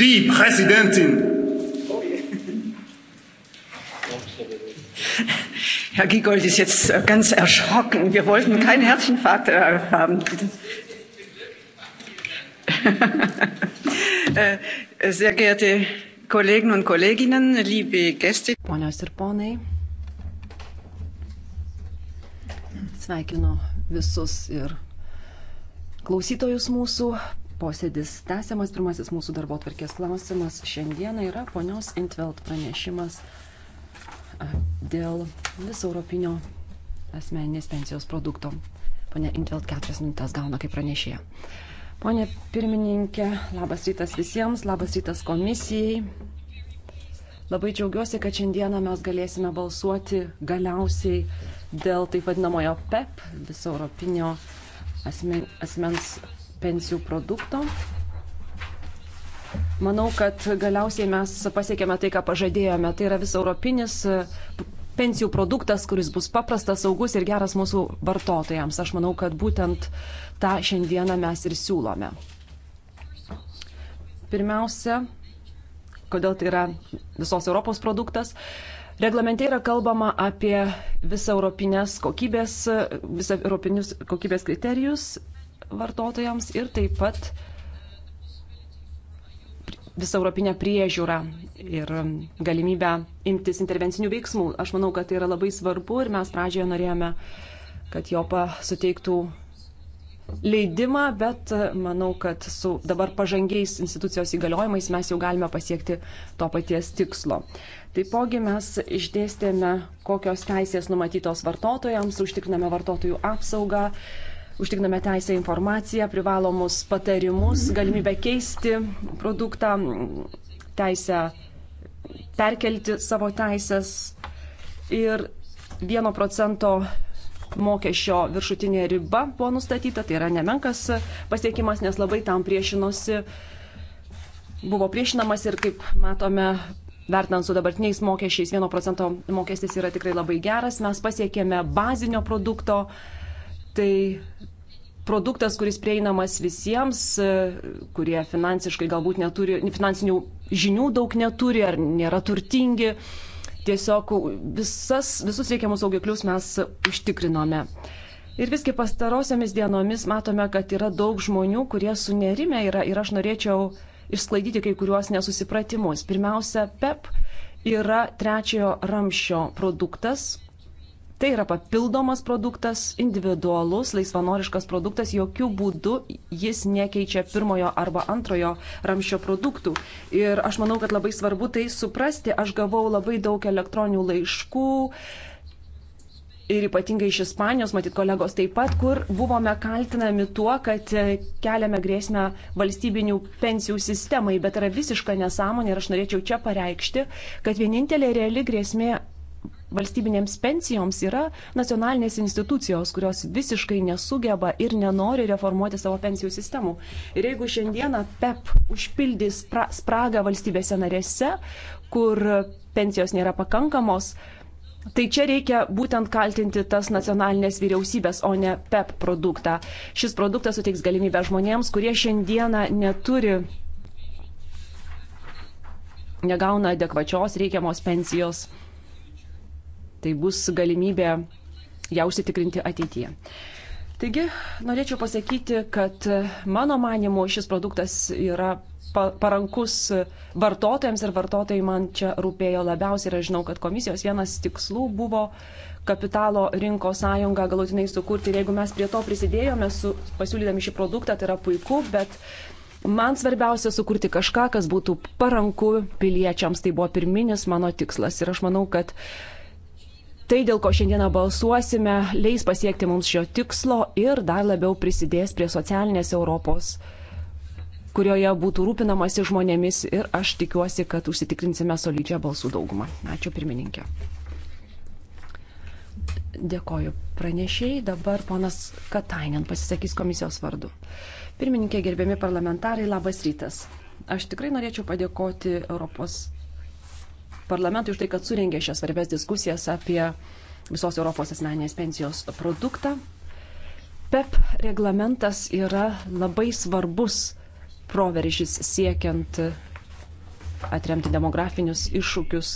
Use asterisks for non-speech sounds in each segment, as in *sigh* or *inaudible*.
die Präsidentin. Herr Giegold ist jetzt ganz erschrocken. Wir wollten keinen Herzinfarkt äh, haben. *laughs* Äh, sehr geehrte Kollegen und Kolleginnen, liebe Gäste. Ponios ir ponai, sveikinu visus ir klausytojus mūsų Posėdis tęsiamas pirmasis mūsų darbo tvarkės klausimas šiandieną yra ponios Intvelt pranešimas dėl viso europinio asmeninės pensijos produkto. Pone Intvelt keturias minutės gauna kaip pranešėja. Pone pirmininkė, labas rytas visiems, labas rytas komisijai. Labai džiaugiuosi, kad šiandieną mes galėsime balsuoti galiausiai dėl taip vadinamojo PEP, e viso europinio asmen, asmens pensijų produkto. Manau, kad galiausiai mes pasiekėme tai, ką pažadėjome. Tai yra vis europinis e, pensijų produktas, kuris bus paprastas, saugus ir geras mūsų vartotojams. Aš manau, kad būtent tą šiandieną mes ir siūlome. Pirmiausia, kodėl tai yra visos Europos produktas. Reglamente yra kalbama apie visą europinės kokybės, visą europinius kokybės kriterijus vartotojams ir taip pat visą europinę priežiūrą ir galimybę imtis intervencinių veiksmų. Aš manau, kad tai yra labai svarbu ir mes pradžioje norėjome, kad JOPA suteiktų leidimą, bet manau, kad su dabar pažangiais institucijos įgaliojimais mes jau galime pasiekti to paties tikslo. Taipogi mes išdėstėme, kokios teisės numatytos vartotojams, užtikriname vartotojų apsaugą, užtikriname teisę informaciją, privalomus patarimus, galimybę keisti produktą, teisę perkelti savo teisės ir 1 procento mokesčio viršutinė riba buvo nustatyta, tai yra nemenkas pasiekimas, nes labai tam priešinosi, buvo priešinamas ir kaip matome, vertinant su dabartiniais mokesčiais, 1 procento mokestis yra tikrai labai geras, mes pasiekėme bazinio produkto uh, tai produktas, kuris prieinamas visiems, e, kurie finansiškai galbūt neturi, finansinių žinių daug neturi ar nėra turtingi. Tiesiog visas, visus reikiamus saugiklius mes užtikrinome. Ir visgi pastarosiamis dienomis matome, kad yra daug žmonių, kurie sunerime yra ir aš norėčiau išsklaidyti kai kuriuos nesusipratimus. Pirmiausia, PEP yra trečiojo ramščio produktas, Tai yra papildomas produktas, individualus, laisvanoriškas produktas, jokių būdų jis nekeičia pirmojo arba antrojo ramščio produktų. Ir aš manau, kad labai svarbu tai suprasti. Aš gavau labai daug elektroninių laiškų. Ir ypatingai iš Ispanijos, matyt, kolegos taip pat, kur buvome kaltinami tuo, kad e, keliame grėsmę valstybinių pensijų sistemai, bet yra visiška nesąmonė ir aš norėčiau čia pareikšti, kad vienintelė reali grėsmė valstybinėms pensijoms yra nacionalinės institucijos, kurios visiškai nesugeba ir nenori reformuoti savo pensijų sistemų. Ir jeigu šiandieną PEP e užpildys pra, spragą valstybėse narėse, kur pensijos nėra pakankamos, Tai čia reikia būtent kaltinti tas nacionalinės vyriausybės, o ne PEP e produktą. Šis produktas suteiks galimybę žmonėms, kurie šiandieną neturi, negauna adekvačios reikiamos pensijos tai bus galimybė ją užsitikrinti ateityje. Taigi, norėčiau pasakyti, kad mano manimu šis produktas yra parankus vartotojams ir vartotojai man čia rūpėjo labiausiai ir aš žinau, kad komisijos vienas tikslų buvo kapitalo rinkos sąjungą galutinai sukurti ir jeigu mes prie to prisidėjome su pasiūlydami šį produktą, tai yra puiku, bet man svarbiausia sukurti kažką, kas būtų paranku piliečiams, tai buvo pirminis mano tikslas ir aš manau, kad Tai, dėl ko šiandieną balsuosime, leis pasiekti mums šio tikslo ir dar labiau prisidės prie socialinės Europos, kurioje būtų rūpinamasi žmonėmis ir aš tikiuosi, kad užsitikrinsime solidžią balsų daugumą. Ačiū pirmininkė. Dėkoju pranešėjai. Dabar ponas Katainen pasisakys komisijos vardu. Pirmininkė, gerbiami parlamentarai, labas rytas. Aš tikrai norėčiau padėkoti Europos parlamentui už tai, kad surengė šias svarbės diskusijas apie visos Europos asmeninės pensijos produktą. PEP reglamentas yra labai svarbus proveržys siekiant atremti demografinius iššūkius.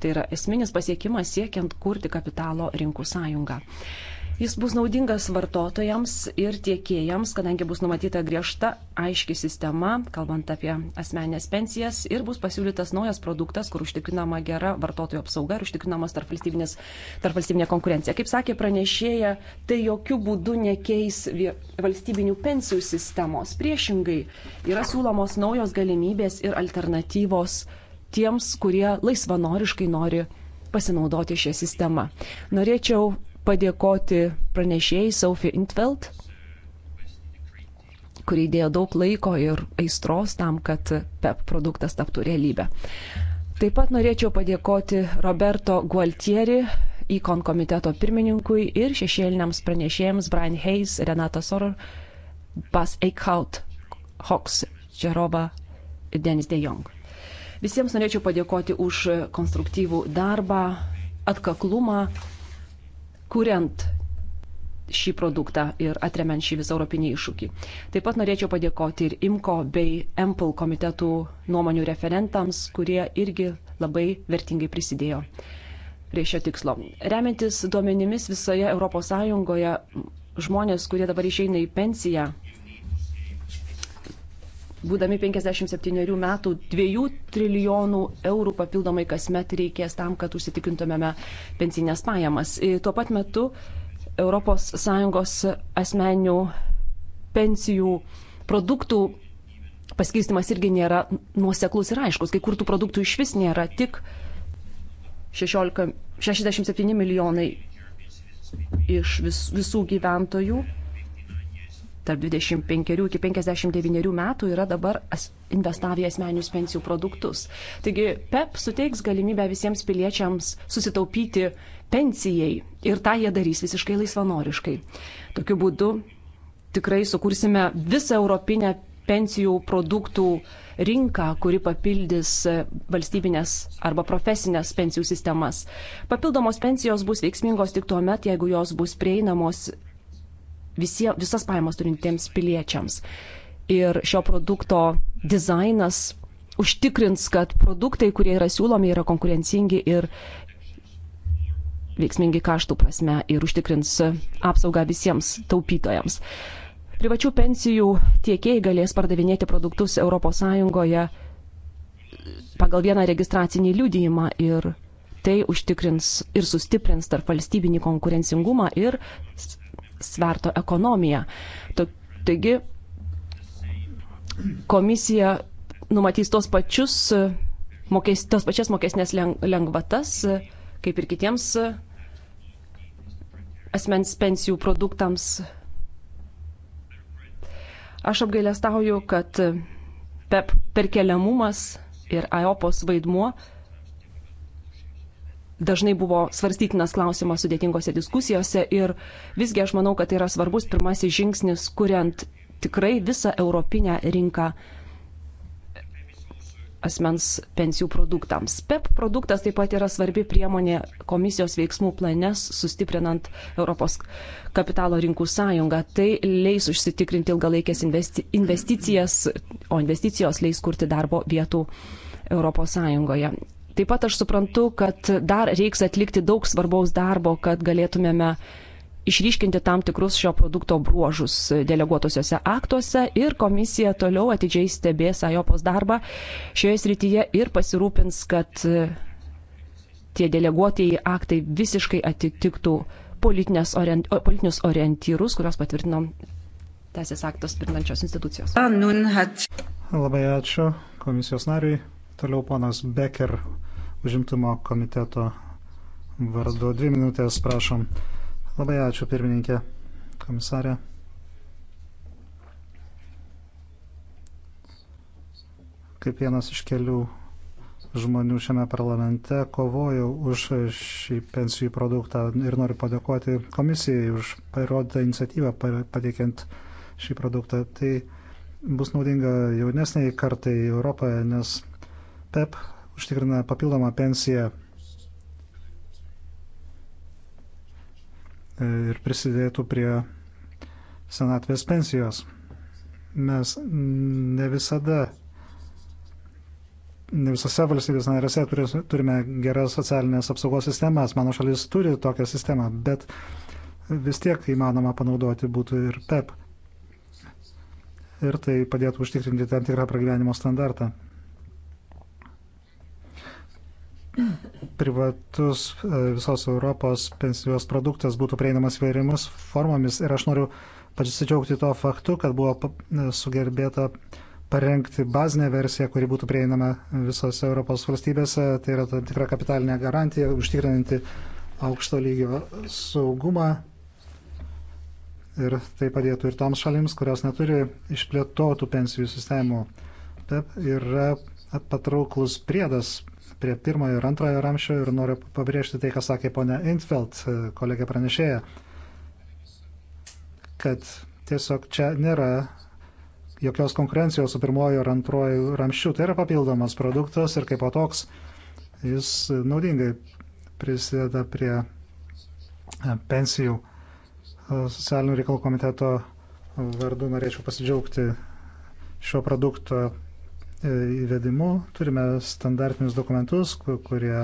Tai yra esminis pasiekimas siekiant kurti kapitalo rinkų sąjungą. Jis bus naudingas vartotojams ir tiekėjams, kadangi bus numatyta griežta, aiški sistema, kalbant apie asmenės pensijas, ir bus pasiūlytas naujas produktas, kur užtikrinama gera vartotojų apsauga ir užtikrinamas tarpvalstybinė tarp konkurencija. Kaip sakė pranešėja, tai jokių būdų nekeis valstybinių pensijų sistemos. Priešingai yra siūlomos naujos galimybės ir alternatyvos tiems, kurie laisvanoriškai nori pasinaudoti šią sistemą. Norėčiau padėkoti pranešėjai Sophie Intveld, kuri įdėjo daug laiko ir aistros tam, kad PEP produktas taptų realybę. Taip pat norėčiau padėkoti Roberto Gualtieri, įkon komiteto pirmininkui ir šešėliniams pranešėjams Brian Hayes, Renata Soror, Bas Eichhout, Hoks, Džeroba ir Denis De Jong. Visiems norėčiau padėkoti už konstruktyvų darbą, atkaklumą kuriant šį produktą ir atremiant šį visą europinį iššūkį. Taip pat norėčiau padėkoti ir IMCO bei EMPL komitetų nuomonių referentams, kurie irgi labai vertingai prisidėjo prie šio tikslo. Remiantis duomenimis visoje ES žmonės, kurie dabar išeina į pensiją, būdami 57 metų, 2 trilijonų eurų papildomai kasmet reikės tam, kad užsitikrintumėme pensinės pajamas. Ir tuo pat metu ES asmenių pensijų produktų paskirstimas irgi nėra nuoseklus ir aiškus. Kai kur tų produktų iš vis nėra, tik 16, 67 milijonai iš vis, visų gyventojų tarp 25 iki 59 metų yra dabar investavę į asmeninius pensijų produktus. Taigi PEP suteiks galimybę visiems piliečiams susitaupyti pensijai ir tą jie darys visiškai laisvanoriškai. Tokiu būdu tikrai sukursime visą europinę pensijų produktų rinką, kuri papildys e, valstybinės arba profesinės pensijų sistemas. Papildomos pensijos bus veiksmingos tik tuo met, jeigu jos bus prieinamos visie, visas pajamas turintiems piliečiams. Ir šio produkto dizainas užtikrins, kad produktai, kurie yra siūlomi, yra konkurencingi ir veiksmingi kaštų prasme ir užtikrins apsaugą visiems taupytojams. Privačių pensijų tiekėjai galės pardavinėti produktus ES pagal vieną registracinį liudijimą ir tai užtikrins ir sustiprins tarp valstybinį konkurencingumą ir sverto ekonomiją. Taigi komisija numatys tos, pačius, mokės, tos pačias mokesnės lengvatas, kaip ir kitiems asmens pensijų produktams. Aš apgailestauju, kad PEP perkeliamumas ir AOPOS e vaidmuo dažnai buvo svarstytinas klausimas sudėtingose diskusijose ir visgi aš manau, kad tai yra svarbus pirmasis žingsnis, kuriant tikrai visą europinę rinką asmens pensijų produktams. PEP produktas taip pat yra svarbi priemonė komisijos veiksmų planes sustiprinant Europos kapitalo rinkų sąjungą. Tai leis užsitikrinti ilgalaikės investi investicijas, o investicijos leis kurti darbo vietų Europos sąjungoje. Taip pat aš suprantu, kad dar reiks atlikti daug svarbaus darbo, kad galėtumėme išryškinti tam tikrus šio produkto bruožus deleguotosiuose aktuose ir komisija toliau atidžiai stebės AJOPOS darbą šioje srityje ir pasirūpins, kad tie deleguotieji aktai visiškai atitiktų orient, politinius orientyrus, kuriuos patvirtinom teisės aktos pirmančios institucijos. Labai ačiū komisijos nariui. Toliau ponas Becker užimtumo komiteto vardu. Dvi minutės, prašom. Labai ačiū, pirmininkė, komisarė. Kaip vienas iš kelių žmonių šiame parlamente kovojau už šį pensijų produktą ir noriu padėkoti komisijai už parodytą iniciatyvą pateikiant šį produktą. Tai bus naudinga jaunesniai kartai Europoje, nes PEP užtikrina papildomą pensiją ir prisidėtų prie senatvės pensijos. Mes ne visada, ne visose valstybės narėse turime geras socialinės apsaugos sistemas. Mano šalis turi tokią sistemą, bet vis tiek įmanoma panaudoti būtų ir PEP. E ir tai padėtų užtikrinti tam tikrą pragyvenimo standartą. privatus e, visos Europos pensijos produktas būtų prieinamas vairiamis formomis. Ir aš noriu pasidžiaugti to faktu, kad buvo e, sugerbėta parengti bazinę versiją, kuri būtų prieinama visose Europos valstybėse. Tai yra tam tikra kapitalinė garantija, užtikrinanti aukšto lygio saugumą. Ir tai padėtų ir toms šalims, kurios neturi išplėtotų pensijų sistemų. Taip, yra patrauklus priedas prie pirmojo ir antrojo ramščio ir noriu pabrėžti tai, ką sakė ponia Intfeld, e, kolegė pranešėja, kad tiesiog čia nėra jokios konkurencijos su pirmojo ir antrojo ramščiu. Tai yra papildomas produktas ir kaip toks jis naudingai prisideda prie e, pensijų e, socialinių reikalų komiteto vardu norėčiau pasidžiaugti šio produkto E, įvedimu turime standartinius dokumentus, kurie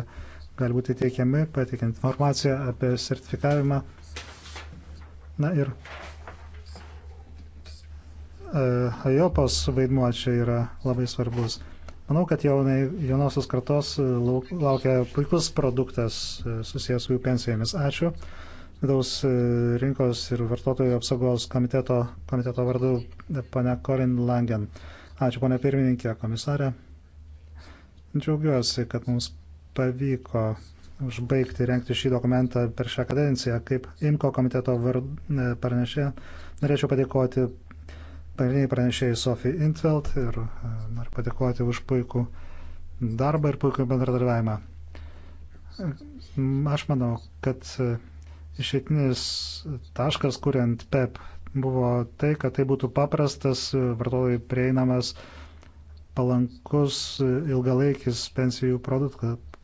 gali būti teikiami, pateikiant informaciją apie sertifikavimą. Na ir e, Ajopos vaidmuo čia yra labai svarbus. Manau, kad jaunai, jaunosios kartos e, laukia puikus produktas susijęs su jų pensijomis. Ačiū. Vidaus rinkos ir vartotojų apsaugos komiteto, komiteto vardu pane Corin Langen. Ačiū, ponė pirmininkė, komisarė. Džiaugiuosi, kad mums pavyko užbaigti renkti šį dokumentą per šią kadenciją. Kaip IMKO komiteto vard, e, pranešė, norėčiau padėkoti pagrindiniai pranešėjai Sofijai Intveld ir e, noriu padėkoti už puikų darbą ir puikų bendradarbiavimą. Aš manau, kad e, išeitinis taškas, kuriant PEP buvo tai, kad tai būtų paprastas, vartotojai prieinamas, palankus ilgalaikis pensijų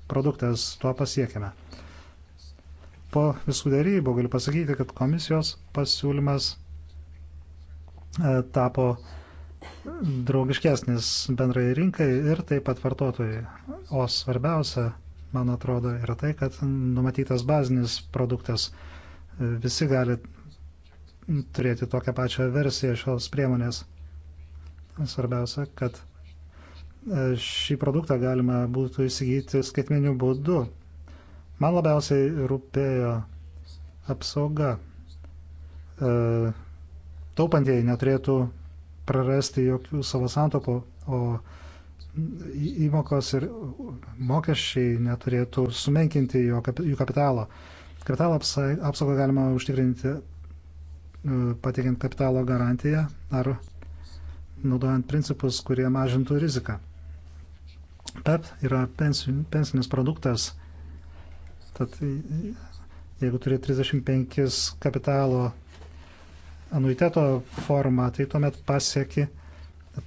produktas. Tuo pasiekime. Po visų dėrybų galiu pasakyti, kad komisijos pasiūlymas e, tapo draugiškesnis bendrai rinkai ir taip pat vartotojai. O svarbiausia, man atrodo, yra tai, kad numatytas bazinis produktas. Visi gali turėti tokią pačią versiją šios priemonės. Svarbiausia, kad e, šį produktą galima būtų įsigyti skaitmeniu būdu. Man labiausiai rūpėjo apsauga. E, taupantieji neturėtų prarasti jokių savo santopų, o įmokos ir mokesčiai neturėtų sumenkinti jų kapitalo. Kapitalo apsaugą galima užtikrinti E, pateikiant kapitalo garantiją ar naudojant principus, kurie mažintų riziką. PEP yra pensinis produktas, tad jeigu turi 35 kapitalo anuiteto formą, tai tuomet pasieki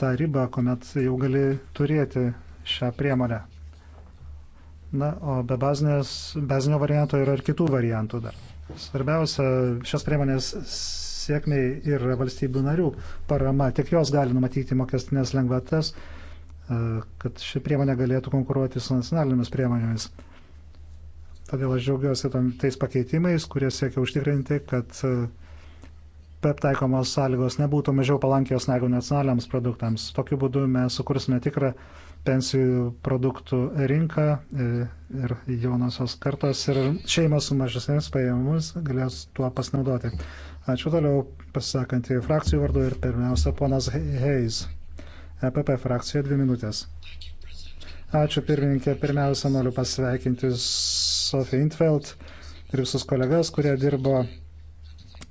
tą ribą, kuomet jau gali turėti šią priemonę. Na, o be bazinės, bazinio varianto yra ir kitų variantų dar. Svarbiausia šios priemonės sėkmiai yra valstybių narių parama. Tik jos gali numatyti mokestinės lengvatas, e, kad ši priemonė galėtų konkuruoti su nacionalinėmis priemonėmis. Todėl aš džiaugiuosi tais pakeitimais, kurie siekia užtikrinti, kad e, PEP taikomos sąlygos nebūtų mažiau palankios negu nacionaliams produktams. Tokiu būdu mes sukursime tikrą pensijų produktų rinką e, ir jaunosios kartos ir šeimos su mažesnėmis pajamomis galės tuo pasinaudoti. Ačiū toliau pasisakantį frakcijų vardu ir pirmiausia ponas Hayes. EPP frakcija dvi minutės. Ačiū pirmininkė. Pirmiausia, noriu pasveikinti Sofiją Intfeld ir visus kolegas, kurie dirbo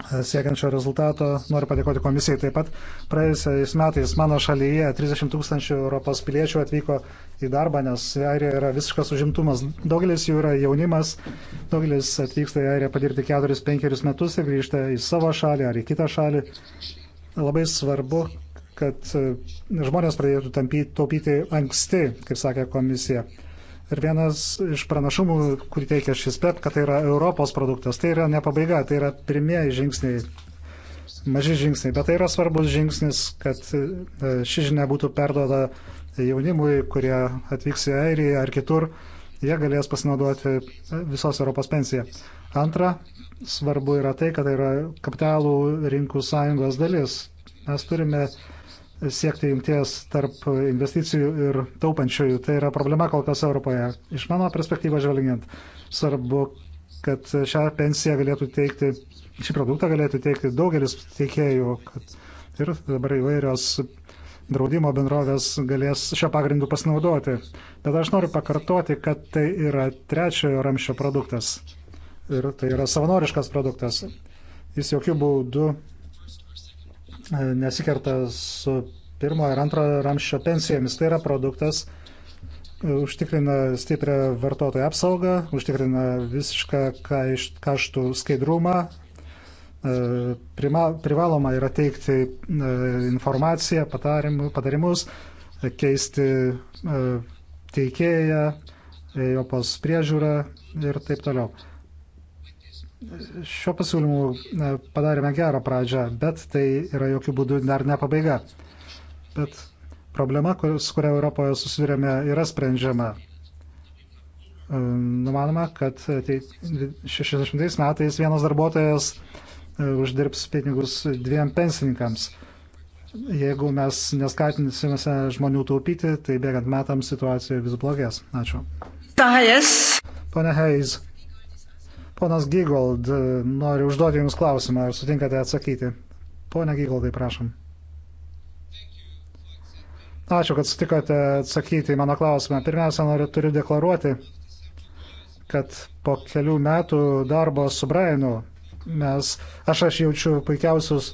siekiančio rezultato. Noriu padėkoti komisijai taip pat. Praėjusiais metais mano šalyje 30 tūkstančių Europos piliečių atvyko į darbą, nes Airija yra visiškas užimtumas. Daugelis jų yra jaunimas, daugelis atvyksta į Airiją padirbti 4-5 metus ir grįžta į savo šalį ar į kitą šalį. Labai svarbu, kad žmonės pradėtų tampyti, taupyti anksti, kaip sakė komisija. Ir vienas iš pranašumų, kurį teikia šis PEP, kad tai yra Europos produktas. Tai yra ne pabaiga, tai yra pirmieji žingsniai, maži žingsniai, bet tai yra svarbus žingsnis, kad e, ši žinia būtų perduoda jaunimui, kurie atvyks į Airiją ar kitur, jie galės pasinaudoti visos Europos pensiją. Antra, svarbu yra tai, kad tai yra kapitalų rinkų sąjungos dalis. Mes turime siekti jungties tarp investicijų ir taupančiųjų. Tai yra problema kol kas Europoje. Iš mano perspektyvos žvelgiant, svarbu, kad šią pensiją galėtų teikti, šį produktą galėtų teikti daugelis teikėjų. Kad, ir dabar įvairios draudimo bendrovės galės šio pagrindu pasinaudoti. Bet aš noriu pakartoti, kad tai yra trečiojo ramščio produktas. Ir tai yra savanoriškas produktas. Jis jokių būdų E, nesikerta su pirmo ir antro ramščio pensijomis. Tai yra produktas, e, užtikrina stiprią vartotojų apsaugą, užtikrina visišką kaštų skaidrumą. E, prima, privaloma yra teikti informaciją, patarimus, keisti teikėją, jo pos priežiūrą ir taip toliau šio pasiūlymu e, padarėme gerą pradžią, bet tai yra jokių būdų dar ne pabaiga. Bet problema, su kuria Europoje susidurėme, yra sprendžiama. E, numanoma, kad 60 metais vienas darbuotojas e, uždirbs pinigus dviem pensininkams. Jeigu mes neskatinsime žmonių taupyti, tai bėgant metams situacija vis blogės. Ačiū. Tajas. Pone Heis. Ponas Gigold, e, noriu užduoti Jums klausimą, ar sutinkate atsakyti? Pone Gigoldai, prašom. Ačiū, kad sutikote atsakyti į mano klausimą. Pirmiausia, noriu turiu deklaruoti, kad po kelių metų darbo su Brainu mes, aš aš jaučiu puikiausius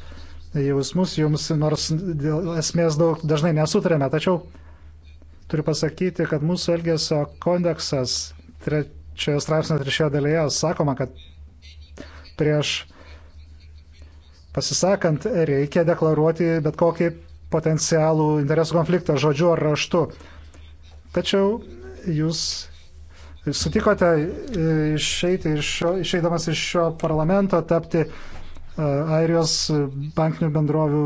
jausmus jums, nors dėl esmės daug dažnai nesutarėme, tačiau turiu pasakyti, kad mūsų elgesio kodeksas tre, Šioje straipsnio trečioje dalyje sakoma, kad prieš pasisakant reikia deklaruoti bet kokį potencialų interesų konfliktą žodžiu ar raštu. Tačiau jūs sutikote išeiti iš šio, išeidamas iš šio parlamento tapti e, Airijos bankinių bendrovių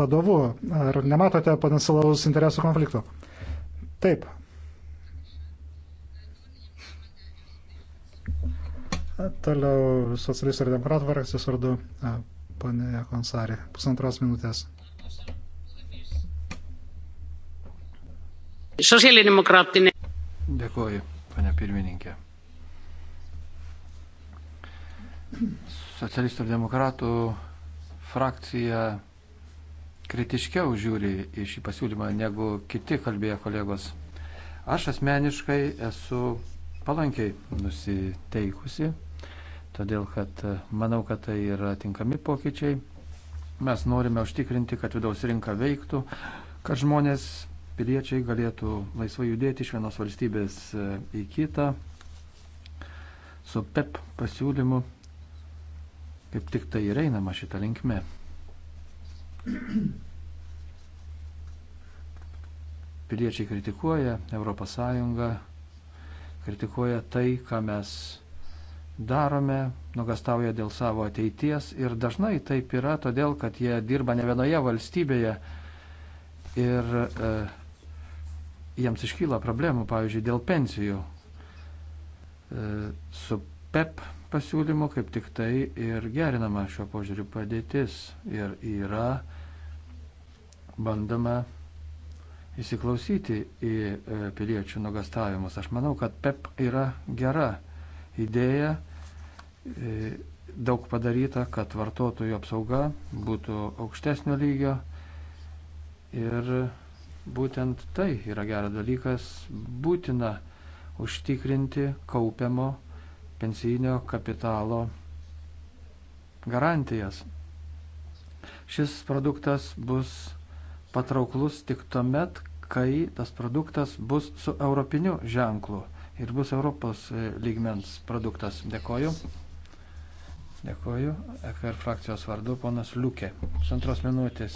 vadovu. Ar nematote potencialaus interesų konflikto? Taip, Toliau socialistų ir demokratų vargsis vardu ponė Konsarė. Pusantros minutės. Sosialidemokraattinen. Dėkuoju, panė pirmininkė. Socialistų ir demokratų frakcija kritiškiau žiūri į šį pasiūlymą negu kiti kalbėjo kolegos. Aš asmeniškai esu palankiai nusiteikusi todėl kad e, manau, kad tai yra tinkami pokyčiai. Mes norime užtikrinti, kad vidaus rinka veiktų, kad žmonės, piliečiai galėtų laisvai judėti iš vienos valstybės e, į kitą. Su PEP pasiūlymu kaip tik tai ir einama šitą linkmę. Piliečiai kritikuoja ES, kritikuoja tai, ką mes darome, nugastauja dėl savo ateities ir dažnai taip yra todėl, kad jie dirba ne vienoje valstybėje ir e, jiems iškyla problemų, pavyzdžiui, dėl pensijų. E, su PEP e pasiūlymu kaip tik tai ir gerinama šio požiūriu padėtis ir yra bandoma įsiklausyti į e, piliečių nugastavimus. Aš manau, kad PEP e yra gera idėja E, daug padaryta, kad vartotojų apsauga būtų aukštesnio lygio ir būtent tai yra geras dalykas, būtina užtikrinti kaupiamo pensijinio kapitalo garantijas. Šis produktas bus patrauklus tik tuomet, kai tas produktas bus su europiniu ženklu ir bus Europos e, lygmens produktas. Dėkoju. Dėkuoju. FR frakcijos vardu ponas Liukė. Pusantros minutės.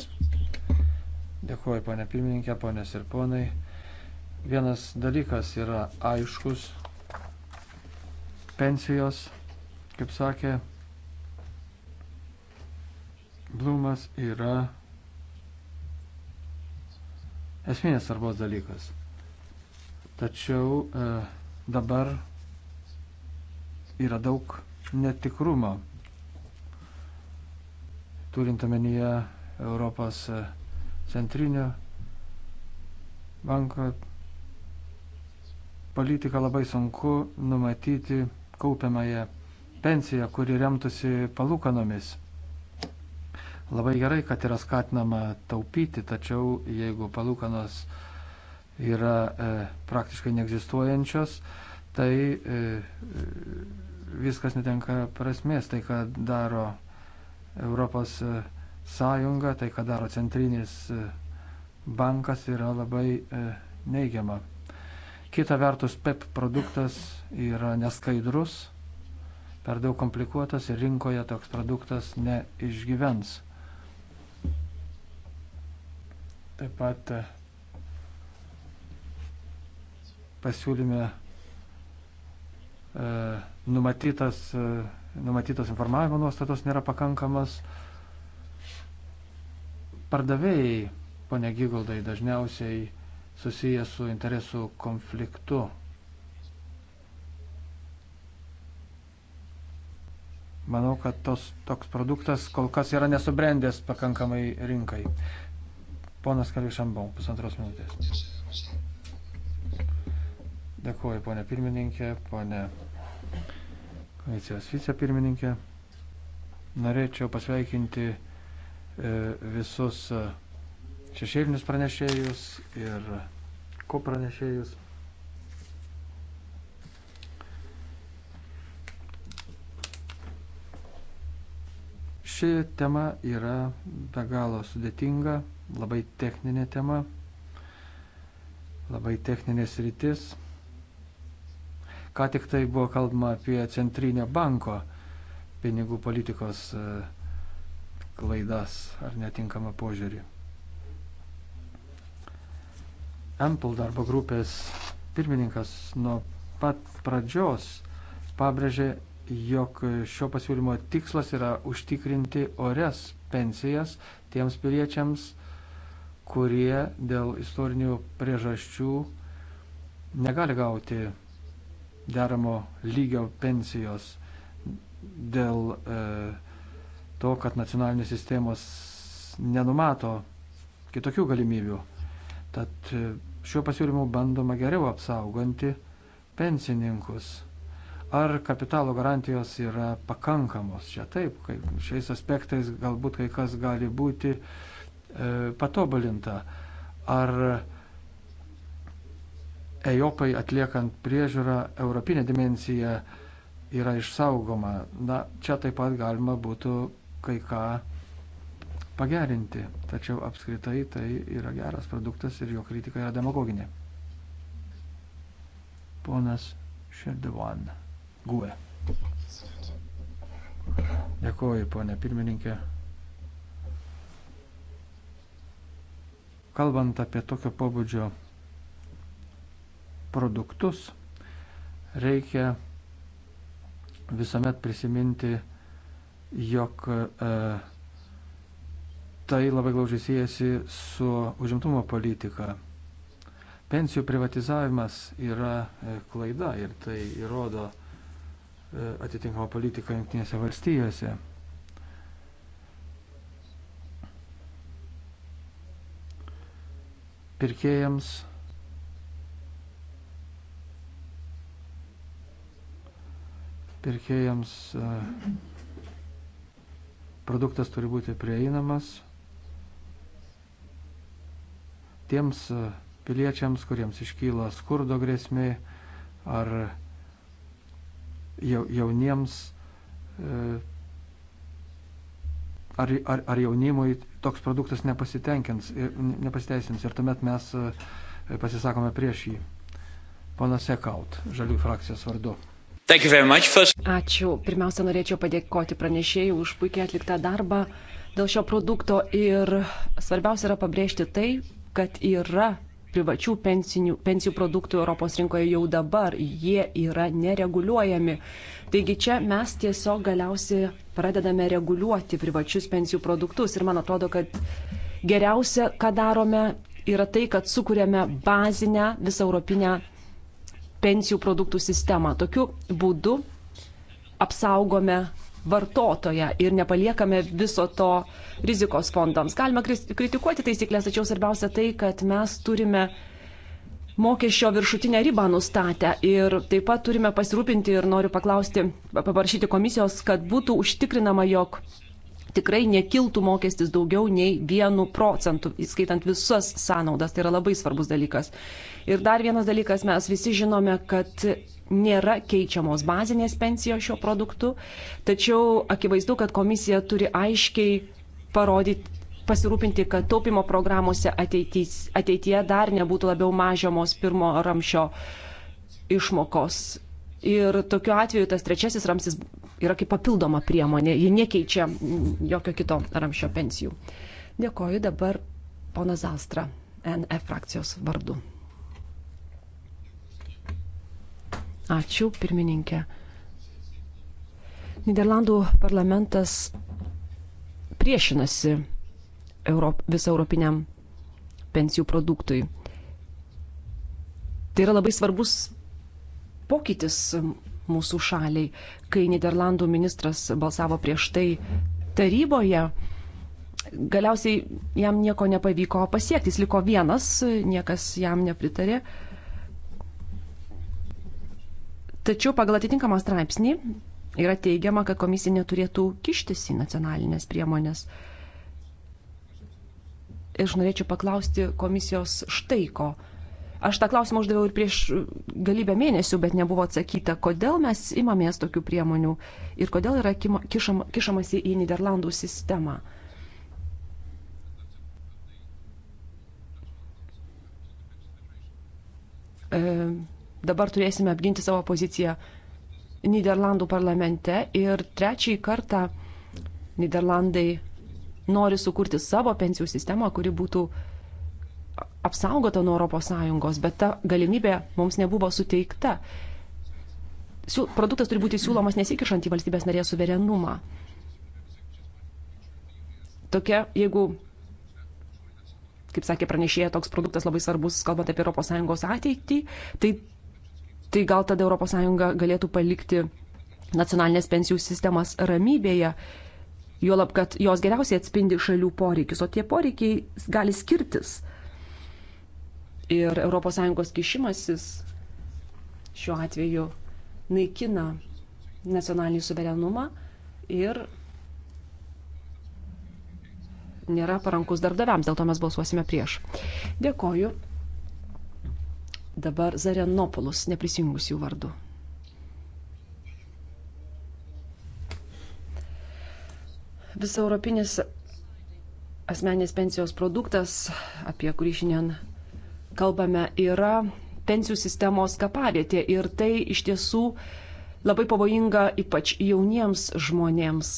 Dėkuoju, ponė pirmininkė, ponės ir ponai. Vienas dalykas yra aiškus. Pensijos, kaip sakė Blumas, yra esminės svarbos dalykas. Tačiau e, dabar yra daug netikrumo turint omenyje Europos e, centrinio banko politiką, labai sunku numatyti kaupiamąją pensiją, kuri remtųsi palūkanomis. Labai gerai, kad yra skatinama taupyti, tačiau jeigu palūkanos yra e, praktiškai neegzistuojančios, tai e, e viskas netenka prasmės. Tai, ką daro Europos e, Sąjunga, tai ką daro centrinis e, bankas, yra labai e, neigiama. Kita vertus, PEP produktas yra neskaidrus, per daug komplikuotas ir rinkoje toks produktas neišgyvens. Taip pat pasiūlyme numatytas numatytos informavimo nuostatos nėra pakankamas. Pardavėjai, ponė Gyguldai, dažniausiai susiję su interesų konfliktu. Manau, kad tos, toks produktas kol kas yra nesubrendęs pakankamai rinkai. Ponas Kališambau, pusantros minutės. Dėkuoju, ponė pirmininkė, ponė komisijos vicepirmininkė. Norėčiau pasveikinti e, visus e, šešėlinius pranešėjus ir ko pranešėjus. Ši tema yra be galo sudėtinga, labai techninė tema, labai techninės rytis. Ką tik tai buvo kalbama apie centrinio banko pinigų politikos e, klaidas ar netinkamą požiūrį. Ample darbo grupės pirmininkas nuo pat pradžios pabrėžė, jog šio pasiūlymo tikslas yra užtikrinti ores pensijas tiems piliečiams, kurie dėl istorinių priežasčių negali gauti deramo lygio pensijos, dėl e, to, kad nacionalinės sistemos nenumato kitokių galimybių. Tad e, šiuo pasiūlymu bandoma geriau apsauganti pensininkus. Ar kapitalo garantijos yra pakankamos? Čia taip, kai, šiais aspektais galbūt kai kas gali būti e, patobulinta. Ar e, EJOPAI atliekant priežiūrą europinė dimencija yra išsaugoma. Na, čia taip pat galima būtų kai ką pagerinti, tačiau apskritai tai yra geras produktas ir jo kritika yra demagoginė. Ponas Šerdevan, GUE. Dėkuoju, ponė pirmininkė. Kalbant apie tokio pobūdžio produktus, reikia visuomet prisiminti, jog e, tai labai glaužiai siejasi su užimtumo politika. Pensijų privatizavimas yra e, klaida ir tai įrodo e, atitinkama politika Junktinėse valstijose. Pirkėjams pirkėjams e, produktas turi būti prieinamas tiems e, piliečiams, kuriems iškyla skurdo grėsmė ar jauniems e, ar, ar, ar jaunimui toks produktas nepasiteisins ir tuomet mes pasisakome prieš jį. Pana Sekaut, žalių frakcijos vardu. First... Ačiū. Pirmiausia, norėčiau padėkoti pranešėjai už puikiai atliktą darbą dėl šio produkto ir svarbiausia yra pabrėžti tai, kad yra privačių pensinių, pensijų produktų Europos rinkoje jau dabar, jie yra nereguliuojami. Taigi čia mes tiesiog galiausiai pradedame reguliuoti privačius pensijų produktus ir man atrodo, kad geriausia, ką darome, yra tai, kad sukūrėme bazinę visą europinę pensijų produktų sistemą. Tokiu būdu apsaugome vartotoją ir nepaliekame viso to rizikos fondams. Galima kritikuoti taisyklės, tačiau svarbiausia tai, kad mes turime mokesčio viršutinę ribą nustatę ir taip pat turime pasirūpinti ir noriu paklausti, paprašyti komisijos, kad būtų užtikrinama, jog tikrai nekiltų mokestis daugiau nei vienu procentu, įskaitant visas sąnaudas. Tai yra labai svarbus dalykas. Ir dar vienas dalykas, mes visi žinome, kad nėra keičiamos bazinės pensijos šio produktu, tačiau akivaizdu, kad komisija turi aiškiai parodyti pasirūpinti, kad taupimo programuose ateitys, ateityje dar nebūtų labiau mažiamos pirmo ramšio išmokos. Ir tokiu atveju tas trečiasis ramsis yra kaip papildoma priemonė, ji nekeičia jokio kito ramšio pensijų. Dėkoju dabar pona Zalstra, NF frakcijos vardu. Ačiū, pirmininkė. Niderlandų parlamentas priešinasi Europ, visą europiniam pensijų produktui. Tai yra labai svarbus pokytis mūsų šaliai. Kai Niderlandų ministras balsavo prieš tai taryboje, galiausiai jam nieko nepavyko pasiekti, jis liko vienas, niekas jam nepritarė. Tačiau pagal atitinkamą straipsnį yra teigiama, kad komisija neturėtų kištis į nacionalinės priemonės. Aš norėčiau paklausti komisijos štai ko Aš tą klausimą uždaviau ir prieš galybę mėnesių, bet nebuvo atsakyta, kodėl mes imamės tokių priemonių ir kodėl yra kišam, kišamasi į Niderlandų sistemą. E, dabar turėsime apginti savo poziciją Niderlandų parlamente ir trečiai kartą Niderlandai nori sukurti savo pensijų sistemą, kuri būtų uh, apsaugota nuo ES, bet ta galimybė mums nebuvo suteikta. Siūl, produktas turi būti siūlomas nesikišant į valstybės narės suverenumą. Tokia, jeigu, kaip sakė pranešėja, toks produktas labai svarbus, kalbant apie ES ateitį, tai, tai gal tada ES galėtų palikti nacionalinės pensijų sistemas ramybėje, juolab, kad jos geriausiai atspindi šalių poreikius, o tie poreikiai gali skirtis Ir ES kišimasis šiuo atveju naikina nacionalinį suverenumą ir nėra parankus darbdaviams, dėl to mes balsuosime prieš. Dėkoju. Dabar Zarenopolus, neprisijungus jų vardu. Visa europinis asmenės pensijos produktas, apie kurį šiandien kalbame, yra pensijų sistemos kapavietė ir tai iš tiesų labai pavojinga ypač jauniems žmonėms.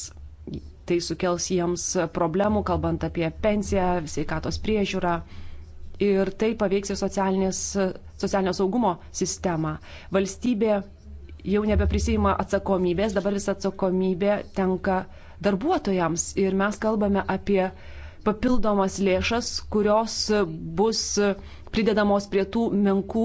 Tai sukels jiems problemų, kalbant apie pensiją, sveikatos priežiūrą ir tai paveiks ir socialinio saugumo sistemą. Valstybė jau nebeprisima atsakomybės, dabar visa atsakomybė tenka darbuotojams ir mes kalbame apie papildomas lėšas, kurios bus pridedamos prie tų menkų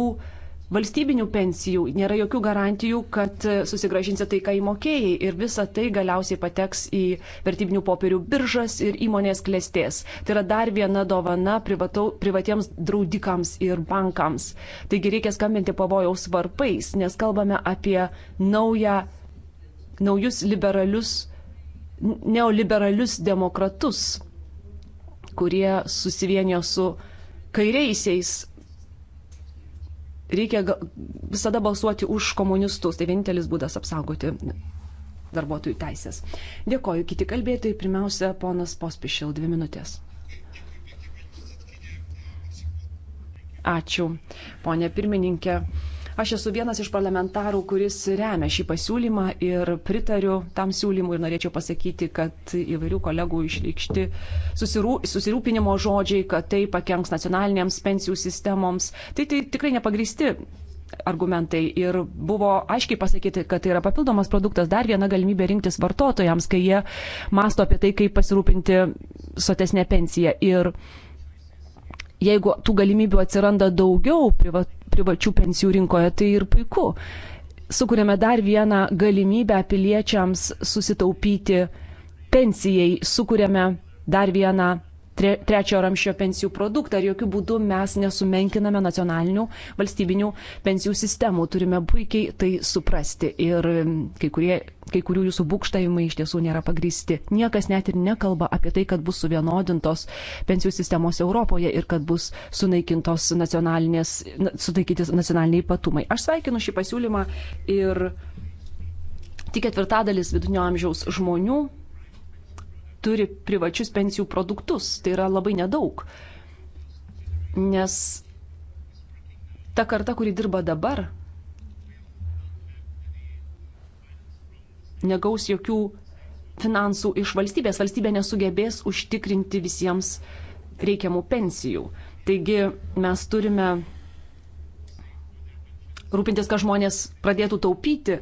valstybinių pensijų, nėra jokių garantijų, kad susigražinsi tai, ką įmokėjai ir visa tai galiausiai pateks į vertybinių popierių biržas ir įmonės klėstės. Tai yra dar viena dovana privatau, privatiems draudikams ir bankams. Taigi reikia skambinti pavojaus varpais, nes kalbame apie naują, naujus liberalius, neoliberalius demokratus, kurie susivienio su kairiaisiais reikia visada balsuoti už komunistus. Tai vienintelis būdas apsaugoti darbuotojų teisės. Dėkoju. Kiti kalbėtojai, pirmiausia, ponas Pospišil, dvi minutės. Ačiū, ponė pirmininkė. Aš esu vienas iš parlamentarų, kuris remia šį pasiūlymą ir pritariu tam siūlymui ir norėčiau pasakyti, kad įvairių kolegų išreikšti susirū, susirūpinimo žodžiai, kad tai pakenks nacionalinėms pensijų sistemoms. Tai, tai tikrai nepagristi argumentai ir buvo aiškiai pasakyti, kad tai yra papildomas produktas, dar viena galimybė rinktis vartotojams, kai jie masto apie tai, kaip pasirūpinti sotesnė pensija. Ir jeigu tų galimybių atsiranda daugiau priva, privačių pensijų rinkoje, tai ir puiku. Sukūrėme dar vieną galimybę piliečiams susitaupyti pensijai, sukūrėme dar vieną tre, trečiojo ramščio pensijų produktą ir jokių būdų mes nesumenkiname nacionalinių valstybinių pensijų sistemų. Turime puikiai tai suprasti ir kai, kurie, kai kurių jūsų būkštavimai iš tiesų nėra pagristi. Niekas net ir nekalba apie tai, kad bus suvienodintos pensijų sistemos Europoje ir kad bus sunaikintos nacionalinės, sunaikintis nacionaliniai ypatumai. Aš sveikinu šį pasiūlymą ir tik ketvirtadalis vidutinio amžiaus žmonių turi privačius pensijų produktus. Tai yra labai nedaug. Nes ta karta, kuri dirba dabar, negaus jokių finansų iš valstybės. Valstybė nesugebės užtikrinti visiems reikiamų pensijų. Taigi mes turime rūpintis, kad žmonės pradėtų taupyti,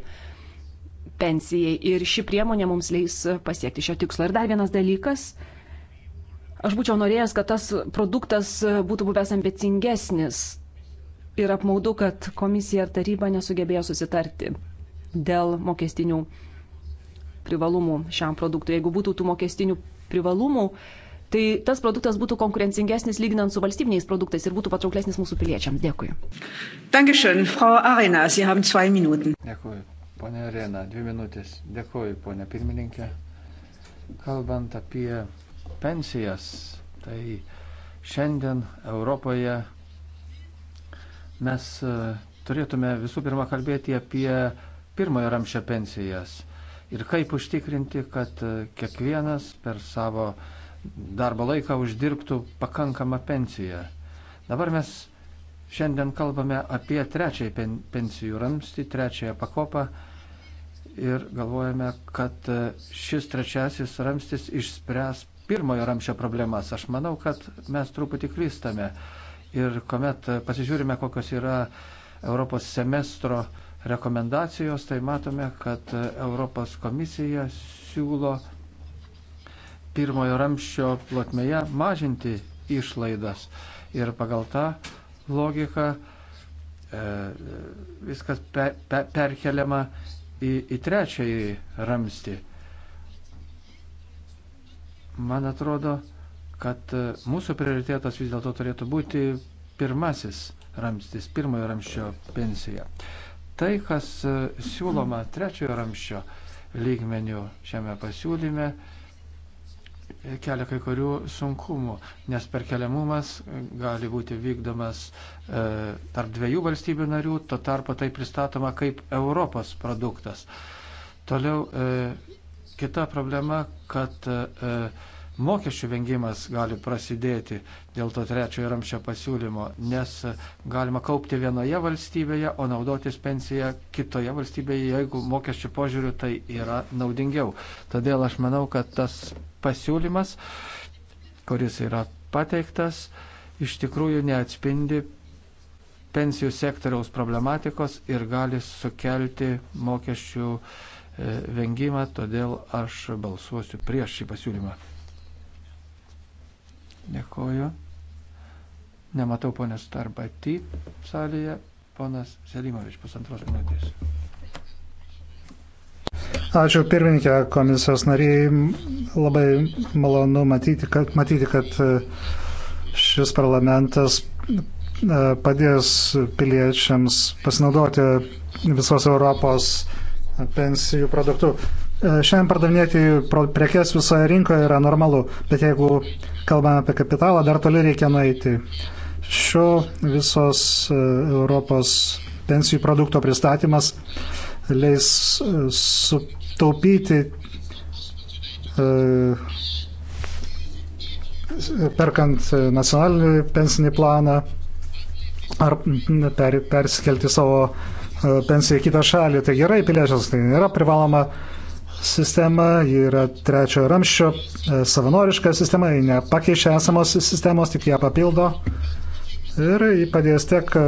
pensijai. Ir ši priemonė mums leis pasiekti šio tikslo. Ir dar vienas dalykas. Aš būčiau norėjęs, kad tas produktas būtų buvęs ambicingesnis. Ir apmaudu, kad komisija ir taryba nesugebėjo susitarti dėl mokestinių privalumų šiam produktui. Jeigu būtų tų mokestinių privalumų, tai tas produktas būtų konkurencingesnis lyginant su valstybiniais produktais ir būtų patrauklesnis mūsų piliečiams. Dėkui. Dankeschön, Frau Arena, Sie haben zwei Minuten. Dėkui, Pone Arena, dvi minutės. Dėkuoju, ponė pirmininkė. Kalbant apie pensijas, tai šiandien Europoje mes e, turėtume visų pirma kalbėti apie pirmojo ramščio pensijas ir kaip užtikrinti, kad e, kiekvienas per savo darbo laiką uždirbtų pakankamą pensiją. Dabar mes šiandien kalbame apie trečiąjį pensijų ramstį, trečiąją pakopą ir galvojame, kad e, šis trečiasis ramstis išspręs pirmojo ramščio problemas. Aš manau, kad mes truputį klystame. Ir kuomet pasižiūrime, kokios yra Europos semestro rekomendacijos, tai matome, kad e, Europos komisija siūlo pirmojo ramščio plotmėje mažinti išlaidas. Ir pagal tą logiką e, viskas pe, pe, perkeliama į, į trečiąjį ramstį. Man atrodo, kad e, mūsų prioritetas vis dėlto turėtų būti pirmasis ramstis, pirmojo ramščio pensija. Tai, kas e, siūloma trečiojo ramščio lygmenių šiame pasiūlyme, kelia kai kurių sunkumų, nes perkeliamumas gali būti vykdomas e, tarp dviejų valstybių narių, to tarpo tai pristatoma kaip Europos produktas. Toliau e, kita problema, kad e, mokesčių vengimas gali prasidėti dėl to trečiojo ramščio pasiūlymo, nes galima kaupti vienoje valstybėje, o naudotis pensiją kitoje valstybėje, jeigu mokesčių požiūriu tai yra naudingiau. Todėl aš manau, kad tas pasiūlymas, kuris yra pateiktas, iš tikrųjų neatspindi pensijų sektoriaus problematikos ir gali sukelti mokesčių e, vengimą, todėl aš balsuosiu prieš šį pasiūlymą. Dėkoju. Nematau ponės Tarbatį salėje. Ponas Selimovič, pusantros minutės. Ačiū pirmininkė komisijos nariai. Labai malonu matyti, kad, matyti, kad e, šis parlamentas e, padės piliečiams pasinaudoti visos Europos pensijų produktų. E, šiandien pardavinėti prekes visoje rinkoje yra normalu, bet jeigu kalbame apie kapitalą, dar toli reikia nueiti. Šio visos e, Europos pensijų produkto pristatymas leis e, sutaupyti perkant nacionalinį pensinį planą ar per, persikelti savo pensiją į kitą šalį. Tai gerai, piliečiams tai nėra privaloma sistema, ji yra trečiojo ramščio e, savanoriška sistema, ji nepakeičia esamos sistemos, tik ją papildo. Ir ji padės tiek e,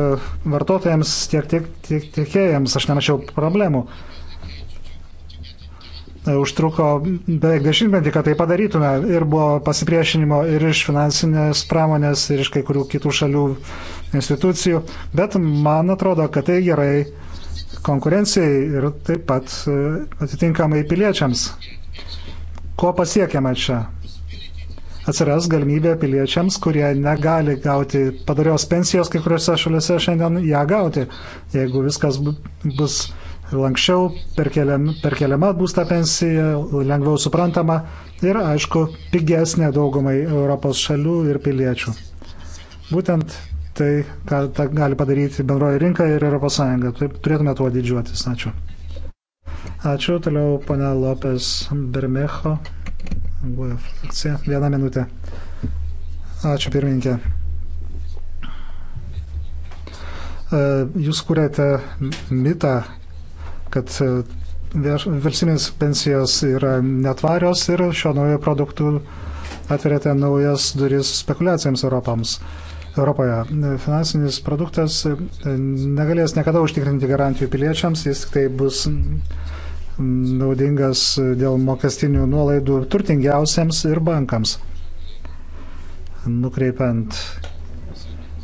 vartotojams, tiek, tiek, tiek tiekėjams, aš nemačiau problemų. E, užtruko beveik dešimtmetį, kad tai padarytume ir buvo pasipriešinimo ir iš finansinės pramonės, ir iš kai kurių kitų šalių institucijų, bet man atrodo, kad tai gerai konkurencijai ir taip pat e, atitinkamai piliečiams. Ko pasiekiame čia? Atsiras galimybė piliečiams, kurie negali gauti padarios pensijos kai kuriuose šalise šiandien ją gauti. Jeigu viskas bus lankščiau perkeliama, perkeliama būsta pensija, lengviau suprantama ir, aišku, pigesnė daugumai Europos šalių ir piliečių. Būtent tai, ką ta gali padaryti bendroji rinka ir ES. Taip turėtume tuo didžiuotis. Ačiū. Ačiū. Toliau pane Lopes Bermecho. Frakcija. Vieną minutę. Ačiū pirmininkė. E, jūs kūrėte mitą, kad e, valstybės pensijos yra netvarios ir šio naujo produktų atverėte naujas duris spekulacijams Europams. Europoje. Finansinis produktas e, negalės niekada užtikrinti garantijų piliečiams, jis tik tai bus naudingas dėl mokestinių nuolaidų turtingiausiems ir bankams, nukreipiant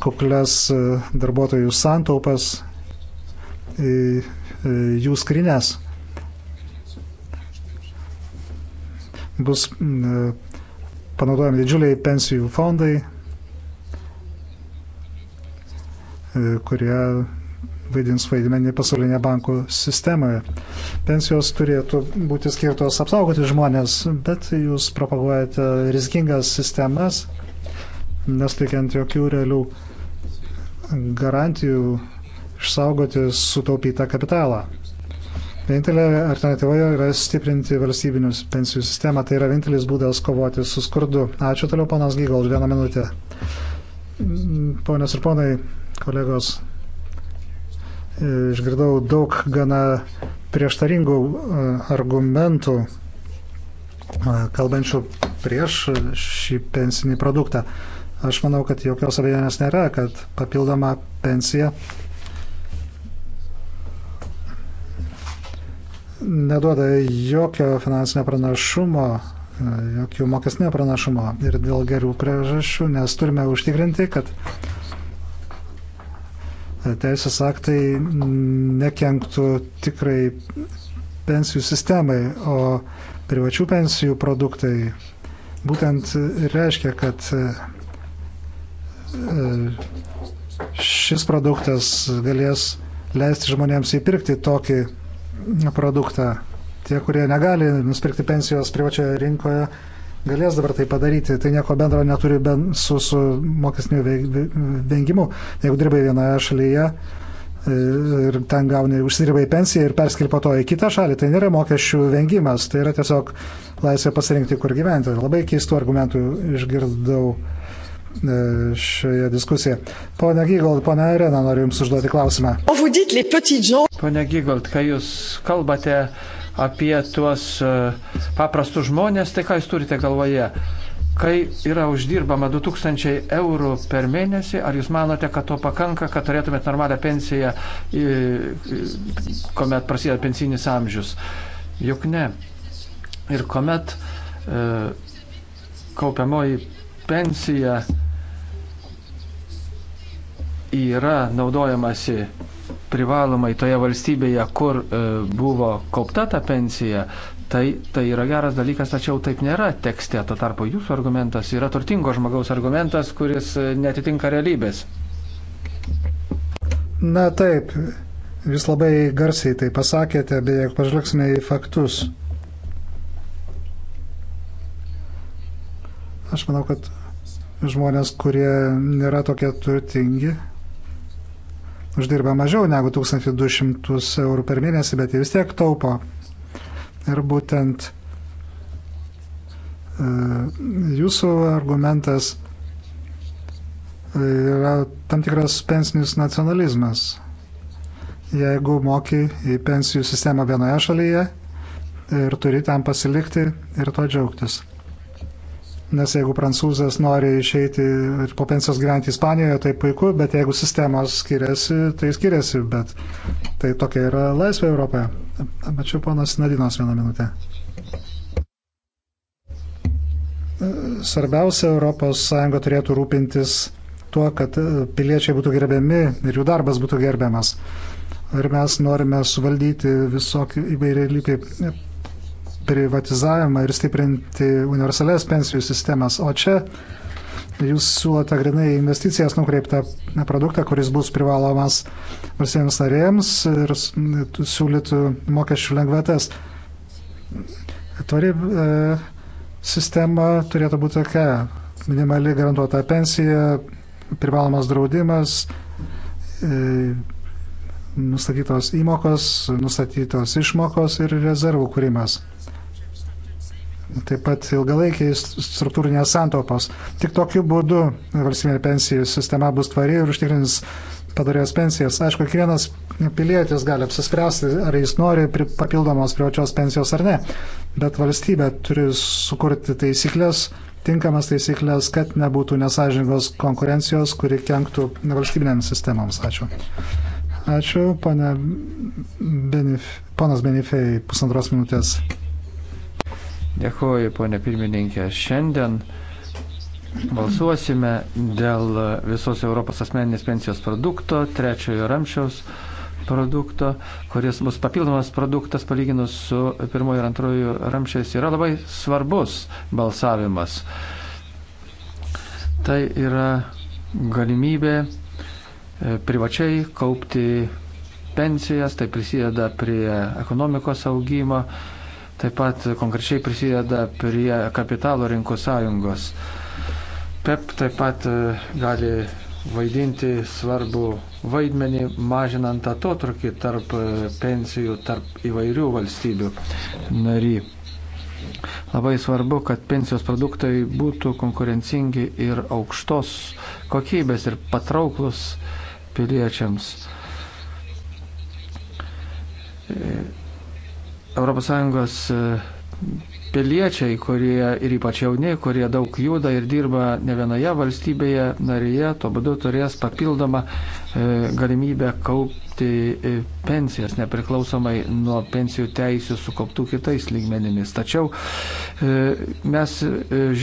kuklės e, darbuotojų santaupas į e, jų skrinės. Bus panaudojami didžiuliai pensijų fondai E, kurie vaidins vaidmenį pasaulinėje bankų sistemoje. Pensijos turėtų būti skirtos apsaugoti žmonės, bet jūs propaguojate rizikingas sistemas, neslikiant jokių realių garantijų išsaugoti sutaupytą kapitalą. Vienintelė alternatyva yra stiprinti valstybinius pensijų sistemą. Tai yra vienintelis būdas kovoti su skurdu. Ačiū toliau, panas Gygal, vieną minutę. Ponios ir ponai, Kolegos, e, išgirdau daug gana prieštaringų e, argumentų, e, kalbančių prieš šį pensinį produktą. Aš manau, kad jokios abejonės nėra, kad papildoma pensija neduoda jokio finansinio pranašumo, jokių mokesnio pranašumo ir dėl gerų priežasčių, nes turime užtikrinti, kad teisės aktai nekenktų tikrai pensijų sistemai, o privačių pensijų produktai būtent reiškia, kad e, šis produktas galės leisti žmonėms įpirkti tokį produktą. Tie, kurie negali nusipirkti pensijos privačioje rinkoje, galės dabar tai padaryti, tai nieko bendro neturi ben su, su mokesniu vengimu. Jeigu dirbai vienoje šalyje e, ir ten gauni, užsidirbai pensiją ir perskirpa to į kitą šalį, tai nėra mokesčių vengimas, tai yra tiesiog laisvė pasirinkti, kur gyventi. Labai keistų argumentų išgirdau e, šioje diskusijoje. Pone Gygold, pone Arena, noriu Jums užduoti klausimą. Pone Gygold, kai Jūs kalbate apie tuos e, paprastus žmonės, tai ką jūs turite galvoje? Kai yra uždirbama 2000 eurų per mėnesį, ar jūs manote, kad to pakanka, kad turėtumėt normalią pensiją, kuomet prasideda pensinis amžius? Juk ne. Ir kuomet e, kaupiamoji pensija yra naudojamasi privalomai toje valstybėje, kur e, buvo kaupta ta pensija, tai, tai yra geras dalykas, tačiau taip nėra tekste. Tuo tarpu jūsų argumentas yra turtingo žmogaus argumentas, kuris e, netitinka realybės. Na taip, jūs labai garsiai tai pasakėte, bet jeigu pažvelgsime į faktus. Aš manau, kad žmonės, kurie nėra tokie turtingi, uždirba mažiau negu 1200 eurų per mėnesį, bet jie vis tiek taupo. Ir būtent e, jūsų argumentas e, yra tam tikras pensinis nacionalizmas. Jeigu moki į pensijų sistemą vienoje šalyje ir turi ten pasilikti ir to džiaugtis. Nes jeigu prancūzas nori išeiti ir po pensijos gyventi Ispanijoje, tai puiku, bet jeigu sistemos skiriasi, tai skiriasi, bet tai tokia yra laisvė Europoje. Ačiū ponas Nadinos vieną minutę. Svarbiausia, ES turėtų rūpintis tuo, kad piliečiai būtų gerbiami ir jų darbas būtų gerbiamas. Ir mes norime suvaldyti visokį įvairiai lygiai privatizavimą ir stiprinti universalias pensijų sistemas. O čia jūs siūlote grinai investicijas nukreiptą produktą, kuris bus privalomas valstybėms narėms ir siūlytų mokesčių lengvetas. Tvari e, sistema turėtų būti tokia. Minimali garantuota pensija, privalomas draudimas, e, nustatytos įmokos, nustatytos išmokos ir rezervų kūrimas taip pat ilgalaikiai struktūrinės santaupos. Tik tokiu būdu valstybinė pensijų sistema bus tvari ir užtikrins padarės pensijas. Aišku, kiekvienas pilietis gali apsispręsti, ar jis nori papildomos privačios pensijos ar ne, bet valstybė turi sukurti taisyklės, tinkamas taisyklės, kad nebūtų nesažingos konkurencijos, kuri kenktų valstybinėms sistemams. Ačiū. Ačiū, Benif ponas Benifei, pusantros minutės. Dėkuoju, ponė pirmininkė. Šiandien balsuosime dėl visos Europos asmeninės pensijos produkto, trečiojo ramšiaus produkto, kuris bus papildomas produktas palyginus su pirmojo ir antrojo ramšiais, yra labai svarbus balsavimas. Tai yra galimybė e, privačiai kaupti pensijas, tai prisideda prie ekonomikos augimo, taip pat konkrečiai prisideda prie kapitalo rinkų sąjungos. PEP taip pat e, gali vaidinti svarbu vaidmenį, mažinant atotrukį tarp e, pensijų, tarp įvairių valstybių nary. Labai svarbu, kad pensijos produktai būtų konkurencingi ir aukštos kokybės ir patrauklus piliečiams. E, ES e, piliečiai, kurie ir ypač jauni, kurie daug juda ir dirba ne vienoje valstybėje narėje, tuo būdu turės papildomą e, galimybę kaupti e, pensijas nepriklausomai nuo pensijų teisų sukauptų kitais lygmenimis. Tačiau mes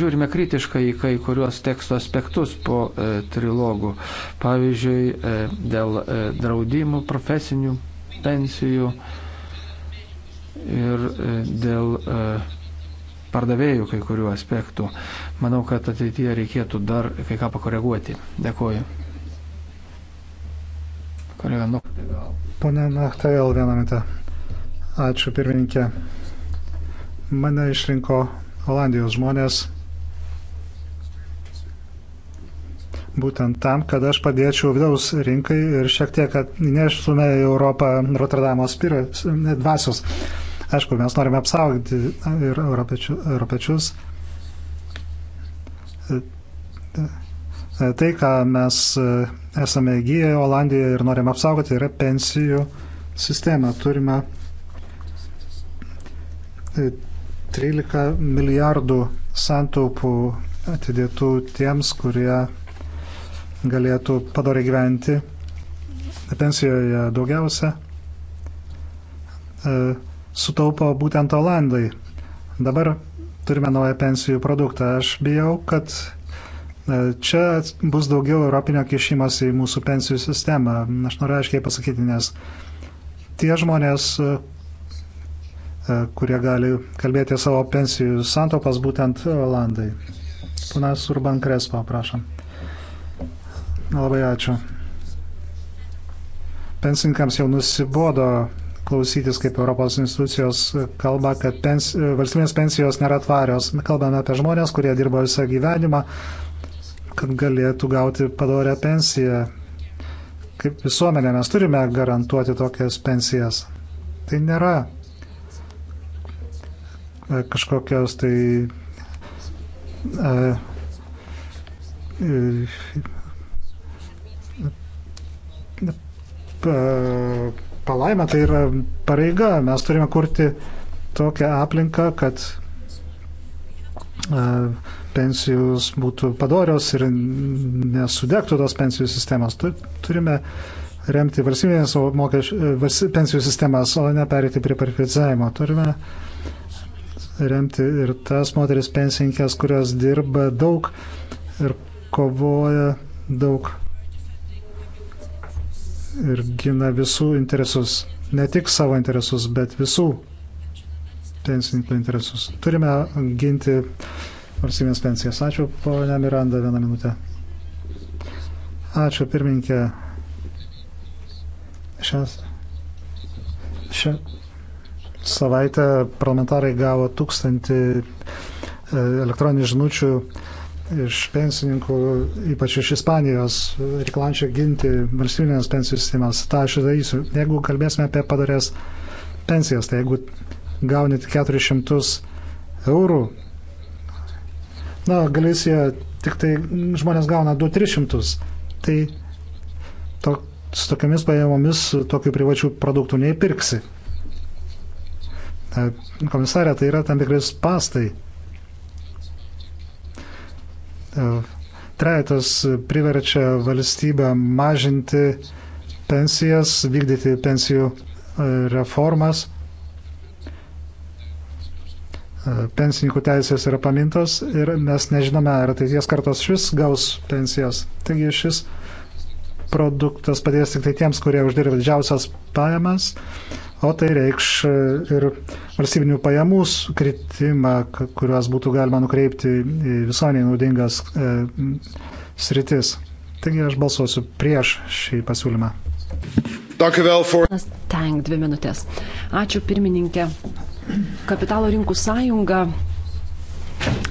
žiūrime kritiškai į kai kuriuos teksto aspektus po trilogų. Pavyzdžiui, dėl draudimų, profesinių pensijų ir e, dėl e, pardavėjų kai kurių aspektų. Manau, kad ateityje reikėtų dar kai ką pakoreguoti. Dėkuoju. Kolega Noktegal. Pone Noktegal, vieną minutę. Ačiū pirmininkė. Mane išrinko Olandijos žmonės būtent tam, kad aš padėčiau vidaus rinkai ir šiek tiek atneštume į Europą Rotterdamo dvasios. Aišku, mes norime apsaugoti ir europiečių, europiečius. Tai, ką mes esame įgyję Olandijoje ir norime apsaugoti, yra pensijų sistema. Turime 13 milijardų santaupų atidėtų tiems, kurie galėtų padoriai gyventi pensijoje daugiausia. E, sutaupo būtent Olandai. Dabar turime naują pensijų produktą. Aš bijau, kad e, čia bus daugiau europinio kišimas į mūsų pensijų sistemą. Aš noriu aiškiai pasakyti, nes tie žmonės, e, e, kurie gali kalbėti savo pensijų santopas, būtent Olandai. Punas Urban Krespo, prašom. Labai ačiū. Pensininkams jau nusibodo klausytis, kaip Europos institucijos kalba, kad pens, valstybės pensijos nėra tvarios. Kalbame apie žmonės, kurie dirba visą gyvenimą, kad galėtų gauti padorę pensiją. Kaip visuomenė mes turime garantuoti tokias pensijas. Tai nėra e, kažkokios tai uh, uh, uh, palaima, tai yra pareiga. Mes turime kurti tokią aplinką, kad e, pensijos būtų padorios ir nesudegtų tos pensijų sistemos. Turime remti valstybinės pensijų sistemas, o ne perėti prie privatizavimo. Turime remti ir tas moteris pensininkės, kurios dirba daug ir kovoja daug ir gina visų interesus, ne tik savo interesus, bet visų pensininkų interesus. Turime ginti valstybės pensijas. Ačiū, ponia Miranda, vieną minutę. Ačiū, pirmininkė. Šią, šią savaitę parlamentarai gavo tūkstantį e, elektroninių žinučių iš pensininkų, ypač iš Ispanijos, reikalančia ginti valstybinės pensijų sistemas. Ta aš darysiu. Jeigu kalbėsime apie padarės pensijas, tai jeigu gauni 400 eurų, na, Galicija tik tai žmonės gauna 2-300, tai to, su tokiamis pajamomis tokių privačių produktų neįpirksi. Komisarė, tai yra tam tikris pastai trejetas priverčia valstybę mažinti pensijas, vykdyti pensijų e, reformas. E, pensininkų teisės yra pamintos ir mes nežinome, ar ateities kartos šis gaus pensijas. Taigi šis produktas padės tik tai tiems, kurie uždirba didžiausias pajamas, o tai reikš e, ir valstybinių pajamų kritimą, kuriuos būtų galima nukreipti į visuomeniai naudingas e, sritis. Taigi aš balsuosiu prieš šį pasiūlymą. Tank dvi minutės. Ačiū pirmininkė. Kapitalo rinkų sąjunga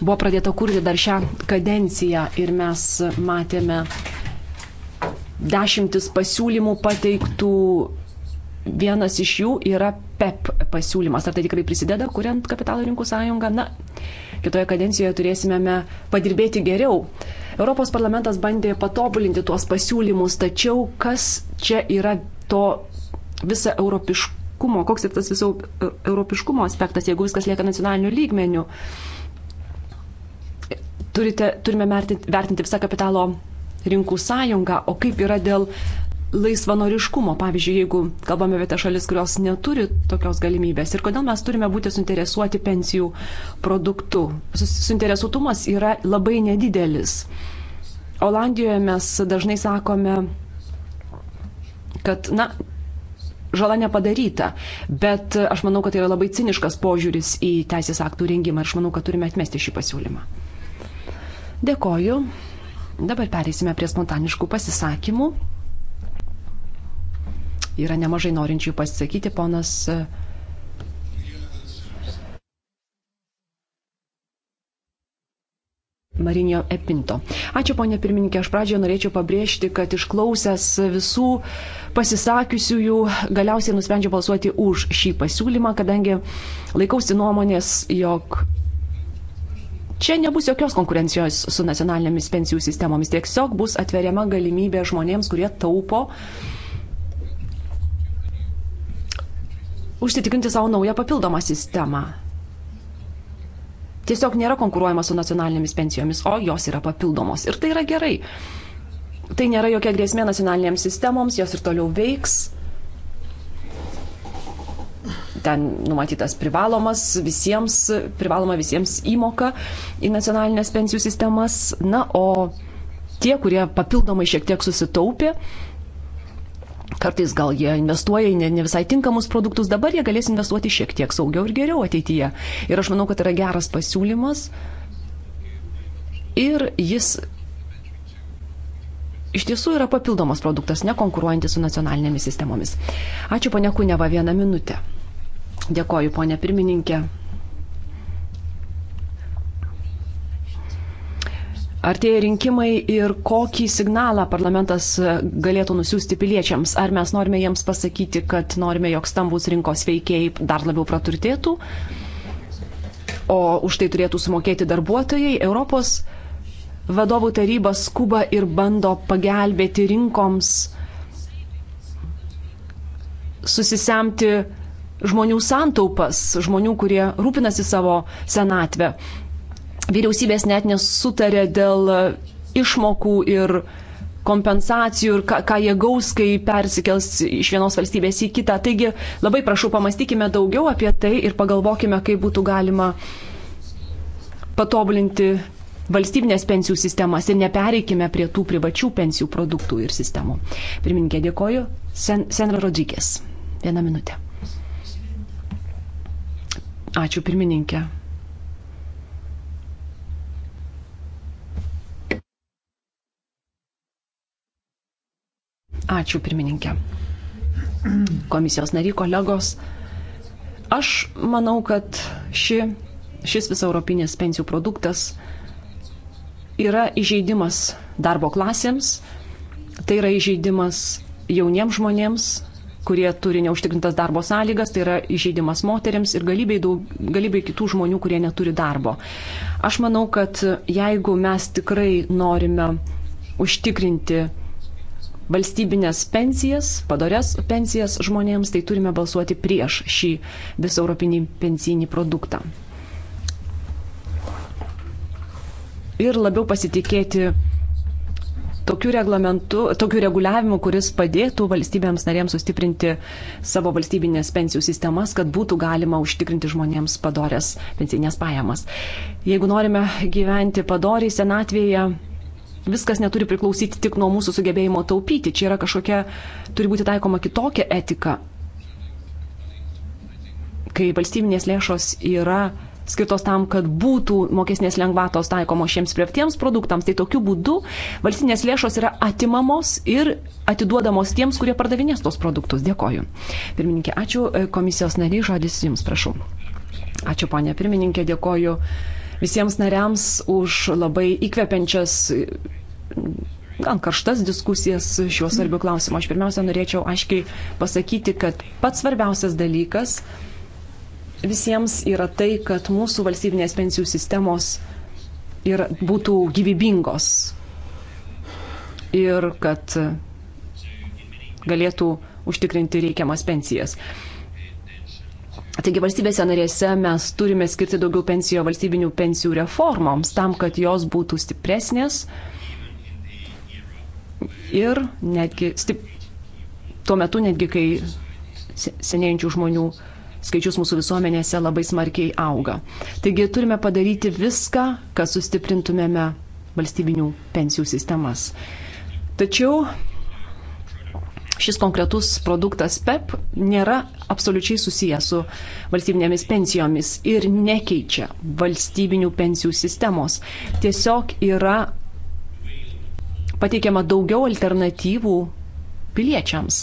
buvo pradėta kurti dar šią kadenciją ir mes matėme dešimtis pasiūlymų pateiktų Vienas iš jų yra PEP e pasiūlymas. Ar tai tikrai prisideda, kuriant kapitalo rinkų sąjungą? Na, kitoje kadencijoje turėsime padirbėti geriau. Europos parlamentas bandė patobulinti tuos pasiūlymus, tačiau kas čia yra to visą europiškumo, koks yra tas viso europiškumo aspektas, jeigu viskas lieka nacionaliniu lygmeniu? Turite, turime vertinti, vertinti visą kapitalo rinkų sąjungą, o kaip yra dėl laisvanoriškumo, pavyzdžiui, jeigu kalbame apie tą šalis, kurios neturi tokios galimybės ir kodėl mes turime būti suinteresuoti pensijų produktu. Suinteresuotumas yra labai nedidelis. Olandijoje mes dažnai sakome, kad, na, žala nepadaryta, bet aš manau, kad tai yra labai ciniškas požiūris į teisės aktų rengimą ir aš manau, kad turime atmesti šį pasiūlymą. Dėkoju. Dabar pereisime prie spontaniškų pasisakymų. Yra nemažai norinčių pasisakyti, ponas. E, Marinio Epinto. Ačiū, ponė pirmininkė, aš pradžioje norėčiau pabrėžti, kad išklausęs visų pasisakiusiųjų, galiausiai nusprendžiau balsuoti už šį pasiūlymą, kadangi laikausi nuomonės, jog čia nebus jokios konkurencijos su nacionalinėmis pensijų sistemomis, tiesiog bus atveriama galimybė žmonėms, kurie taupo užsitikrinti savo naują papildomą sistemą. Tiesiog nėra konkuruojama su nacionalinėmis pensijomis, o jos yra papildomos. Ir tai yra gerai. Tai nėra jokia grėsmė nacionalinėms sistemoms, jos ir toliau veiks ten numatytas privalomas visiems, privaloma visiems įmoka į nacionalinės pensijų sistemas. Na, o tie, kurie papildomai šiek tiek susitaupė, Kartais gal jie investuoja į ne, ne visai tinkamus produktus, dabar jie galės investuoti šiek tiek saugiau ir geriau ateityje. Ir aš manau, kad yra geras pasiūlymas ir jis iš tiesų yra papildomas produktas, nekonkuruojantis su nacionalinėmis sistemomis. Ačiū ponia Kuneva, vieną minutę. Dėkoju ponia pirmininkė, artėja rinkimai ir kokį signalą parlamentas e, galėtų nusiųsti piliečiams. Ar mes norime jiems pasakyti, kad norime, jog stambus rinkos veikėjai dar labiau praturtėtų, o už tai turėtų sumokėti darbuotojai. Europos vadovų taryba skuba ir bando pagelbėti rinkoms susisemti žmonių santaupas, žmonių, kurie rūpinasi savo senatvę vyriausybės net nesutarė dėl e, išmokų ir kompensacijų ir ką, ką jie gaus, kai persikels iš vienos valstybės į kitą. Taigi labai prašau, pamastykime daugiau apie tai ir pagalvokime, kaip būtų galima patobulinti valstybinės pensijų sistemas ir nepereikime prie tų privačių pensijų produktų ir sistemų. Pirmininkė, dėkoju. Sen, Senra Rodžykės. Vieną minutę. Ačiū, pirmininkė. Ačiū pirmininkė. Komisijos nariai, kolegos. Aš manau, kad ši, šis visauropinės pensijų produktas yra įžeidimas darbo klasėms, tai yra įžeidimas jauniems žmonėms, kurie turi neužtikrintas darbo sąlygas, tai yra įžeidimas moteriams ir galybei, daug, galybei kitų žmonių, kurie neturi darbo. Aš manau, kad jeigu mes tikrai norime užtikrinti valstybinės pensijas, padorės pensijas žmonėms, tai turime balsuoti prieš šį visą europinį pensinį produktą. Ir labiau pasitikėti tokiu reglamentu, tokiu reguliavimu, kuris padėtų valstybėms narėms sustiprinti savo valstybinės pensijų sistemas, kad būtų galima užtikrinti žmonėms padorės pensinės pajamas. Jeigu norime gyventi padoriai senatvėje, viskas neturi priklausyti tik nuo mūsų sugebėjimo taupyti. Čia yra kažkokia, turi būti taikoma kitokia etika. Kai valstybinės lėšos yra skirtos tam, kad būtų mokesnės lengvatos taikomos šiems prieftiems produktams, tai tokiu būdu valstybinės lėšos yra atimamos ir atiduodamos tiems, kurie pardavinės tos produktus. Dėkoju. Pirmininkė, ačiū komisijos nariai, žodis Jums prašau. Ačiū, ponė pirmininkė, dėkoju visiems nariams už labai įkvepiančias gan karštas diskusijas šiuo svarbiu klausimu. Aš pirmiausia norėčiau aiškiai pasakyti, kad pats svarbiausias dalykas visiems yra tai, kad mūsų valstybinės pensijų sistemos ir būtų gyvybingos ir kad galėtų užtikrinti reikiamas pensijas. Taigi valstybėse narėse mes turime skirti daugiau pensijų valstybinių pensijų reformoms, tam, kad jos būtų stipresnės ir netgi stip, tuo metu netgi, kai senėjančių žmonių skaičius mūsų visuomenėse labai smarkiai auga. Taigi turime padaryti viską, kad sustiprintumėme valstybinių pensijų sistemas. Tačiau šis konkretus produktas PEP e nėra absoliučiai susijęs su valstybinėmis pensijomis ir nekeičia valstybinių pensijų sistemos. Tiesiog yra pateikiama daugiau alternatyvų piliečiams.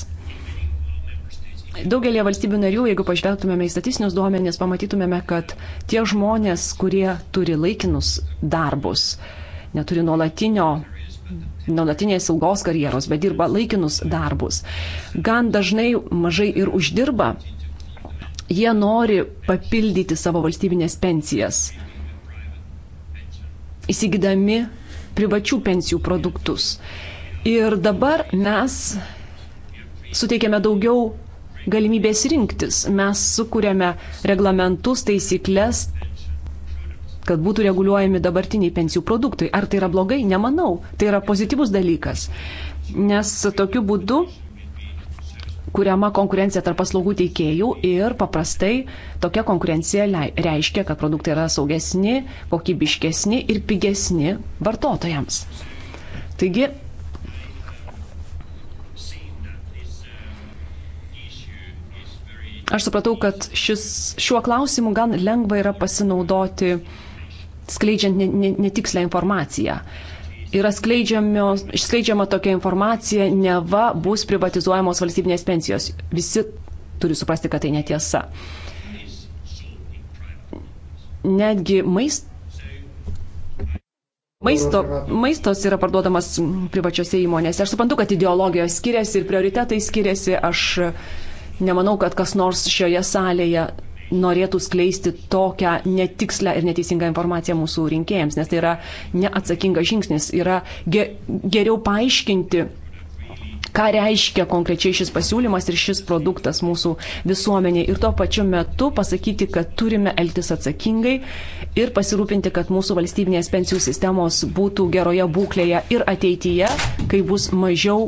Daugelie valstybių narių, jeigu pažvelgtumėme į statistinius duomenys, pamatytumėme, kad tie žmonės, kurie turi laikinus darbus, neturi nuolatinio nuolatinės ilgos karjeros, bet dirba laikinus darbus. Gan dažnai mažai ir uždirba, jie nori papildyti savo valstybinės pensijas, įsigydami privačių pensijų produktus. Ir dabar mes suteikiame daugiau galimybės rinktis. Mes sukūrėme reglamentus, taisyklės, kad būtų reguliuojami dabartiniai pensijų produktai. Ar tai yra blogai? Nemanau. Tai yra pozityvus dalykas. Nes tokiu būdu kuriama konkurencija tarp paslaugų teikėjų ir paprastai tokia konkurencija reiškia, kad produktai yra saugesni, kokybiškesni ir pigesni vartotojams. Taigi, aš supratau, kad šis, šiuo klausimu gan lengva yra pasinaudoti uh, skleidžiant netikslę informaciją. Yra skleidžiama tokia informacija, neva bus privatizuojamos valstybinės pensijos. Visi turi suprasti, kad tai netiesa. Netgi maist, maisto, maistos yra parduodamas privačiose įmonėse. Aš suprantu, kad ideologijos skiriasi ir prioritetai skiriasi. Aš nemanau, kad kas nors šioje salėje norėtų skleisti tokią netikslę ir neteisingą informaciją mūsų rinkėjams, nes tai yra neatsakingas žingsnis. Yra ge, geriau paaiškinti ką reiškia konkrečiai šis pasiūlymas ir šis produktas mūsų visuomeniai. Ir tuo pačiu metu pasakyti, kad turime elgtis atsakingai ir pasirūpinti, kad mūsų valstybinės pensijų sistemos būtų geroje būklėje ir ateityje, kai bus mažiau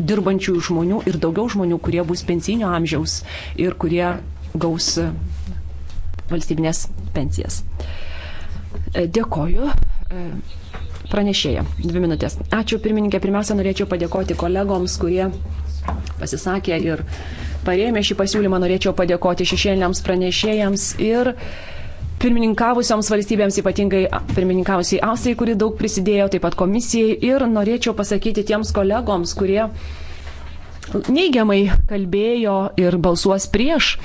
dirbančių žmonių ir daugiau žmonių, kurie bus pensinio amžiaus ir kurie gaus valstybinės pensijas. E, dėkoju. E, pranešėja, dvi minutės. Ačiū pirmininkė. Pirmiausia, norėčiau padėkoti kolegoms, kurie pasisakė ir parėmė šį pasiūlymą. Norėčiau padėkoti šešėliniams pranešėjams ir pirmininkavusioms valstybėms, ypatingai pirmininkavusiai Austrijai, kuri daug prisidėjo, taip pat komisijai. Ir norėčiau pasakyti tiems kolegoms, kurie neigiamai kalbėjo ir balsuos prieš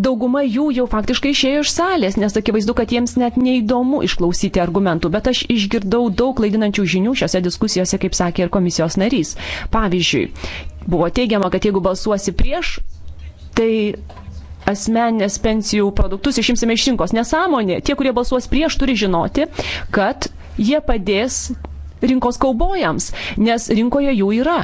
dauguma jų jau faktiškai išėjo iš salės, nes akivaizdu, kad jiems net neįdomu išklausyti argumentų, bet aš išgirdau daug klaidinančių žinių šiose diskusijose, kaip sakė ir komisijos narys. Pavyzdžiui, buvo teigiama, kad jeigu balsuosi prieš, tai asmenės pensijų produktus išimsime iš rinkos. Nesąmonė, tie, kurie balsuos prieš, turi žinoti, kad jie padės rinkos kaubojams, nes rinkoje jų yra.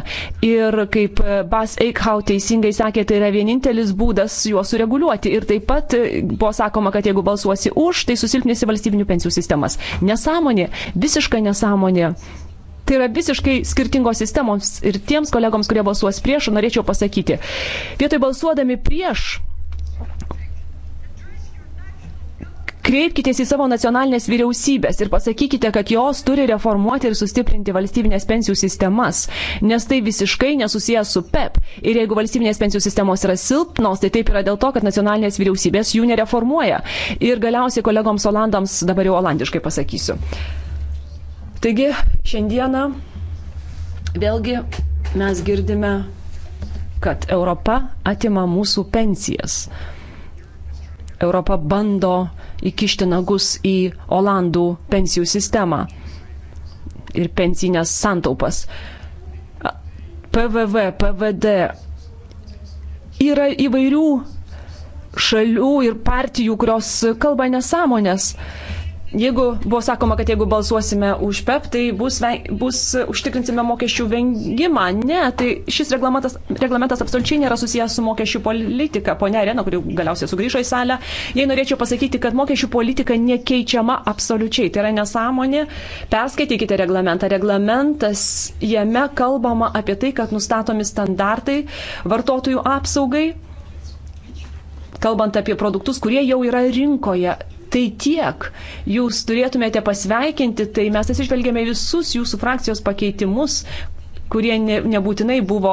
Ir kaip e, Bas Eichhau teisingai sakė, tai yra vienintelis būdas juos sureguliuoti. Ir taip pat e, buvo sakoma, kad jeigu balsuosi už, tai susilpnėsi valstybinių pensijų sistemas. Nesąmonė, visiška nesąmonė. Tai yra visiškai skirtingos sistemos ir tiems kolegoms, kurie balsuos prieš, norėčiau pasakyti, vietoj balsuodami prieš kreipkitės į savo nacionalinės vyriausybės ir pasakykite, kad jos turi reformuoti ir sustiprinti valstybinės pensijų sistemas, nes tai visiškai nesusijęs su PEP. E ir jeigu valstybinės pensijų sistemos yra silpnos, tai taip yra dėl to, kad nacionalinės vyriausybės jų nereformuoja. Ir galiausiai kolegoms Olandams dabar jau olandiškai pasakysiu. Taigi šiandieną vėlgi mes girdime, kad Europa atima mūsų pensijas. Europa bando uh, įkišti nagus į Olandų pensijų sistemą ir pensijinės santaupas. PVV, PVD. Yra įvairių šalių ir partijų, kurios kalba nesąmonės. Jeigu buvo sakoma, kad jeigu balsuosime už PEP, tai bus, bus e, užtikrinsime mokesčių vengimą. Ne, tai šis reglamentas, reglamentas absoliučiai nėra susijęs su mokesčių politika. Pone Arena, kuri galiausiai sugrįžo į salę, jai norėčiau pasakyti, kad mokesčių politika nekeičiama absoliučiai. Tai yra nesąmonė. Perskaitykite reglamentą. Reglamentas jame kalbama apie tai, kad nustatomi standartai vartotojų apsaugai kalbant apie produktus, kurie jau yra rinkoje. Tai tiek. Jūs turėtumėte pasveikinti, tai mes atsižvelgėme visus jūsų frakcijos pakeitimus, kurie ne, nebūtinai buvo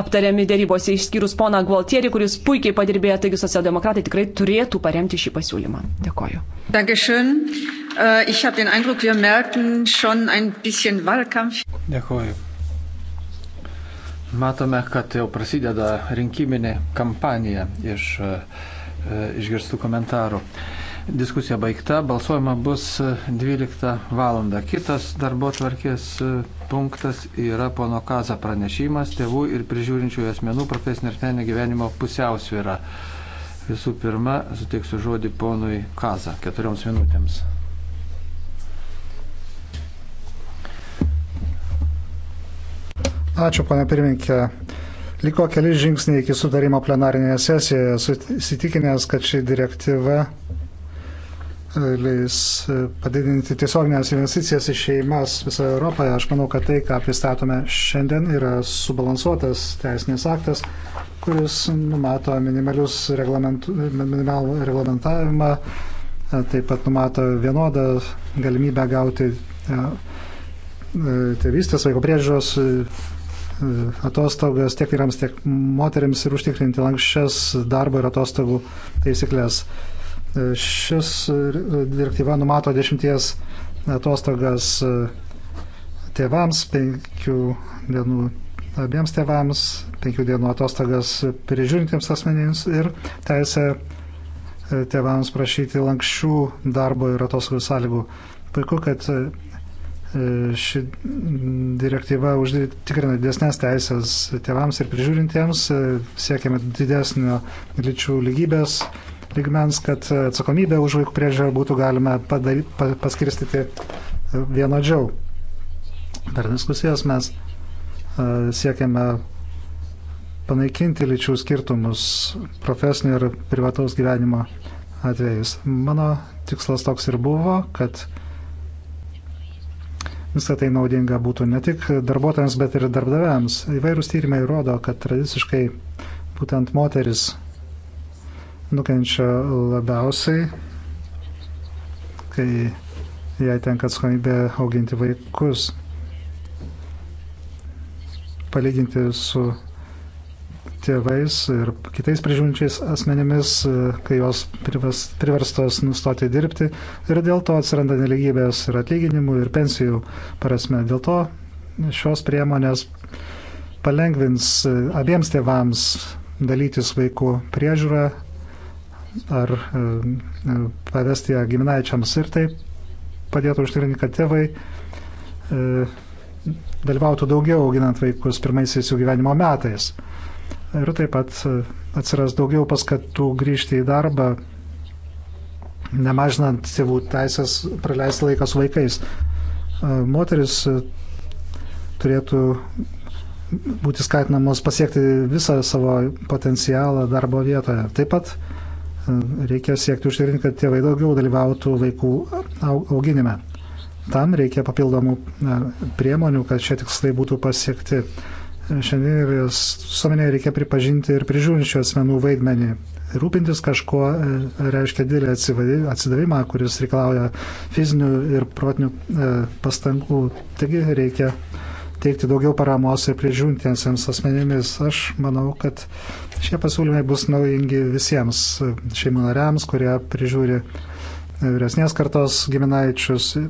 aptariami dėrybose, išskyrus poną Gualtierį, kuris puikiai padirbėjo, taigi socialdemokratai tikrai turėtų paremti šį pasiūlymą. Dėkoju. Äh, Dėkoju. Matome, kad jau prasideda rinkiminė kampanija iš äh, išgirstų komentarų. Diskusija baigta, balsuojama bus 12 val. Kitas darbo tvarkės e, punktas yra pono Kaza pranešimas tėvų ir prižiūrinčiųjų asmenų profesinio ir teninio gyvenimo pusiausvyrą. Visų pirma, suteiksiu žodį ponui Kaza keturioms minutėms. Ačiū, pane pirmininkė. Liko keli žingsniai iki sudarimo plenarinėje sesijoje. Sitikinęs, kad ši direktyva leis e, padidinti tiesioginės investicijas į šeimas visoje Europoje. Aš manau, kad tai, ką pristatome šiandien, yra subalansuotas teisinės aktas, kuris numato minimalius reglament, minimal reglamentavimą, e, taip pat numato vienodą galimybę gauti e, tėvystės, vaiko priežiūros atostogas tiek vyrams, tiek moteriams ir užtikrinti lankščias darbo ir atostogų taisyklės. Šis direktyva numato dešimties atostogas tėvams, penkių dienų abiems tėvams, penkių dienų atostogas prižiūrintiems asmenims ir teisę tėvams prašyti lankščių darbo ir atostogų sąlygų. Puiku, kad e, ši direktyva užtikrina didesnės teisės tėvams ir prižiūrintiems, e, siekiame didesnio lyčių lygybės, lygmens, kad e, atsakomybę už vaikų priežiūrą būtų galima padaryti, pa, paskirstyti e, vienodžiau. Per diskusijas mes e, siekiame panaikinti lyčių skirtumus profesinio ir privataus gyvenimo atvejais. Mano tikslas toks ir buvo, kad visą tai naudinga būtų ne tik darbuotojams, bet ir darbdaviams. Įvairūs tyrimai rodo, kad tradiciškai būtent moteris nukenčia labiausiai, kai jai tenka atsakomybė auginti vaikus. Palyginti su tėvais ir kitais prižiūrinčiais asmenėmis, kai jos priverstos nustoti dirbti ir dėl to atsiranda neligybės ir atlyginimų ir pensijų prasme. Dėl to šios priemonės palengvins abiems tėvams dalytis vaikų priežiūrą ar e, pavesti ją giminaičiams ir tai padėtų užtikrinti, kad tėvai e, dalyvautų daugiau auginant vaikus pirmaisiais jų gyvenimo metais. Ir taip pat e, atsiras daugiau paskatų grįžti į darbą, nemažinant tėvų teisės praleisti laiką su vaikais. Moteris turėtų būti skatinamos pasiekti visą savo potencialą darbo vietoje. Taip pat reikia siekti užtikrinti, kad tėvai daugiau dalyvautų vaikų auginime. Tam reikia papildomų priemonių, kad šie tikslai būtų pasiekti. Šiandien visuomenėje reikia pripažinti ir prižiūrinčių asmenų vaidmenį. Rūpintis kažkuo e, reiškia didelį atsidavimą, kuris reikalauja fizinių ir protinių e, pastangų. Taigi reikia teikti daugiau paramos ir prižiūrintiems asmenimis. Aš manau, kad Šie pasiūlymai bus naudingi visiems šeimų nariams, kurie prižiūri e, vyresnės kartos giminaičius, e,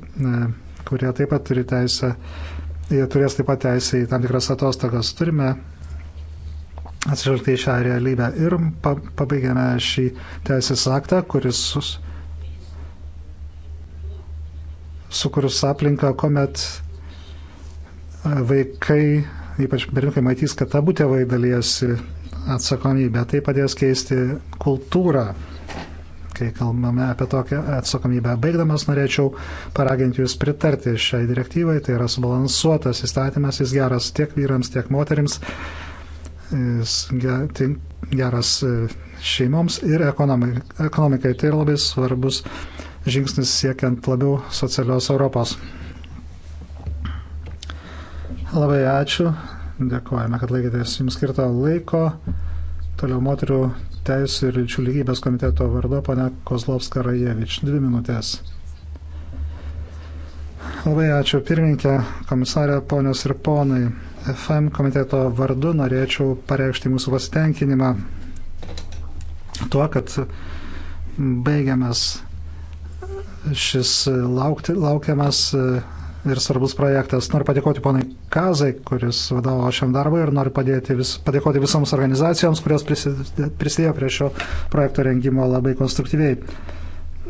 kurie taip pat turi teisę, jie turės taip pat teisę į tam tikras atostogas. Turime atsižvelgti į šią realybę ir pabaigėme šį teisės aktą, kuris sus sukurs aplinką, kuomet e, vaikai ypač berniukai matys, kad abu tėvai dalyjasi atsakomybę. Tai padės keisti kultūrą, kai kalbame apie tokią atsakomybę. Baigdamas norėčiau paraginti Jūs pritarti šiai direktyvai. Tai yra subalansuotas įstatymas, jis geras tiek vyrams, tiek moterims, jis tai geras e, šeimoms ir ekonomikai. Tai yra labai svarbus žingsnis siekiant labiau socialios Europos. Labai ačiū. Dėkojame, kad laikėtės jums skirtą laiko. Toliau moterų teisų ir lyčių lygybės komiteto vardu pane Kozlovska Rajevič. Dvi minutės. Labai ačiū pirmininkė, komisarė, ponios ir ponai. FM komiteto vardu norėčiau pareikšti mūsų pasitenkinimą tuo, kad baigiamas šis laukti, laukiamas ir svarbus projektas. Noriu padėkoti ponai Kazai, kuris vadovavo šiam darbui ir noriu vis, padėkoti visoms organizacijoms, kurios prisidėjo prie šio projekto rengimo labai konstruktyviai.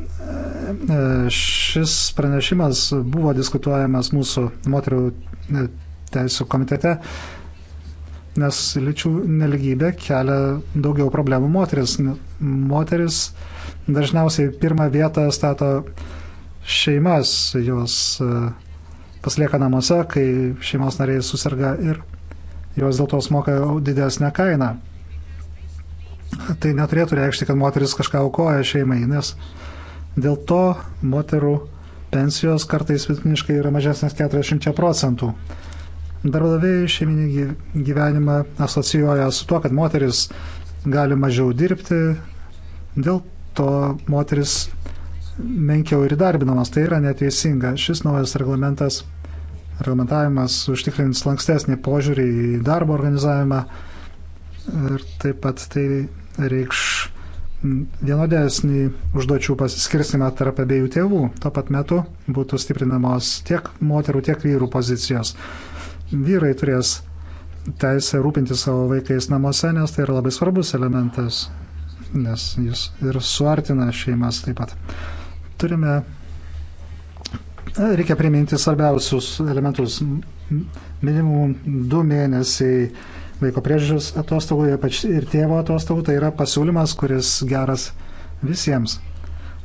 E, šis pranešimas buvo diskutuojamas mūsų moterų e, teisų komitete, nes lyčių neligybė kelia daugiau problemų moteris. Moteris dažniausiai pirmą vietą stato šeimas, jos uh, pasilieka namuose, kai šeimos nariai susirga ir jos dėl to sumoka didesnę kainą. Tai neturėtų reikšti, kad moteris kažką aukoja šeimai, nes dėl to moterų pensijos kartais vidutiniškai yra mažesnės 40 procentų. Darbdaviai šeiminį gyvenimą asocijuoja su tuo, kad moteris gali mažiau dirbti, dėl to moteris menkiau ir įdarbinamas. Tai yra neteisinga. Šis naujas reglamentas, reglamentavimas užtikrins lankstesnį požiūrį į darbo organizavimą ir taip pat tai reikš vienodesnį užduočių pasiskirstimą tarp abiejų tėvų. Tuo pat metu būtų stiprinamos tiek moterų, tiek vyrų pozicijos. Vyrai turės teisę rūpinti savo vaikais namuose, nes tai yra labai svarbus elementas, nes jis ir suartina šeimas taip pat. Turime, reikia priminti svarbiausius elementus. Minimum du mėnesiai vaiko priežiūros atostogų, ypač ir tėvo atostogų, tai yra pasiūlymas, kuris geras visiems.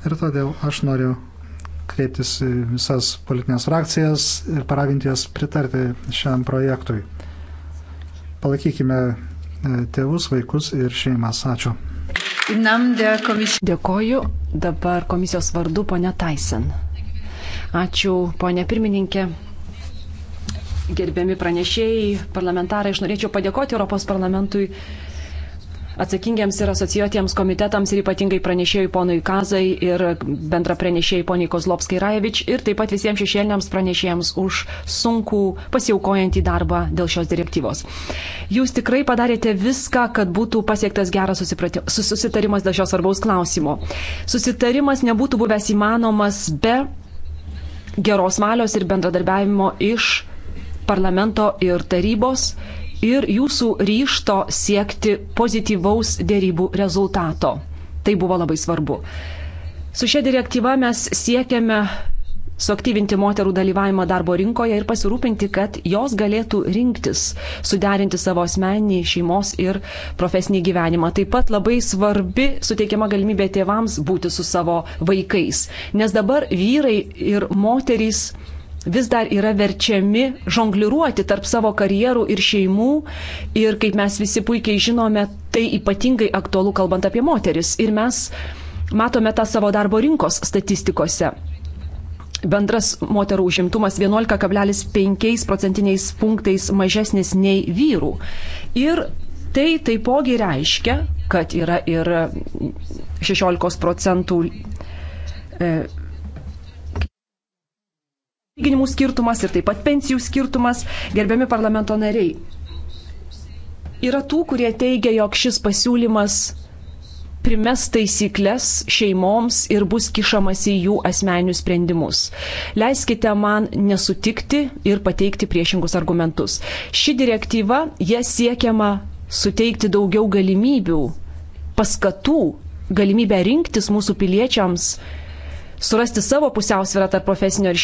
Ir todėl aš noriu kreiptis į visas politinės frakcijas ir paraginti jas pritarti šiam projektui. Palaikykime e, tėvus, vaikus ir šeimas. Ačiū. Dėkoju dabar komisijos vardu ponė Tyson. Ačiū ponė pirmininkė. Gerbiami pranešėjai, parlamentarai, aš norėčiau padėkoti Europos parlamentui atsakingiams ir asocijuotiems komitetams ir ypatingai pranešėjai ponui Kazai ir bendra pranešėjai poniai Kozlovskai Rajevič ir taip pat visiems šešėliniams pranešėjams už sunkų pasiaukojantį darbą dėl šios direktyvos. Jūs tikrai padarėte viską, kad būtų pasiektas geras susitarimas dėl šios svarbaus klausimo. Susitarimas nebūtų buvęs įmanomas be geros valios ir bendradarbiavimo iš parlamento ir tarybos ir jūsų ryšto siekti pozityvaus dėrybų rezultato. Tai buvo labai svarbu. Su šia direktyva mes siekiame suaktyvinti moterų dalyvavimą darbo rinkoje ir pasirūpinti, kad jos galėtų rinktis, suderinti savo asmenį, šeimos ir profesinį gyvenimą. Taip pat labai svarbi suteikiama galimybė tėvams būti su savo vaikais, nes dabar vyrai ir moterys vis dar yra verčiami žongliruoti tarp savo karjerų ir šeimų. Ir kaip mes visi puikiai žinome, tai ypatingai aktualu kalbant apie moteris. Ir mes matome tą savo darbo rinkos statistikose. Bendras moterų užimtumas 11,5 procentiniais punktais mažesnis nei vyrų. Ir tai taipogi reiškia, kad yra ir 16 procentų e, atlyginimų skirtumas ir taip pat pensijų skirtumas, gerbiami parlamento nariai. Yra tų, kurie teigia, jog šis pasiūlymas primes taisyklės šeimoms ir bus kišamasi į jų asmenius sprendimus. Leiskite man nesutikti ir pateikti priešingus argumentus. Ši direktyva, jie siekiama suteikti daugiau galimybių, paskatų, galimybę rinktis mūsų piliečiams surasti savo pusiausvyrą tarp profesinio ir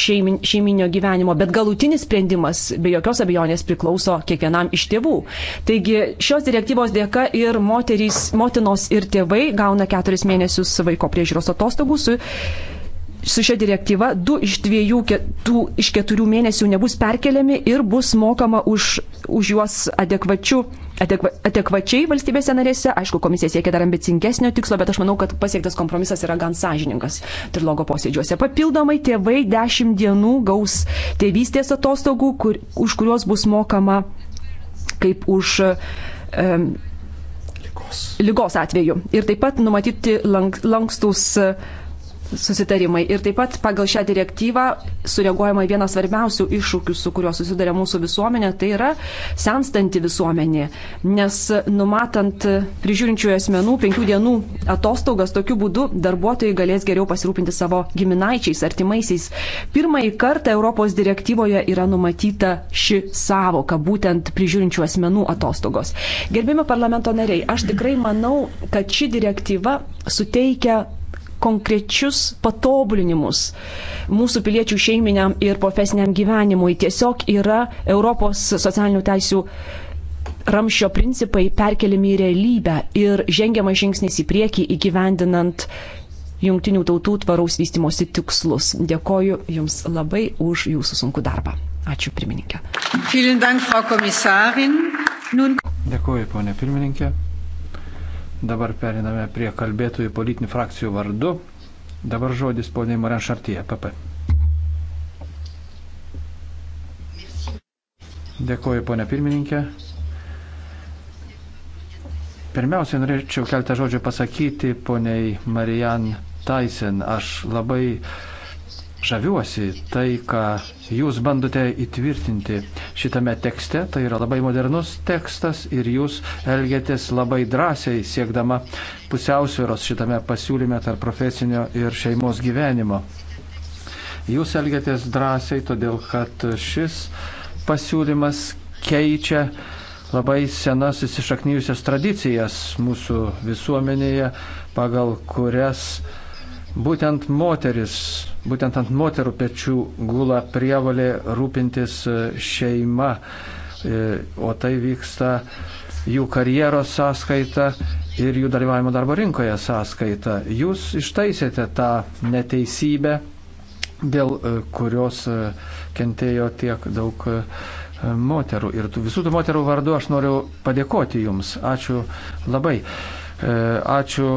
šeiminio gyvenimo, bet galutinis sprendimas be jokios abejonės priklauso kiekvienam iš tėvų. Taigi šios direktyvos dėka ir moterys, motinos ir tėvai gauna keturis mėnesius vaiko priežiūros atostogų su su šia direktyva du iš dviejų, tų iš keturių mėnesių nebus perkeliami ir bus mokama už, už juos adekvačių, adekva, adekvačiai valstybėse narėse. Aišku, komisija siekia dar ambicingesnio tikslo, bet aš manau, kad pasiektas kompromisas yra gan sąžiningas trilogo posėdžiuose. Papildomai tėvai 10 dienų gaus tėvystės atostogų, kur, už kuriuos bus mokama kaip už. Um, Lygos atveju. Ir taip pat numatyti lank, lankstus uh, susitarimai. Ir taip pat pagal šią direktyvą sureaguojama į vieną svarbiausių iššūkių, su kuriuo susidarė mūsų visuomenė, tai yra senstanti visuomenė. Nes numatant prižiūrinčiųjų asmenų penkių dienų atostogas, tokiu būdu darbuotojai galės geriau pasirūpinti savo giminaičiais, artimaisiais. Pirmąjį kartą Europos direktyvoje yra numatyta ši savoka, būtent prižiūrinčių asmenų atostogos. Gerbimi parlamento nariai, aš tikrai manau, kad ši direktyva suteikia konkrečius patobulinimus mūsų piliečių šeiminiam ir profesiniam gyvenimui. Tiesiog yra Europos socialinių teisių ramšio principai perkeliami į realybę ir žengiama žingsnis į priekį įgyvendinant Junktinių tautų tvaraus vystimosi tikslus. Dėkoju Jums labai už Jūsų sunku darbą. Ačiū pirmininkė. Dėkoju, ponė pirmininkė. Dabar periname prie kalbėtojų politinių frakcijų vardu. Dabar žodis poniai Moran Šartyje, PP. Dėkuoju, ponia pirmininkė. Pirmiausia, norėčiau keltą žodžių pasakyti poniai Marijan Taisen. Aš labai uh, žaviuosi tai, ką jūs bandote įtvirtinti šitame tekste. Tai yra labai modernus tekstas ir jūs elgėtės labai drąsiai siekdama pusiausvėros šitame pasiūlyme tarp profesinio ir šeimos gyvenimo. Jūs elgėtės drąsiai, todėl kad šis pasiūlymas keičia labai senas įsišaknyjusias tradicijas mūsų visuomenėje, pagal kurias uh, Būtent moteris, būtent ant moterų pečių gula prievalė rūpintis e, šeima, e, o tai vyksta jų karjeros sąskaita ir jų dalyvavimo darbo rinkoje sąskaita. Jūs ištaisėte tą neteisybę, dėl e, kurios kentėjo tiek daug moterų. Ir visų tų moterų vardu aš noriu padėkoti Jums. Ačiū labai. Ačiū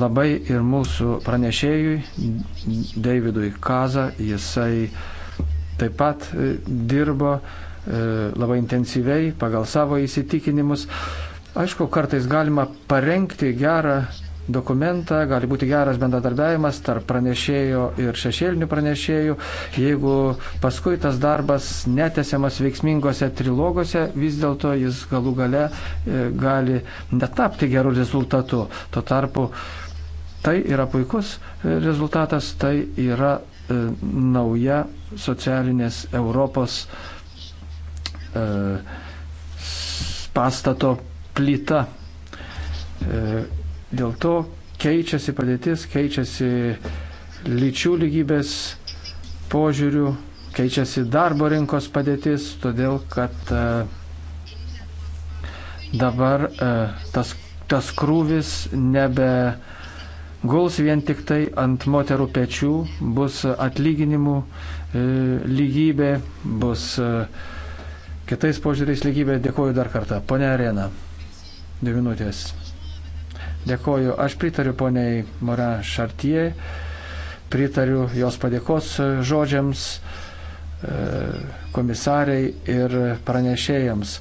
labai ir mūsų pranešėjui Davidui Kaza, jisai taip pat e, dirbo e, labai intensyviai pagal savo įsitikinimus. Aišku, kartais galima parengti gerą dokumentą, gali būti geras bendradarbiavimas tarp pranešėjo ir šešėlinių pranešėjų. Jeigu paskui tas darbas netesiamas veiksmingose trilogose, vis dėlto jis galų gale e, gali netapti gerų rezultatų. Tuo tarpu e, Tai yra puikus e, rezultatas, tai yra e, nauja socialinės Europos e, pastato plyta. E, dėl to keičiasi padėtis, keičiasi lyčių lygybės požiūrių, keičiasi darbo rinkos padėtis, todėl kad e, dabar e, tas, tas krūvis nebe guls vien tik tai ant moterų pečių, bus atlyginimų e, lygybė, bus e, kitais požiūriais lygybė. Dėkuoju dar kartą. Pone Arena, dvi minutės. Dėkuoju. Aš pritariu poniai Mora Šartie, pritariu jos padėkos žodžiams e, komisariai ir pranešėjams.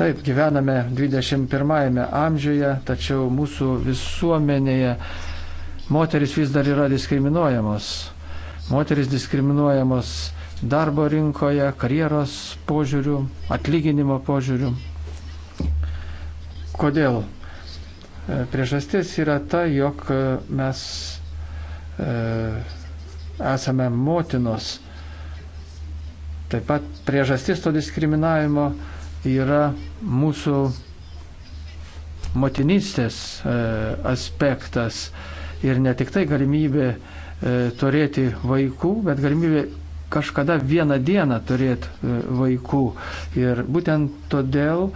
Taip, gyvename 21-ame amžiuje, tačiau mūsų visuomenėje moteris vis dar yra diskriminuojamos. Moteris diskriminuojamos darbo rinkoje, karjeros požiūrių, atlyginimo požiūrių. Kodėl? E, priežastis yra ta, jog e, mes e, esame motinos. Taip pat priežastis to diskriminavimo yra mūsų motinystės aspektas ir ne tik tai galimybė e, turėti vaikų, bet galimybė kažkada vieną dieną turėti e, vaikų. Ir būtent todėl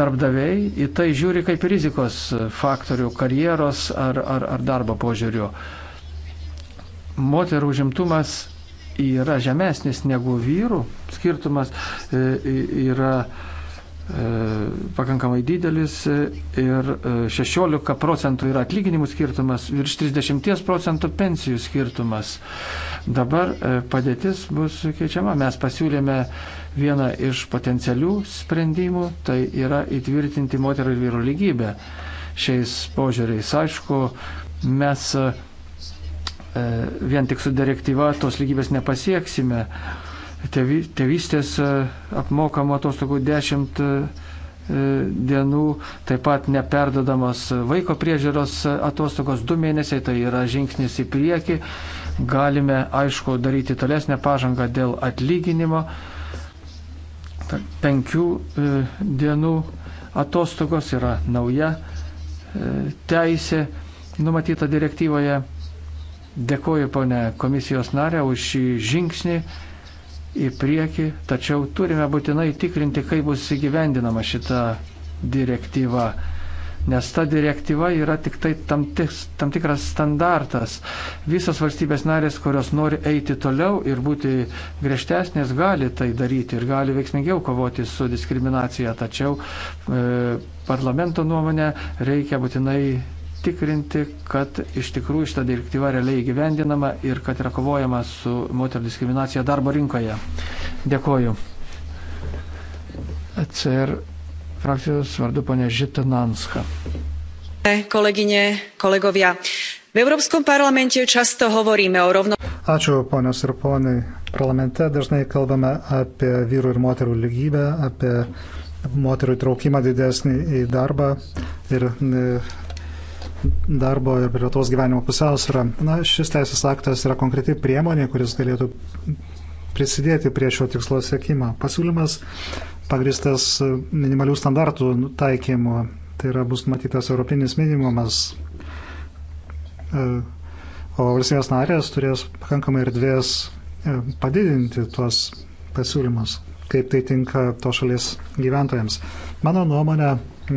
darbdaviai į tai žiūri kaip rizikos faktorių karjeros ar, ar, ar darbo požiūriu. Moterų užimtumas yra žemesnis negu vyrų, skirtumas e, yra E, pakankamai didelis e, ir 16 e, procentų yra atlyginimų skirtumas, virš 30 procentų pensijų skirtumas. Dabar padėtis bus keičiama. Mes pasiūlėme vieną iš potencialių sprendimų, tai yra įtvirtinti moterų ir vyrų lygybę šiais požiūriais. Aišku, mes vien tik su direktyva tos lygybės nepasieksime tėvystės e, apmokamų atostogų 10 e, e, dienų, taip pat neperdodamos vaiko priežiūros atostogos 2 mėnesiai, tai yra žingsnis į priekį. Galime, aišku, daryti tolesnę pažangą dėl atlyginimo. 5 dienų atostogos yra nauja teisė numatyta direktyvoje. Dėkoju, ponė komisijos narė, už šį žingsnį į priekį, tačiau turime būtinai tikrinti, kaip bus įgyvendinama šita direktyva. Nes ta direktyva yra tik tai tam, tiks, tam tikras standartas. Visos valstybės narės, kurios nori eiti toliau ir būti griežtesnės, gali tai daryti ir gali veiksmingiau kovoti su diskriminacija. Tačiau e, parlamento nuomonė reikia būtinai užtikrinti, kad iš tikrųjų šitą direktyvą realiai gyvendinama ir kad yra kovojama su moterų diskriminacija darbo rinkoje. Dėkoju. E CR frakcijos vardu ponė Žitananska. E, kolegyne, kolegovia. V Európskom parlamente často hovoríme o rovno... Ačiū, ponios ir ponai. Parlamente dažnai kalbame apie vyrų ir moterų lygybę, apie moterų įtraukimą didesnį į darbą ir e, darbo ir privataus gyvenimo pusiausvyrą. Na, šis teisės aktas yra konkreti priemonė, kuris galėtų prisidėti prie šio tikslo sėkimo. Pasiūlymas pagristas minimalių standartų taikymu. Tai yra bus matytas europinis minimumas. E, o valstybės narės turės pakankamai erdvės e, padidinti tuos pasiūlymus kaip tai tinka to šalies gyventojams. Mano nuomonė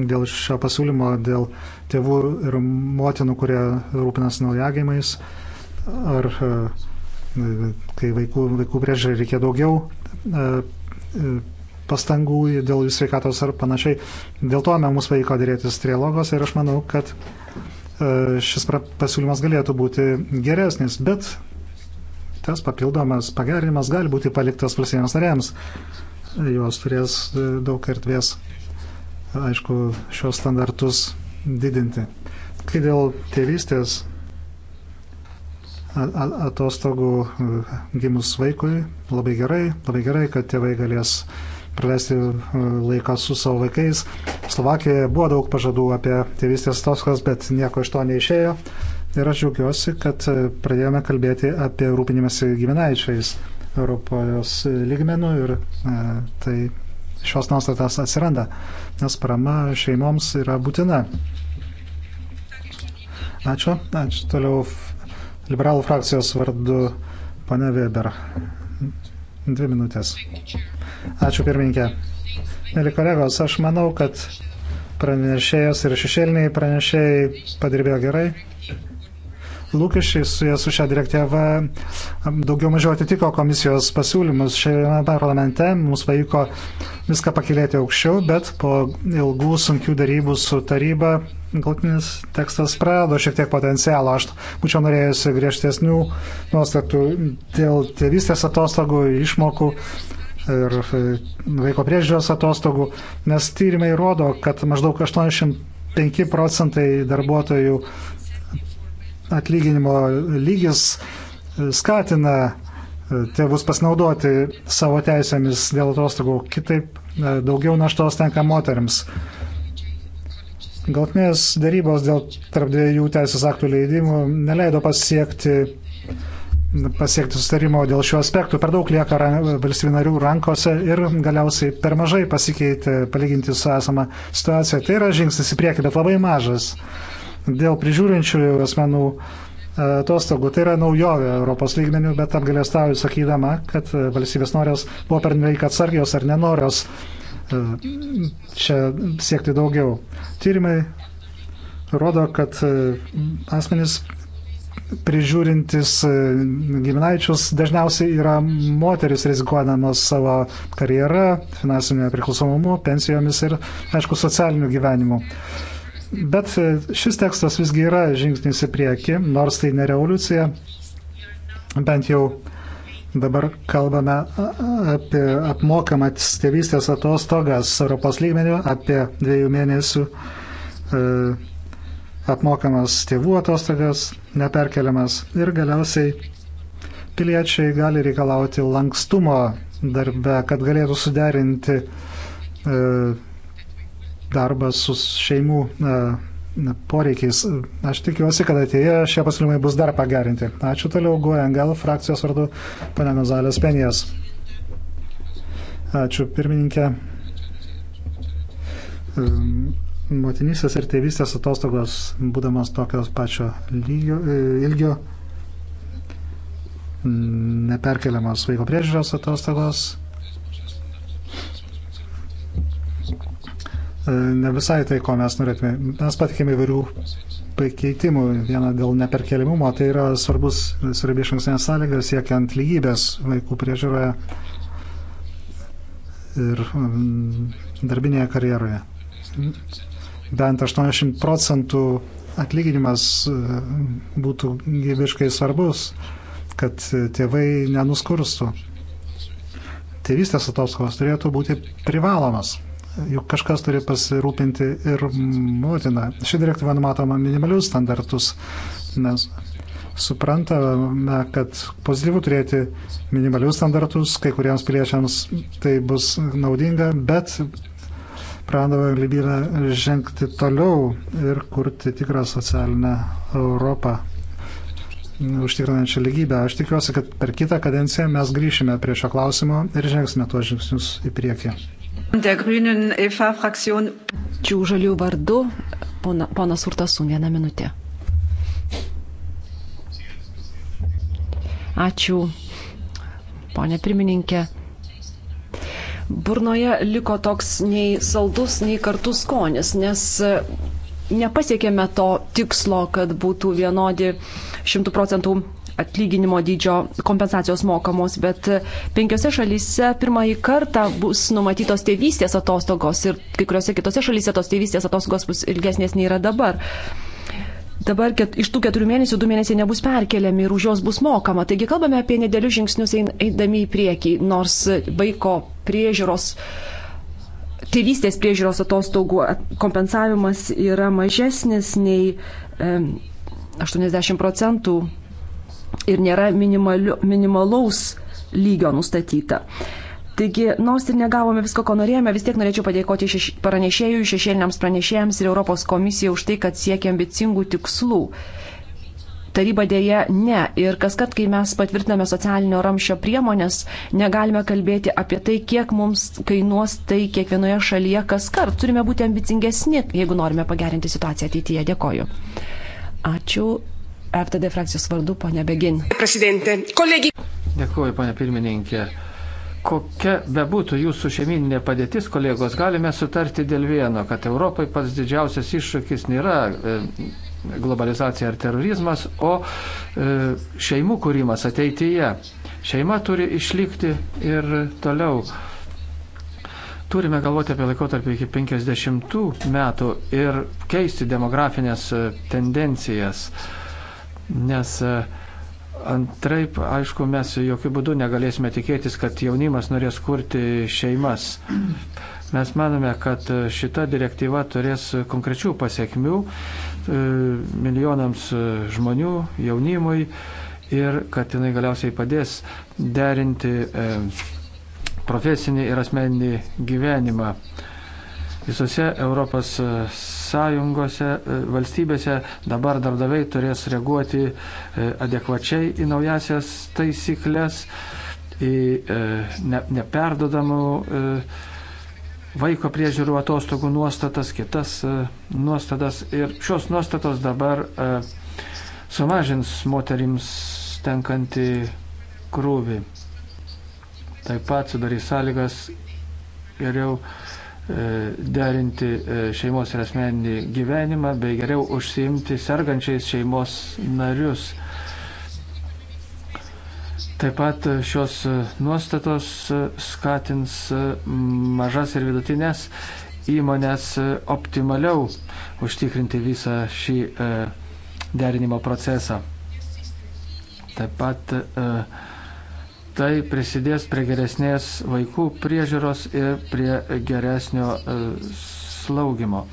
dėl šio pasiūlymo, dėl tėvų ir motinų, kurie rūpinasi naujagimais, ar e, kai vaikų, vaikų priežiūrė reikia daugiau e, e, pastangų dėl jų sveikatos ar panašiai. Dėl to mums pavyko dėrėtis trialogos ir aš manau, kad šis pasiūlymas galėtų būti geresnis, bet tas papildomas pagerinimas gali būti paliktas valstybėms narėms. Jos turės e, daug erdvės, aišku, šios standartus didinti. Kai dėl tėvystės atostogų e, gimus vaikui, labai gerai, labai gerai, kad tėvai galės praleisti e, laiką su savo vaikais. Slovakijoje buvo daug pažadų apie tėvystės atostogas, bet nieko iš to neišėjo. Ir aš džiaugiuosi, kad e, pradėjome kalbėti apie rūpinimąsi giminaičiais Europos lygmenų ir e, tai šios nuostatas atsiranda, nes parama šeimoms yra būtina. Ačiū. Ačiū. Toliau liberalų frakcijos vardu pane Weber. Dvi minutės. Ačiū pirmininkė. Mėly kolegos, aš manau, kad pranešėjos ir šešėliniai pranešėjai padirbėjo gerai lūkesčiai su, su šią direktyvą daugiau mažiau atitiko komisijos pasiūlymus. Šiame parlamente mums pavyko viską pakilėti aukščiau, bet po ilgų sunkių darybų su taryba galtinis tekstas prarado šiek tiek potencialo. Aš būčiau norėjusi griežtesnių nuostatų dėl tėvystės atostogų, išmokų ir e, vaiko priežiūros atostogų, nes tyrimai rodo, kad maždaug 85 procentai darbuotojų atlyginimo lygis e, skatina e, tėvus pasinaudoti savo teisėmis dėl atostogų, kitaip e, daugiau naštos tenka moteriams. Galtinės darybos dėl tarp dviejų teisės aktų leidimų neleido pasiekti, pasiekti sustarimo dėl šių aspektų. Per daug lieka valstybių narių rankose ir galiausiai per mažai pasikeitė palyginti su esama situacija. Tai yra žingsnis į priekį, bet labai mažas. Dėl prižiūrinčiųjų asmenų e, atostogų. Tai yra naujovė Europos lygmenių, bet apgalėstauju sakydama, kad e, valstybės norės buvo pernelyg atsargios ar nenorios e, čia siekti daugiau. Tyrimai rodo, kad asmenys prižiūrintis giminaičius dažniausiai yra moteris rizikuodamos savo karjerą, finansinio priklausomumu, pensijomis ir, aišku, socialiniu gyvenimu. Bet e, šis tekstas visgi yra žingsnis į priekį, nors tai ne revoliucija, bent jau dabar kalbame apie apmokamą tėvystės atostogas Europos lygmenių, apie dviejų mėnesių e, apmokamas tėvų atostogas, neperkeliamas ir galiausiai piliečiai gali reikalauti lankstumo darbe, kad galėtų suderinti e, darbas su šeimų poreikiais. Aš tikiuosi, kad ateitie šie pasiūlymai bus dar pagerinti. Ačiū toliau, Guengel, frakcijos vardu, pane Nozalės Penijas. Ačiū, pirmininkė. Motinysės ir tėvystės atostogos, būdamas tokios pačio lygio, e, ilgio, neperkeliamos vaiko priežiūros atostogos E, ne visai tai, ko mes norėtume. Mes patikėme įvairių pakeitimų. Viena dėl neperkelimumo, tai yra svarbus, svarbi išankstinė sąlyga siekiant lygybės vaikų priežiūroje ir mm, darbinėje karjeroje. Bent 80 procentų atlyginimas e, būtų gyviškai svarbus, kad tėvai nenuskurstų. Tėvystės atostogos turėtų būti privalomas juk kažkas turi pasirūpinti ir motina. Ši direktyva numatoma minimalius standartus, nes suprantame, kad pozityvų turėti minimalius standartus, kai kuriems piliečiams tai bus naudinga, bet prarandavo galimybę žengti toliau ir kurti tikrą socialinę Europą užtikrinančią lygybę. Aš tikiuosi, kad per kitą kadenciją mes grįšime prie šio klausimo ir žengsime tuos žingsnius į priekį. Čia žalių vardu, ponas pona Urtasun, vieną minutę. Ačiū, ponė pirmininkė. Burnoje liko toks nei saldus, nei kartus skonis, nes nepasiekėme to tikslo, kad būtų vienodi 100 procentų atlyginimo dydžio kompensacijos mokamos, bet penkiose šalyse pirmąjį kartą bus numatytos tėvystės atostogos ir kai kuriuose kitose šalyse tos tėvystės atostogos bus ilgesnės nei yra dabar. Dabar ket, iš tų keturių mėnesių du mėnesiai nebus perkeliami ir už juos bus mokama. Taigi kalbame apie nedėlius žingsnius eidami į priekį, nors vaiko priežiūros tėvystės priežiūros atostogų kompensavimas yra mažesnis nei 80 procentų ir nėra minimalaus lygio nustatyta. Taigi, nors ir negavome visko, ko norėjome, vis tiek norėčiau padėkoti šeš, pranešėjų, šešėliniams pranešėjams ir Europos komisijai už tai, kad siekia ambicingų tikslų. Taryba dėja ne. Ir kas kart, kai mes patvirtiname socialinio ramšio priemonės, negalime kalbėti apie tai, kiek mums kainuos tai kiekvienoje šalyje kas kart. Turime būti ambicingesni, jeigu norime pagerinti situaciją ateityje. Dėkoju. Ačiū. FTD frakcijos vardu, ponė Begin. Prezidentė, kolegi. Dėkuoju, ponė pirmininkė. Kokia bebūtų jūsų šeiminė padėtis, kolegos, galime sutarti dėl vieno, kad Europai pats didžiausias iššūkis nėra e, globalizacija ar terorizmas, o e, šeimų kūrimas ateityje. Šeima turi išlikti ir toliau. Turime galvoti apie laikotarpį iki 50 metų ir keisti demografinės e, tendencijas nes e, antraip, aišku, mes jokių būdų negalėsime tikėtis, kad jaunimas norės kurti šeimas. Mes manome, kad šita direktyva turės konkrečių pasiekmių e, milijonams žmonių, jaunimui ir kad jinai galiausiai padės derinti e, profesinį ir asmeninį gyvenimą. Visose Europos e, sąjungose e, valstybėse dabar darbdaviai turės reaguoti e, adekvačiai į naujasias taisyklės, į ne, neperdodamų vaiko priežiūrų atostogų nuostatas, kitas nuostatas. Ir šios nuostatos dabar sumažins moterims tenkantį krūvį. Taip pat sudarys sąlygas geriau uh, E, derinti e, šeimos ir asmeninį gyvenimą, bei geriau užsiimti sergančiais šeimos narius. Taip pat šios nuostatos skatins mažas ir vidutinės įmonės optimaliau užtikrinti visą šį e, derinimo procesą. Taip pat uh, tai prisidės prie geresnės vaikų priežiūros ir prie geresnio e, slaugimo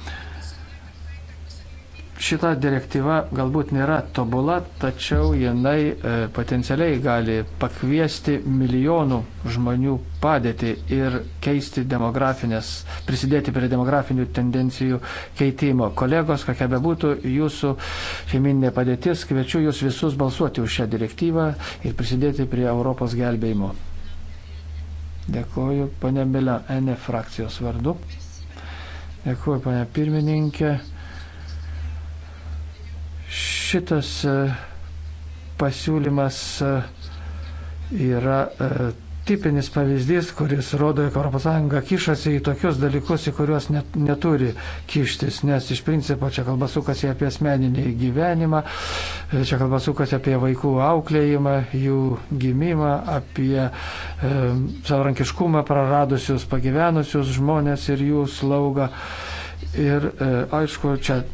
šita direktyva galbūt nėra tobula, tačiau jinai e, potencialiai gali pakviesti milijonų žmonių padėti ir keisti demografinės, prisidėti prie demografinių tendencijų keitimo. Kolegos, kokia bebūtų jūsų šeiminė padėtis, kviečiu jūs visus balsuoti už šią direktyvą ir prisidėti prie Europos gelbėjimo. Dėkuoju, ponė Mila, N e frakcijos vardu. Dėkuoju, ponė pirmininkė. Šitas e, pasiūlymas e, yra e, tipinis pavyzdys, kuris rodo, jog ES kišasi į tokius dalykus, į kuriuos net, neturi kištis, nes iš principo čia kalba sukasi apie asmeninį gyvenimą, čia kalba sukasi apie vaikų auklėjimą, jų gimimą, apie e, savarankiškumą praradusius, pagyvenusius žmonės ir jų slaugą. Ir e, aišku, čia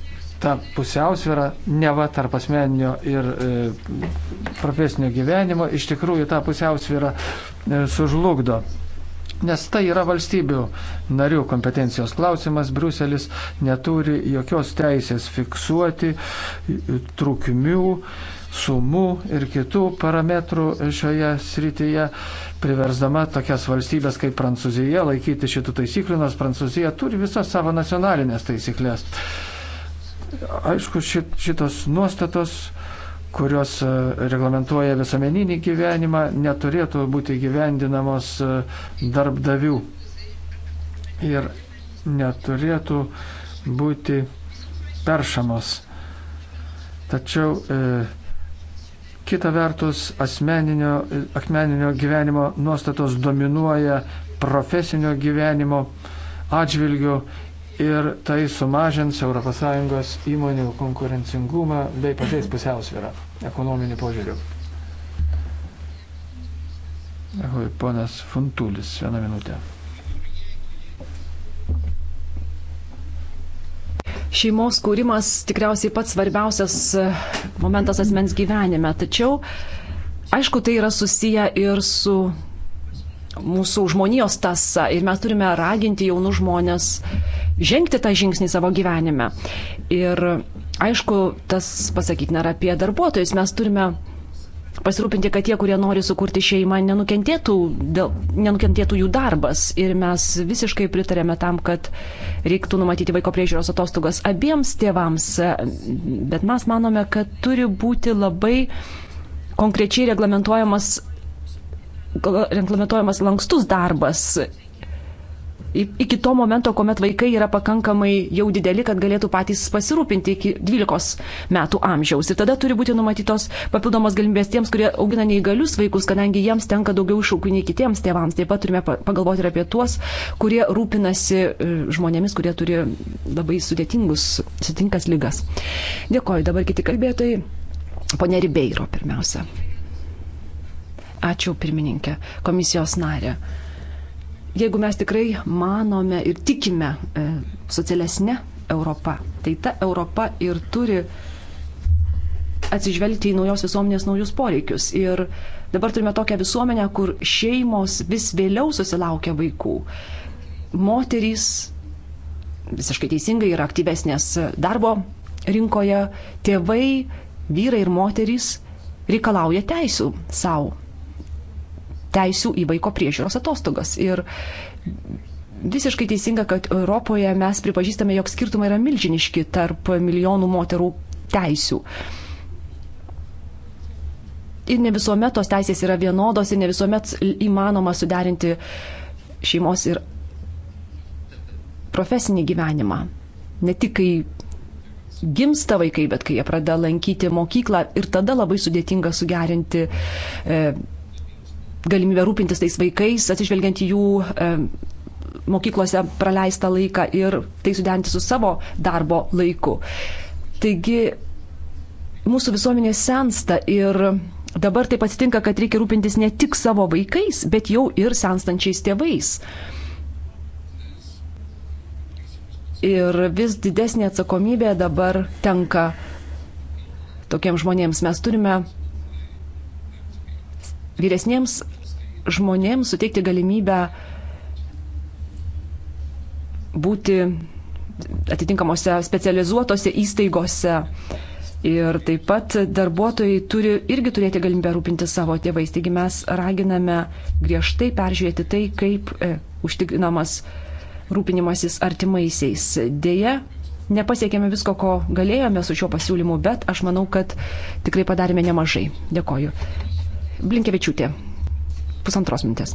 ta pusiausvėra neva tarp asmeninio ir e, profesinio gyvenimo iš tikrųjų tą pusiausvėrą e, sužlugdo. Nes tai yra valstybių narių kompetencijos klausimas. Bruselis neturi jokios teisės fiksuoti trūkumių, sumų ir kitų parametrų šioje srityje, priversdama tokias valstybės kaip Prancūzija laikyti šitų taisyklių, nors Prancūzija turi visas savo nacionalinės taisyklės aišku, šit, šitos nuostatos, kurios e, reglamentuoja visuomeninį gyvenimą, neturėtų būti gyvendinamos e, darbdavių ir neturėtų būti peršamos. Tačiau e, kita vertus asmeninio, akmeninio gyvenimo nuostatos dominuoja profesinio gyvenimo atžvilgiu ir tai sumažins ES įmonių konkurencingumą bei pažeis pusiausvyrą ekonominių požiūrių. Dėkui, ponas Funtulis, vieną minutę. Šeimos kūrimas tikriausiai pats svarbiausias momentas asmens gyvenime, tačiau aišku, tai yra susiję ir su mūsų žmonijos tasa ir mes turime raginti jaunus žmonės žengti tą žingsnį savo gyvenime. Ir aišku, tas pasakyti nėra apie darbuotojus. Mes turime pasirūpinti, kad tie, kurie nori sukurti šeimą, nenukentėtų, dėl, nenukentėtų jų darbas. Ir mes visiškai pritarėme tam, kad reiktų numatyti vaiko priežiūros atostogas abiems tėvams. Bet mes manome, kad turi būti labai konkrečiai reglamentuojamas reglamentuojamas lankstus darbas iki to momento, kuomet vaikai yra pakankamai jau dideli, kad galėtų patys pasirūpinti iki 12 metų amžiaus. Ir tada turi būti numatytos papildomos galimybės tiems, kurie augina neįgalius vaikus, kadangi jiems tenka daugiau iššūkių nei kitiems tėvams. Taip pat turime pagalvoti ir apie tuos, kurie rūpinasi e, žmonėmis, kurie turi labai sudėtingus, sudėtingas lygas. Dėkoju, dabar kiti kalbėtojai. Pone Ribeiro pirmiausia. Ačiū pirmininkė, komisijos narė jeigu mes tikrai manome ir tikime e, socialesnė Europa, tai ta Europa ir turi atsižvelgti į naujos visuomenės naujus poreikius. Ir dabar turime tokią visuomenę, kur šeimos vis vėliau susilaukia vaikų. Moterys visiškai teisingai yra aktyvesnės darbo rinkoje, tėvai, vyrai ir moterys reikalauja teisų savo teisų į vaiko priežiūros atostogas. Ir visiškai teisinga, kad Europoje mes pripažįstame, jog skirtumai yra milžiniški tarp milijonų moterų teisių. Ir ne visuomet tos teisės yra vienodos ir ne visuomet įmanoma suderinti šeimos ir profesinį gyvenimą. Ne tik kai gimsta vaikai, bet kai jie pradeda lankyti mokyklą ir tada labai sudėtinga sugerinti e, galimybę rūpintis tais vaikais, atsižvelgiant į jų e, mokyklose praleistą laiką ir tai suderinti su savo darbo laiku. Taigi mūsų visuomenė sensta ir dabar taip atsitinka, kad reikia rūpintis ne tik savo vaikais, bet jau ir senstančiais tėvais. Ir vis didesnė atsakomybė dabar tenka tokiems žmonėms. Mes turime vyresniems žmonėms suteikti galimybę būti atitinkamose specializuotose įstaigose. Ir taip pat darbuotojai turi irgi turėti galimybę rūpinti savo tėvais. Taigi mes raginame griežtai peržiūrėti tai, kaip e, užtikrinamas rūpinimasis artimaisiais. Deja, nepasiekėme visko, ko galėjome su šiuo pasiūlymu, bet aš manau, kad tikrai padarėme nemažai. Dėkoju. Blinkevičiūtė. Pusantros minutės.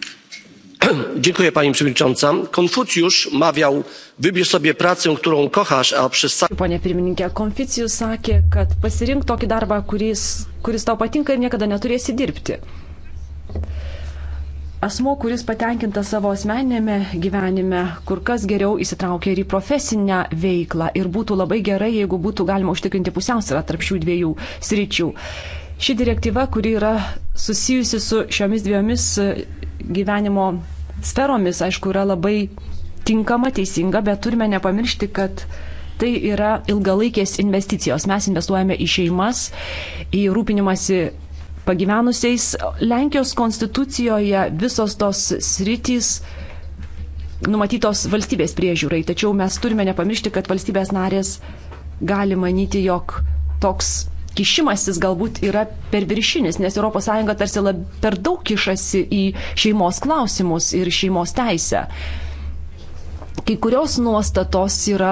*clears throat* pani przewodnicząca! konfucjusz mawiał wybierz sobie pracę którą kochasz a przez. pone pirmininke konfucijus sakė kad pasirink tokį darbą kuris, kuris tau patinka ir niekada neturėsi dirbti. Asmo, kuris patenkintas savo asmeninėme gyvenime, kur kas geriau įsitraukia ir į profesinę veiklą ir būtų labai gerai, jeigu būtų galima užtikrinti pusiausvyrą tarp šių dviejų sričių. Ši direktyva, kuri yra susijusi su šiomis dviejomis gyvenimo sferomis, aišku, yra labai tinkama, teisinga, bet turime nepamiršti, kad tai yra ilgalaikės investicijos. Mes investuojame į šeimas, į rūpinimąsi pagyvenusiais. Lenkijos konstitucijoje visos tos sritys numatytos valstybės priežiūrai, tačiau mes turime nepamiršti, kad valstybės narės gali manyti, jog toks kišimasis galbūt yra per viršinis, nes ES tarsi lab, per daug kišasi į šeimos klausimus ir šeimos teisę. Kai kurios nuostatos yra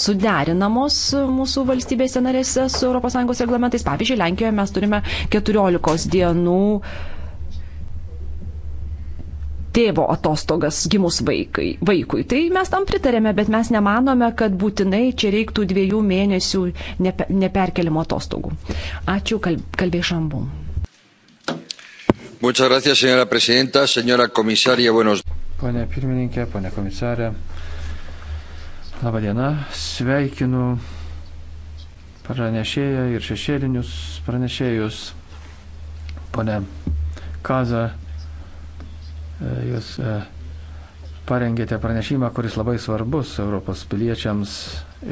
suderinamos mūsų valstybėse narėse su ES reglamentais. Pavyzdžiui, Lenkijoje mes turime 14 dienų uh, tėvo atostogas gimus vaikai, vaikui. Tai mes tam pritarėme, bet mes nemanome, kad būtinai čia reiktų dviejų mėnesių nepe, neperkelimo atostogų. Ačiū, kalbėjai Šambu. Muchas gracias, señora presidenta, señora komisarė, buenos. Pone pirmininkė, pone komisarė, laba diena, sveikinu pranešėją ir šešėlinius pranešėjus, pone Kaza E, jūs e, parengėte pranešimą, kuris labai svarbus Europos piliečiams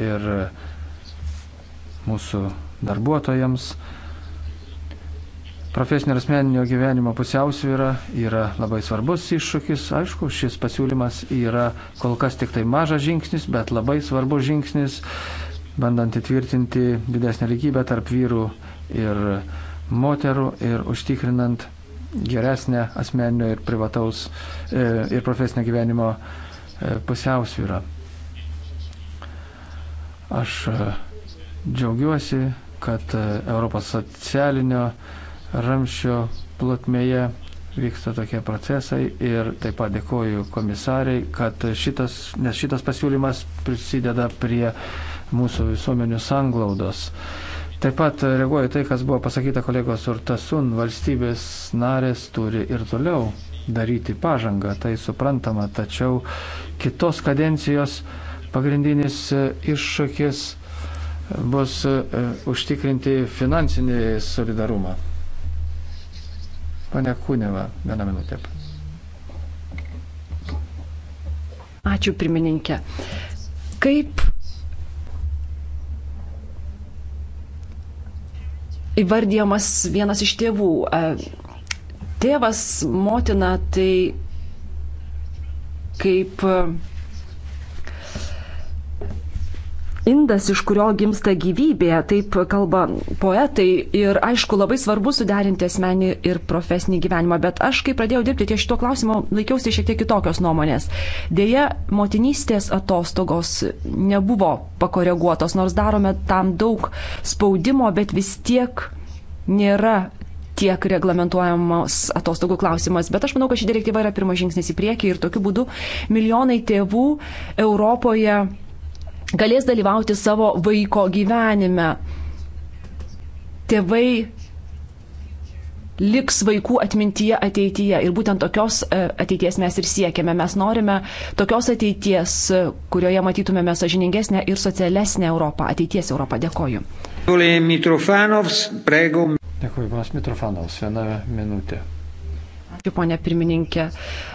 ir e, mūsų darbuotojams. Profesinio ir asmeninio gyvenimo pusiausvyra yra labai svarbus iššūkis. Aišku, šis pasiūlymas yra kol kas tik tai mažas žingsnis, bet labai svarbus žingsnis, bandant įtvirtinti didesnę lygybę tarp vyrų ir moterų ir užtikrinant geresnę asmeninio ir privataus e, ir profesinio gyvenimo e, pusiausvyrą. Aš e, džiaugiuosi, kad Europos socialinio ramščio plotmėje vyksta tokie procesai ir taip pat dėkoju komisariai, kad šitas, nes šitas pasiūlymas prisideda prie mūsų visuomenių sanglaudos. Taip pat reaguoju tai, kas buvo pasakyta kolegos Urtasun, valstybės narės turi ir toliau daryti pažangą, tai suprantama, tačiau kitos kadencijos pagrindinis e, iššūkis e, bus e, užtikrinti finansinį solidarumą. Pane Kūneva, vieną minutę. Ačiū pirmininkė. Kaip įvardyjamas vienas iš tėvų. E, tėvas, motina, tai kaip indas, iš kurio gimsta gyvybė, taip kalba poetai. Ir aišku, labai svarbu suderinti asmenį ir profesinį gyvenimą, bet aš, kai pradėjau dirbti ties šito klausimo, laikiausi šiek tiek kitokios nuomonės. Deja, motinystės atostogos nebuvo pakoreguotos, nors darome tam daug spaudimo, bet vis tiek nėra tiek reglamentuojamas atostogų klausimas. Bet aš manau, kad ši direktyva yra pirmas žingsnis į priekį ir tokiu būdu milijonai tėvų Europoje galės dalyvauti savo vaiko gyvenime. Tėvai liks vaikų atmintyje ateityje. Ir būtent tokios e, ateities mes ir siekiame. Mes norime tokios ateities, kurioje matytumėme sažiningesnę ir socialesnę Europą, ateities Europą. Dėkoju. Dėkui, panas Mitrofanovs, viena minutė. Ačiū, ponė pirmininkė.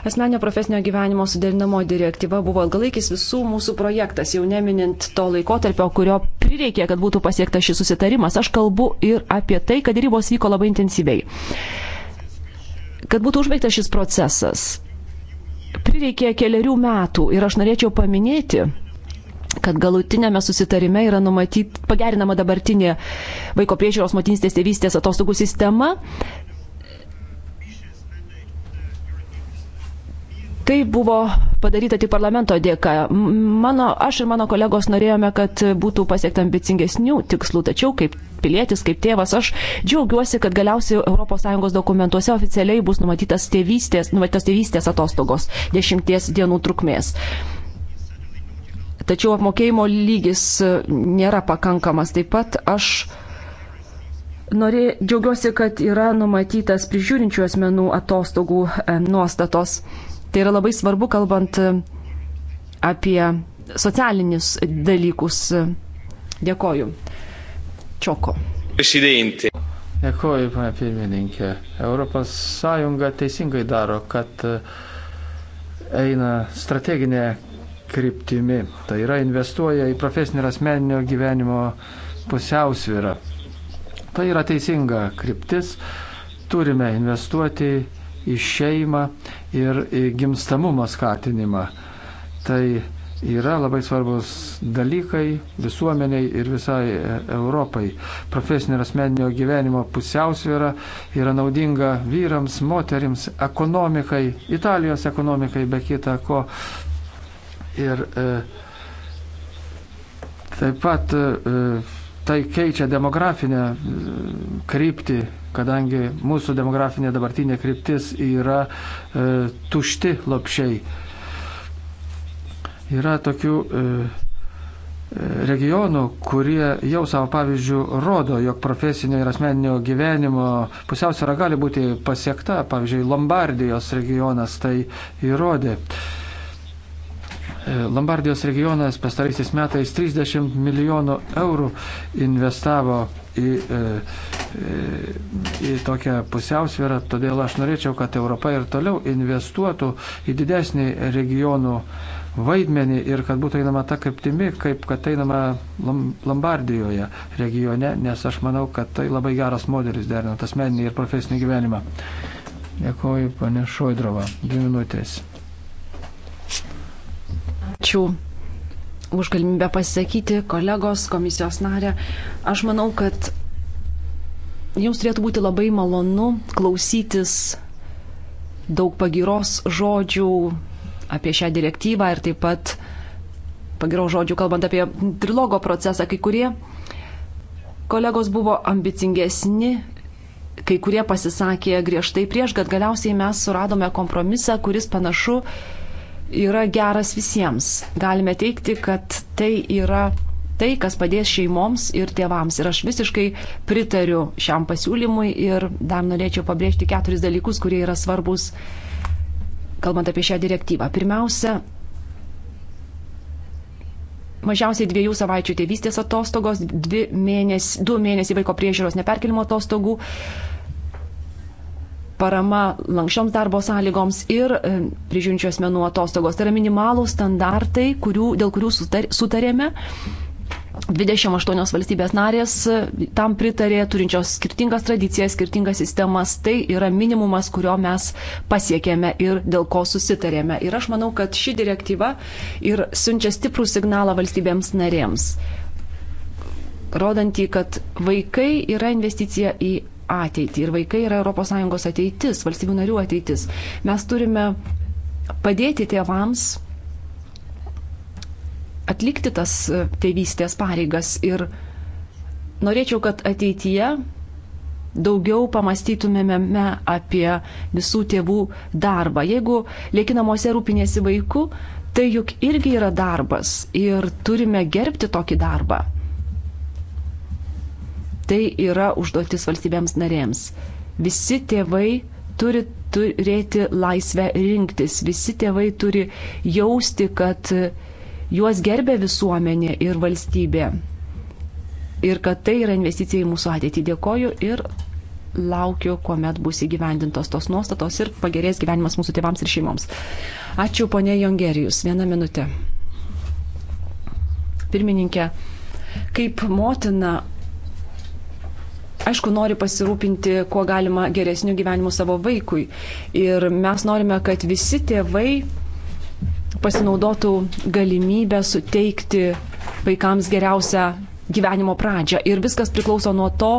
Asmenio profesinio gyvenimo suderinamo direktyva buvo ilgalaikis visų mūsų projektas, jau neminint to laikotarpio, kurio prireikė, kad būtų pasiektas šis susitarimas. Aš kalbu ir apie tai, kad dėrybos vyko labai intensyviai. Kad būtų užbaigtas šis procesas, prireikė keliarių metų ir aš norėčiau paminėti, kad galutinėme susitarime yra numatyti pagerinama dabartinė vaiko priežiūros motinystės tėvystės atostogų sistema, Tai buvo padaryta tik parlamento dėka. Mano, aš ir mano kolegos norėjome, kad būtų pasiekta ambicingesnių tikslų, tačiau kaip pilietis, kaip tėvas, aš džiaugiuosi, kad galiausiai ES dokumentuose oficialiai bus numatytas tėvystės, numatytas tėvystės atostogos dešimties dienų trukmės. Tačiau apmokėjimo lygis nėra pakankamas. Taip pat aš norė, džiaugiuosi, kad yra numatytas prižiūrinčių asmenų atostogų e, nuostatos. Tai yra labai svarbu, kalbant e, apie socialinius dalykus. Dėkoju. Čioko. Presidente. Dėkoju, pane pirmininkė. Europos Sąjunga teisingai daro, kad e, eina strateginė kryptimi. Tai yra investuoja į profesinį ir asmeninio gyvenimo pusiausvyrą. Tai yra teisinga kryptis. Turime investuoti į šeimą, ir gimstamumo skatinimą. Tai yra labai svarbus dalykai visuomeniai ir visai e, Europai. Profesinio ir asmeninio gyvenimo pusiausvėra yra naudinga vyrams, moterims, ekonomikai, Italijos ekonomikai be kita ko. Ir e, taip pat e, e tai keičia demografinę e, kryptį kadangi mūsų demografinė dabartinė kryptis yra e, tušti lopšiai. Yra tokių e, e regionų, kurie jau savo pavyzdžių rodo, jog profesinio ir asmeninio gyvenimo pusiausvėra gali būti pasiekta. Pavyzdžiui, Lombardijos regionas tai įrodė. E, Lombardijos regionas pastaraisiais metais 30 milijonų eurų investavo į, e, e, į tokią pusiausvyrą, todėl aš norėčiau, kad Europa ir toliau investuotų į didesnį regionų vaidmenį ir kad būtų einama ta kryptimi, kaip kad einama Lombardijoje regione, nes aš manau, kad tai labai geras modelis derinant asmeninį ir profesinį gyvenimą. Dėkuoju, pane Šoidrova, dvi minutės. Ačiū už galimybę pasisakyti, kolegos, komisijos narė. Aš manau, kad jums turėtų būti labai malonu klausytis daug pagiros žodžių apie šią direktyvą ir taip pat pagiros žodžių kalbant apie trilogo procesą. Kai kurie kolegos buvo ambicingesni, kai kurie pasisakė griežtai prieš, kad galiausiai mes suradome kompromisą, kuris panašu, yra geras visiems. Galime teikti, kad tai yra tai, kas padės šeimoms ir tėvams. Ir aš visiškai pritariu šiam pasiūlymui ir dar norėčiau pabrėžti keturis dalykus, kurie yra svarbus, kalbant apie šią direktyvą. Pirmiausia, mažiausiai dviejų savaičių tėvystės atostogos, mėnes, du mėnesiai vaiko priežiūros neperkelimo atostogų, parama lankščioms darbo sąlygoms ir e, prižiūrinčių asmenų atostogos. Tai yra minimalūs standartai, kurių, dėl kurių sutarėme. 28 valstybės narės e, tam pritarė, turinčios skirtingas tradicijas, skirtingas sistemas. Tai yra minimumas, kurio mes pasiekėme ir dėl ko susitarėme. Ir aš manau, kad ši direktyva ir siunčia stiprų signalą valstybėms narėms, rodantį, kad vaikai yra investicija į ateitį. Ir vaikai yra ES ateitis, valstybių narių ateitis. Mes turime padėti tėvams atlikti tas tėvystės pareigas ir norėčiau, kad ateityje daugiau pamastytumėme apie visų tėvų darbą. Jeigu lieki namuose rūpinėsi vaiku, tai juk irgi yra darbas ir turime gerbti tokį darbą tai yra užduotis valstybėms narėms. Visi tėvai turi turėti laisvę rinktis, visi tėvai turi jausti, kad juos gerbė visuomenė ir valstybė. Ir kad tai yra investicija į mūsų ateitį. Dėkoju ir laukiu, kuomet bus įgyvendintos tos nuostatos ir pagerės gyvenimas mūsų tėvams ir šeimoms. Ačiū, ponė Jongerijus. Vieną minutę. Pirmininkė, kaip motina aišku, nori pasirūpinti, kuo galima geresnių gyvenimų savo vaikui. Ir mes norime, kad visi tėvai pasinaudotų galimybę suteikti vaikams geriausią gyvenimo pradžią. Ir viskas priklauso nuo to,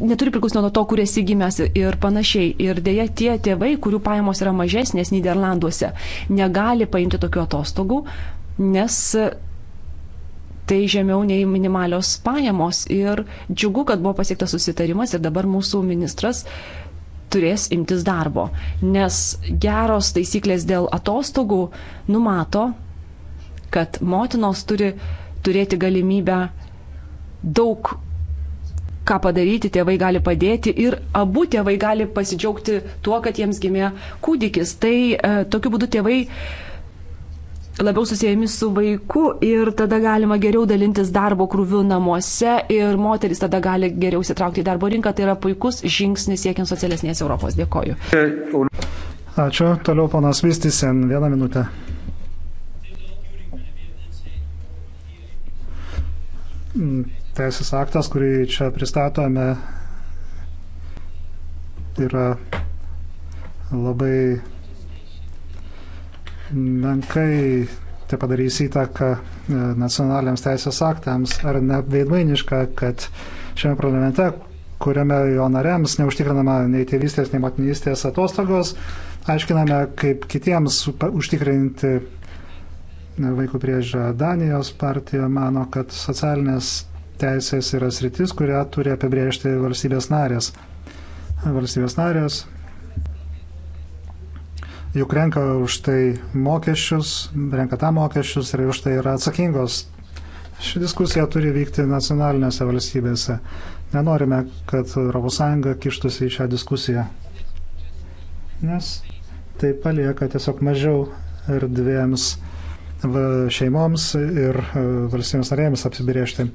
neturi priklausyti nuo to, kur esi gimęs ir panašiai. Ir dėja tie tėvai, kurių pajamos yra mažesnės Niderlanduose, negali paimti tokių atostogų, nes tai žemiau nei minimalios pajamos. Ir džiugu, kad buvo pasiektas susitarimas ir dabar mūsų ministras turės imtis darbo, nes geros taisyklės dėl atostogų numato, kad motinos turi turėti galimybę daug ką padaryti, tėvai gali padėti ir abu tėvai gali pasidžiaugti tuo, kad jiems gimė kūdikis. Tai e, tokiu būdu tėvai labiau susijęmi su vaiku ir tada galima geriau dalintis darbo krūviu namuose ir moteris tada gali geriau įsitraukti į darbo rinką. Tai yra puikus žingsnis siekiant socialesnės Europos. Dėkoju. Ačiū. Toliau panas Vistisen. Vieną minutę. Teisės aktas, kurį čia pristatome, yra labai menkai tai padarys įtaką e, nacionaliniams teisės aktams ar neveidmainiška, kad šiame parlamente, kuriame jo nariams neužtikrinama nei tėvystės, nei motinystės atostogos, aiškiname, kaip kitiems užtikrinti vaikų priežiūrą. Danijos partija mano, kad socialinės teisės yra sritis, kurią turi apibriežti valstybės narės. Valstybės narės juk renka už tai mokesčius, renka tą mokesčius ir už tai yra atsakingos. Ši diskusija turi vykti nacionalinėse valstybėse. Nenorime, kad ES kištųsi į šią diskusiją, nes tai palieka tiesiog mažiau erdvėms šeimoms ir e, valstybės narėjams apsibriežti.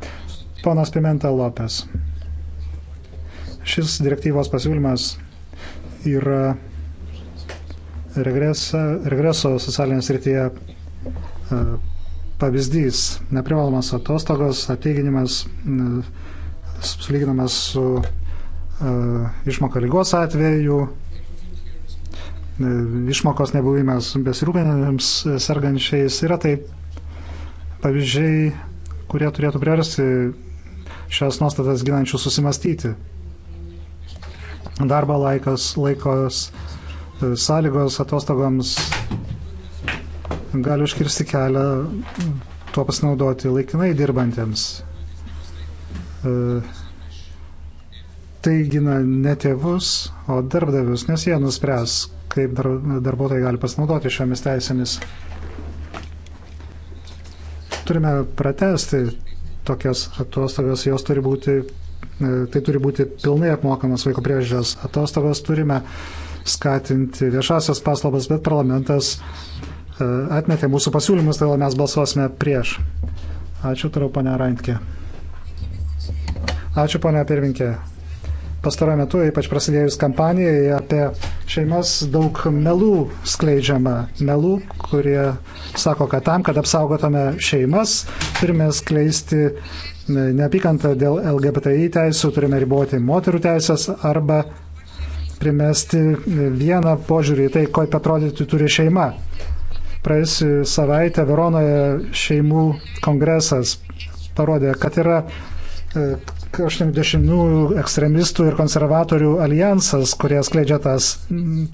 Ponas Pimenta Lopes. Šis direktyvos pasiūlymas yra regresa, regreso socialinės rytyje e, pavyzdys. Neprivalomas atostogos, atlyginimas e, sulyginamas su e, išmoka lygos atveju, išmokos nebuvimas besirūpinantiems sergančiais yra tai pavyzdžiai, kurie turėtų priversti šias nuostatas ginančių susimastyti. Darbo laikas, laikos sąlygos atostogams gali užkirsti kelią tuo pasinaudoti laikinai dirbantiems. E, tai gina ne tėvus, o darbdavius, nes jie nuspręs, kaip dar, darbuotojai gali pasinaudoti šiomis teisėmis. Turime pratesti tokias atostogas, jos turi būti, e, tai turi būti pilnai apmokamas vaiko priežiūros atostogas, turime uh, skatinti viešasias paslaugas, bet parlamentas e, atmetė mūsų pasiūlymus, todėl mes balsuosime prieš. Ačiū, turiu ponę Rankė. Ačiū, ponė pirminkė. Pastaruoju metu, ypač prasidėjus kampanijai, apie šeimas daug melų skleidžiama. Melų, kurie sako, kad tam, kad apsaugotume šeimas, turime skleisti e, neapykantą dėl LGBTI teisų, turime riboti moterų teisės arba primesti vieną požiūrį į tai, kaip atrodyti turi šeima. Praėjusią savaitę Veronoje šeimų kongresas parodė, kad yra 80-ųjų e, ekstremistų ir konservatorių alijansas, kurie skleidžia tas,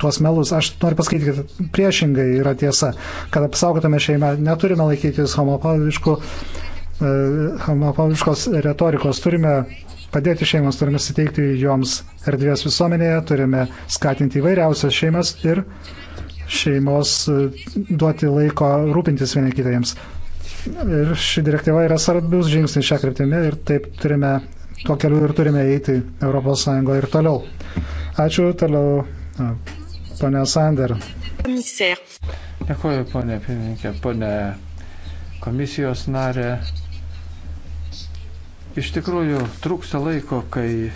tuos melus. Aš noriu pasakyti, kad priešingai yra tiesa, kad apsaugotume šeimą, neturime laikytis homofobiškų e, homofobiškos retorikos, turime padėti šeimams, turime suteikti joms erdvės visuomenėje, turime skatinti įvairiausias šeimas ir šeimos e, duoti laiko rūpintis vieni kitiems. Ir ši direktyva yra svarbius žingsnis šią kryptimį ir taip turime, tuo keliu ir turime eiti ES ir toliau. Ačiū toliau, e, ponia Sander. Dėkuoju, ponia pirmininkė, ponia komisijos narė. Iš tikrųjų, trūksta laiko, kai e,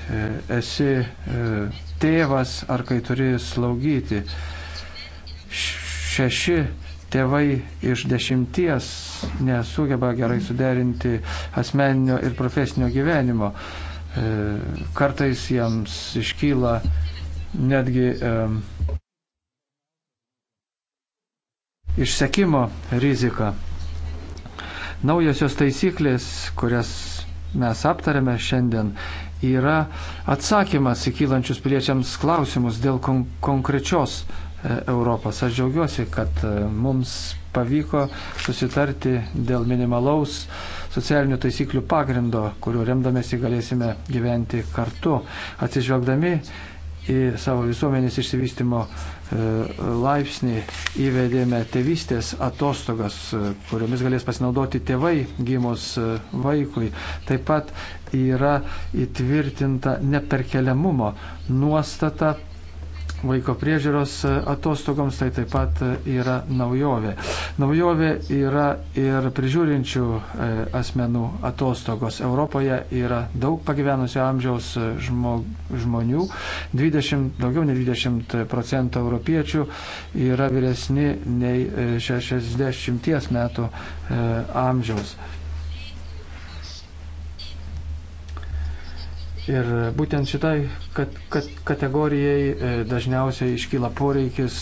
esi e, tėvas ar kai turi slaugyti. Šeši tėvai iš dešimties nesugeba gerai suderinti asmeninio ir profesinio gyvenimo. E, kartais jiems iškyla netgi išsekimo rizika. Naujosios taisyklės, kurias mes aptarėme šiandien, yra atsakymas į kylančius piliečiams klausimus dėl kon konkrečios e, Europos. Aš džiaugiuosi, kad e, mums pavyko susitarti dėl minimalaus socialinių taisyklių pagrindo, kuriuo remdamėsi galėsime gyventi kartu, atsižvelgdami į savo visuomenės išsivystimo E, laipsnį įvedėme tėvystės atostogas, e, kuriomis galės pasinaudoti tėvai gimus e, vaikui. Taip pat yra įtvirtinta neperkeliamumo nuostata vaiko priežiūros atostogoms, tai taip pat yra naujovė. Naujovė yra ir prižiūrinčių e, asmenų atostogos. Europoje yra daug pagyvenusio amžiaus žmonių, 20, daugiau nei 20 procentų europiečių yra vyresni nei 60 e, metų e, amžiaus. Ir būtent šitai kat, kat, kategorijai e, dažniausiai iškyla poreikis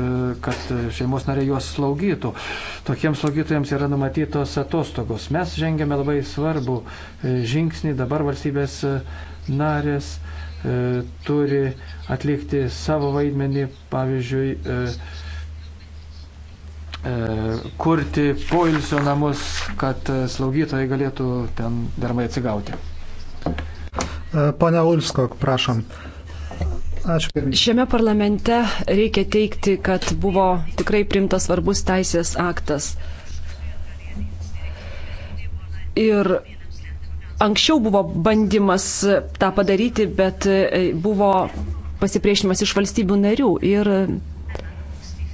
e, kad šeimos nariai juos slaugytų. Tokiems slaugytojams yra numatytos atostogos. Mes žengėme labai svarbų e, žingsnį. Dabar valstybės narės turi atlikti savo vaidmenį, pavyzdžiui, kurti poilsio namus, kad slaugytojai galėtų ten dermai atsigauti. E, Pone Ulskok, prašom. Ačiū. Šiame parlamente reikia teikti, kad buvo tikrai primtas svarbus teisės aktas. Ir anksčiau buvo bandymas tą padaryti, bet e, buvo pasipriešinimas iš valstybių narių. Ir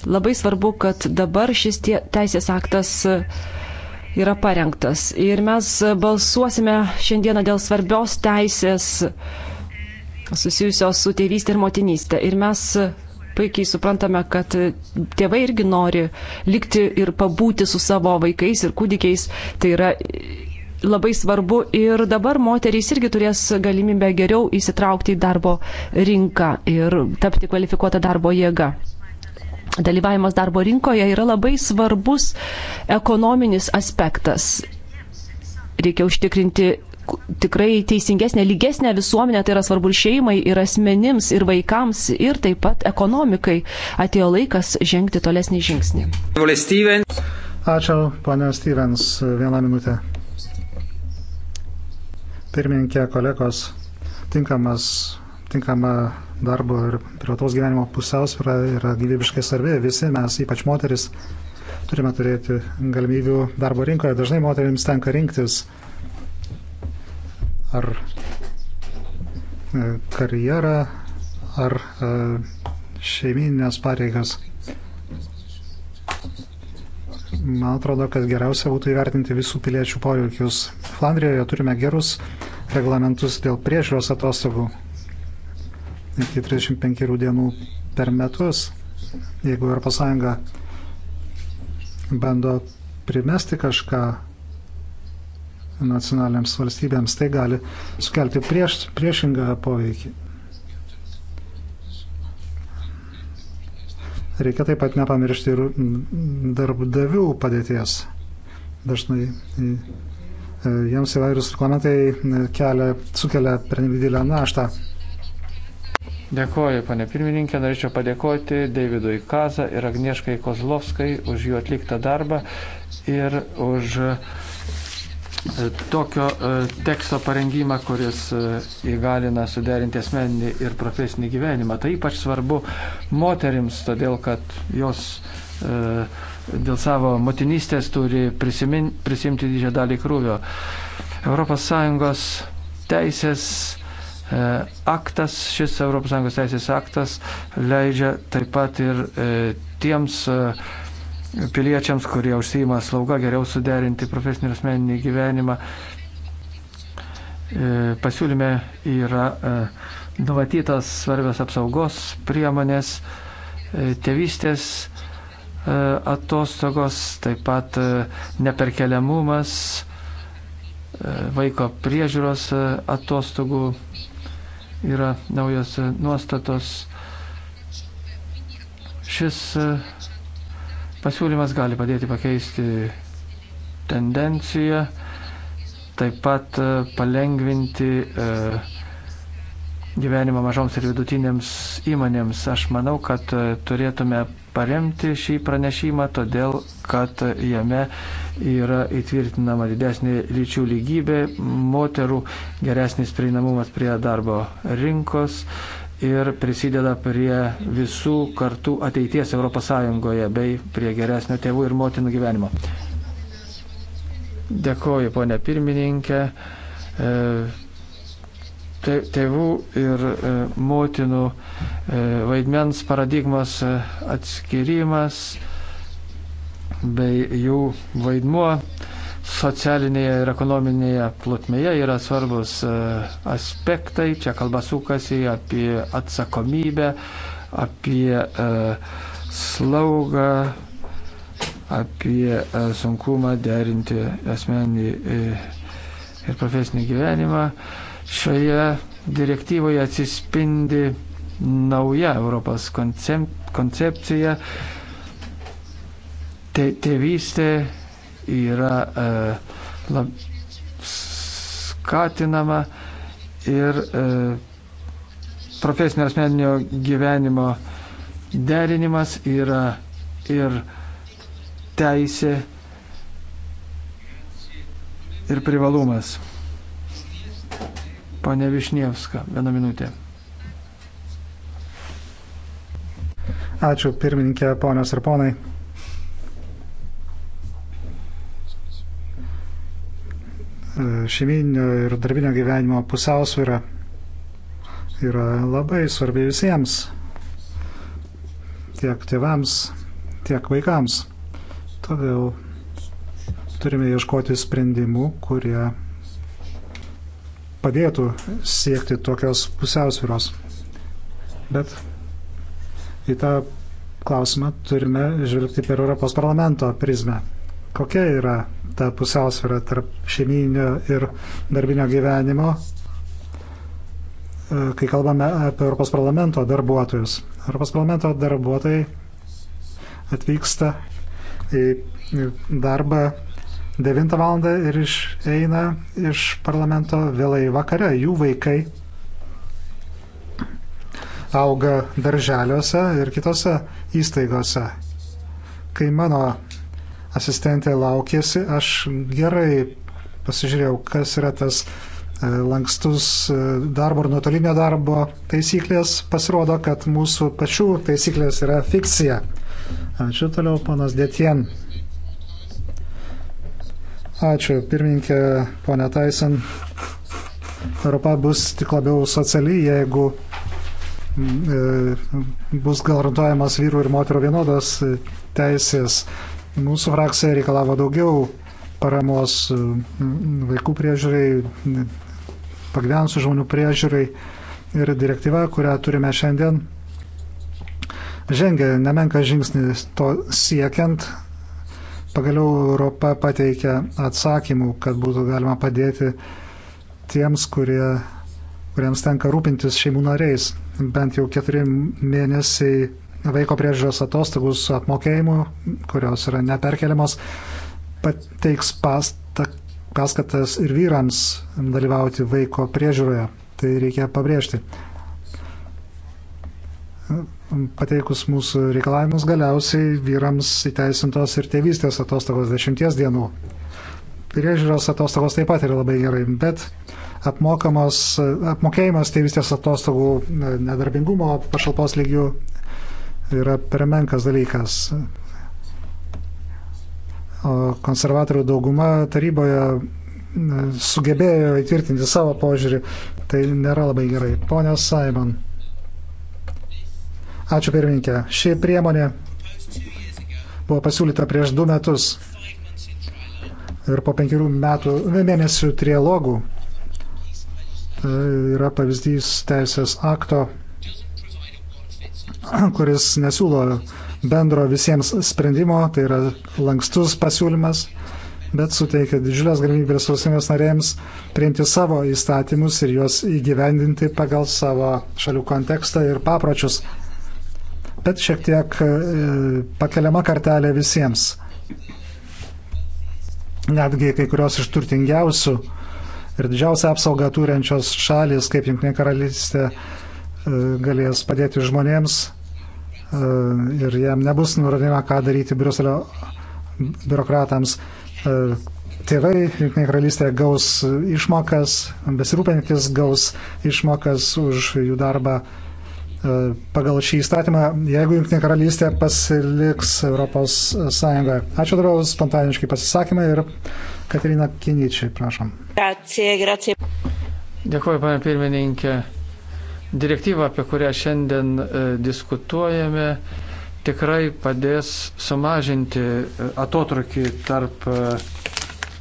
labai svarbu, kad dabar šis tie, teisės aktas uh, yra parengtas. Ir mes balsuosime šiandieną dėl svarbios teisės susijusios su tėvystė ir motinystė. Ir mes puikiai suprantame, kad tėvai irgi nori likti ir pabūti su savo vaikais ir kūdikiais. Tai yra labai svarbu ir dabar moterys irgi turės galimybę geriau įsitraukti į darbo rinką ir tapti kvalifikuotą darbo jėgą dalyvavimas darbo rinkoje yra labai svarbus ekonominis aspektas. Reikia užtikrinti tikrai teisingesnė, lygesnė visuomenė, tai yra svarbu ir šeimai, ir asmenims, ir vaikams, ir taip pat ekonomikai. Atėjo laikas žengti tolesnį žingsnį. Ačiū, ponia Stevens, vieną minutę. Pirmininkė, kolegos, tinkamas tinkama darbo ir privataus gyvenimo pusiausvyrą yra gyvybiškai svarbi. Visi mes, ypač moteris, turime turėti galimybių darbo rinkoje. Dažnai moteriams tenka rinktis ar e, karjerą, ar e, šeimininės pareigas. Man atrodo, kad geriausia būtų įvertinti visų piliečių poreikius. Flandrijoje turime gerus reglamentus dėl priežiūros atostogų iki 35 dienų per metus, jeigu ES bando primesti kažką nacionaliniams valstybėms, tai gali sukelti prieš, priešingą poveikį. Reikia taip pat nepamiršti ir darbdavių padėties. Dažnai e, e, jiems įvairūs reglamentai kelia, sukelia per didelę naštą. Dėkoju, pane pirmininkė, norėčiau padėkoti Davidui Kaza ir Agnieškai Kozlovskai už jų atliktą darbą ir už e, tokio e, teksto parengimą, kuris e, įgalina suderinti asmeninį ir profesinį gyvenimą. Tai ypač svarbu moterims, todėl kad jos dėl savo motinystės turi prisimin, prisimti didžią dalį krūvio. ES teisės E, aktas, šis ES teisės aktas leidžia taip pat ir e, tiems e, piliečiams, kurie užsijima slauga, geriau suderinti profesinį ir asmeninį gyvenimą. Pasiūlyme yra numatytas svarbios apsaugos priemonės, tėvystės atostogos, taip pat neperkeliamumas, vaiko priežiūros atostogų yra naujos nuostatos. Šis e, pasiūlymas gali padėti pakeisti tendenciją, taip pat e, palengvinti e, gyvenimą mažoms ir vidutinėms įmonėms. Aš manau, kad turėtume paremti šį pranešimą, todėl kad jame yra įtvirtinama didesnė lyčių lygybė, moterų geresnis prieinamumas prie darbo rinkos ir prisideda prie visų kartų ateities ES bei prie geresnio tėvų ir motinų gyvenimo. Dėkoju, ponė pirmininkė. E, tėvų ir e, motinų e, vaidmens paradigmos e, atskirimas bei jų vaidmuo socialinėje ir ekonominėje plotmėje yra svarbus aspektai. Čia kalba sukasi apie atsakomybę, apie slaugą, apie sunkumą derinti asmenį ir profesinį gyvenimą. Šioje direktyvoje atsispindi nauja Europos koncep koncepcija. Te tėvystė yra e, lab, skatinama ir e, profesinio asmeninio gyvenimo derinimas yra ir teisė ir privalumas. Pane Višnievska, vieną minutę. Ačiū pirmininkė, ponios ir ponai. Šeiminio ir darbinio gyvenimo pusiausvyrą yra labai svarbi visiems, tiek tėvams, tiek vaikams. Todėl turime ieškoti sprendimų, kurie padėtų siekti tokios pusiausviros. Bet į tą klausimą turime žvelgti per Europos parlamento prizmę. Kokia yra ta pusiausvėra tarp šeiminio ir darbinio gyvenimo, e, kai kalbame apie Europos parlamento darbuotojus. Europos parlamento darbuotojai atvyksta į darbą 9 val. ir išeina iš parlamento vėlai vakare. Jų vaikai auga darželiuose ir kitose įstaigose. Kai mano asistentė laukėsi, aš gerai pasižiūrėjau, kas yra tas e, lankstus e, darbo ir nuotolinio darbo taisyklės, pasirodo, kad mūsų pačių taisyklės yra fikcija. Ačiū toliau, ponas Detien. Ačiū, pirmininkė, ponė Tyson. Europa bus tik labiau sociali, jeigu e, bus garantuojamas vyrų ir moterų vienodos teisės. Mūsų frakcija reikalavo daugiau paramos e, vaikų priežiūrai, pagyvenusių žmonių priežiūrai ir direktyva, kurią turime šiandien, žengia nemenka žingsnis to siekiant Pagaliau Europa pateikia atsakymų, kad būtų galima padėti tiems, kurie, kuriems tenka rūpintis šeimų nariais. Bent jau keturi mėnesiai vaiko priežiūros atostogų su apmokėjimu, kurios yra neperkeliamos, pateiks pasta, paskatas ir vyrams dalyvauti vaiko priežiūroje. Tai reikia pabrėžti pateikus mūsų reikalavimus galiausiai vyrams įteisintos ir tėvystės atostogos dešimties dienų. Priežiūros atostogos taip pat yra labai gerai, bet apmokėjimas tėvystės atostogų nedarbingumo pašalpos lygių yra per menkas dalykas. O konservatorių dauguma taryboje sugebėjo įtvirtinti savo požiūrį, tai nėra labai gerai. Pone Simon. Ačiū pirmininkė. Ši priemonė buvo pasiūlyta prieš du metus ir po penkerių metų, mėnesių trialogų tai yra pavyzdys teisės akto, kuris nesiūlo bendro visiems sprendimo, tai yra lankstus pasiūlymas, bet suteikia didžiulės galimybės valstybės narėms priimti savo įstatymus ir juos įgyvendinti pagal savo šalių kontekstą ir papročius bet šiek tiek e, pakeliama kartelė visiems. Netgi kai kurios iš turtingiausių ir didžiausią apsaugą turinčios šalis, kaip Junktinė karalystė, e, galės padėti žmonėms e, ir jam nebus nurodima, ką daryti Bruselio biurokratams. Tėvai Junktinė karalystė gaus išmokas, besirūpintis gaus išmokas už jų darbą pagal šį įstatymą, jeigu Junktinė karalystė pasiliks Europos Sąjungoje. Ačiū dar už spontaniškai pasisakymą ir Katerina Kinyčiai, prašom. Grazie, grazie. Dėkuoju, pane pirmininkė. Direktyva, apie kurią šiandien e, diskutuojame, tikrai padės sumažinti e, atotrukį tarp e,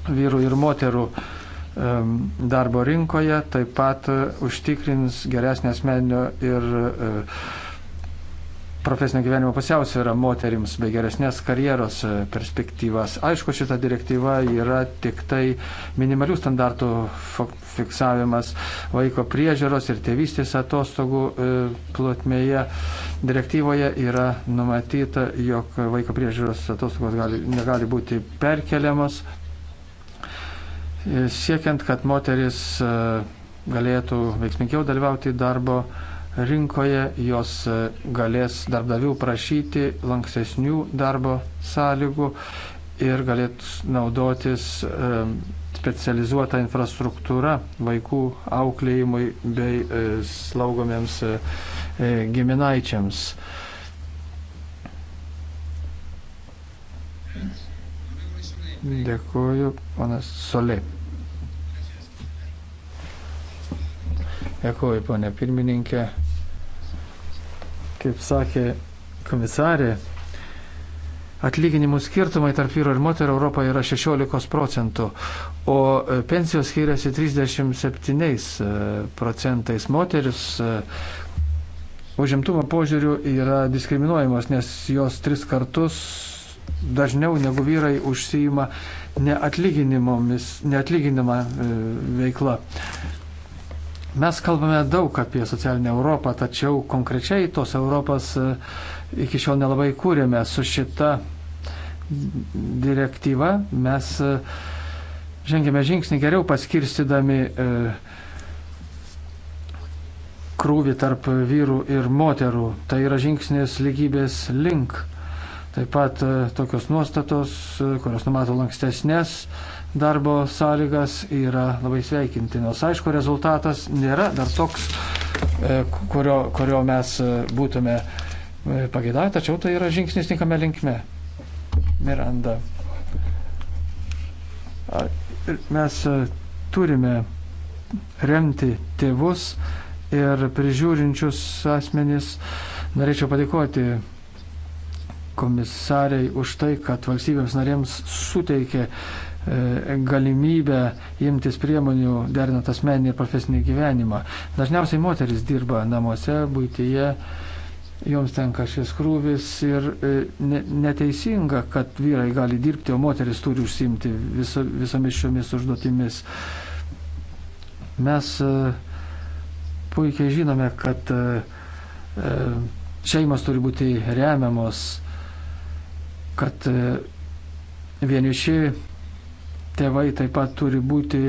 vyrų ir moterų e, darbo rinkoje, taip pat e, užtikrins geresnį asmeninio ir e, profesinio gyvenimo pusiausvyrą moterims bei geresnės karjeros e, perspektyvas. Aišku, šita direktyva yra tik tai minimalių standartų fiksavimas vaiko priežiūros ir tėvystės atostogų plotmėje. Direktyvoje yra numatyta, jog vaiko priežiūros atostogos gali, negali būti perkeliamos siekiant, kad moteris e, galėtų veiksmingiau dalyvauti darbo rinkoje, jos e, galės darbdavių prašyti lanksesnių darbo sąlygų ir galės naudotis e, specializuota infrastruktūra vaikų auklėjimui bei slaugomiems giminaičiams. Dėkuoju, ponas Solė. Dėkuoju, ponė pirmininkė. Kaip sakė komisarė, atlyginimų skirtumai tarp vyro ir moterų Europoje yra 16 procentų, o e, pensijos skiriasi 37 e, procentais. Moteris e, užimtumo požiūrių yra diskriminuojamos, nes jos tris kartus dažniau negu vyrai užsijima neatlyginimą e, veikla. Mes kalbame daug apie socialinę Europą, tačiau konkrečiai tos Europos e, iki šiol nelabai kūrėme. Su šita direktyva mes e, žengėme žingsnį geriau paskirstydami krūvį tarp vyrų ir moterų. Tai yra žingsnis lygybės link. Taip pat e, tokios nuostatos, e, kurios numato lankstesnės darbo sąlygas, yra labai sveikintinos. Aišku, rezultatas nėra dar toks, e, kurio, kurio mes būtume pagėdavę, tačiau tai yra žingsnis tinkame linkme. Miranda. Mes turime remti tėvus ir prižiūrinčius asmenys. Norėčiau padėkoti komisariai už tai, kad valstybėms narėms suteikė e, galimybę imtis priemonių derinant asmeninį ir profesinį gyvenimą. Dažniausiai moteris dirba namuose, būtyje, joms tenka šis krūvis ir e, neteisinga, kad vyrai gali dirbti, o moteris turi užsimti viso, visomis šiomis užduotimis. Mes e, puikiai žinome, kad šeimos turi būti remiamos kad e, vieniši tėvai taip pat turi būti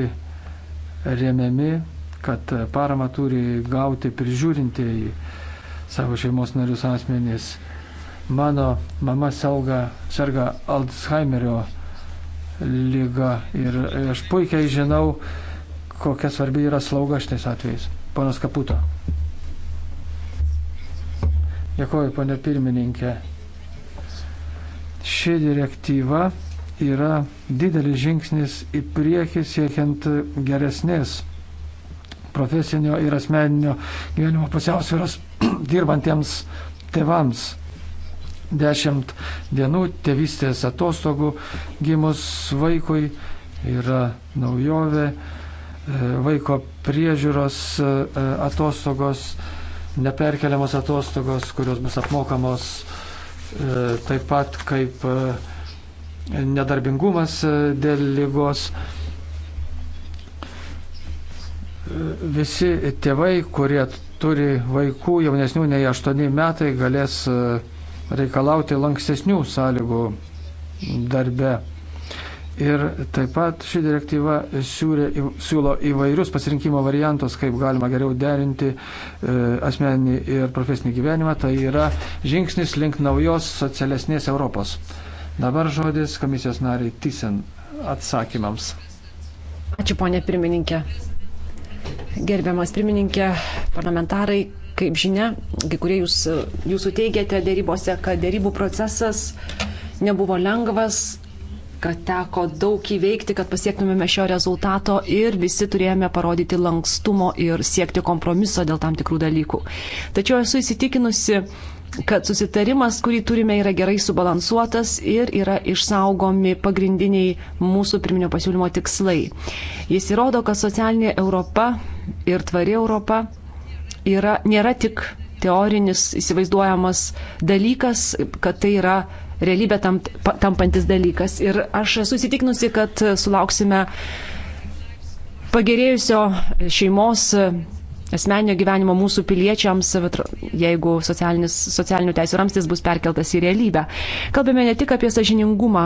remiami, kad parama turi gauti prižiūrintieji savo šeimos narius asmenys. Mano mama selga, serga Alzheimerio lyga ir aš puikiai žinau, kokia svarbi yra slauga šitais atvejais. Ponas Kaputo. Dėkuoju, ponė pirmininkė. Ši direktyva yra didelis žingsnis į priekį siekiant geresnės profesinio ir asmeninio gyvenimo pusiausvėros *clears throat* dirbantiems tėvams. Dešimt dienų tėvystės atostogų gimus vaikui yra naujovė, e, vaiko priežiūros e, e, atostogos, neperkeliamos atostogos, kurios bus apmokamos E, taip pat kaip e, nedarbingumas e, dėl lygos. Visi tėvai, kurie turi vaikų jaunesnių nei 8 metai, galės reikalauti lankstesnių sąlygų darbe. Ir taip pat ši direktyva siūlė, siūlo įvairius pasirinkimo variantus, kaip galima geriau derinti e, asmeninį ir profesinį gyvenimą. Tai yra žingsnis link naujos socialesnės Europos. Dabar žodis komisijos nariai Tysen atsakymams. Ačiū, ponė pirmininkė. Gerbiamas pirmininkė, parlamentarai, kaip žinia, kai kurie jūs, jūsų teigiate dėrybose, kad dėrybų procesas nebuvo lengvas, kad teko daug įveikti, kad pasiektumėme šio rezultato ir visi turėjome parodyti lankstumo ir siekti kompromiso dėl tam tikrų dalykų. Tačiau esu įsitikinusi, kad susitarimas, kurį turime, yra gerai subalansuotas ir yra išsaugomi pagrindiniai mūsų pirminio pasiūlymo tikslai. Jis įrodo, kad socialinė Europa ir tvari Europa yra, nėra tik teorinis įsivaizduojamas dalykas, kad tai yra realybė tam, tampantis dalykas. Ir aš esu įsitikinusi, kad sulauksime pagerėjusio šeimos asmeninio gyvenimo mūsų piliečiams, jeigu socialinių teisų ramstis bus perkeltas į realybę. Kalbame ne tik apie sažiningumą,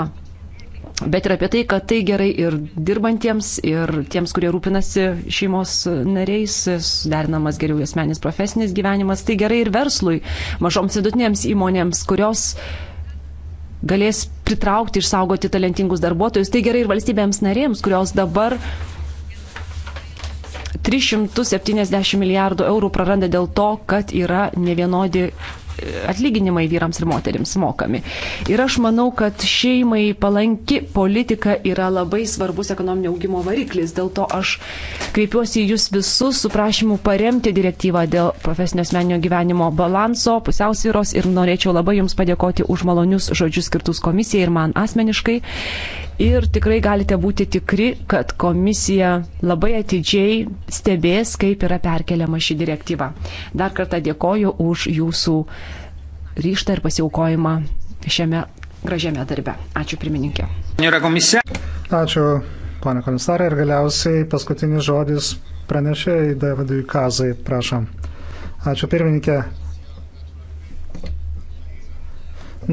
bet ir apie tai, kad tai gerai ir dirbantiems, ir tiems, kurie rūpinasi šeimos nariais, suderinamas geriau asmeninis profesinis gyvenimas, tai gerai ir verslui, mažoms vidutinėms įmonėms, kurios galės pritraukti, išsaugoti talentingus darbuotojus. Tai gerai ir valstybėms narėms, kurios dabar 370 milijardų eurų praranda dėl to, kad yra nevienodi atlyginimai vyrams ir moteriams mokami. Ir aš manau, kad šeimai palanki politika yra labai svarbus ekonominio augimo variklis. Dėl to aš kreipiuosi į jūs visus su prašymu paremti direktyvą dėl profesinio asmeninio gyvenimo balanso, pusiausvyros ir norėčiau labai jums padėkoti už malonius žodžius skirtus komisijai ir man asmeniškai. Ir tikrai galite būti tikri, kad komisija labai atidžiai stebės, kaip yra perkeliama ši direktyva. Dar kartą dėkoju už jūsų ryštą ir pasiaukojimą šiame gražiame darbe. Ačiū pirmininkė. Ačiū, pane komisarė. Ir galiausiai paskutinis žodis pranešė į Davidui Kazai, prašom. Ačiū pirmininkė.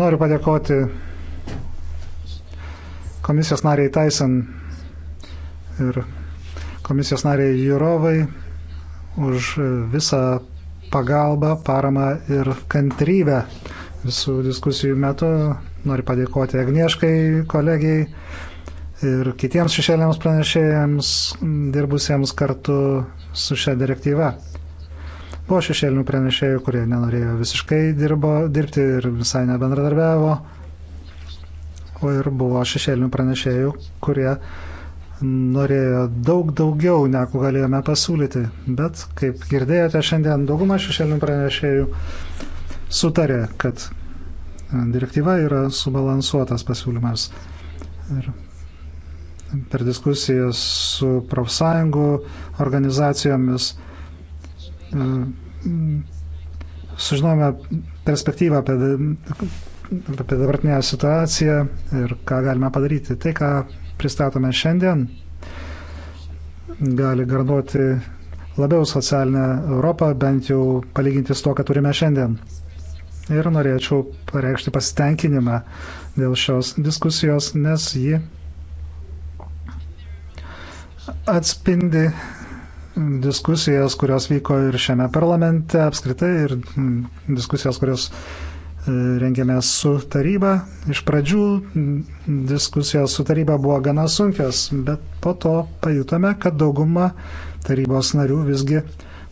Noriu padėkoti komisijos nariai Tyson ir komisijos nariai Jurovai už e, visą pagalbą, paramą ir kantrybę visų diskusijų metu. Noriu padėkoti Agnieškai, kolegijai ir kitiems šešėliams pranešėjams, dirbusiems kartu su šia direktyva. Buvo šešėlinių pranešėjų, kurie nenorėjo visiškai dirbo, dirbti ir visai nebendradarbiavo ir buvo šešėlinių pranešėjų, kurie norėjo daug daugiau, negu galėjome pasiūlyti. Bet, kaip girdėjote, šiandien dauguma šešėlinių pranešėjų sutarė, kad direktyva yra subalansuotas pasiūlymas. Ir per diskusijas su profsąjungų organizacijomis e, sužinome perspektyvą apie apie dabartinę situaciją ir ką galime padaryti. Tai, ką pristatome šiandien, gali garantuoti labiau socialinę Europą, bent jau palyginti su to, ką turime šiandien. Ir norėčiau pareikšti pasitenkinimą dėl šios diskusijos, nes ji atspindi diskusijas, kurios vyko ir šiame parlamente apskritai, ir diskusijas, kurios rengėme su taryba. Iš pradžių diskusijos su taryba buvo gana sunkios, bet po to pajutome, kad dauguma tarybos narių visgi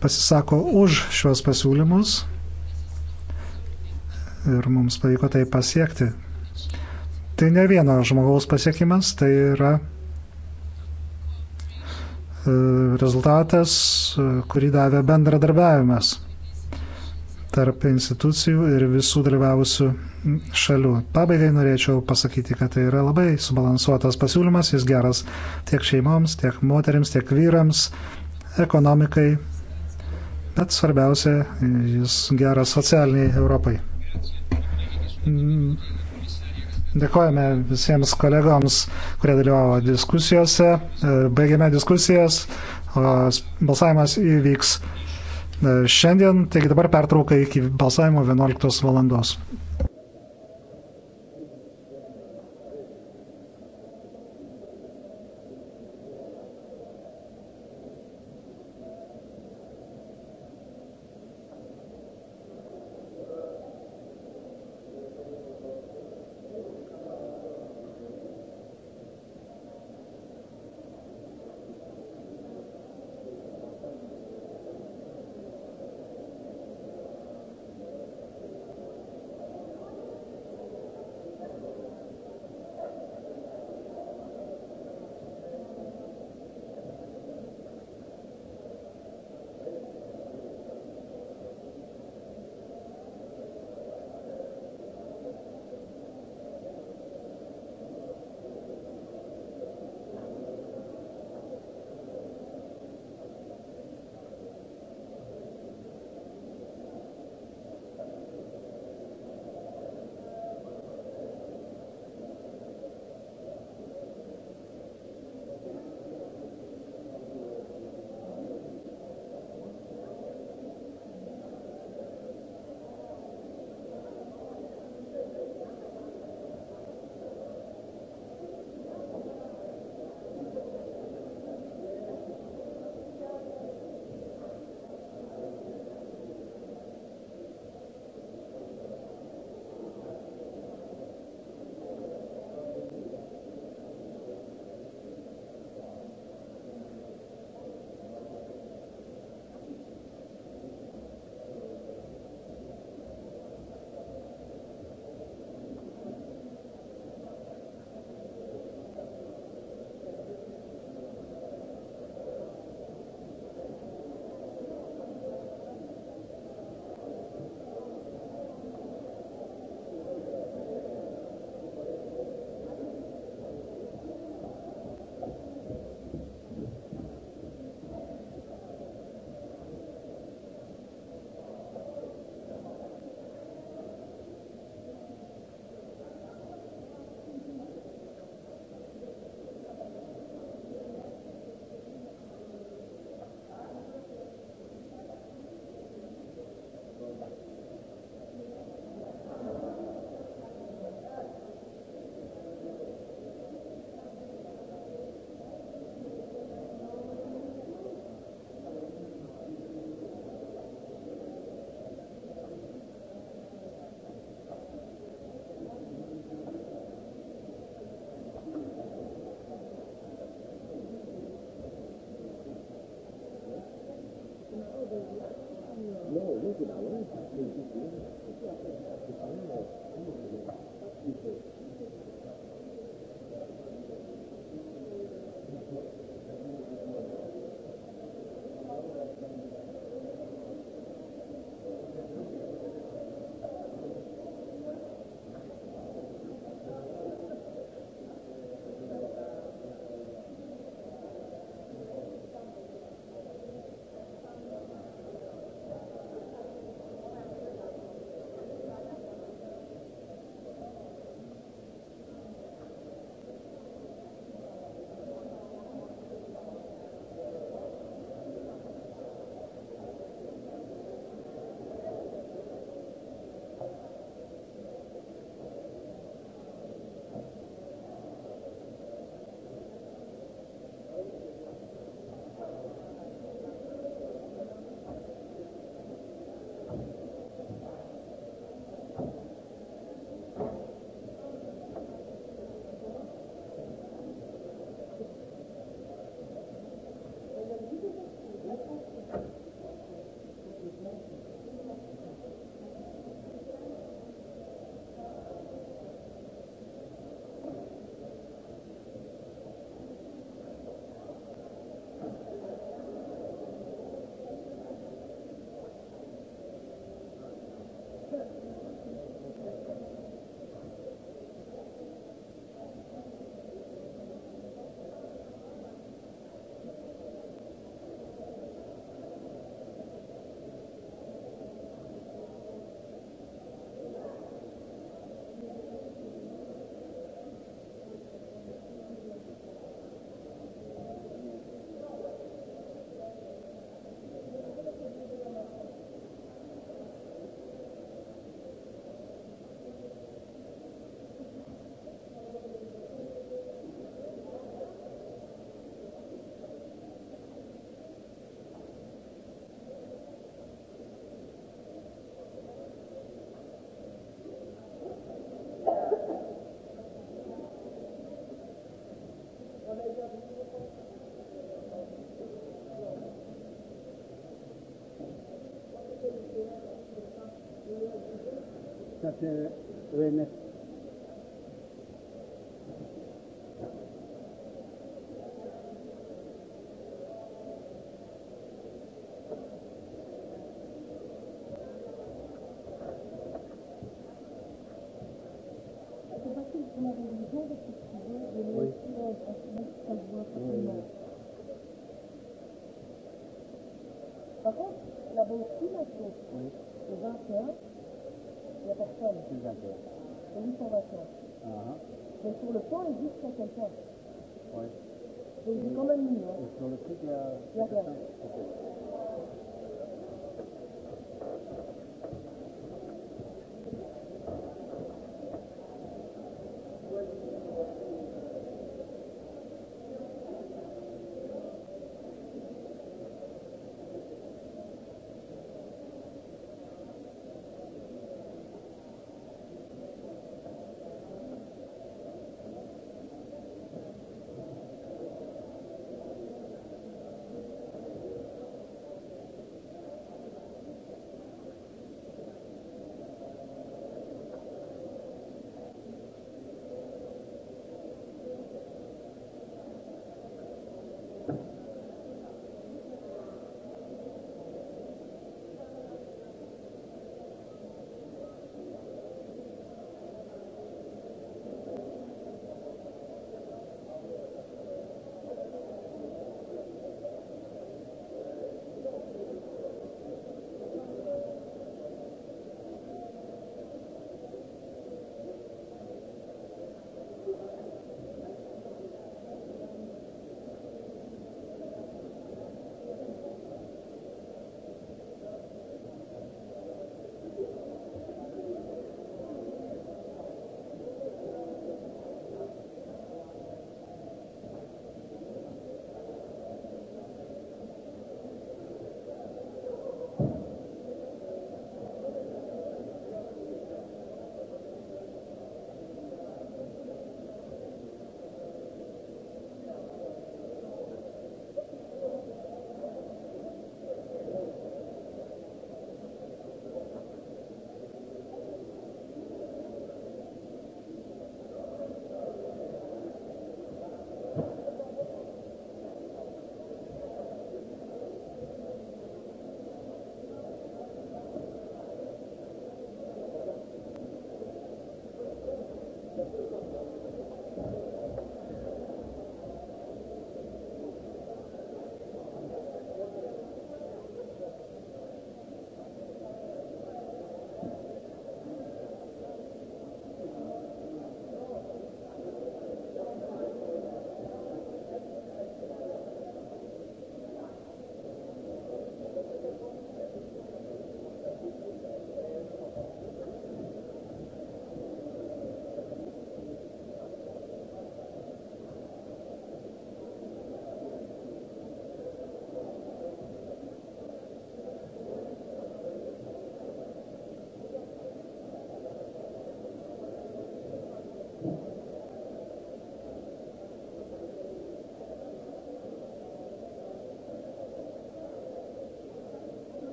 pasisako už šios pasiūlymus ir mums pavyko tai pasiekti. Tai ne vieno žmogaus pasiekimas, tai yra e, rezultatas, e, kurį davė bendradarbiavimas tarp institucijų ir visų dalyvavusių šalių. Pabaigai norėčiau pasakyti, kad tai yra labai subalansuotas pasiūlymas, jis geras tiek šeimoms, tiek moteriams, tiek vyrams, ekonomikai, bet svarbiausia, jis geras socialiniai Europai. Dėkojame visiems kolegoms, kurie dalyvavo diskusijose. Baigėme diskusijas, o balsavimas įvyks šiandien, taigi dabar pertrauka iki balsavimo 11 valandos. Mr. Remes. Par contre, la bonne personne qui les intéresse. C'est lui son vainqueur. Uh -huh. Mais sur le temps, il dit que c'est quelqu'un. Oui. Donc j'ai quand même mis. Hein. Et sur le truc, là. La guerre.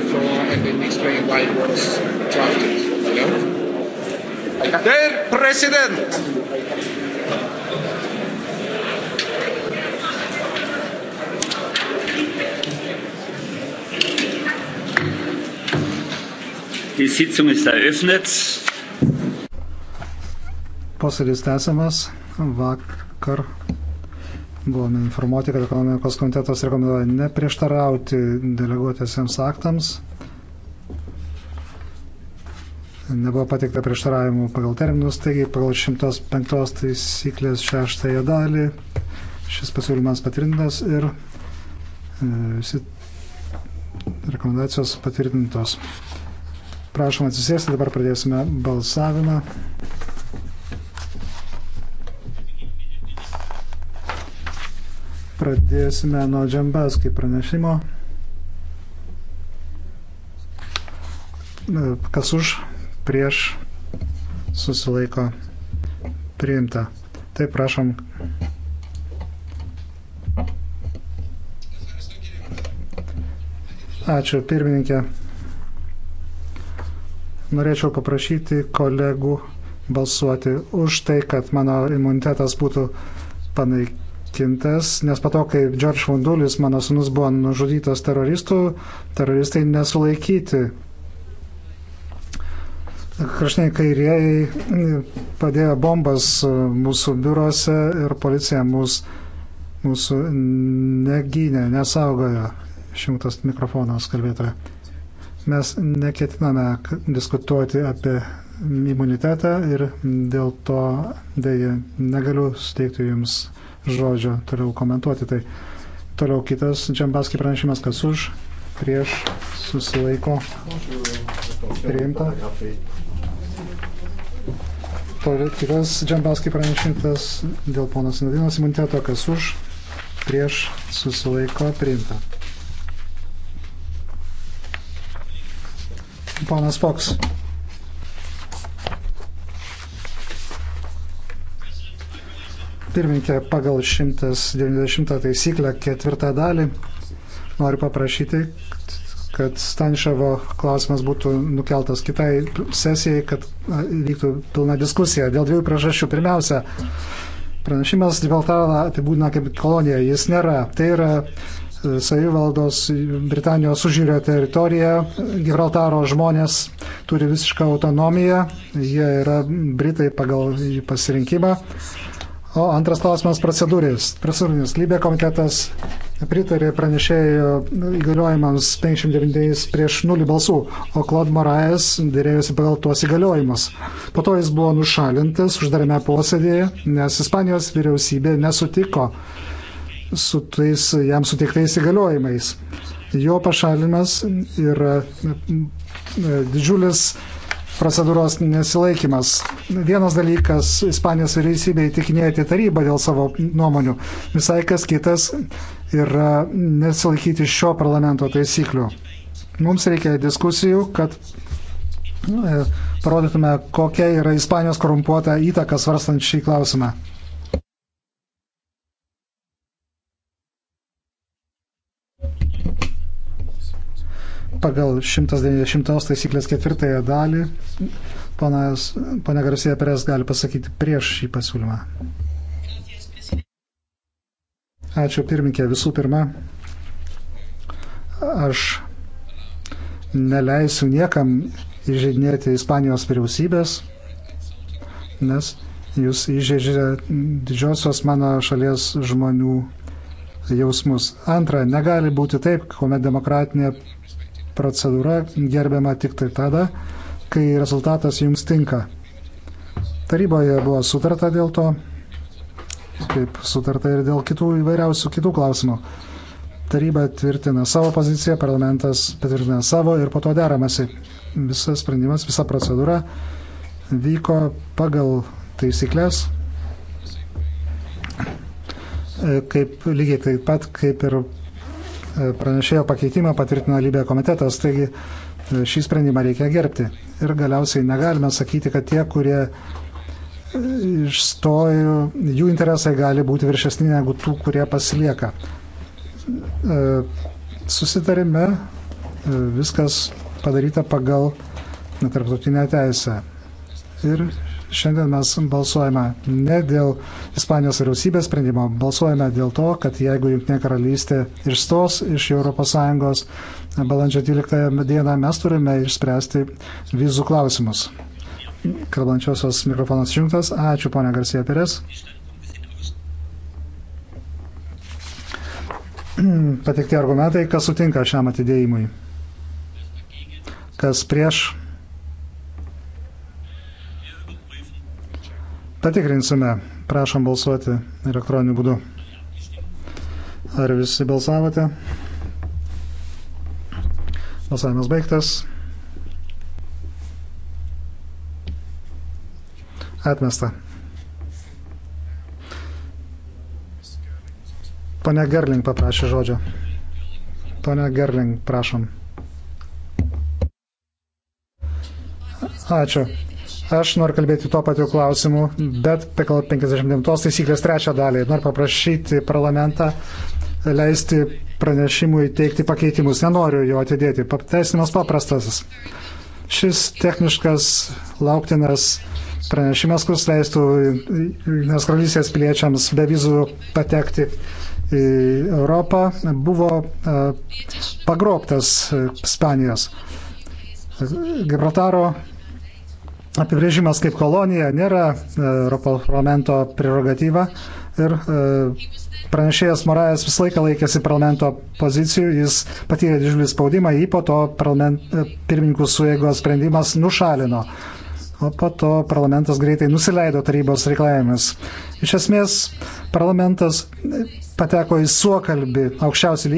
the floor and then explain why it was drafted. You know? Der Präsident! Die Sitzung ist eröffnet. Posėdis tęsiamas vakar Buvome informuoti, kad ekonomikos komitetas rekomenduoja neprieštarauti deleguotėsiems aktams. Nebuvo pateikta prieštaravimų pagal terminus, taigi pagal 105 taisyklės šeštąją dalį šis pasiūlymas patvirtintas ir e, visi rekomendacijos patvirtintos. Prašom atsisėsti, dabar pradėsime balsavimą. Pradėsime nuo Džambaskai pranešimo. Kas už, prieš, susilaiko, priimta. Tai prašom. Ačiū pirmininkė. Norėčiau paprašyti kolegų balsuoti už tai, kad mano imunitetas būtų panaikintas panaikintas, nes po to, kai George Vandulis, mano sunus, buvo nužudytas teroristų, teroristai nesulaikyti. Kraštiniai kairieji e, padėjo bombas e, mūsų biurose ir policija mūs, mūsų negynė, nesaugojo. Šimtas mikrofonas kalbėtoja. Mes neketiname diskutuoti apie imunitetą ir dėl to dėja negaliu suteikti jums žodžio toliau komentuoti. Tai toliau kitas Džambaski pranešimas, kas už, prieš, susilaiko, priimta. Toliau kitas Džambaski pranešimas dėl ponos Nadinos imuniteto, kas už, prieš, susilaiko, priimta. Ponas Foks. Pirminkė, pagal 190 taisyklę ketvirtą dalį noriu paprašyti, kad Stanišavo klausimas būtų nukeltas kitai sesijai, kad vyktų pilna diskusija. Dėl dviejų priežasčių. Pirmiausia, pranešimas Gibraltarą apibūdina kaip koloniją. Jis nėra. Tai yra e, savivaldos Britanijos užžiūrio teritorija. Gibraltaro žmonės turi visišką autonomiją. Jie yra Britai pagal pasirinkimą. O antras klausimas procedūris. Procedūris. Lybė komitetas pritarė pranešėjo įgaliojimams 59 prieš 0 balsų, o Claude Moraes dėrėjosi pagal tuos įgaliojimus. Po to jis buvo nušalintas uždarėme posėdėje, nes Ispanijos vyriausybė nesutiko su tais jam suteiktais įgaliojimais. Jo pašalinimas yra didžiulis procedūros nesilaikimas. Vienas dalykas - Ispanijos vyriausybė įtikinėti tarybą dėl savo nuomonių. Visai kas kitas yra nesilaikyti šio parlamento taisyklių. Mums reikia diskusijų, kad e, parodytume, kokia yra Ispanijos korumpuota įtaka svarstant šį klausimą. pagal 190 taisyklės ketvirtąją dalį ponas, ponia Garcia Perez gali pasakyti prieš šį pasiūlymą. Ačiū pirmininkė. Visų pirma, aš neleisiu niekam įžeidinėti Ispanijos vyriausybės, nes jūs įžeidžiate didžiosios mano šalies žmonių jausmus. Antra, negali būti taip, kuomet demokratinė procedūra gerbiama tik tai tada, kai rezultatas jums tinka. Taryboje buvo sutarta dėl to, kaip sutarta ir dėl kitų įvairiausių kitų klausimų. Taryba tvirtina savo poziciją, parlamentas patvirtina savo ir po to deramasi. Visas sprendimas, visa procedūra vyko pagal taisyklės, kaip lygiai taip pat kaip ir pranešėjo pakeitimą patvirtino Libė komitetas, taigi e, šį sprendimą reikia gerbti. Ir galiausiai negalime sakyti, kad tie, kurie e, išstojo, jų interesai gali būti viršesni negu tų, kurie pasilieka. E, susitarime viskas padaryta pagal tarptautinę teisę. Ir Šiandien mes balsuojame ne dėl Ispanijos vyriausybės sprendimo, balsuojame dėl to, kad jeigu Junktinė karalystė išstos iš ES balandžio 12 dieną, mes turime išspręsti vizų klausimus. Kalbančiosios mikrofonas išjungtas. Ačiū, ponia Garcija Pires. Pateikti argumentai, kas sutinka šiam atidėjimui. Kas prieš Patikrinsime. Prašom balsuoti elektroniniu būdu. Ar visi balsavote? Balsavimas baigtas. Atmesta. Pane Gerling paprašė žodžio. Pane Gerling, prašom. Ačiū. Aš noriu kalbėti tuo pačiu klausimu, bet pagal 59 taisyklės trečią dalį noriu paprašyti parlamentą leisti pranešimui teikti pakeitimus. Nenoriu jo atidėti. Pateisinimas paprastas. Šis techniškas lauktinas pranešimas, kuris leistų Junktinės karalystės piliečiams be vizų patekti į Europą, buvo e, pagrobtas Ispanijos. Gibraltaro apibrėžimas kaip kolonija nėra e, Europos parlamento prerogatyva ir e, pranešėjas Morajas visą laiką laikėsi parlamento pozicijų, jis patyrė didžiulį spaudimą, jį po to e, pirmininkų suėgo sprendimas nušalino. O po to parlamentas greitai nusileido tarybos reikalavimus. Iš esmės, parlamentas pateko į suokalbį aukščiausių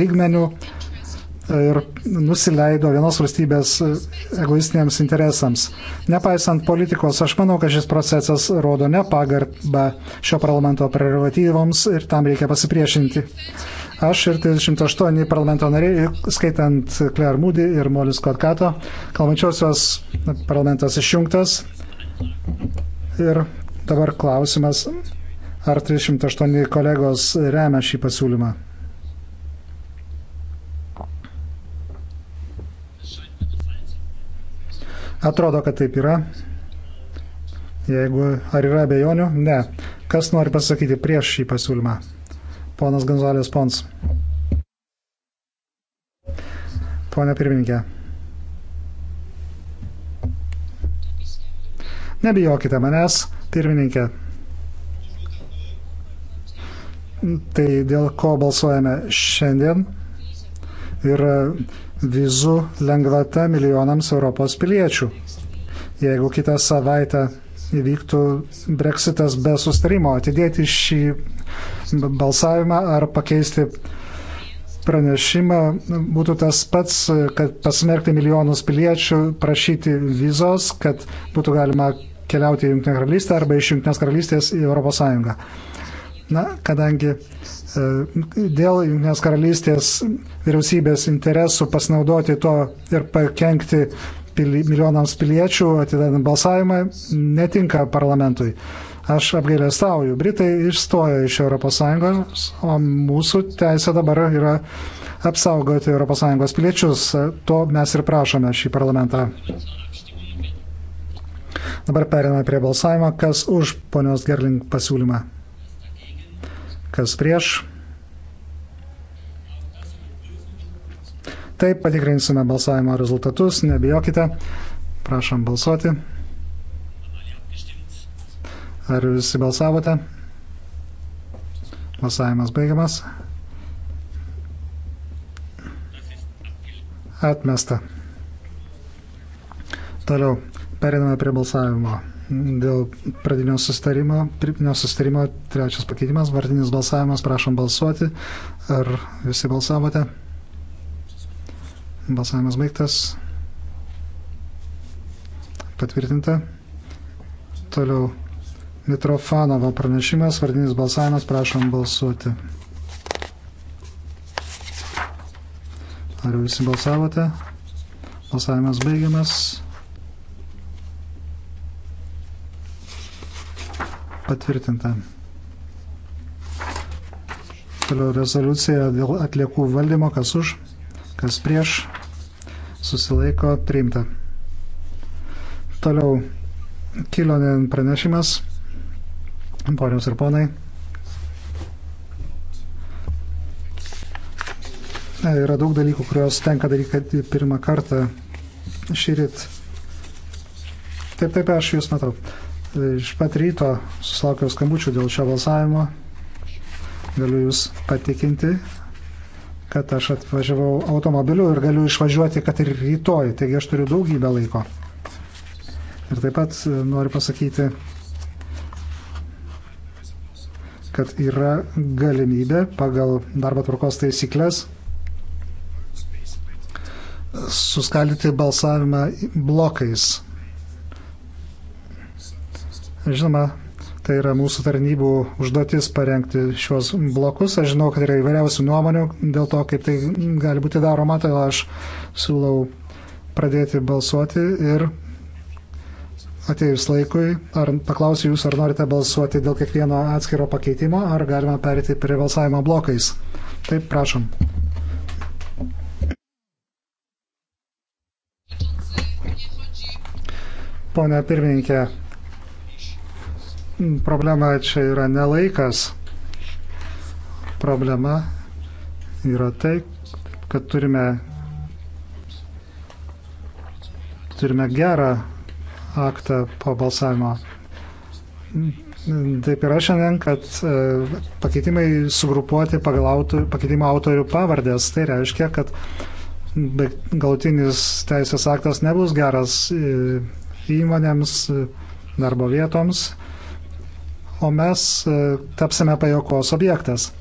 lygmenių ir nusileido vienos valstybės egoistiniams interesams. Nepaisant politikos, aš manau, kad šis procesas rodo nepagarbą šio parlamento prerogatyvoms ir tam reikia pasipriešinti. Aš ir 38 parlamento nariai, skaitant Claire Moody ir Molis Kotkato, kalbančiosios parlamentas išjungtas. Ir dabar klausimas, ar 38 kolegos remia šį pasiūlymą. Atrodo, kad taip yra. Jeigu ar yra abejonių? Ne. Kas nori pasakyti prieš šį pasiūlymą? Ponas Gonzalės Pons. Pone pirmininkė. Nebijokite manęs, pirmininkė. Tai dėl ko balsuojame šiandien ir vizų lengvata milijonams Europos piliečių. Jeigu kitą savaitę įvyktų breksitas be sustarimo, atidėti šį balsavimą ar pakeisti pranešimą būtų tas pats, kad pasmerkti milijonus piliečių, prašyti vizos, kad būtų galima keliauti į Junktinę karalystę arba iš Junktinės karalystės į ES. Na, kadangi dėl Junktinės karalystės vyriausybės interesų pasinaudoti to ir pakengti pili, milijonams piliečių atidedant balsavimą netinka parlamentui. Aš apgailestauju, Britai išstojo iš ES, o mūsų teisė dabar yra apsaugoti ES piliečius. To mes ir prašome šį parlamentą. Dabar periname prie balsavimo. Kas už ponios Gerling pasiūlymą? kas prieš. Taip patikrinsime balsavimo rezultatus, nebijokite. Prašom balsuoti. Ar visi balsavote? Balsavimas baigiamas. Atmesta. Toliau periname prie balsavimo dėl pradinio sustarimo, pirminio sustarimo, trečias pakeitimas, vardinis balsavimas, prašom balsuoti. Ar visi balsavote? Balsavimas baigtas. Patvirtinta. Toliau Mitrofanovo pranešimas, vardinis balsavimas, prašom balsuoti. Ar visi balsavote? Balsavimas baigiamas. Patvirtinta. Toliau rezoliucija dėl atliekų valdymo, kas už, kas prieš, susilaiko priimta. Toliau Kilonien pranešimas, ponios ir ponai. Yra daug dalykų, kuriuos tenka daryti pirmą kartą šį rytą. Taip, taip, aš jūs matau. Iš pat ryto susilaukiau skambučių dėl šio balsavimo. Galiu Jūs patikinti, kad aš atvažiavau automobiliu ir galiu išvažiuoti, kad ir rytoj. Taigi aš turiu daugybę laiko. Ir taip pat e, noriu pasakyti, kad yra galimybė pagal darbo tvarkos taisyklės suskaldyti balsavimą blokais. Žinoma, tai yra mūsų tarnybų užduotis parengti šios blokus. Aš žinau, kad yra įvairiausių nuomonių dėl to, kaip tai gali būti daroma, tai aš siūlau pradėti balsuoti ir atėjus laikui, ar paklausiu jūs, ar norite balsuoti dėl kiekvieno atskiro pakeitimo, ar galima perėti prie balsavimo blokais. Taip, prašom. Pone pirmininkė, problema čia yra ne laikas. Problema yra tai, kad turime, turime gerą aktą po balsavimo. Taip yra šiandien, kad e, pakeitimai sugrupuoti pagal autorių, pakeitimo autorių pavardės. Tai reiškia, kad galutinis teisės aktas nebus geras e, įmonėms, darbo vietoms o mes e, tapsime pajokos objektas.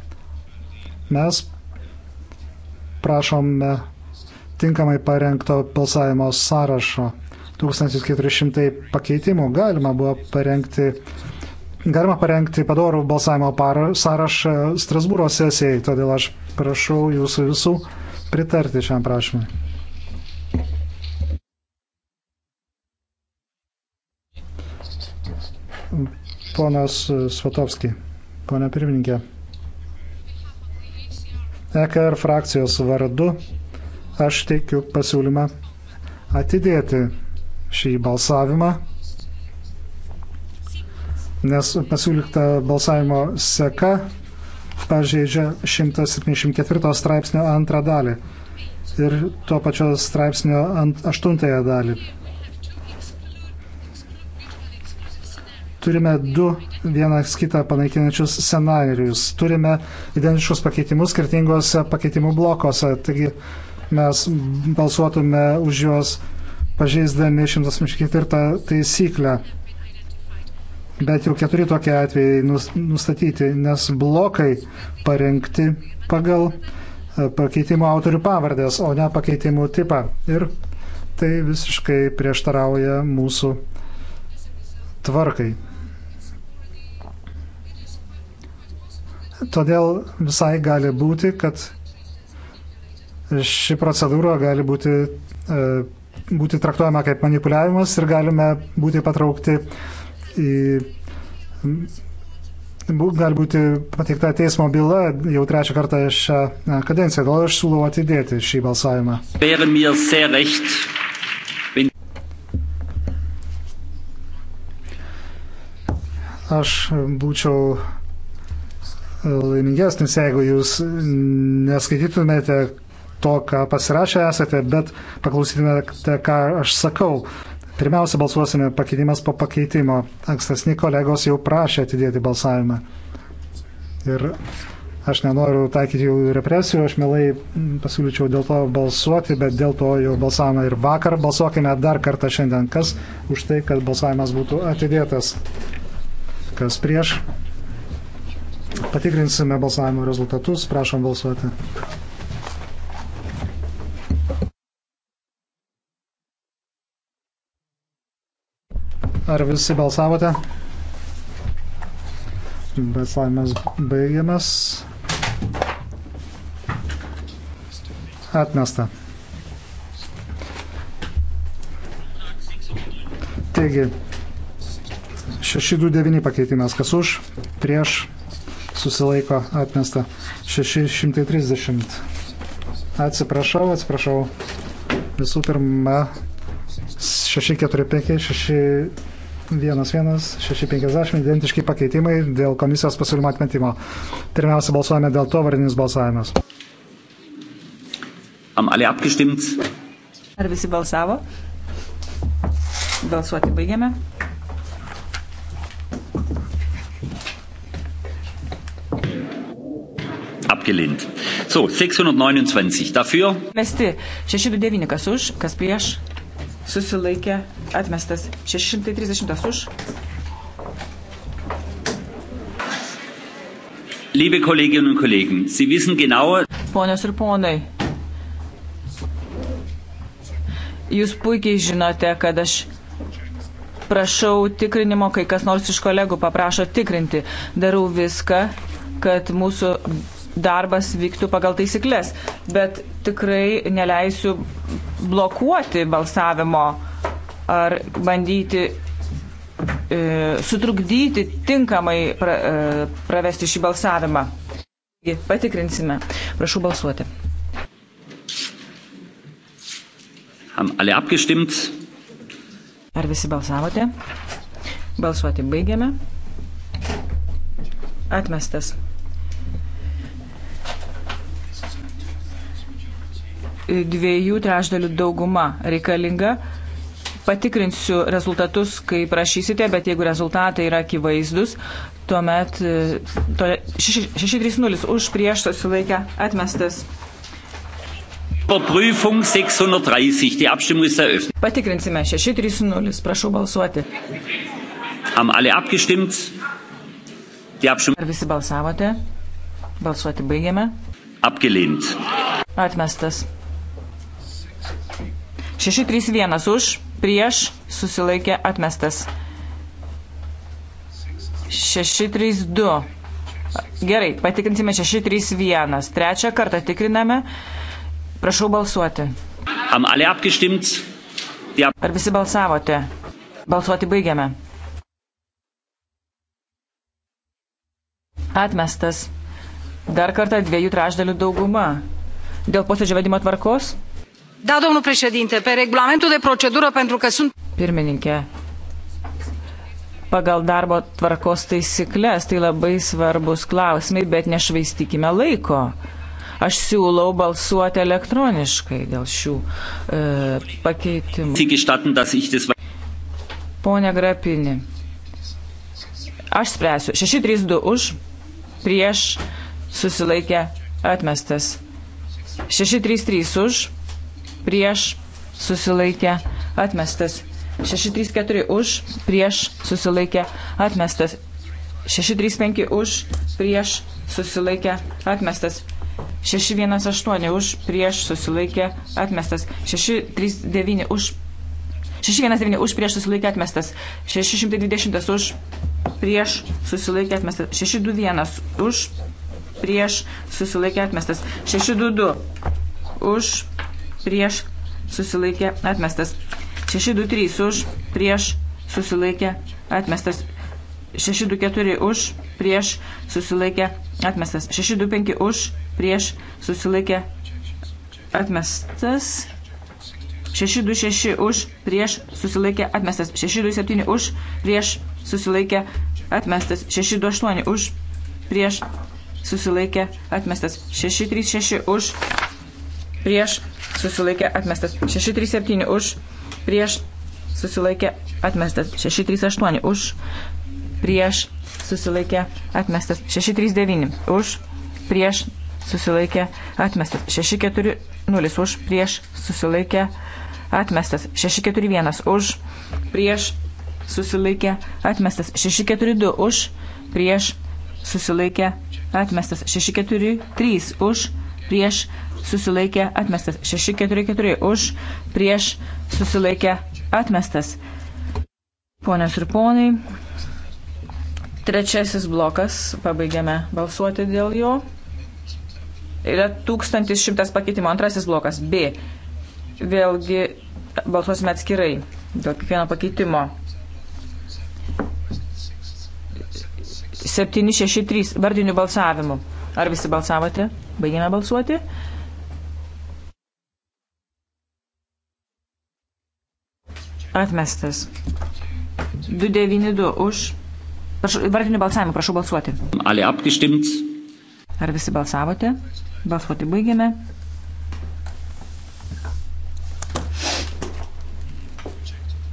Mes prašome tinkamai parengto balsavimo sąrašo. 1400 pakeitimų galima buvo parengti. Galima parengti padorų balsavimo parą, sąrašą Strasbūro sesijai, todėl aš prašau jūsų visų pritarti šiam prašymui. Ponas Svotovski, ponė pirmininkė. EKR frakcijos vardu aš teikiu pasiūlymą atidėti šį balsavimą, nes pasiūlyta balsavimo seka pažeidžia 174 straipsnio antrą dalį ir tuo pačiu straipsnio aštuntąją dalį. Turime du vienas kitą panaikinančius scenarius. Turime identiškus pakeitimus skirtingose pakeitimų blokose. Taigi mes balsuotume už juos pažeisdami 174 taisyklę. Bet jau keturi tokie atvejai nustatyti, nes blokai parengti pagal e, pakeitimo autorių pavardės, o ne pakeitimų tipą. Ir tai visiškai prieštarauja mūsų tvarkai. Todėl visai gali būti, kad ši procedūra gali būti, e, būti traktuojama kaip manipuliavimas ir galime būti patraukti į. Gali būti pateikta teismo byla jau trečią kartą šią e, kadenciją, todėl aš siūlau atidėti šį balsavimą. Aš būčiau laimingesnis, jeigu jūs neskaitytumėte to, ką pasirašę esate, bet paklausytumėte, ką aš sakau. Pirmiausia, balsuosime pakeitimas po pakeitimo. Ankstesni kolegos jau prašė atidėti balsavimą. Ir aš nenoriu taikyti jų represijų, aš mielai pasiūlyčiau dėl to balsuoti, bet dėl to jau balsavome ir vakar. Balsuokime dar kartą šiandien, kas už tai, kad balsavimas būtų atidėtas. Kas prieš? Patikrinsime balsavimo rezultatus. Prašom balsuoti. Ar visi balsavote? Balsavimas baigiamas. Atmesta. Taigi, 629 pakeitimas. Kas už? Prieš? susilaiko atmesta. 630. Atsiprašau, atsiprašau. Visų pirma, 645, 611, 650 identiški pakeitimai dėl komisijos pasiūlymo atmetimo. Pirmiausia, balsuojame dėl to varinis balsavimas. Ar visi balsavo? Balsuoti baigiame. abgelehnt. So, 629 dafür. Mesti 609 kas už, kas prieš. Susilaikė atmestas 630 už. Liebe Kolleginnen und Kollegen, Sie wissen genau. Ponios ir ponai, jūs puikiai žinote, kad aš prašau tikrinimo, kai kas nors iš kolegų paprašo tikrinti. Darau viską, kad mūsų darbas vyktų pagal taisyklės, bet tikrai neleisiu blokuoti balsavimo ar bandyti e, sutrukdyti tinkamai pra, e, pravesti šį balsavimą. Patikrinsime. Prašau balsuoti. Ar visi balsavote? Balsuoti baigiame. Atmestas. dviejų trešdalių dauguma reikalinga. Patikrinsiu rezultatus, kai prašysite, bet jeigu rezultatai yra akivaizdus, tuomet 630 e, už prieš susilaikę atmestas. Überprüfung 630. Die Abstimmung ist eröffnet. Patikrinsime 630. Prašau balsuoti. Haben alle abgestimmt? Die Abstimmung. Ar visi balsavote? Balsuoti baigėme. Abgelehnt. Atmestas. 631 už, prieš, susilaikė atmestas. 632. Gerai, patikrinsime 631. Trečią kartą tikriname. Prašau balsuoti. Ar visi balsavote? Balsuoti baigiame. Atmestas. Dar kartą dviejų trešdalių dauguma. Dėl posėdžio vedimo tvarkos? Da, domnul președinte, pe regulamentul de procedură, pentru că sunt. Pirmininkė, pagal darbo tvarkos taisyklės tai labai svarbus klausimai, bet nešvaistykime laiko. Aš siūlau balsuoti elektroniškai dėl šių e, pakeitimų. Pone Grapini, aš spręsiu. 632 už, prieš, susilaikė, atmestas. 633 už prieš susilaikė atmestas. 634 už, prieš susilaikė atmestas. 635 už, prieš susilaikė atmestas. 618 už, prieš susilaikė atmestas. 639 už, 619 už, prieš susilaikė atmestas. 620 už, prieš susilaikė atmestas. 621 už, prieš susilaikė atmestas. 622 už, prieš susilaikė atmestas. 623 už, prieš susilaikė atmestas. 624 už, prieš susilaikė atmestas. 625 už, prieš susilaikė atmestas. 626 už, prieš susilaikė atmestas. 627 už, prieš susilaikė atmestas. 628 už, prieš susilaikė atmestas. 636 už, prieš susilaikė atmestas 637 už, prieš susilaikė atmestas 638 už, prieš susilaikė atmestas 639 už, prieš susilaikė atmestas 640 už, prieš susilaikė atmestas 641 už, prieš susilaikė atmestas 642 už, prieš susilaikė atmestas 643 už, prieš susilaikė atmestas. 644 už, prieš susilaikė atmestas. Ponios ir ponai, trečiasis blokas, pabaigėme balsuoti dėl jo. Yra 1100 pakeitimo antrasis blokas B. Vėlgi balsuosime atskirai dėl kiekvieno pakeitimo. 763 vardinių balsavimų. Ar visi balsavote? Baigėme balsuoti. Atmestas. 292 už. Vardiniu balsavimu prašau balsuoti. Ali apgestimt. Ar visi balsavote? Balsuoti baigėme.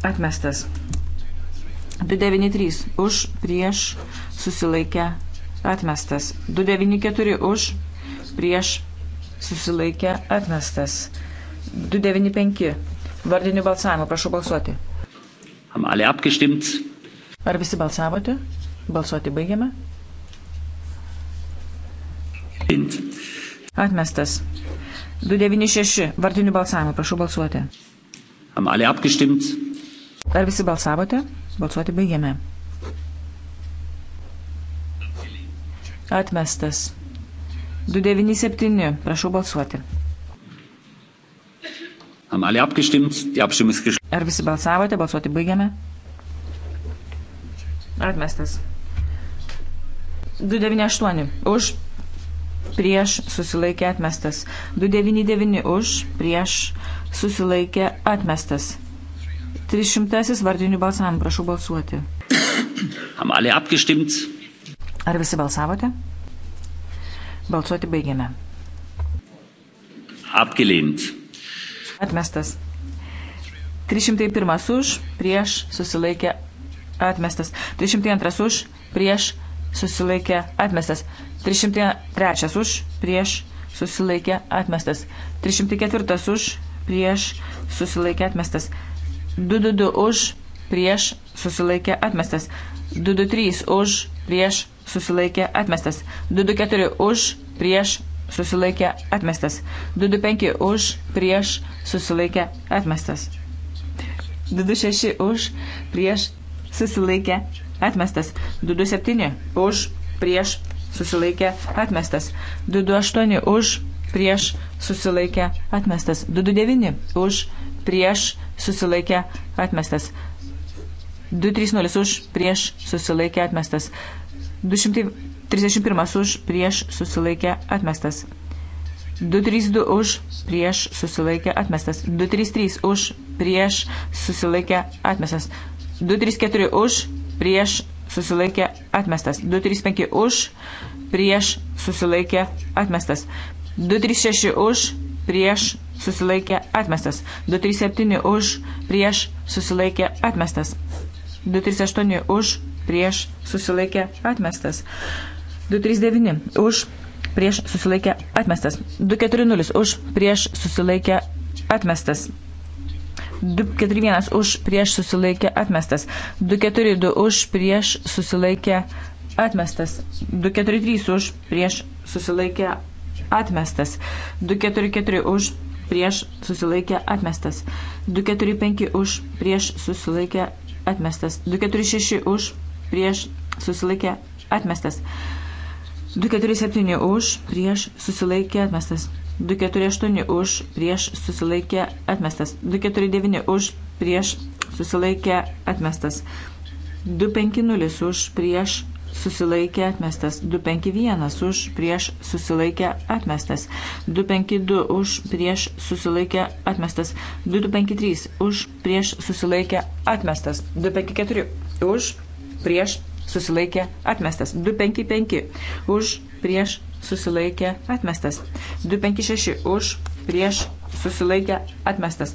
Atmestas. 293 už, prieš, susilaikę, atmestas. 294 už, prieš, susilaikę, atmestas. 295 Vardiniu balsavimu, prašau balsuoti. Ar visi balsavote? Balsuoti baigiame. Atmestas. 296. Vardiniu balsavimu, prašau balsuoti. Ar visi balsavote? Balsuoti baigiame. Atmestas. 297. Prašau balsuoti. Ar visi balsavote? Balsuoti baigiame. Atmestas. 298 už, prieš susilaikė atmestas. 299 už, prieš susilaikė atmestas. 300 vardinių balsavimų, prašau balsuoti. Ar visi balsavote? Balsuoti baigiame. Abgelehnt. Atmestas. 301 už, prieš susilaikė atmestas. 302 už, prieš susilaikė atmestas. 303 už, prieš susilaikė atmestas. 304 už, prieš susilaikė atmestas. 222 už, prieš susilaikė atmestas. 223 už, prieš susilaikė atmestas. 224 už, prieš susilaikė atmestas. 225 už, prieš, susilaikė atmestas. 226 už, prieš, susilaikė atmestas. 227 už, prieš, susilaikė atmestas. 228 už, prieš, susilaikė atmestas. 229 už, prieš, susilaikė atmestas. 230 už, prieš, susilaikė atmestas. 200 31 už, prieš susilaikė atmestas. 232 už, prieš susilaikė atmestas. 233 už, prieš susilaikė atmestas. 234 už, prieš susilaikė atmestas. 235 už, prieš susilaikė atmestas. 236 už, prieš susilaikė atmestas. 237 už, prieš susilaikė atmestas. 238 už, prieš susilaikė atmestas. 239 už prieš susilaikę atmestas. 240 už prieš susilaikę atmestas. 241 už prieš susilaikę atmestas. 242 už prieš susilaikę atmestas. 243 už prieš susilaikę atmestas. 244 už prieš susilaikę atmestas. 245 už prieš susilaikę atmestas. 246 už prieš susilaikę atmestas. 247 už, prieš susilaikė atmestas. 248 už, prieš susilaikė atmestas. 249 už, prieš susilaikė atmestas. 250 už, prieš susilaikė atmestas. 251 už, prieš susilaikė atmestas. 252 už, prieš susilaikė atmestas. 253 už, prieš susilaikė atmestas. 254 už, prieš susilaikė atmestas. 255 už prieš susilaikė atmestas. 256 už prieš susilaikė atmestas.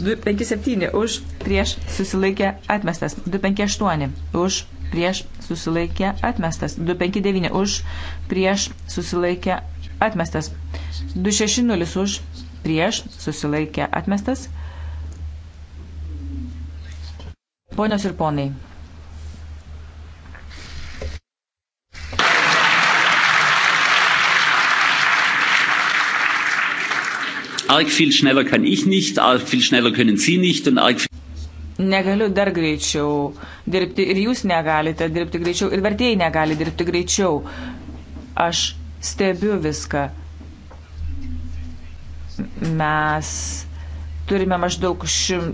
257 už prieš susilaikė atmestas. 258 už prieš susilaikė atmestas. 259 už prieš susilaikė atmestas. 260 už prieš susilaikė atmestas. Ponios ir ponai. arg viel schneller kann ich nicht, arg viel schneller können Sie nicht und arg viel negaliu dar greičiau dirbti ir jūs negalite dirbti greičiau ir vertėjai negali dirbti greičiau. Aš stebiu viską. Mes turime maždaug šim,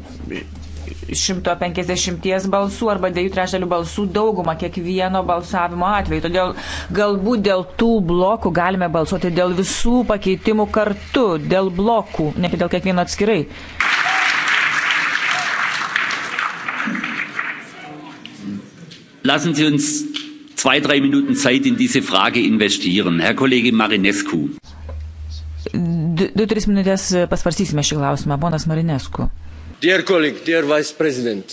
150 balsų arba 2 trečdalių balsų daugumą kiekvieno balsavimo atveju. Todėl galbūt dėl tų blokų galime balsuoti dėl visų pakeitimų kartu, dėl blokų, ne dėl kiekvieno atskirai. Lassen Sie uns zwei, drei Minuten Zeit in diese Frage investieren. Herr Kollege Marinescu. 2-3 minutės pasvarsysime šį klausimą. Ponas Marinesku. Dear colleague, dear vice president.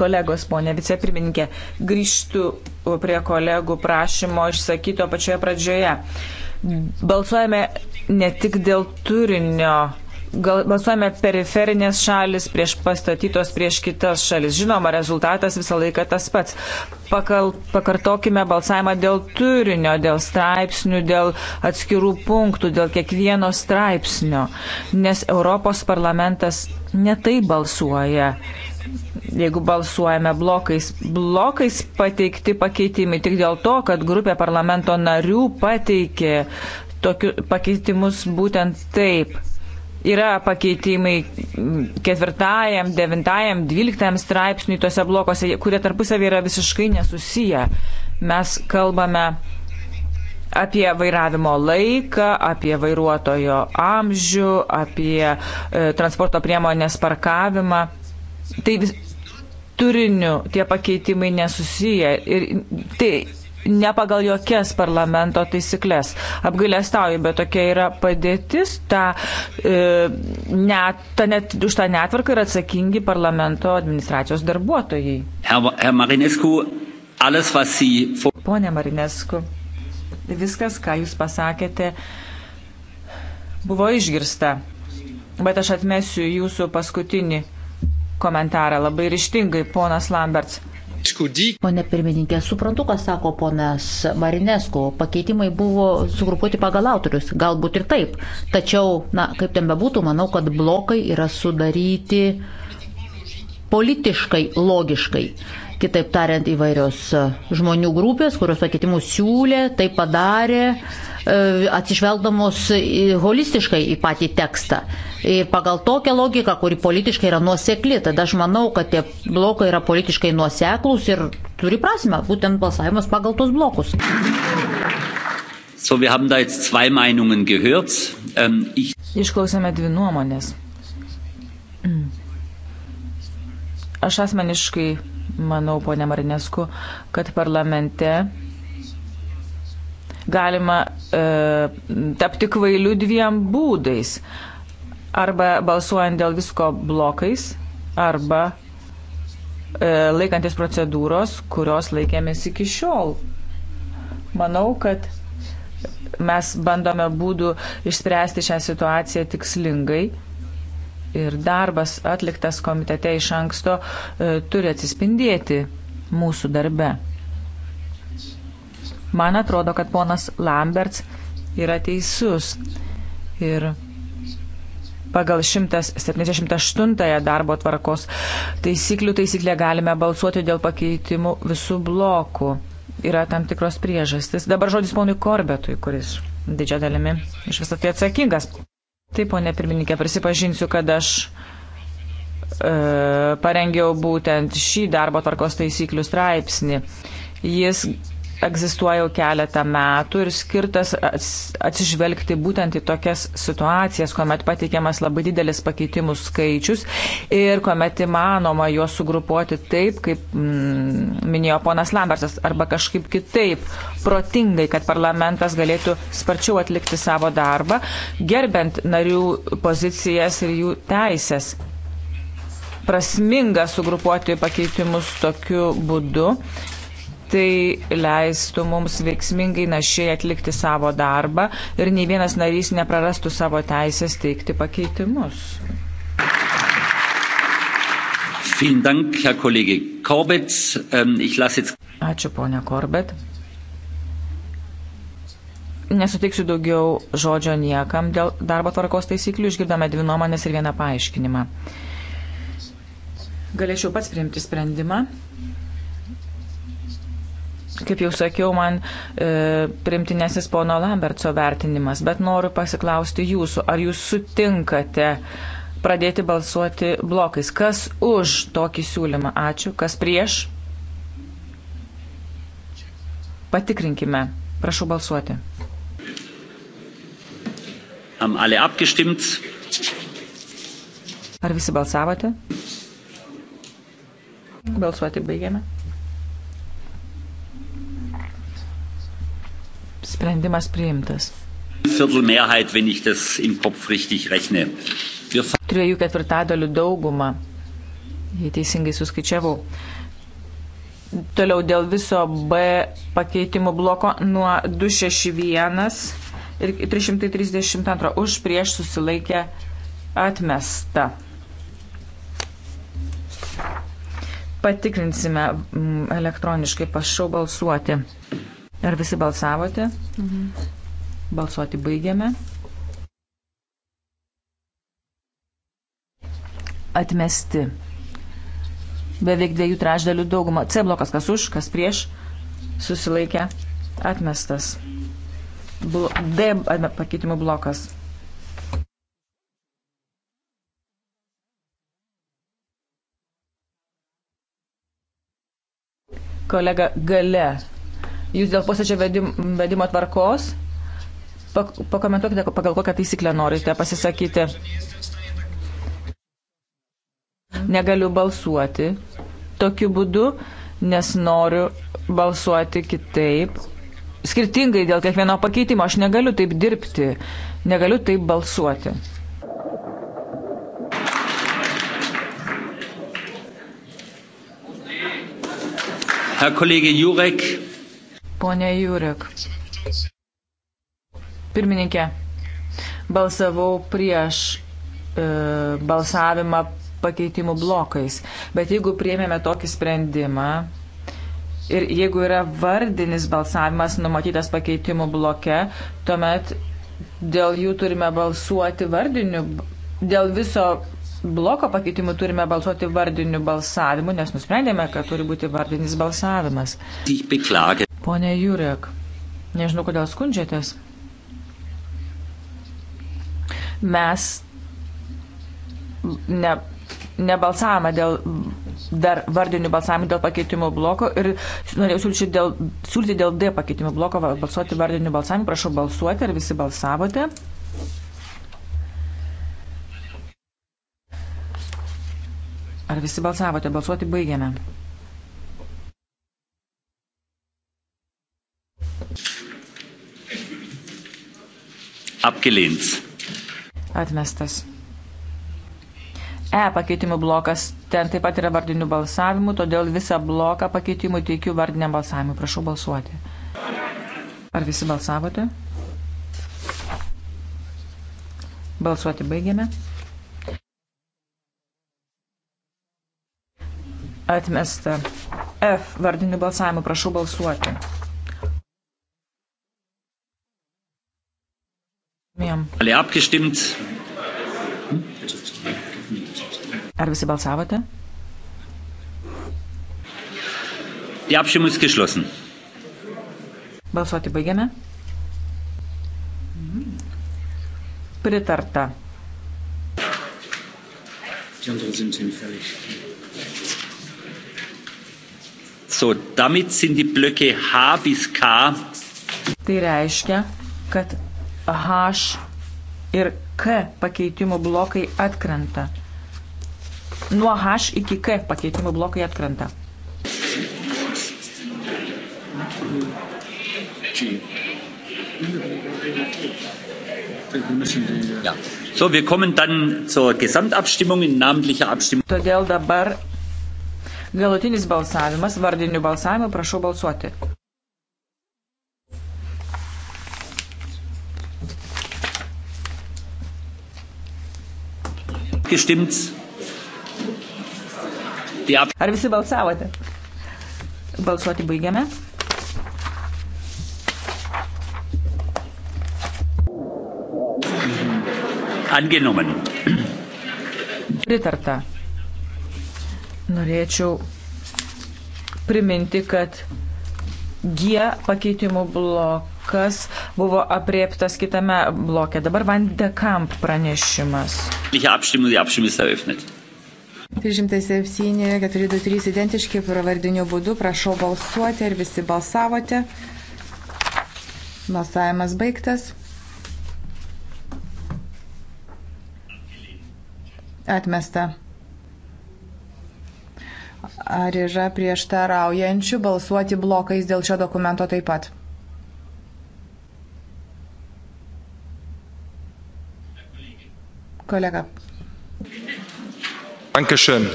Kolegos, ponė vicepirmininkė, grįžtų prie kolegų prašymo išsakyto pačioje pradžioje. Balsuojame ne tik dėl turinio gal, balsuojame periferinės šalis prieš pastatytos prieš kitas šalis. Žinoma, rezultatas visą laiką tas pats. Pakal, pakartokime balsavimą dėl turinio, dėl straipsnių, dėl atskirų punktų, dėl kiekvieno straipsnio, nes Europos parlamentas netai balsuoja. Jeigu balsuojame blokais, blokais pateikti pakeitimai tik dėl to, kad grupė parlamento narių pateikė tokiu, pakeitimus būtent taip yra pakeitimai ketvirtajam, devintajam, dvyliktajam straipsniui tose blokose, kurie tarpusavį yra visiškai nesusiję. Mes kalbame apie vairavimo laiką, apie vairuotojo amžių, apie e, transporto priemonės parkavimą. Tai vis, turiniu tie pakeitimai nesusiję. Ir tai ne pagal jokias parlamento taisyklės. Apgailestauju, bet tokia yra padėtis, ta, e, net, ta net, už tą netvarką yra atsakingi parlamento administracijos darbuotojai. Herr, Herr Marinescu, alles, Sie... Pone Marinesku, viskas, ką Jūs pasakėte, buvo išgirsta, bet aš atmesiu Jūsų paskutinį komentarą labai ryštingai, ponas Lamberts. Pone pirmininkė, suprantu, ką sako ponas Marinesko. Pakeitimai buvo sugrupuoti pagal autorius, galbūt ir taip. Tačiau, na, kaip ten bebūtų, manau, kad blokai yra sudaryti politiškai, logiškai. Kitaip tariant, įvairios žmonių grupės, kurios pakeitimus siūlė, tai padarė, e, atsižvelgdamos holistiškai į patį tekstą. Ir pagal tokią logiką, kuri politiškai yra nuosekli, tada aš manau, kad tie blokai yra politiškai nuoseklus ir turi prasme būtent balsavimas pagal tos blokus. So, wir haben da jetzt zwei Meinungen gehört. Ähm, ich... Išklausėme dvi nuomonės. Aš asmeniškai manau, ponė Marinesku, kad parlamente galima e, tapti kvailiu dviem būdais. E, arba balsuojant dėl visko blokais, arba e, laikantis procedūros, kurios laikėmės iki šiol. Manau, kad mes bandome būdų išspręsti šią situaciją tikslingai. Ir darbas atliktas komitete iš anksto e, turi atsispindėti mūsų darbe. Man atrodo, kad ponas Lamberts yra teisus. Ir pagal 178 darbo tvarkos taisyklių taisyklę galime balsuoti dėl pakeitimų visų blokų. Yra tam tikros priežastis. Dabar žodis ponui Korbetui, kuris didžia dalimi iš visą tai atsakingas. Taip, ponė pirmininkė, prisipažinsiu, kad aš e, parengiau būtent šį darbo tvarkos taisyklių straipsnį. Jis egzistuoja jau keletą metų ir skirtas atsižvelgti būtent į tokias situacijas, kuomet pateikiamas labai didelis pakeitimų skaičius ir kuomet įmanoma juos sugrupuoti taip, kaip mm, minėjo ponas Lambertas, arba kažkaip kitaip, protingai, kad parlamentas galėtų sparčiau atlikti savo darbą, gerbent narių pozicijas ir jų teisės prasminga sugrupuoti pakeitimus tokiu būdu tai leistų mums veiksmingai našiai atlikti savo darbą ir nei vienas narys neprarastų savo teisės teikti pakeitimus. Ähm, Ačiū, ponia Korbet. Nesuteiksiu daugiau žodžio niekam dėl darbo tvarkos taisyklių, išgirdome dvi nuomonės ir vieną paaiškinimą. Galėčiau pats priimti sprendimą Kaip jau sakiau, man e, primtinesis pono Lambertso vertinimas, bet noriu pasiklausti jūsų, ar jūs sutinkate pradėti balsuoti blokais? Kas už tokį siūlymą? Ačiū. Kas prieš? Patikrinkime. Prašau balsuoti. Ar visi balsavote? Balsuoti baigiame. sprendimas priimtas. Trijų ketvirtadalių daugumą, jei teisingai suskaičiavau. Toliau dėl viso B pakeitimų bloko nuo 261 ir 332 už prieš susilaikę atmesta. Patikrinsime mm, elektroniškai, prašau balsuoti. Ar visi balsavote? Mhm. Balsuoti baigiame. Atmesti. Beveik dviejų trečdalių daugumą. C blokas kas už, kas prieš. Susilaikė. Atmestas. Blo D pakeitimų blokas. Kolega gale Jūs dėl posėdžio vedimo tvarkos pakomentuokite, pagal kokią taisyklę norite pasisakyti. Negaliu balsuoti tokiu būdu, nes noriu balsuoti kitaip. Skirtingai dėl kiekvieno pakeitimo aš negaliu taip dirbti, negaliu taip balsuoti. Herr Kollege Jurek, Pone Jurek. Pirmininkė, balsavau prieš e, balsavimą pakeitimų blokais, bet jeigu priėmėme tokį sprendimą ir jeigu yra vardinis balsavimas numatytas pakeitimų bloke, tuomet dėl jų turime balsuoti vardiniu, dėl viso bloko pakeitimų turime balsuoti vardiniu balsavimu, nes nusprendėme, kad turi būti vardinis balsavimas. Pone Jurek, nežinau, kodėl skundžiatės. Mes ne, nebalsavome dėl dar vardinių balsavimų dėl pakeitimų bloko ir norėjau siūlyti dėl, siūlyti dėl D pakeitimų bloko balsuoti vardinių balsavimų. Prašau balsuoti, ar visi balsavote. Ar visi balsavote? Balsuoti baigiame. Apgelehnt. Atmestas. E pakeitimų blokas. Ten taip pat yra vardinių balsavimų, todėl visą bloką pakeitimų teikiu vardiniam balsavimui. Prašau balsuoti. Ar visi balsavote? Balsuoti baigėme. Atmesta. F vardinių balsavimų. Prašau balsuoti. Ar visi balsavote? Die Abstimmung ist geschlossen. Balsuoti baigiame. Pritarta. Die anderen sind hinfällig. So, damit sind die Blöcke H bis K. Tai reiškia, kad H ir K pakeitimų blokai atkrenta. Nuo H iki K pakeitimų blokai atkrenta. Ja. So, wir kommen dann zur Gesamtabstimmung in namentlicher Abstimmung. Todėl dabar galutinis balsavimas, vardiniu balsavimu, prašau balsuoti. Ar visi balsavote? Balsuoti baigiame. Angenommen. Pritarta. Norėčiau priminti, kad G pakeitimų blokas buvo apriektas kitame bloke. Dabar Vandekamp pranešimas. 307, 423 identiški pravardiniu būdu. Prašau balsuoti, ar visi balsavote. Balsavimas baigtas. Atmesta. Ar yra prieštaraujančių balsuoti blokais dėl šio dokumento taip pat? Kolega. Dankeschön.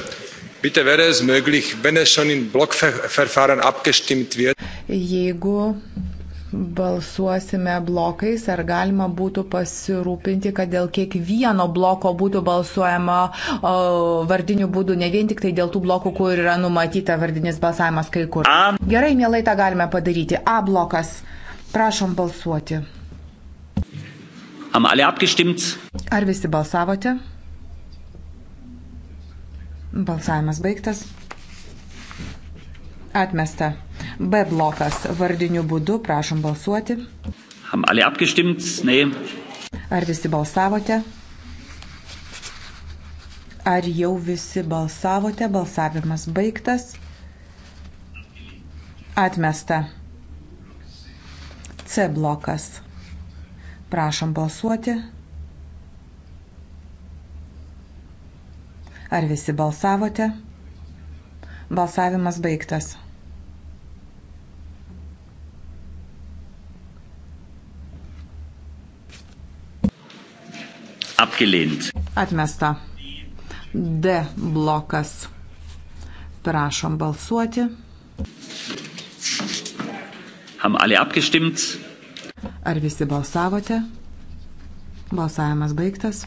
Bitte wäre es möglich, wenn es schon in Blockverfahren abgestimmt wird. Jeigu balsuosime blokais, ar galima būtų pasirūpinti, kad dėl kiekvieno bloko būtų balsuojama o, vardiniu būdu, ne vien tik tai dėl tų blokų, kur yra numatyta vardinis balsavimas kai kur. A. Gerai, mielai tą galime padaryti. A blokas. Prašom balsuoti. Ar visi balsavote? Balsavimas baigtas. Atmesta. B blokas vardiniu būdu, prašom balsuoti. Ar visi balsavote? Ar jau visi balsavote? Balsavimas baigtas. Atmesta. C blokas. Prašom balsuoti. Ar visi balsavote? Balsavimas baigtas. Abgelehnt. Atmesta. D blokas. Prašom balsuoti. Haben alle abgestimmt? Ar visi balsavote? Balsavimas baigtas.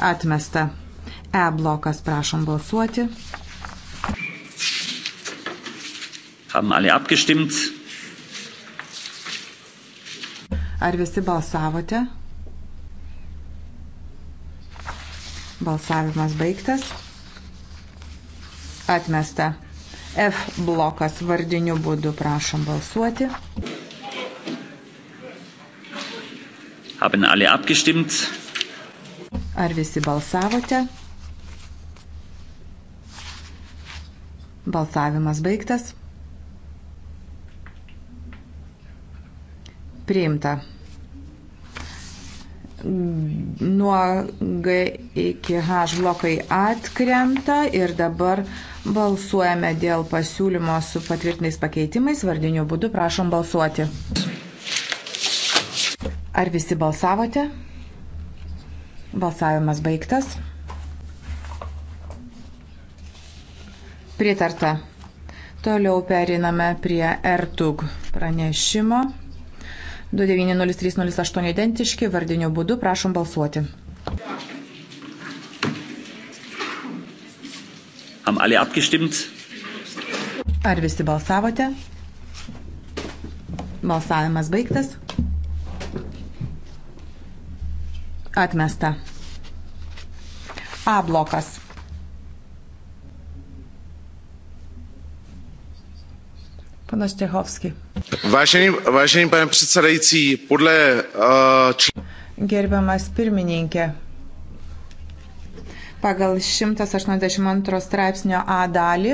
Atmesta. E blokas, prašom balsuoti. Haben alle abgestimmt? Ar visi balsavote? Balsavimas baigtas. Atmesta. F blokas vardiniu būdu prašom balsuoti. Haben alle abgestimmt? Ar visi balsavote? Balsavimas baigtas. priimta. Nuo G iki H blokai atkrenta ir dabar balsuojame dėl pasiūlymo su patvirtiniais pakeitimais. Vardiniu būdu prašom balsuoti. Ar visi balsavote? Balsavimas baigtas. Pritarta. Toliau periname prie RTUG pranešimo. 290308 identiški, vardiniu būdu prašom balsuoti. Ar visi balsavote? Balsavimas baigtas. Atmesta. A blokas. Pana Stehovski. Vážený, vážený pane předsedající, podle... Uh, eh, čl... Gerbiamas pirmininkė, pagal 182 straipsnio A dalį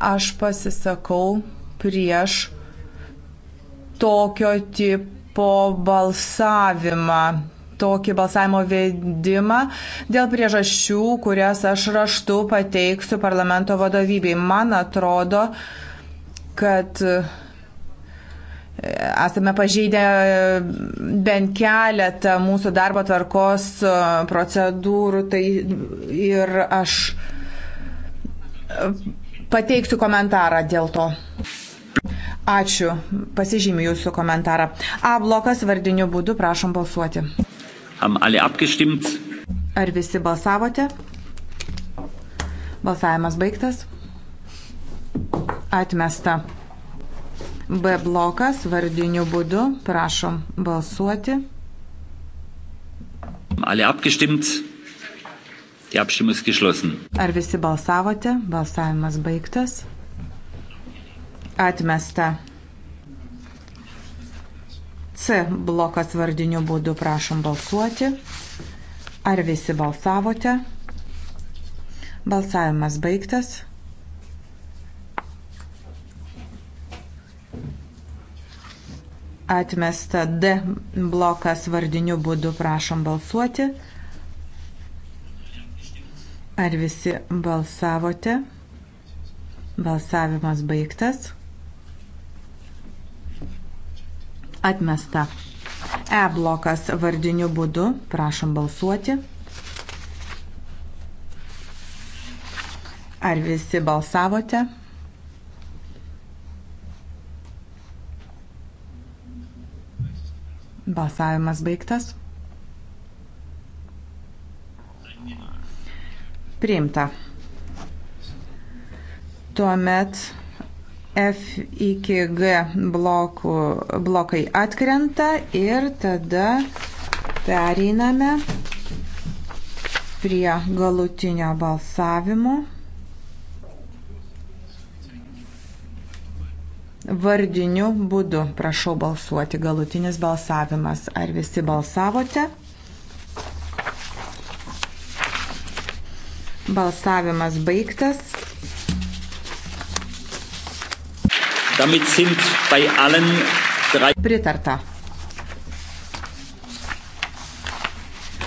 aš pasisakau prieš tokio tipo balsavimą, tokį balsavimo vedimą dėl priežasčių, kurias aš raštu pateiksiu parlamento vadovybei. Man atrodo, uh, kad e, esame pažeidę e, bent keletą mūsų darbo tvarkos e, procedūrų. Tai ir aš pateiksiu komentarą dėl to. Ačiū. Pasižymiu jūsų komentarą. A blokas vardiniu būdu, prašom balsuoti. Ar visi balsavote? Balsavimas baigtas. Atmesta. B blokas vardiniu būdu. Prašom balsuoti. Alle abgestimmt. Die Abstimmung ist geschlossen. Ar visi balsavote? Balsavimas baigtas. Atmesta. C blokas vardiniu būdu prašom balsuoti. Ar visi balsavote? Balsavimas baigtas. atmesta D blokas vardiniu būdu, prašom balsuoti. Ar visi balsavote? Balsavimas baigtas. Atmesta. E blokas vardiniu būdu, prašom balsuoti. Ar visi balsavote? Balsavimas baigtas. Priimta. Tuomet F iki G blokų, blokai atkrenta ir tada pereiname prie galutinio balsavimo. vardiniu būdu. Prašau balsuoti. Galutinis balsavimas. Ar visi balsavote? Balsavimas baigtas. Damit sind bei allen drei. Pritarta.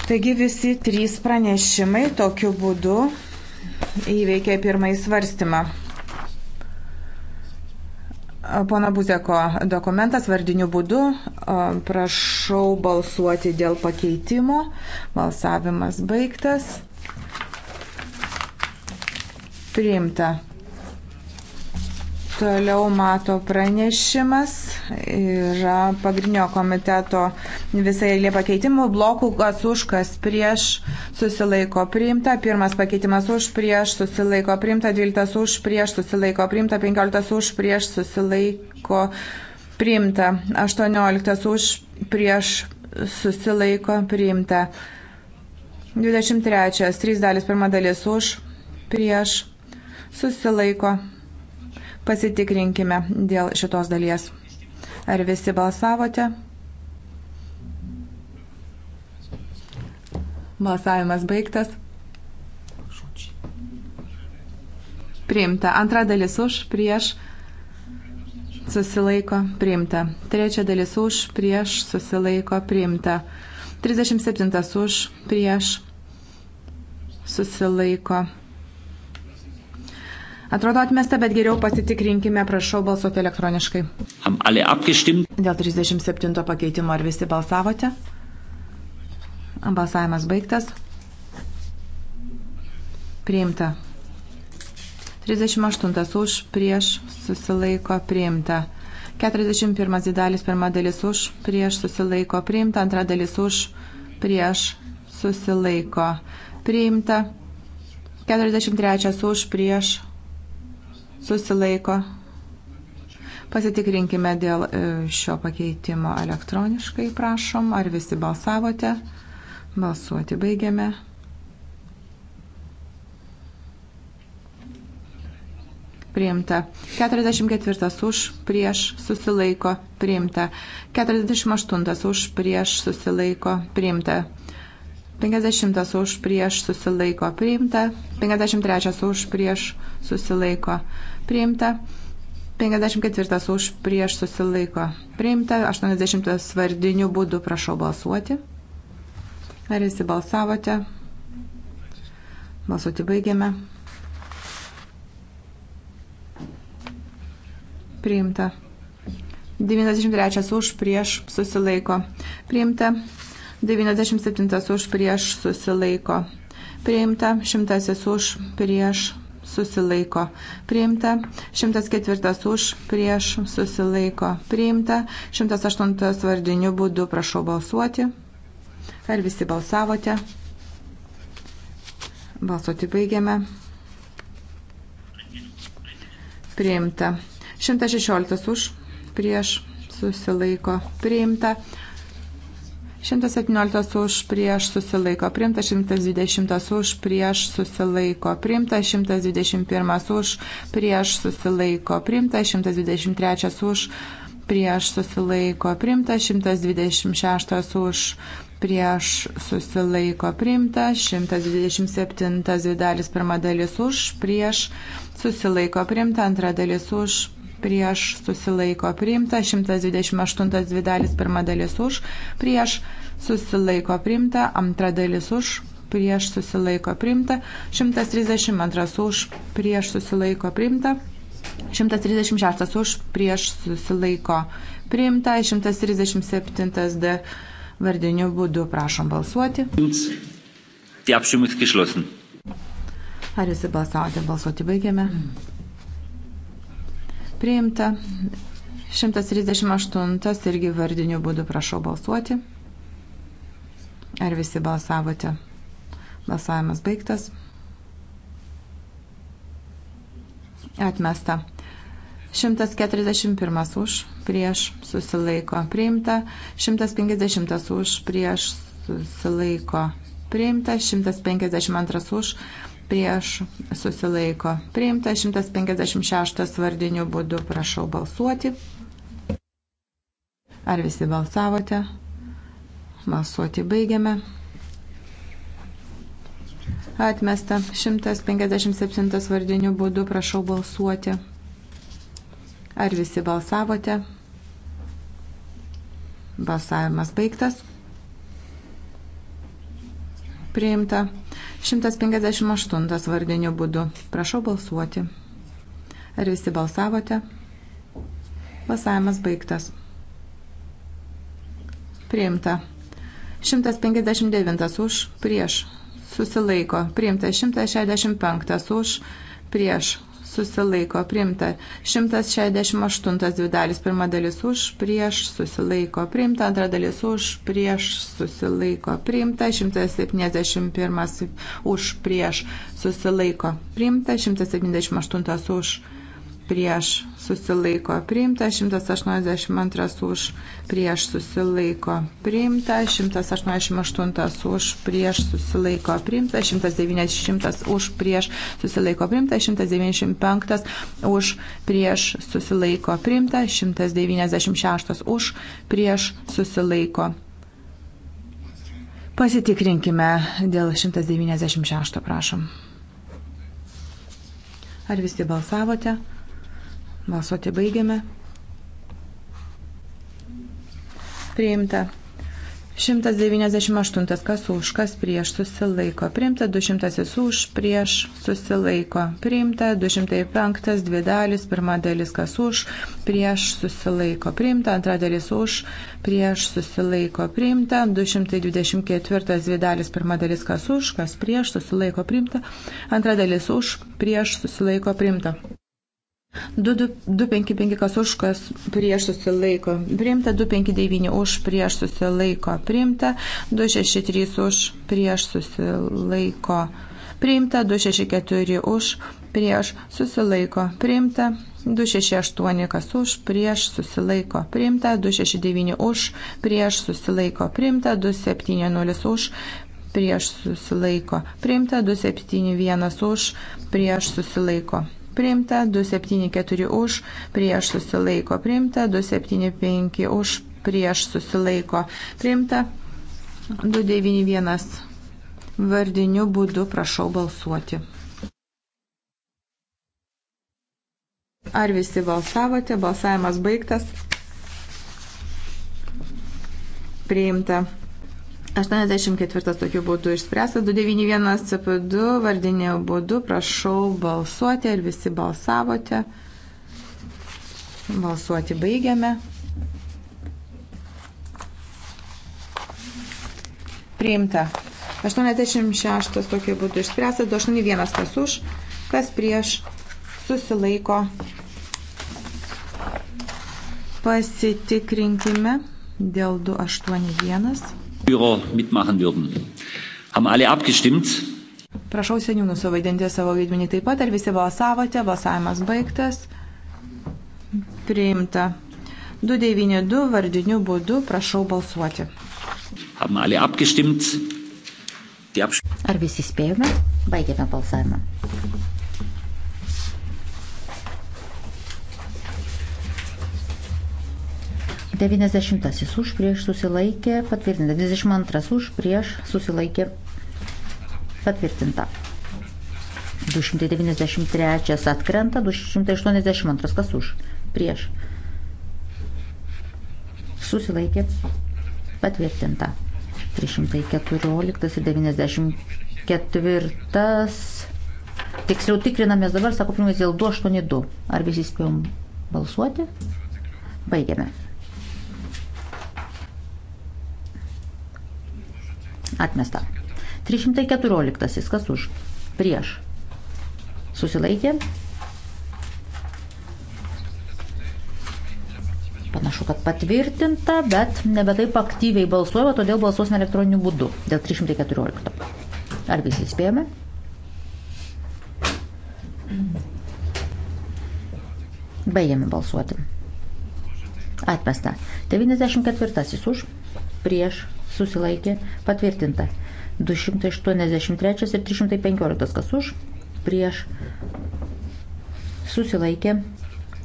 Taigi visi trys pranešimai tokiu būdu įveikė pirmąjį svarstymą. Pono Buzeko dokumentas vardiniu būdu. Prašau balsuoti dėl pakeitimo. Balsavimas baigtas. Priimta. Toliau mato pranešimas yra pagrindinio komiteto visai eilė pakeitimų blokų, kas už, kas prieš susilaiko priimta. Pirmas pakeitimas už, prieš susilaiko priimta, dvyliktas už, prieš susilaiko priimta, penkioliktas už, prieš susilaiko priimta, aštuonioliktas už, prieš susilaiko priimta. 23. 3 dalis, pirma dalis už, prieš, susilaiko, Pasitikrinkime dėl šitos dalies. Ar visi balsavote? Balsavimas baigtas. Priimta. Antra dalis už, prieš, susilaiko, priimta. Trečia dalis už, prieš, susilaiko, priimta. 37 už, prieš, susilaiko, priimta Atrodo atmesta, bet geriau pasitikrinkime, prašau balsuoti elektroniškai. Dėl 37 pakeitimo ar visi balsavote? Balsavimas baigtas. Priimta. 38 už, prieš, susilaiko, priimta. 41 dalis, pirma dalis už, prieš, susilaiko, priimta. Antra dalis už, prieš, susilaiko, priimta. 43 už, prieš, susilaiko. Pasitikrinkime dėl e, šio pakeitimo elektroniškai, prašom, ar visi balsavote. Balsuoti baigiame. Priimta. 44 už, prieš, susilaiko, priimta. 48 už, prieš, susilaiko, priimta. 50 už prieš susilaiko priimta, 53 už prieš susilaiko priimta, 54 už prieš susilaiko priimta, 80 vardinių būdų prašau balsuoti. Ar visi balsavote? Balsuoti baigiame. Priimta. 93 už prieš susilaiko. Priimta. 97 už prieš susilaiko. Priimta 100 už prieš susilaiko. Priimta 104 už prieš susilaiko. Priimta 108 vardiniu būdu prašau balsuoti. Ar visi balsavote? Balsuoti baigiame. Priimta. 116 už prieš susilaiko. Priimta. 117 už prieš susilaiko priimta, 120 už prieš susilaiko priimta, 121 už prieš susilaiko priimta, 123 už prieš susilaiko priimta, 126 už prieš susilaiko priimta, 127 dalis pirma dalis už, prieš susilaiko priimta, antra dalis už, prieš susilaiko priimta, 128 dvi dalis pirma dalis už, prieš susilaiko priimta, antra dalis už, prieš susilaiko priimta, 132 už, prieš susilaiko priimta. 136 už prieš susilaiko priimta, 137 d vardiniu būdu prašom balsuoti. Ar jūs balsavote, balsuoti baigiame? Mm. Priimta 138 irgi vardiniu būdu prašau balsuoti. Ar visi balsavote? Balsavimas baigtas. Atmesta. 141 už, prieš susilaiko priimta, 150 už, prieš susilaiko priimta, 152 už, prieš susilaiko. Priimta 156 vardinių būdų, prašau balsuoti. Ar visi balsavote? Balsuoti baigiame. Atmesta 157 vardinių būdų, prašau balsuoti. Ar visi balsavote? Balsavimas baigtas. Priimta 158 vardiniu būdu. Prašau balsuoti. Ar visi balsavote? Balsavimas baigtas. Priimta. 159 už, prieš, susilaiko. Priimta 165 už, prieš, susilaiko priimta. 168 dvi dalis, pirma dalis už, prieš susilaiko priimta, antra dalis už, prieš susilaiko priimta, 171 už, prieš susilaiko priimta, 178 už prieš susilaiko priimta, 182 už prieš susilaiko priimta, 188 už prieš susilaiko priimta, 190 už prieš susilaiko priimta, 195 už prieš susilaiko priimta, 196 už prieš susilaiko. Pasitikrinkime dėl 196, prašom. Ar visi balsavote? Balsuoti baigiame. Priimta. 198 kas už, kas prieš susilaiko. Priimta 200 už, prieš susilaiko. Priimta 205 dvi dalis, pirma dalis kas už, prieš susilaiko. Priimta antra dalis už, prieš susilaiko. Priimta 224 dvi dalis, pirma dalis kas už, kas prieš susilaiko. Priimta antra dalis už, prieš susilaiko. Priimta. 255 kas už, kas prieš susilaiko. Priimta 259 už, prieš susilaiko. Priimta 263 už, prieš susilaiko. Priimta 264 už, prieš susilaiko. Priimta 268 kas už, prieš susilaiko. Priimta 269 už, prieš susilaiko. Priimta 270 už, prieš susilaiko. Priimta 271 už, prieš susilaiko priimta, 274 už, prieš susilaiko priimta, 275 už, prieš susilaiko priimta, 291 vardiniu būdu prašau balsuoti. Ar visi balsavote? Balsavimas baigtas. Priimta. 84 tokiu būdu išspręsta, 291 CP2 vardinė būdu, prašau balsuoti, ar visi balsavote. Balsuoti baigiame. Priimta. 86 tokiu būdu išspręsta, 281 kas už, kas prieš, susilaiko. Pasitikrinkime dėl 281. Prašau seniūnų suvaidinti savo vaidmenį taip pat, ar visi balsavote, balsavimas baigtas, priimta. 292 vardiniu būdu prašau balsuoti. Ar visi spėjome? Baigėme balsavimą. 90 už prieš susilaikė patvirtinta. 92 už prieš susilaikė patvirtinta. 293 atkrenta, 282 kas už prieš susilaikė patvirtinta. 314 ir 94. Tiksliau tikrinamės dabar, sako pirmas dėl 282. Ar visi spėjom balsuoti? Baigiame. Atmesta. 314. Kas už? Prieš. Susilaikė. Panašu, kad patvirtinta, bet nebe taip aktyviai balsuojama, todėl balsuosime elektroniniu būdu dėl 314. Ar visi spėjome? Baigėme balsuoti. Atmesta. 94 už, prieš, susilaikė patvirtinta. 283 ir 315 kas už, prieš susilaikė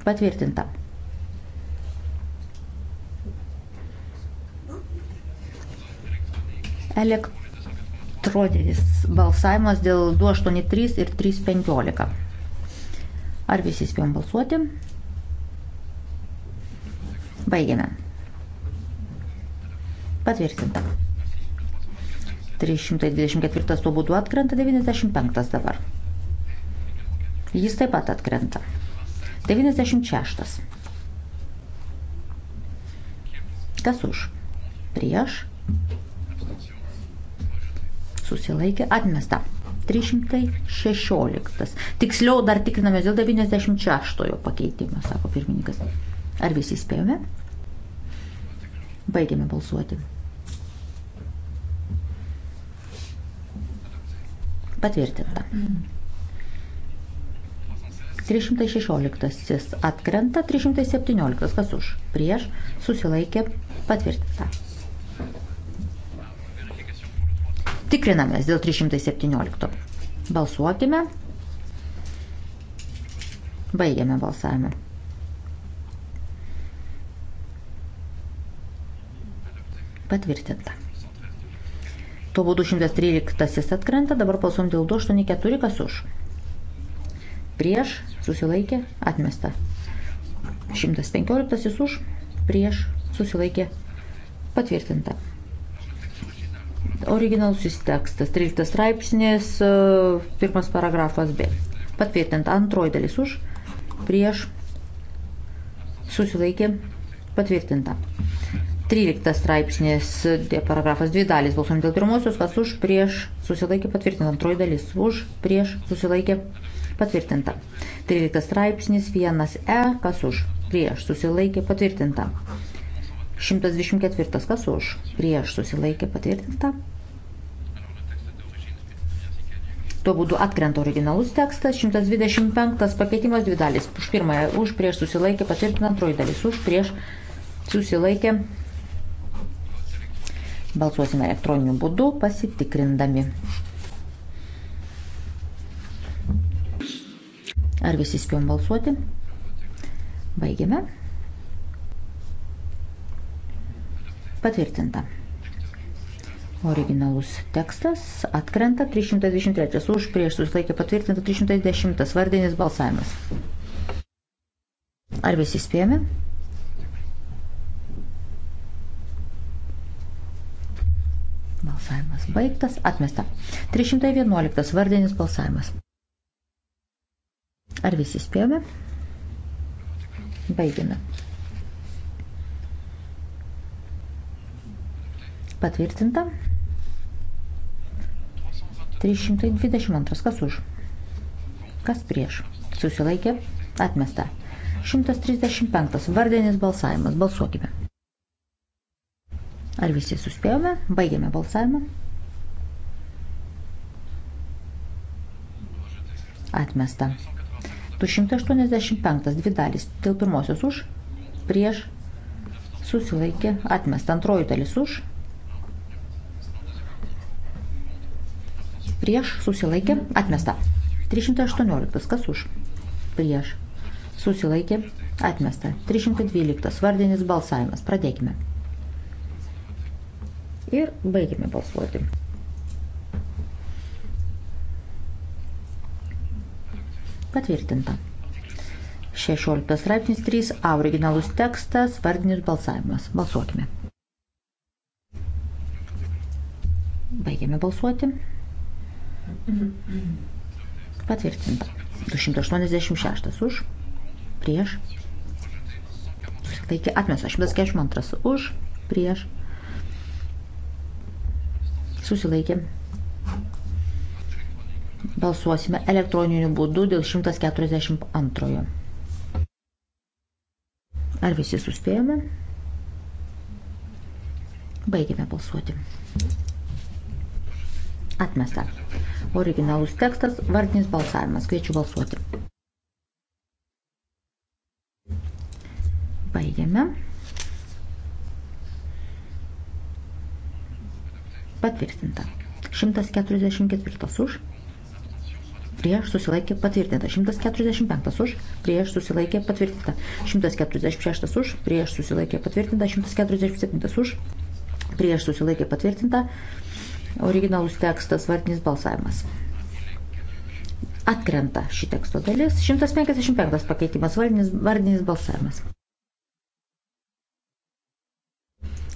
patvirtinta. Elektrodinis balsavimas dėl 283 ir 315. Ar visi spėjom balsuoti? Baigėme. Patvirtinta. 324 tuo būdu atkrenta 95 dabar. Jis taip pat atkrenta. 96. Kas už? Prieš. Susilaikė. Atmesta. 316. Tiksliau dar tikrinamės dėl 96 pakeitimo, sako pirmininkas. Ar visi spėjome? Baigėme balsuoti. Patvirtinta. 316 atkrenta, 317 kas už, prieš, susilaikė, patvirtinta. Tikrinamės dėl 317. Balsuokime. Baigiame balsavimą. Patvirtinta. Tuo būdu 113 atkrenta, dabar balsuom dėl 284, kas už. Prieš, susilaikė, atmesta. 115 už, prieš, susilaikė, patvirtinta. Originalusis tekstas, 13 straipsnės, pirmas paragrafas B. Patvirtinta, antroji dalis už, prieš, susilaikė, patvirtinta. 13 straipsnis, e, paragrafas 2 dalis, balsuom dėl pirmosios, kas už, prieš, susilaikė patvirtinta, antroji dalis, už, prieš, susilaikė patvirtinta. 13 straipsnis, 1E, kas už, prieš, susilaikė patvirtinta. 124, kas už, prieš, susilaikė patvirtinta. Tuo būdu atkrenta originalus tekstas. 125 pakeitimas dvi dalis. Už pirmąją už prieš susilaikė, patvirtina antroji dalis už prieš susilaikė Balsuosime elektroniniu būdu pasitikrindami. Ar visi spėjom balsuoti? Baigiame. Patvirtinta. Originalus tekstas atkrenta 323 už prieš susilaikė patvirtinta 310 vardinis balsavimas. Ar visi spėjome? Balsavimas baigtas, atmesta. 311 vardinis balsavimas. Ar visi spėjome? Baigime. Patvirtinta. 322. Kas už? Kas prieš? Susilaikė. Atmesta. 135. Vardinis balsavimas. Balsuokime. Ar visi suspėjome? Baigėme balsavimą. Atmesta. 285. Dvi dalys. Dėl pirmosios už, prieš, susilaikė, atmesta. Antroji dalis už, prieš, susilaikė, atmesta. 318. Kas už, prieš, susilaikė, atmesta. 312. Vardinis balsavimas. Pradėkime ir baigėme balsuoti. Patvirtinta. 16 straipsnis 3a originalus tekstas, vardinis balsavimas. Balsuokime. Baigėme balsuoti. Patvirtinta. 286 už, prieš. Taigi atmesa 142 už, prieš susilaikė. Balsuosime elektroniniu būdu dėl 142. Ar visi suspėjome? Baigime balsuoti. Atmesta. Originalus tekstas, vardinis balsavimas. Kviečiu balsuoti. Baigiame. patvirtinta. 144 už, prieš susilaikė patvirtinta. 145 už, prieš susilaikė patvirtinta. 146 už, prieš susilaikė patvirtinta. 147 už, prieš susilaikė patvirtinta. Originalus tekstas vardinis balsavimas. Atkrenta ši teksto dalis. 155 pakeitimas vardinis, vardinis balsavimas.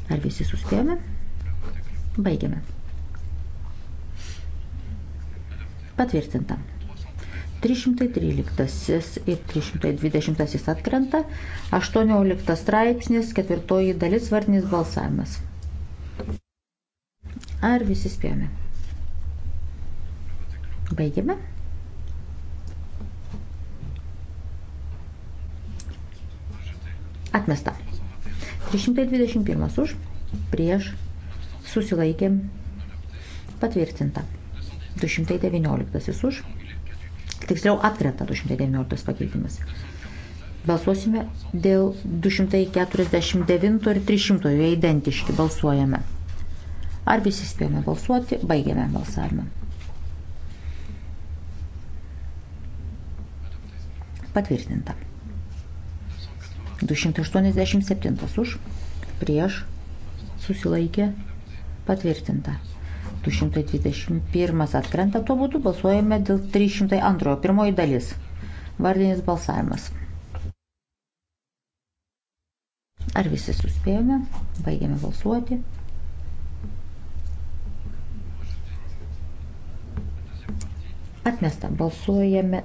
Ar visi suspėjome? Baigiame. Patvirtinta. 313 ir 320 atkrenta, 18 straipsnis, ketvirtoji dalis vardinis balsavimas. Ar visi spėjome? Baigiame. Atmesta. 321 už, prieš susilaikė patvirtinta. 219 už, tiksliau atkrenta 219 pakeitimas. Balsuosime dėl 249 ir 300, jie identiški, balsuojame. Ar visi spėjome balsuoti, baigėme balsavimą. Patvirtinta. 287 už, prieš, susilaikė, Patvirtinta. 221 atkrenta, tuo būdu balsuojame dėl 302 pirmoji dalis. Vardinis balsavimas. Ar visi suspėjome? Baigėme balsuoti. Atmesta. Balsuojame.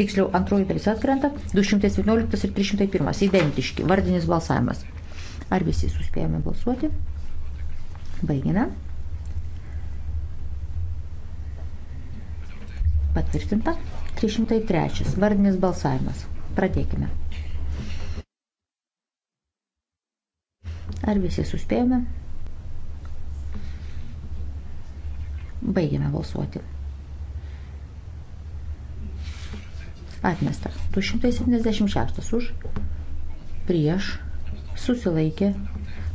Tiksliau, antroji dalis atkrenta. 217 ir 301. Identiški. Vardinis balsavimas. Ar visi suspėjome balsuoti? Baigina. Patvirtinta. 303. Vardinis balsavimas. Pradėkime. Ar visi suspėjome? Baigėme balsuoti. Atmesta. 276 už. Prieš. Susilaikė.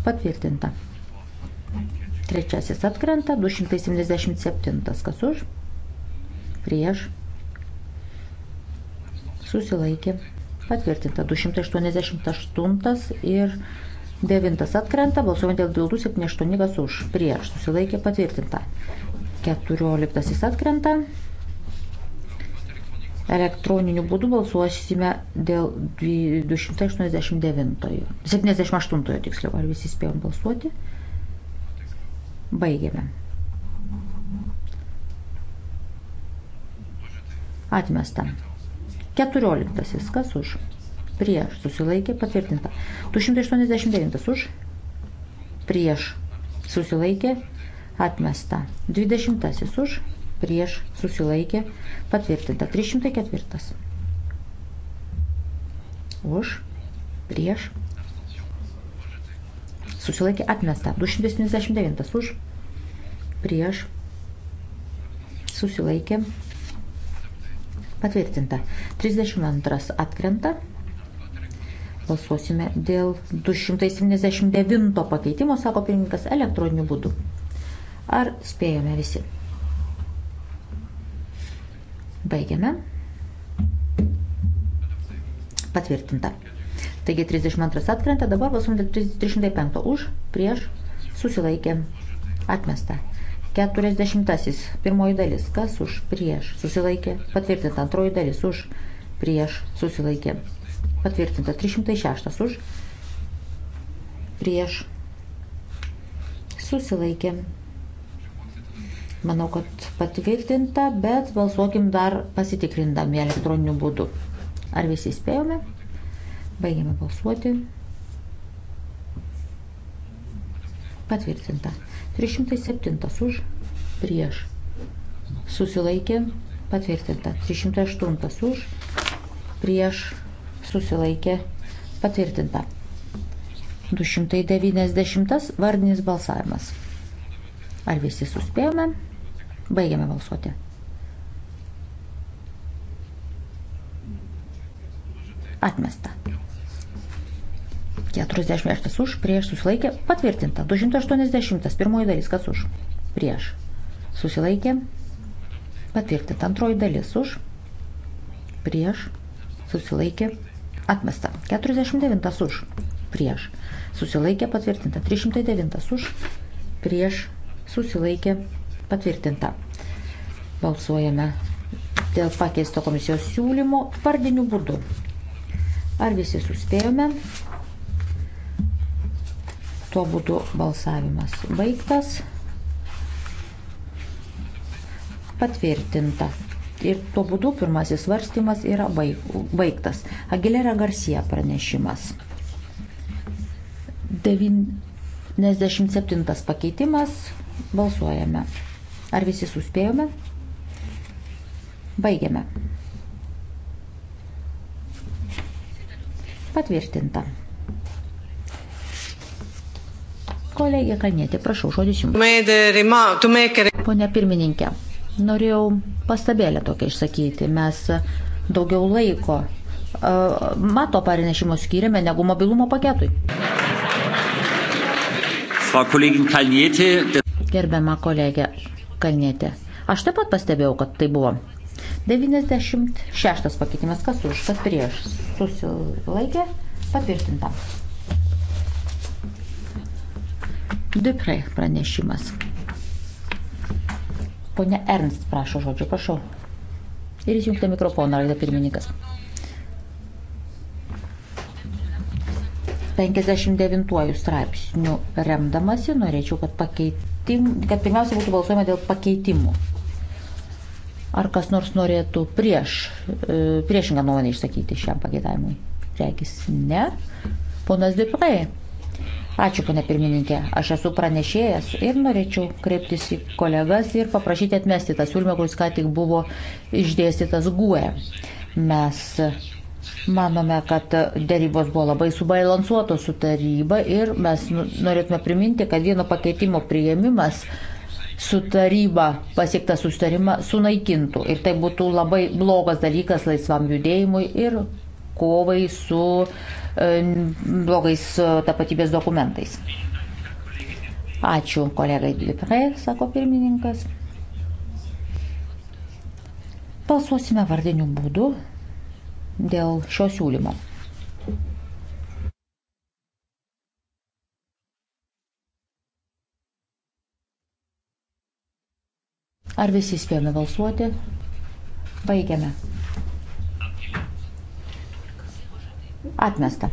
Patvirtinta. Trečiasis atkrenta 277. Kas už? Prieš. Susilaikė. Patvirtinta 288 ir 9 atkrenta. Balsuojant dėl 278 kas už. Prieš. Susilaikė. Patvirtinta. 14 atkrenta. Elektroniniu būdu balsuosime dėl 289. 78 tiksliau. Ar visi spėjom balsuoti? Baigėme. Atmesta. 14. Kas už? Prieš. Susilaikė patvirtinta. 289 už. Prieš. Susilaikė atmesta. 20 už. Prieš. Susilaikė patvirtinta. 304. Už. Prieš susilaikė atmesta. 279 už, prieš, susilaikė, patvirtinta. 32 atkrenta. Balsuosime dėl 279 pakeitimo, sako pirmininkas, elektroniniu būdu. Ar spėjome visi? Baigiame. Patvirtinta. Taigi 32 atkrenta, dabar balsuom dėl 305 už, prieš, susilaikė, atmesta. 40. Pirmoji dalis, kas už, prieš, susilaikė, patvirtinta. Antroji dalis už, prieš, susilaikė, patvirtinta. 306 už, prieš, susilaikė. Manau, kad patvirtinta, bet balsuokim dar pasitikrindami elektroniniu būdu. Ar visi spėjome? Baigiame balsuoti. Patvirtinta. 307 už, prieš, susilaikė, patvirtinta. 308 už, prieš, susilaikė, patvirtinta. 290 vardinis balsavimas. Ar visi suspėjome? Baigiame balsuoti. Atmesta. 46 už, prieš susilaikė, patvirtinta. 280, pirmoji dalis, kas už, prieš susilaikė, patvirtinta. Antroji dalis už, prieš susilaikė, atmesta. 49 už, prieš susilaikė, patvirtinta. 309 už, prieš susilaikė, patvirtinta. Balsuojame dėl pakeisto komisijos siūlymo vardiniu būdu. Ar visi suspėjome? Tuo būdu balsavimas baigtas. Patvirtinta. Ir tuo būdu pirmasis svarstymas yra baigtas. Agilera Garcia pranešimas. 97 pakeitimas. Balsuojame. Ar visi suspėjome? Baigiame. Patvirtinta. Kolegė Kanėtė, prašau, žodis jums. Pone pirmininkė, norėjau pastabėlę tokią išsakyti. Mes daugiau laiko mato parinešimo skiriame negu mobilumo paketui. Gerbiama kolegė Kalnėtė, aš taip pat pastebėjau, kad tai buvo 96 pakeitimas, kas už, kas prieš, susilaikė, patvirtinta. Dupre pranešimas. Pone Ernst prašo žodžio, prašau. Ir įsijungti mikrofoną, raida pirmininkas. 59 straipsnių remdamasi norėčiau, kad, pakeitim, kad pirmiausia būtų balsuojama dėl pakeitimų. Ar kas nors norėtų prieš, e, priešingą nuomonę išsakyti šiam pageidavimui? Reikis ne. Ponas Dupre Ačiū, ponė pirmininkė. Aš esu pranešėjas ir norėčiau kreiptis į kolegas ir paprašyti atmesti tą siūlymą, kuris ką tik buvo išdėstytas GUE. Mes Manome, kad dėrybos buvo labai subalansuotos su taryba ir mes nu, norėtume priminti, kad vieno pakeitimo prieimimas su taryba pasiektą sustarimą sunaikintų. Ir tai būtų labai blogas dalykas laisvam judėjimui ir kovai su e, blogais e, tapatybės dokumentais. Ačiū kolegai Dilipre, sako pirmininkas. Balsuosime vardiniu būdu dėl šio siūlymo. Ar visi spėjome balsuoti? Baigiame. Atmesta.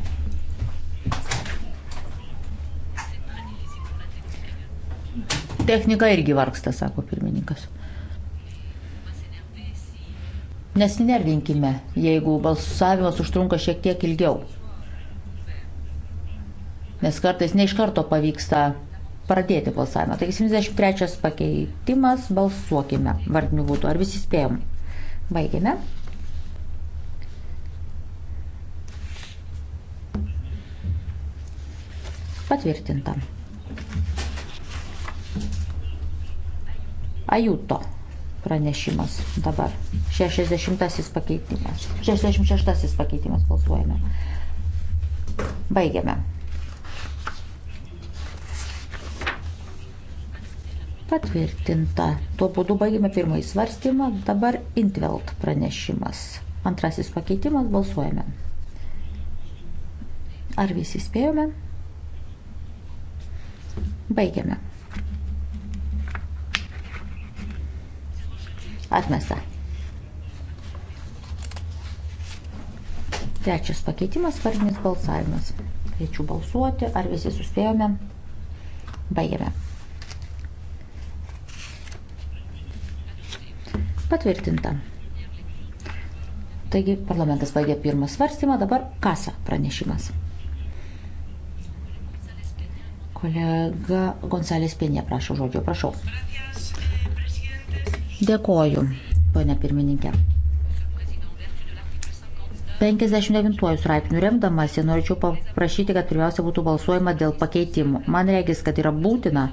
Technika irgi vargsta, sako pirmininkas. Nesinervinkime, jeigu balsavimas užtrunka šiek tiek ilgiau. Nes kartais neiš karto pavyksta pradėti balsavimą. Taigi 73 pakeitimas, balsuokime vardiniu būdu. Ar visi spėjom? Baigėme. Patvirtinta. Ajuto pranešimas dabar. 60 pakeitimas. 66 pakeitimas balsuojame. Baigiame. Patvirtinta. Tuo būdu baigėme pirmąjį svarstymą. Dabar Intveld pranešimas. Antrasis pakeitimas. Balsuojame. Ar visi spėjome? Baigiame. Atmesta. Trečias pakeitimas, vardinis balsavimas. Kviečiu balsuoti, ar visi suspėjome. Baigiame. Patvirtinta. Taigi parlamentas baigė pirmą svarstymą, dabar kasa pranešimas. Kolega Gonzalės Pinė, prašau žodžio, prašau. Dėkoju, ponia pirmininkė. 59 straipsnių remdamasi norėčiau paprašyti, kad pirmiausia būtų balsuojama dėl pakeitimų. Man regis, kad yra būtina,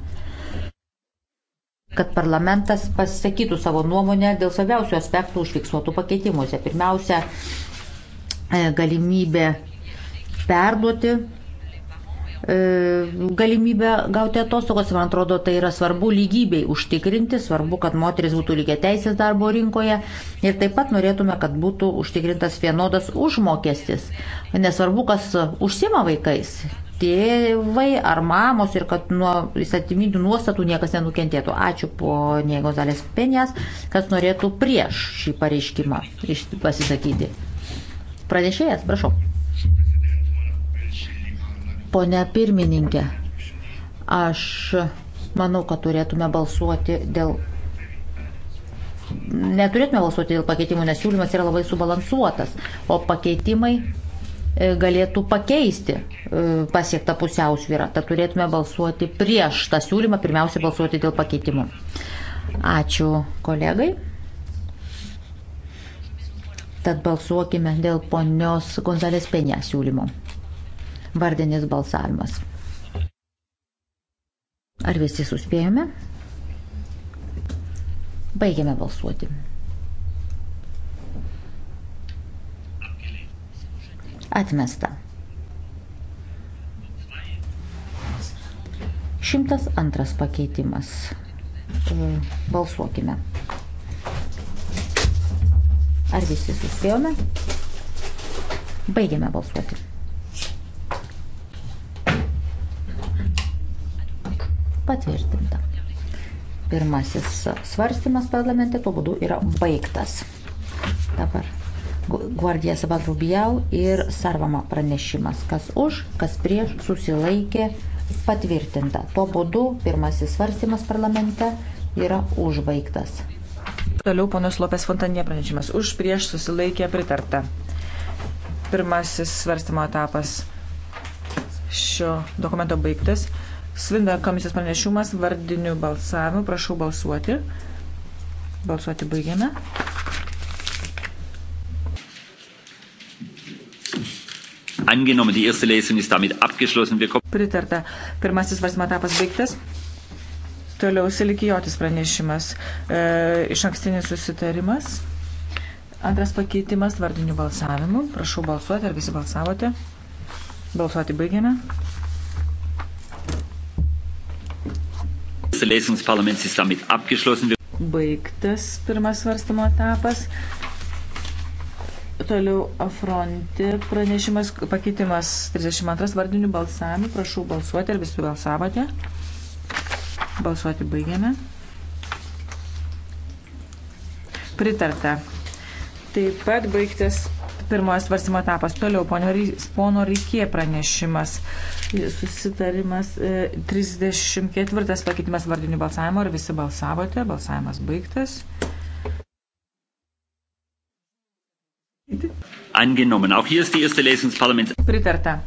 kad parlamentas pasisakytų savo nuomonę dėl svarbiausių aspektų užfiksuotų pakeitimuose. Pirmiausia, e, galimybė perduoti E, galimybę gauti atostogas, man atrodo, tai yra svarbu lygybei užtikrinti, svarbu, kad moteris būtų lygiai teisės darbo rinkoje ir taip pat norėtume, kad būtų užtikrintas vienodas užmokestis. Nesvarbu, kas užsima vaikais, tėvai ar mamos ir kad nuo įstatyminių nuostatų niekas nenukentėtų. Ačiū ponė Gozalės Penės, kas norėtų prieš šį pareiškimą pasisakyti. Pranešėjas, prašau. Pone pirmininkė, aš manau, kad turėtume balsuoti dėl. Neturėtume balsuoti dėl pakeitimų, nes siūlymas yra labai subalansuotas, o pakeitimai e, galėtų pakeisti e, pasiektą pusiausvyrą. Tad turėtume balsuoti prieš tą siūlymą, pirmiausia balsuoti dėl pakeitimų. Ačiū kolegai. Tad balsuokime dėl ponios Gonzalės Penė siūlymo vardinis balsavimas. Ar visi suspėjome? Baigiame balsuoti. Atmesta. 102 pakeitimas. Balsuokime. Ar visi suspėjome? Baigiame balsuoti. patvirtinta. Pirmasis svarstymas parlamente tuo būdu yra baigtas. Dabar Guardija Sabalrubijau ir Sarvama pranešimas, kas už, kas prieš susilaikė patvirtinta. Tuo būdu pirmasis svarstymas parlamente yra užbaigtas. Toliau ponas Lopės Fontanė pranešimas. Už prieš susilaikė pritarta. Pirmasis svarstymo etapas šio dokumento baigtas. Svinda komisijos pranešimas vardiniu balsavimu. Prašau balsuoti. Balsuoti baigiame. Angenommen, die erste Lesung ist damit abgeschlossen. Wir Pritarta. Pirmasis svarstymo etapas baigtas. Toliau Silikijotis pranešimas. E, iš ankstinis susitarimas. Antras pakeitimas vardiniu balsavimu. Prašau balsuoti, ar visi balsavote. Balsuoti baigiame. erste Lesung des Parlaments ist damit abgeschlossen. Baigtas pirmas svarstymo etapas. Toliau afronti pranešimas, pakeitimas 32 vardinių balsavimų. Prašau balsuoti, ar visi balsavote. Balsuoti baigiame. Pritarta. Taip pat baigtas pirmojo svarsimo etapas. Toliau, pono Rykė pranešimas. Susitarimas 34 e, pakeitimas vardinių balsavimo. Ar visi balsavote? Balsavimas baigtas. Angenomen. Auch hier ist die erste Lesung des Parlaments. Pritarta.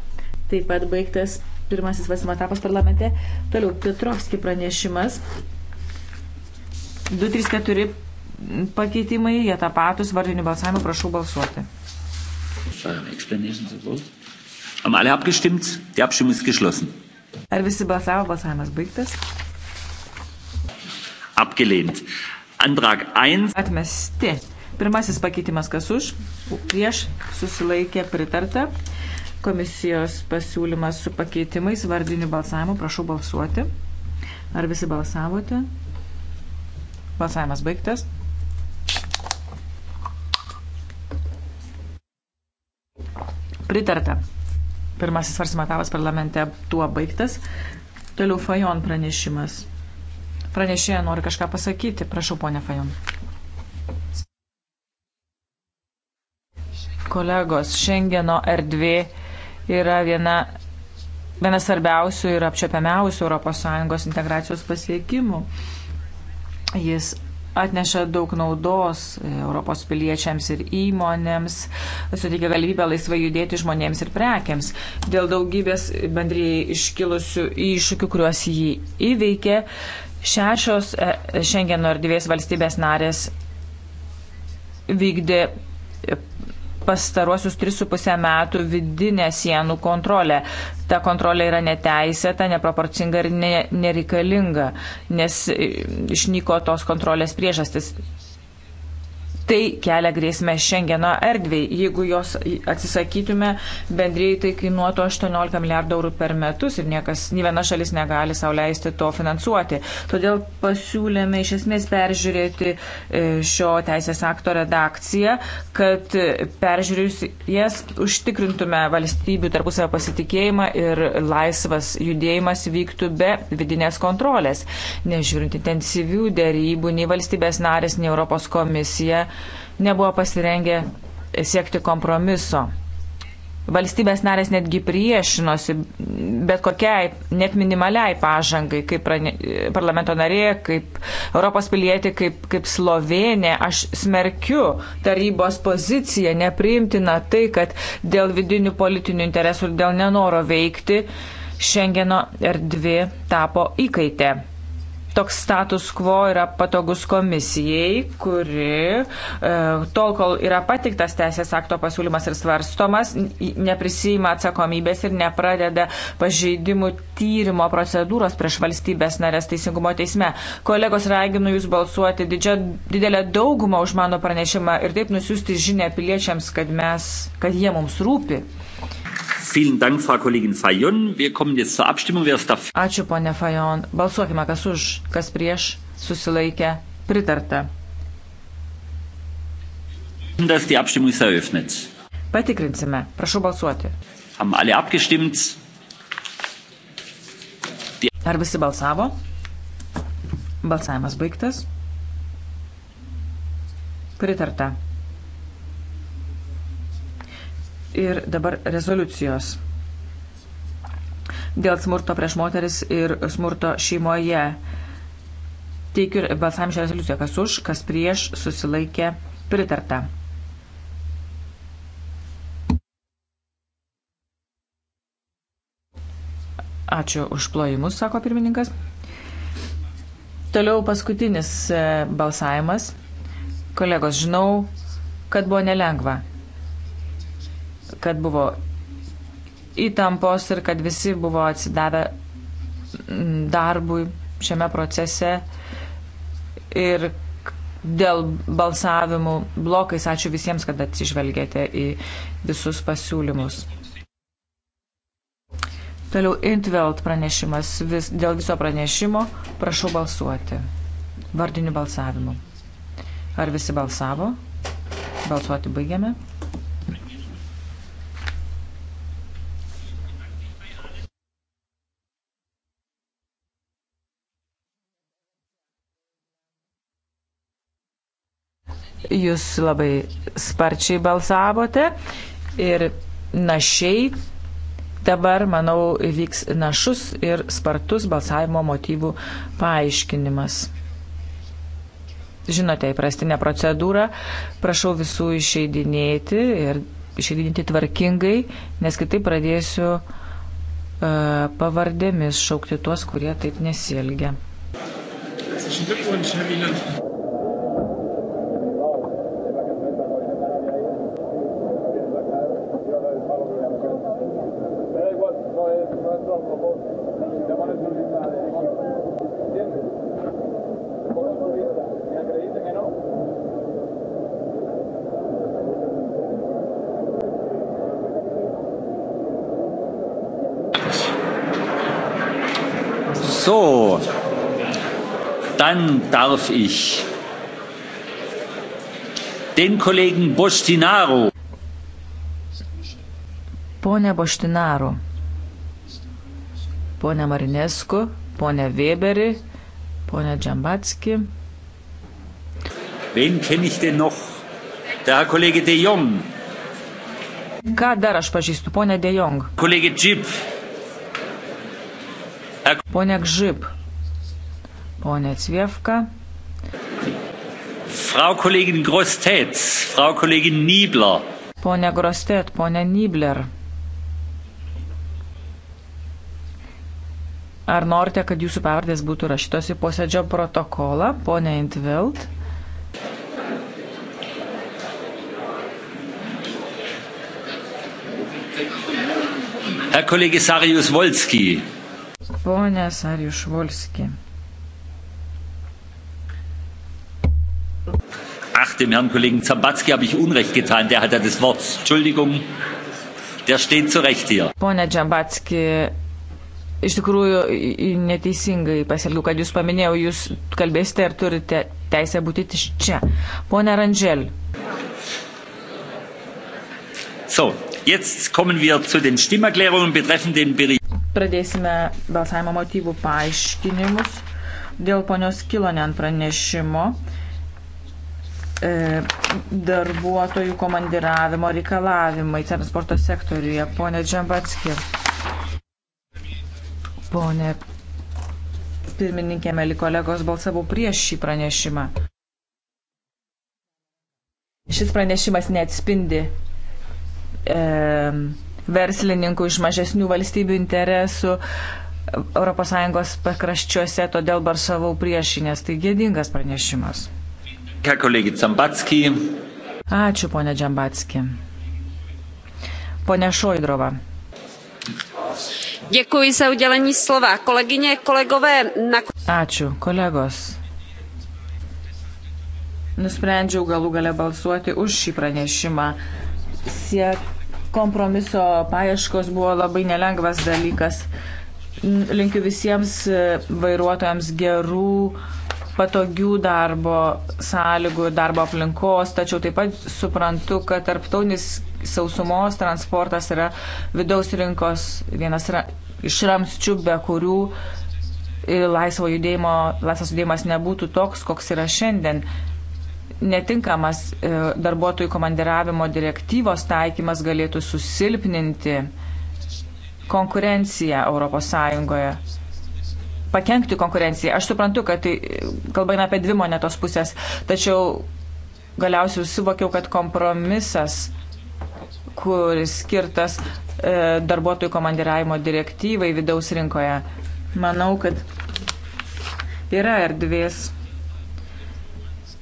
Taip pat baigtas pirmasis svarsimo etapas parlamente. Toliau, Petrovski pranešimas. 234 pakeitimai, jie tapatus, vardinių balsavimų, prašau balsuoti. Ar visi balsavo, balsavimas baigtas? Abgelehnt. Antrag 1. Atmesti. Pirmasis pakeitimas kas už, prieš susilaikė pritarta. Komisijos pasiūlymas su pakeitimais vardiniu balsavimu. Prašau balsuoti. Ar visi balsavote? Balsavimas baigtas. Pritarta. Pirmasis svarstymo etapas parlamente tuo baigtas. Toliau Fajon pranešimas. Pranešėja nori kažką pasakyti. Prašau, ponė Fajon. Kolegos, Šengeno erdvė yra viena, viena svarbiausių ir apčiopiamiausių ES integracijos pasiekimų. Jis atneša daug naudos Europos piliečiams ir įmonėms, suteikia galimybę laisvai judėti žmonėms ir prekiams. Dėl daugybės bendrijai iškilusių iššūkių, kuriuos jį įveikė, šešios e, Šengeno erdvės valstybės narės vykdė pastaruosius 3,5 metų vidinę sienų kontrolę. Ta kontrolė yra neteisėta, neproporcinga ir ne, nereikalinga, nes išnyko tos kontrolės priežastis. Tai kelia grėsmę Šengeno erdvėjai. Jeigu jos atsisakytume, bendrėjai tai kainuotų 18 milijardų eurų per metus ir niekas, nė viena šalis negali sauliaisti to finansuoti. Todėl pasiūlėme iš esmės peržiūrėti e, šio teisės akto redakciją, kad peržiūrėjus jas užtikrintume valstybių tarpusavio pasitikėjimą ir laisvas judėjimas vyktų be vidinės kontrolės. Nežiūrint intensyvių dėrybų, nei valstybės narės, nei Europos komisija nebuvo pasirengę siekti kompromiso. Valstybės narės netgi priešinosi bet kokiai, net minimaliai pažangai, kaip prane, parlamento narė, kaip Europos pilietė, kaip, kaip Slovenė. Aš smerkiu tarybos poziciją, nepriimtina tai, kad dėl vidinių politinių interesų ir dėl nenoro veikti Šengeno erdvė tapo įkaitė. Toks status quo yra patogus komisijai, kuri e, tol, kol yra patiktas teisės akto pasiūlymas ir svarstomas, neprisima atsakomybės ir nepradeda pažeidimų tyrimo procedūros prieš valstybės narės teisingumo teisme. Kolegos, raginu Jūs balsuoti didžia, didelę daugumą už mano pranešimą ir taip nusiųsti žinę piliečiams, kad, mes, kad jie mums rūpi. Ačiū, ponė Fajon. Balsuokime, kas už, kas prieš, susilaikė, pritarta. Patikrinsime. Prašau balsuoti. Ar visi balsavo? Balsavimas baigtas. Pritarta. ir dabar rezoliucijos dėl smurto prieš moteris ir smurto šeimoje. Teikiu balsavimą šią rezoliuciją, kas už, kas prieš, susilaikė, pritarta. Ačiū už plojimus, sako pirmininkas. Toliau paskutinis e, balsavimas. Kolegos, žinau, kad buvo nelengva kad buvo įtampos ir kad visi buvo atsidavę mm, darbui šiame procese ir dėl balsavimų blokais. Ačiū visiems, kad atsižvelgėte į visus pasiūlymus. Toliau Intveld pranešimas vis, dėl viso pranešimo. Prašau balsuoti. Vardiniu balsavimu. Ar visi balsavo? Balsuoti baigiame. Jūs labai sparčiai balsavote ir našiai dabar, manau, vyks našus ir spartus balsavimo motyvų paaiškinimas. Žinote, įprastinė procedūra, prašau visų išeidinėti ir išeidinėti tvarkingai, nes kitaip pradėsiu uh, pavardėmis šaukti tuos, kurie taip nesielgia. Herzlichen Glückwunsch, Herr Wieland. darf ich den Kollegen Bostinaru. Pone Boštinaru, pone Marinesku, pone Weberi, pone Džambatski. Wen kenne ich denn noch? Der Herr Kollege De Jong. Ką dar aš pažįstu, ponė De Jong? Kolegė Džip. Pone Gžip. Pone Cvievka. Frau Kollegin Grostets, Frau Kollegin Niebler. Pone Grostet, pone Nibler. Ar norite, kad jūsų pavardės būtų rašytos į posėdžio protokolą, ponė Intvilt? Herr Kollege Sarius Wolski. Pone Sarius Wolski. Ach, dem Herrn Kollegen Zambatski habe ich Unrecht getan, der hat ja das Wort. Entschuldigung, der steht zu Recht hier. Pone Zambatski, iš tikrųjų neteisingai pasielgiau, kad jūs paminėjau, jūs kalbėsite ir turite teisę būti čia. Pone Rangel. So, jetzt kommen wir zu den Stimmerklärungen betreffend den Bericht. Pradėsime balsavimo motyvų paaiškinimus dėl ponios Kilonen pranešimo. E, darbuotojų komandiravimo reikalavimai transporto sektoriuje. Pone Džambatski. Pone pirmininkė, meli kolegos, balsavau prieš šį pranešimą. Šis pranešimas neatspindi e, verslininkų iš mažesnių valstybių interesų ES pakraščiuose, todėl balsavau prieš, nes tai gėdingas pranešimas. Ačiū, ponė Džambatski. Pone Šoidrova. Děkuji za udělení slova. Kolegyně, kolegové, na... Ačiū, kolegos. Nusprendžiau galų gale balsuoti už šį pranešimą. Siek kompromiso paieškos buvo labai nelengvas dalykas. Linkiu visiems e, vairuotojams gerų patogių darbo sąlygų ir darbo aplinkos, tačiau taip pat suprantu, kad tarptautinis sausumos transportas yra vidaus rinkos vienas iš ramsčių, be kurių laisvo judėjimo, laisvas judėjimas nebūtų toks, koks yra šiandien. Netinkamas e, darbuotojų komandiravimo direktyvos taikymas galėtų susilpninti konkurenciją Europos Sąjungoje pakengti konkurencijai. Aš suprantu, kad tai, kalba eina apie dvi monetos pusės, tačiau galiausiai suvokiau, kad kompromisas, kuris skirtas e, darbuotojų komandiravimo direktyvai vidaus rinkoje, manau, kad yra erdvės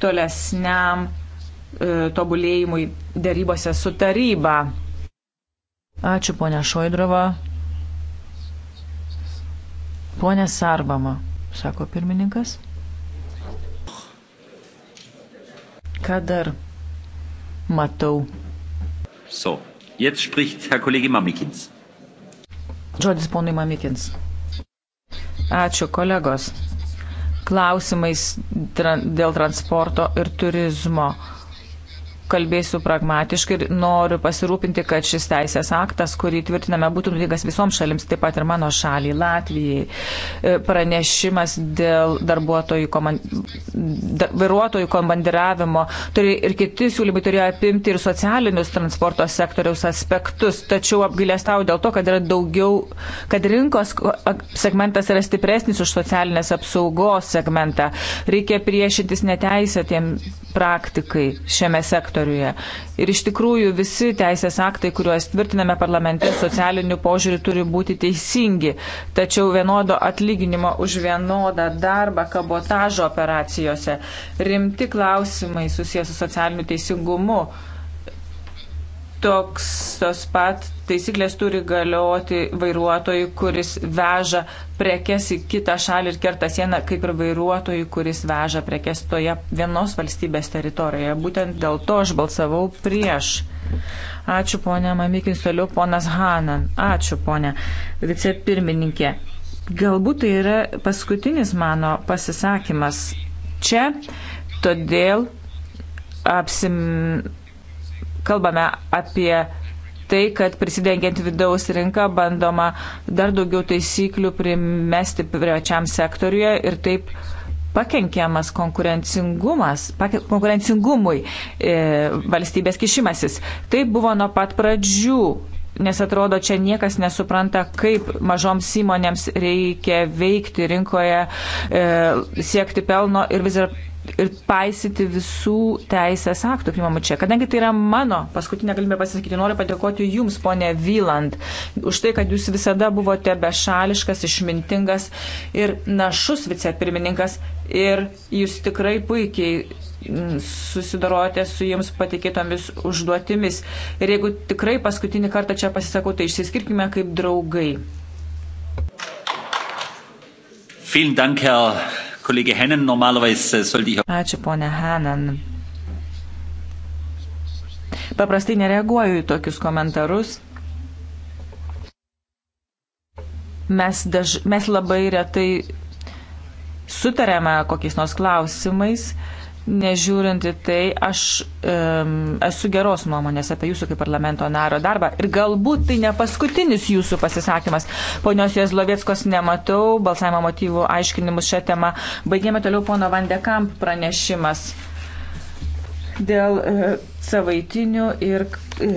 tolesniam e, tobulėjimui dėrybose su taryba. Ačiū, ponia Šoidrova. Pone Sarvama, sako pirmininkas. Ką dar matau? So, jetzt spricht Herr Kollege Mamikins. Žodis ponui Mamikins. Ačiū, kolegos. Klausimais dėl transporto ir turizmo kalbėsiu pragmatiškai ir noriu pasirūpinti, kad šis teisės aktas, kurį tvirtiname, būtų naudingas visoms šalims, taip pat ir mano šaliai, Latvijai. E, pranešimas dėl darbuotojų komand... da... vairuotojų komandiravimo turi ir kiti siūlymai turėjo apimti ir socialinius transporto sektoriaus aspektus, tačiau apgailėstau dėl to, kad yra daugiau, kad rinkos segmentas yra stipresnis už socialinės apsaugos segmentą. Reikia priešintis neteisėtiem praktikai šiame sektoriuje sektoriuje. Ir iš tikrųjų visi teisės aktai, kuriuos tvirtiname parlamente socialiniu požiūriu, turi būti teisingi. Tačiau vienodo atlyginimo už vienodą darbą kabotažo operacijose rimti klausimai susijęs su socialiniu teisingumu toks tos pat taisyklės turi galioti vairuotojui, kuris veža prekes į kitą šalį ir kerta sieną, kaip ir vairuotojui, kuris veža prekes toje vienos valstybės teritorijoje. Būtent dėl to aš balsavau prieš. Ačiū ponė Mamikins, toliau ponas Hanan. Ačiū ponė vicepirmininkė. Galbūt tai yra paskutinis mano pasisakymas čia, todėl apsim kalbame apie tai, kad prisidengiant vidaus rinką bandoma dar daugiau taisyklių primesti privačiam sektoriuje ir taip pakenkiamas konkurencingumas, konkurencingumui e, valstybės kišimasis. Tai buvo nuo pat pradžių nes atrodo, čia niekas nesupranta, kaip mažoms įmonėms reikia veikti rinkoje, e, siekti pelno ir vis dar. Ir paisyti visų teisės aktų primamų čia. Kadangi tai yra mano paskutinė galimybė pasisakyti, noriu padėkoti Jums, ponė Vyland, už tai, kad Jūs visada buvote bešališkas, išmintingas ir našus vicepirmininkas ir Jūs tikrai puikiai susidorojate su jums patikėtomis užduotimis. Ir jeigu tikrai paskutinį kartą čia pasisakau, tai išsiskirkime kaip draugai. Vielen Dank, Herr Kollege Hennen. Normalerweise sollte ich. Ačiū, ponia Hennen. Paprastai nereaguoju į tokius komentarus. Mes, daž... Mes labai retai sutarėme kokiais nors klausimais. Uh, Nežiūrinti tai, aš um, esu geros nuomonės apie jūsų kaip parlamento naro darbą ir galbūt tai ne paskutinis jūsų pasisakymas. Ponios Jezlovieckos nematau, balsavimo motyvų aiškinimus šią temą. Baigėme toliau pono Vandekamp pranešimas dėl e, savaitinių ir e,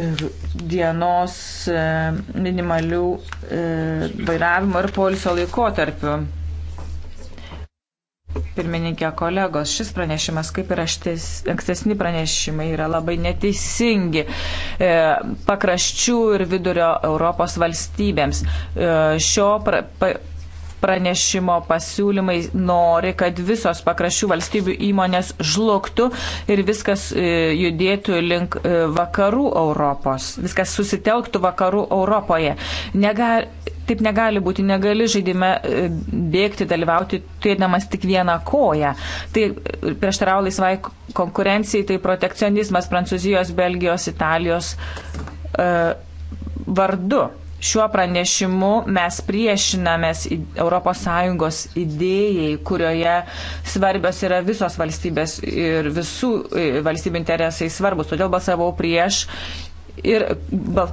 dienos e, minimalių vairavimo ir poliso laikotarpių. Pirmininkė kolegos, šis pranešimas, kaip ir aštis, ankstesni pranešimai, yra labai neteisingi e, pakraščių ir vidurio Europos valstybėms. E, šio pra, pa, pranešimo pasiūlymai nori, kad visos pakraščių valstybių įmonės žlugtų ir viskas e, judėtų link e, vakarų Europos. Viskas susitelktų vakarų Europoje. Negal, taip negali būti, negali žaidime e, bėgti, dalyvauti, turėdamas tik vieną koją. Tai prieštarau laisvai konkurencijai, tai protekcionizmas Prancūzijos, Belgijos, Italijos vardu. Šiuo pranešimu mes priešinamės ES idėjai, kurioje svarbios yra visos valstybės ir visų e, valstybių interesai svarbus. Todėl balsavau prieš ir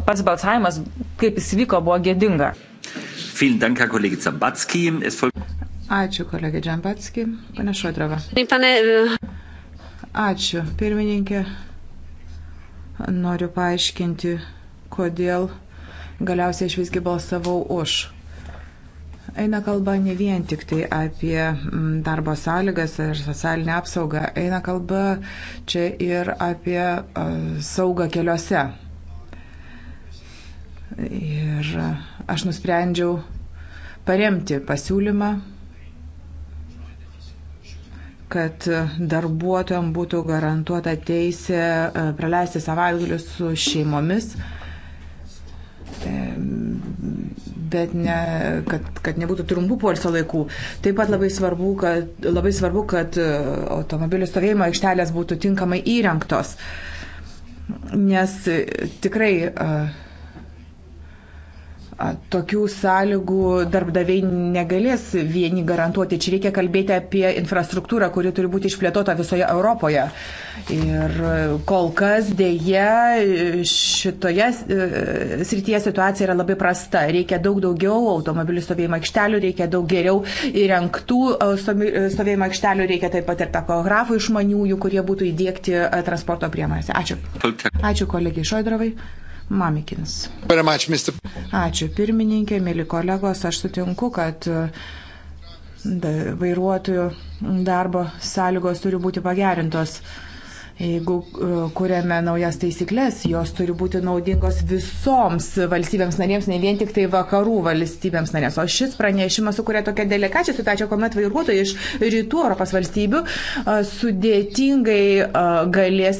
pats balsavimas, kaip jis vyko, buvo gėdinga. Ačiū, kolegė Džambatski. Panašu, atrodo. E, Ačiū, pirmininkė. Noriu paaiškinti, kodėl galiausiai aš visgi balsavau už. Eina kalba ne vien tik tai apie mm, darbo sąlygas ir socialinę apsaugą, eina kalba čia ir apie e, saugą keliuose. Ir aš nusprendžiau paremti pasiūlymą, kad darbuotojams būtų garantuota teisė e, praleisti savaitgalius su šeimomis bet ne, kad, kad nebūtų trumpų polsio laikų. Taip pat labai svarbu, kad, labai svarbu, kad e, automobilių stovėjimo aikštelės būtų tinkamai įrengtos, nes e, tikrai uh, Tokių sąlygų darbdaviai negalės vieni garantuoti. Čia reikia kalbėti apie infrastruktūrą, kuri turi būti išplėtota visoje Europoje. Ir kol kas dėje šitoje e, srityje situacija yra labai prasta. Reikia daug daugiau automobilių stovėjimo aikštelių, reikia daug geriau įrengtų e, e, stovėjimo aikštelių, reikia taip pat ir takografų išmaniųjų, kurie būtų įdėkti transporto priemonėse. Ačiū. Ačiū kolegijai Šoidrovai. Mamikins. Ačiū pirmininkė, mėly kolegos, aš sutinku, kad e, vairuotojų darbo sąlygos turi būti pagerintos. Jeigu e, kuriame naujas taisyklės, jos turi būti naudingos visoms valstybėms narėms, ne vien tik tai vakarų valstybėms narėms. O šis pranešimas sukuria tokią delikačią situaciją, kuomet vairuotojai iš rytų Europos valstybių e, sudėtingai e, galės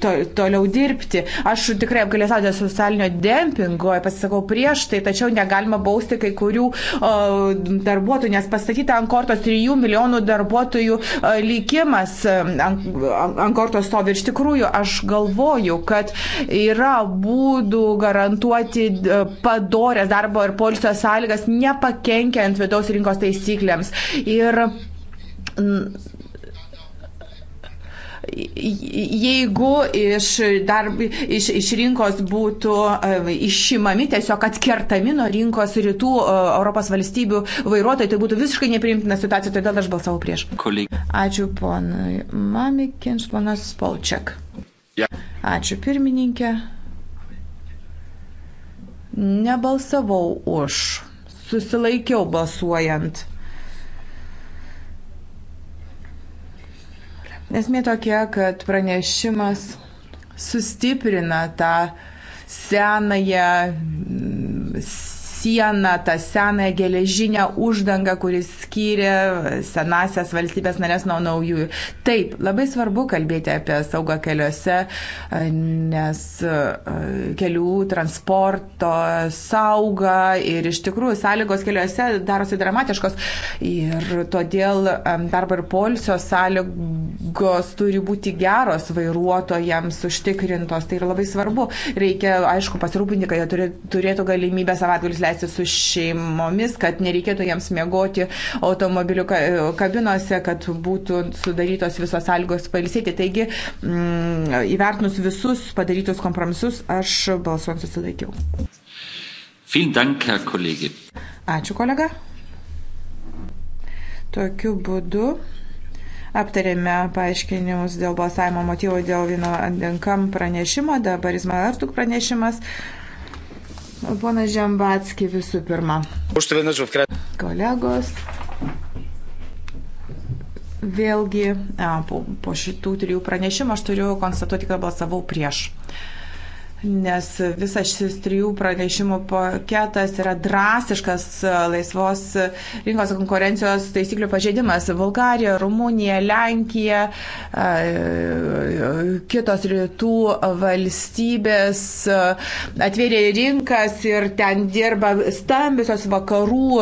to, toliau dirbti. Aš tikrai apgalėsau dėl socialinio dempingo, pasisakau prieš tai, tačiau negalima bausti kai kurių darbuotojų, nes pastatyta ant kortos 3 milijonų darbuotojų likimas. Ant, ant, ant kortos stovi. Ir iš tikrųjų aš galvoju, kad yra būdų garantuoti e, padorės darbo ir polisio sąlygas, nepakenkiant vidaus rinkos taisyklėms. Ir jeigu iš, darb, iš, iš rinkos būtų e, išimami, tiesiog atkertami nuo rinkos rytų e, Europos valstybių vairuotojai, tai būtų visiškai nepriimtina situacija, todėl aš balsavau prieš. Kolegė. Ačiū ponui Mamikins, ponas Polčiak. Ačiū pirmininkė. Nebalsavau už. Susilaikiau balsuojant. Esmė tokia, kad pranešimas sustiprina tą senąją sieną, tą senąją geležinę uždangą, kuris skyrė senasias valstybės narės nuo naujųjų. Taip, labai svarbu kalbėti apie saugą keliuose, nes e, kelių transporto sauga ir iš tikrųjų sąlygos keliuose darosi dramatiškos ir todėl darbo ir polsio sąlygos turi būti geros vairuotojams užtikrintos. Tai yra labai svarbu. Reikia, aišku, pasirūpinti, kad jie turėtų galimybę savaitgalius leisti leisti su šeimomis, kad nereikėtų jiems mėgoti automobilių kabinose, kad būtų sudarytos visos sąlygos pailsėti. Taigi, mm, įvertinus visus padarytus kompromisus, aš balsuojant susilaikiau. Dank, Ačiū, kolega. Tokiu būdu aptarėme paaiškinimus dėl balsavimo motyvo dėl vieno Denkam pranešimo, dabar Izmalartuk pranešimas. Pona Žembatski visų pirma. Kolegos. Vėlgi, po šitų trijų pranešimų aš turiu konstatuoti, kad balsavau prieš. Uh, nes visas šis trijų pranešimų paketas yra drastiškas laisvos rinkos konkurencijos taisyklių pažeidimas. Bulgarija, Rumunija, Lenkija, kitos rytų valstybės atvėrė rinkas ir ten dirba stambiosios vakarų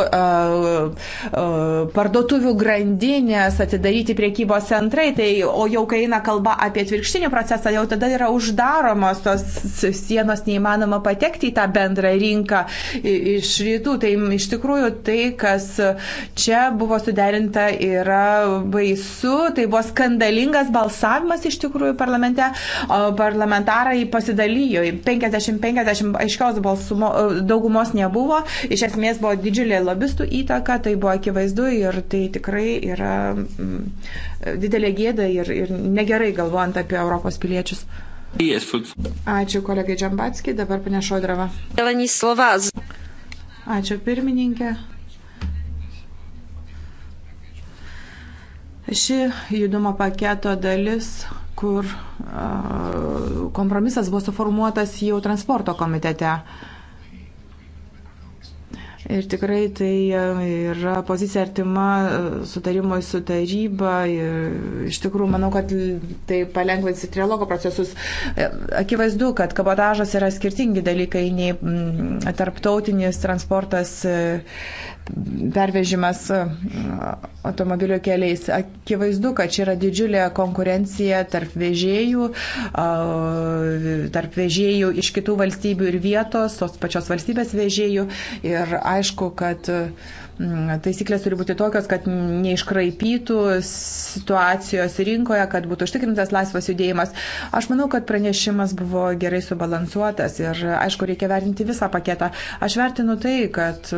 parduotuvių grandinės, atidaryti priekybos centrai. Tai, o jau kai eina kalba apie atvirkštinį procesą, jau tada yra uždaromos tos sienos neįmanoma patekti į tą bendrą rinką iš rytų. Tai iš tikrųjų tai, kas čia buvo suderinta, yra baisu. Tai buvo skandalingas balsavimas iš tikrųjų parlamente. Parlamentarai pasidalijo. 50-50 aiškios balsumo, daugumos nebuvo. Iš esmės buvo didžiulė lobistų įtaka, tai buvo akivaizdu ir tai tikrai yra didelė gėda ir, ir negerai galvojant apie Europos piliečius. Ačiū kolegai Džambatskiai, dabar panešodrava. Ačiū pirmininkė. Ši judumo paketo dalis kur kompromisas buvo suformuotas jau transporto komitete. Ir tikrai tai e, yra pozicija artima e, sutarimui su taryba. Ir iš tikrųjų, manau, kad tai palengvins ir trialogo procesus. E, akivaizdu, kad kabotažas yra skirtingi dalykai nei tarptautinis transportas pervežimas e, automobilio keliais. Akivaizdu, kad čia yra didžiulė konkurencija tarp vežėjų, tarp vežėjų iš kitų valstybių ir vietos, tos pačios valstybės vežėjų. Ir aišku, kad Taisyklės turi būti tokios, kad neiškraipytų situacijos rinkoje, kad būtų užtikrintas laisvas judėjimas. Aš manau, kad pranešimas buvo gerai subalansuotas ir, aišku, reikia vertinti visą paketą. Aš vertinu tai, kad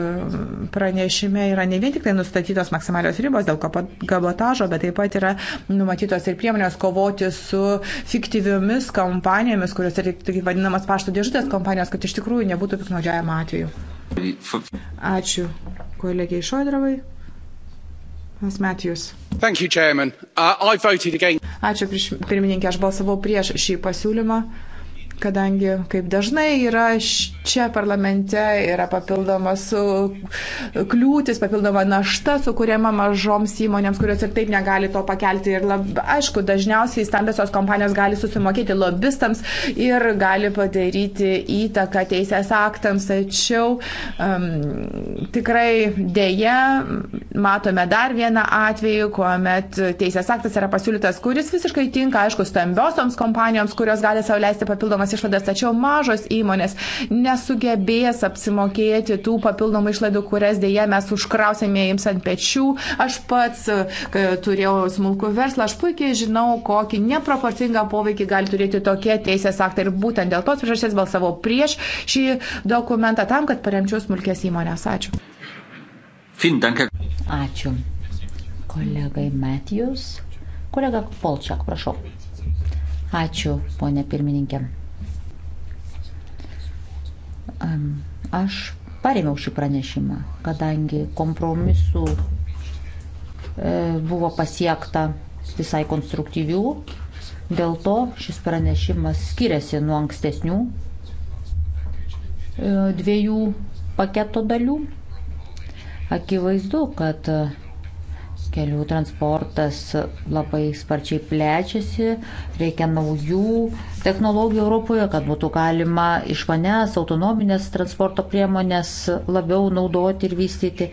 pranešime yra ne vien tik tai nustatytos maksimalios ribos dėl kabotažo, bet taip pat yra numatytos ir priemonės kovoti su fiktyviomis kompanijomis, kurios yra taip vadinamas pašto dėžutės kompanijos, kad iš tikrųjų nebūtų piknaudžiajama atveju. Ačiū kolegiai Šodrovai. Matijus. Uh, Ačiū, pirmininkė, aš balsavau prieš šį pasiūlymą kadangi kaip dažnai yra čia parlamente, yra papildomas kliūtis, papildoma našta sukūrėma mažoms įmonėms, kurios ir taip negali to pakelti. Ir lab, aišku, dažniausiai stambiosios kompanijos gali susimokėti lobistams ir gali padaryti įtaką teisės aktams, tačiau um, tikrai dėje matome dar vieną atvejį, kuomet teisės aktas yra pasiūlytas, kuris visiškai tinka, aišku, stambiosioms kompanijoms, kurios gali sauliaisti papildomas papildomas išlaidas, tačiau mažos įmonės nesugebės apsimokėti tų papildomų išlaidų, kurias dėje mes užkrausėme jiems ant pečių. Aš pats e, turėjau smulkų verslą, aš puikiai žinau, kokį neproporcingą poveikį gali turėti tokie teisės aktai ir būtent dėl tos priežasties balsavau prieš šį dokumentą tam, kad paremčiau smulkės įmonės. Ačiū. Fin, Ačiū. Kolegai Matijus. Kolega Polčiak, prašau. Ačiū, ponė pirmininkė. Aš paremiau šį pranešimą, kadangi kompromisų e, buvo pasiekta visai konstruktyvių, dėl to šis pranešimas skiriasi nuo ankstesnių e, dviejų paketo dalių. Akivaizdu, kad Kelių transportas labai sparčiai plečiasi, reikia naujų technologijų Europoje, kad būtų galima išmanes, autonominės transporto priemonės labiau naudoti ir vystyti.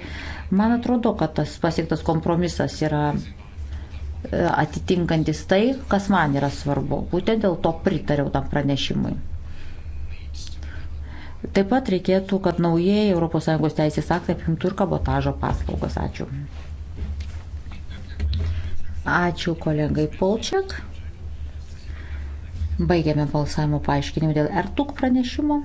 Man atrodo, kad tas pasiektas kompromisas yra e, atitinkantis tai, kas man yra svarbu. Būtent dėl to pritariau tam pranešimui. Taip pat reikėtų, kad naujieji ES teisės aktai apimtų ir kabotažo paslaugas. Ačiū. Ačiū kolegai Polčiak. Baigiame balsavimo paaiškinimą dėl RTUK pranešimo.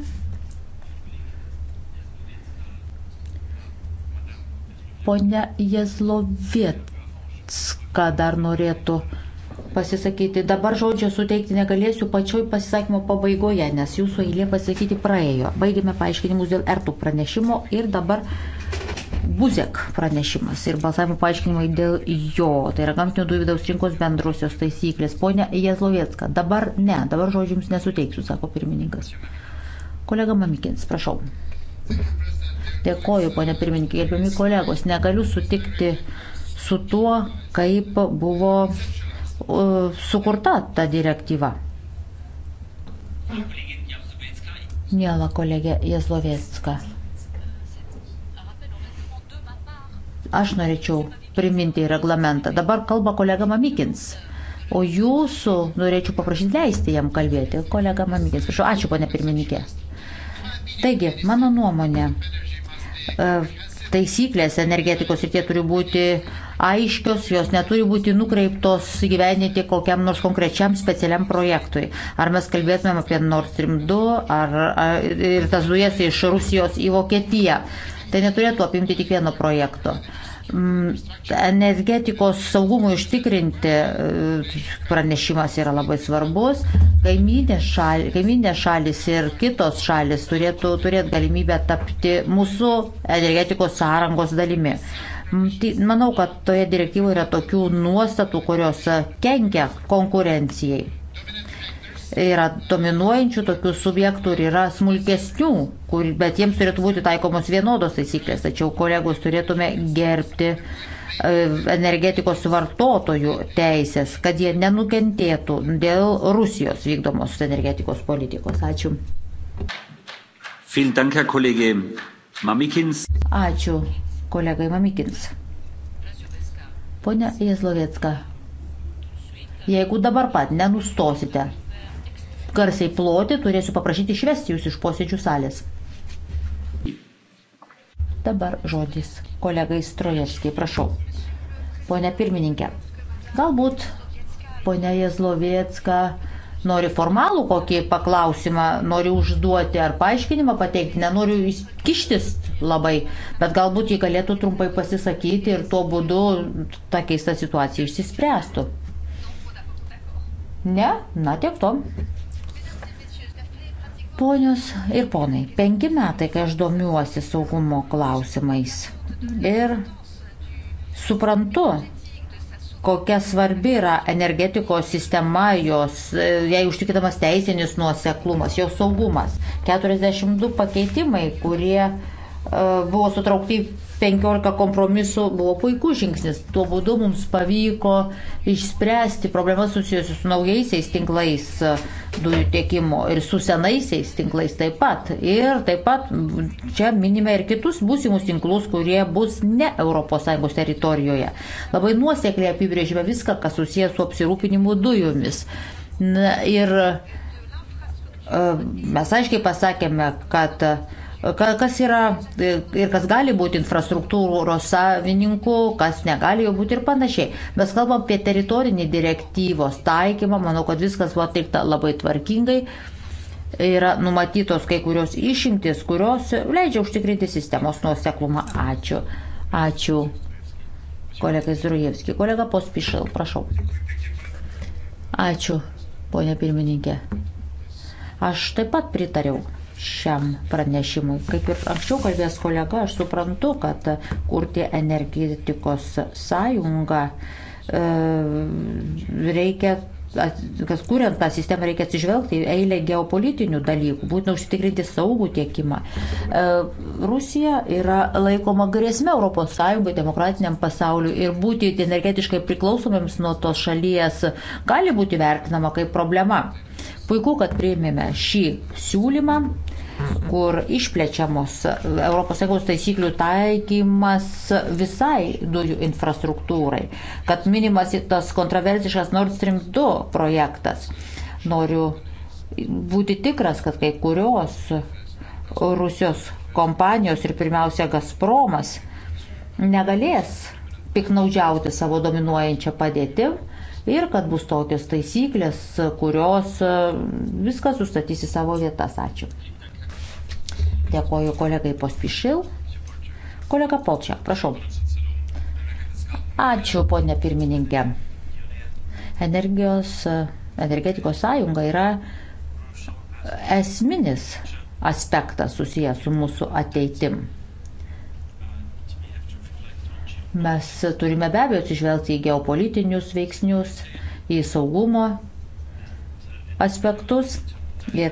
Pone Jezlovietska dar norėtų pasisakyti. Dabar žodžio suteikti negalėsiu pačioj pasisakymo pabaigoje, nes jūsų eilė pasakyti praėjo. Baigėme paaiškinimus dėl RTUK pranešimo ir dabar Buzek pranešimas ir balsavimo paaiškinimai dėl jo. Tai yra gamtinių dujų vidaus rinkos bendrosios taisyklės. Pone Jezlovietska, dabar ne, dabar žodžiu jums nesuteiksiu, sako pirmininkas. Kolega Mamikins, prašau. Dėkoju, ponė pirmininkė, gerbiami kolegos. Negaliu sutikti su tuo, kaip buvo uh, sukurta ta direktyva. Mėla kolegė Jezlovietska. Aš norėčiau priminti reglamentą. Dabar kalba kolega Mamikins. O jūsų norėčiau paprašyti leisti jam kalbėti. Kolega Mamikins, prašau, ačiū, ponė pirmininkė. Taigi, mano nuomonė, e, taisyklės energetikos ir tie turi būti aiškios, jos neturi būti nukreiptos gyveninti kokiam nors konkrečiam specialiam projektui. Ar mes kalbėtumėm apie Nord Stream 2 ar, ar, ir tas dujas iš Rusijos į Vokietiją. Tai neturėtų apimti tik vieno projekto. Mm, energetikos saugumui užtikrinti e, pranešimas yra labai svarbus. Kaiminės šal, kaiminė šalis ir kitos šalis turėtų turėti galimybę tapti mūsų energetikos sąrangos dalimi. Mm, tai manau, kad toje direktyvoje yra tokių nuostatų, kurios e, kenkia konkurencijai. Yra dominuojančių tokių subjektų ir yra smulkesnių, kur, bet jiems turėtų būti taikomos vienodos taisyklės. Tačiau kolegos turėtume gerbti e, energetikos vartotojų teisės, kad jie nenukentėtų dėl Rusijos vykdomos energetikos politikos. Ačiū. Ačiū kolegai Mamikins. Pone Jezlovetska, jeigu dabar pat nenustosite garsiai ploti, turėsiu paprašyti išvesti jūs iš posėdžių salės. Dabar žodis kolegai Strojevskiai, prašau. Pone pirmininkė, galbūt ponia Jezlovietska nori formalų kokį paklausimą, nori užduoti ar paaiškinimą pateikti, nenoriu kištis labai, bet galbūt jį galėtų trumpai pasisakyti ir tuo būdu ta keista situacija išsispręstų. Ne, na tiek to. Ponios ir ponai, penki metai, kai aš domiuosi saugumo klausimais ir suprantu, kokia svarbi yra energetikos sistema, jos, e, jai užtikrinamas teisinis nuoseklumas, jos saugumas. 42 pakeitimai, kurie E, buvo sutraukti 15 kompromisų, buvo puikus žingsnis. Tuo būdu mums pavyko išspręsti problemas susijusius su naujaisiais tinklais e, dujų tiekimo ir su senaisiais tinklais taip pat. Ir taip pat čia minime ir kitus būsimus tinklus, kurie bus ne ES teritorijoje. Labai nuosekliai apibrėžime viską, kas susijęs su apsirūpinimu dujomis. Na, ir e, mes aiškiai pasakėme, kad uh, kas yra e, ir kas gali būti infrastruktūros savininku, kas negali jau būti ir panašiai. Mes kalbam apie teritorinį direktyvos taikymą, manau, kad viskas buvo atlikta labai tvarkingai. Yra numatytos kai kurios išimtis, kurios leidžia užtikrinti sistemos nuoseklumą. Ačiū. Ačiū. Kolegai Zurujevski. Kolega Pospišil, prašau. Ačiū, ponė pirmininkė. Aš taip pat pritariau šiam pranešimui. Kaip ir anksčiau kalbės kolega, aš suprantu, kad kurti energetikos sąjungą e, reikia kas kuriant tą sistemą reikia atsižvelgti į eilę geopolitinių dalykų, būtina užtikrinti saugų tiekimą. E, Rusija yra laikoma grėsme ES, demokratiniam pasauliu ir būti energetiškai priklausomiems nuo tos šalies gali būti vertinama kaip problema. Puiku, kad priėmėme šį siūlymą Mhm. kur išplečiamos ES taisyklių taikymas visai dujų infrastruktūrai, kad minimas tas kontroversiškas Nord Stream 2 projektas. Noriu būti tikras, kad kai kurios Rusijos kompanijos ir pirmiausia Gazpromas negalės piknaudžiauti savo dominuojančią padėtį ir kad bus tokios taisyklės, kurios viską sustatys į savo vietas. Ačiū. Dėkoju kolegai Pospišil. Kolega Polčia, prašau. Ačiū, ponė pirmininkė. Energijos, energetikos sąjunga yra esminis aspektas susijęs su mūsų ateitim. Mes turime be abejo atsižvelgti į geopolitinius veiksnius, į saugumo aspektus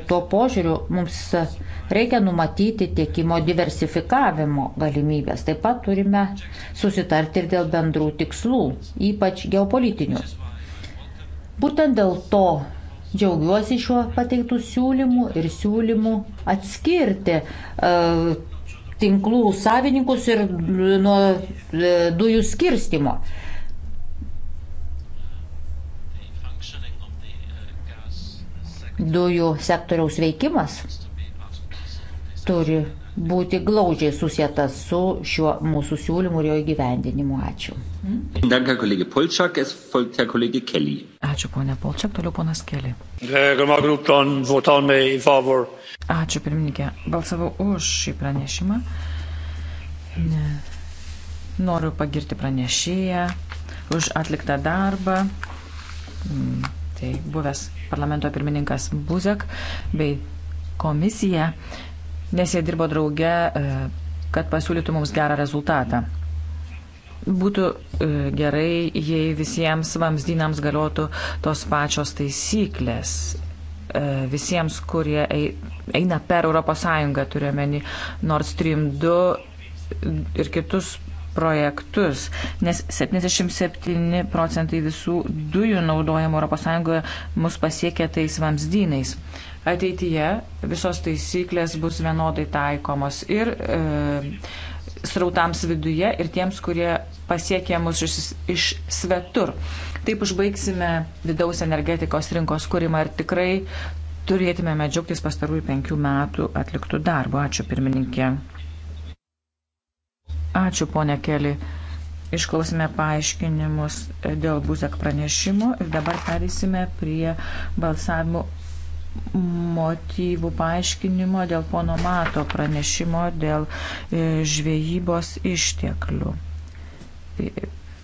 Tuo požiūriu mums reikia numatyti tiekimo diversifikavimo galimybės. Taip pat turime susitarti ir dėl bendrų tikslų, ypač geopolitinių. Būtent dėl to džiaugiuosi šiuo pateiktų siūlymų ir siūlymų atskirti e, tinklų savininkus ir nuo e, dujų skirstimo. dujų sektoriaus veikimas turi būti glaudžiai susijęs su šiuo mūsų siūlymu ir jo įgyvendinimu. Ačiū. Danka, kolegė Polčak, es folgte kolegė Kelly. Ačiū, ponė Polčak, toliau ponas Kelly. Ačiū, pirmininkė. Balsavau už šį pranešimą. Noriu pagirti pranešėją už atliktą darbą. Mm tai buvęs parlamento pirmininkas Buzek bei komisija, nes jie dirbo drauge, e, kad pasiūlytų mums gerą rezultatą. Būtų e, gerai, jei visiems vamzdynams galiotų tos pačios taisyklės e, visiems, kurie eina per ES, turiuomenį Nord Stream 2 ir kitus projektus, nes 77 procentai visų dujų naudojimo ES mus pasiekia tais vamzdynais. Ateityje visos taisyklės bus vienodai taikomos ir e, srautams viduje ir tiems, kurie pasiekia mus iš, iš svetur. Taip užbaigsime vidaus energetikos rinkos kūrimą ir tikrai turėtumėme džiaugtis pastarųjų penkių metų atliktų darbų. Ačiū pirmininkė. Ačiū, ponė Keli. Išklausime paaiškinimus dėl Buzek pranešimo ir dabar perėsime prie balsavimo motyvų paaiškinimo dėl pono Mato pranešimo dėl e, žvejybos išteklių.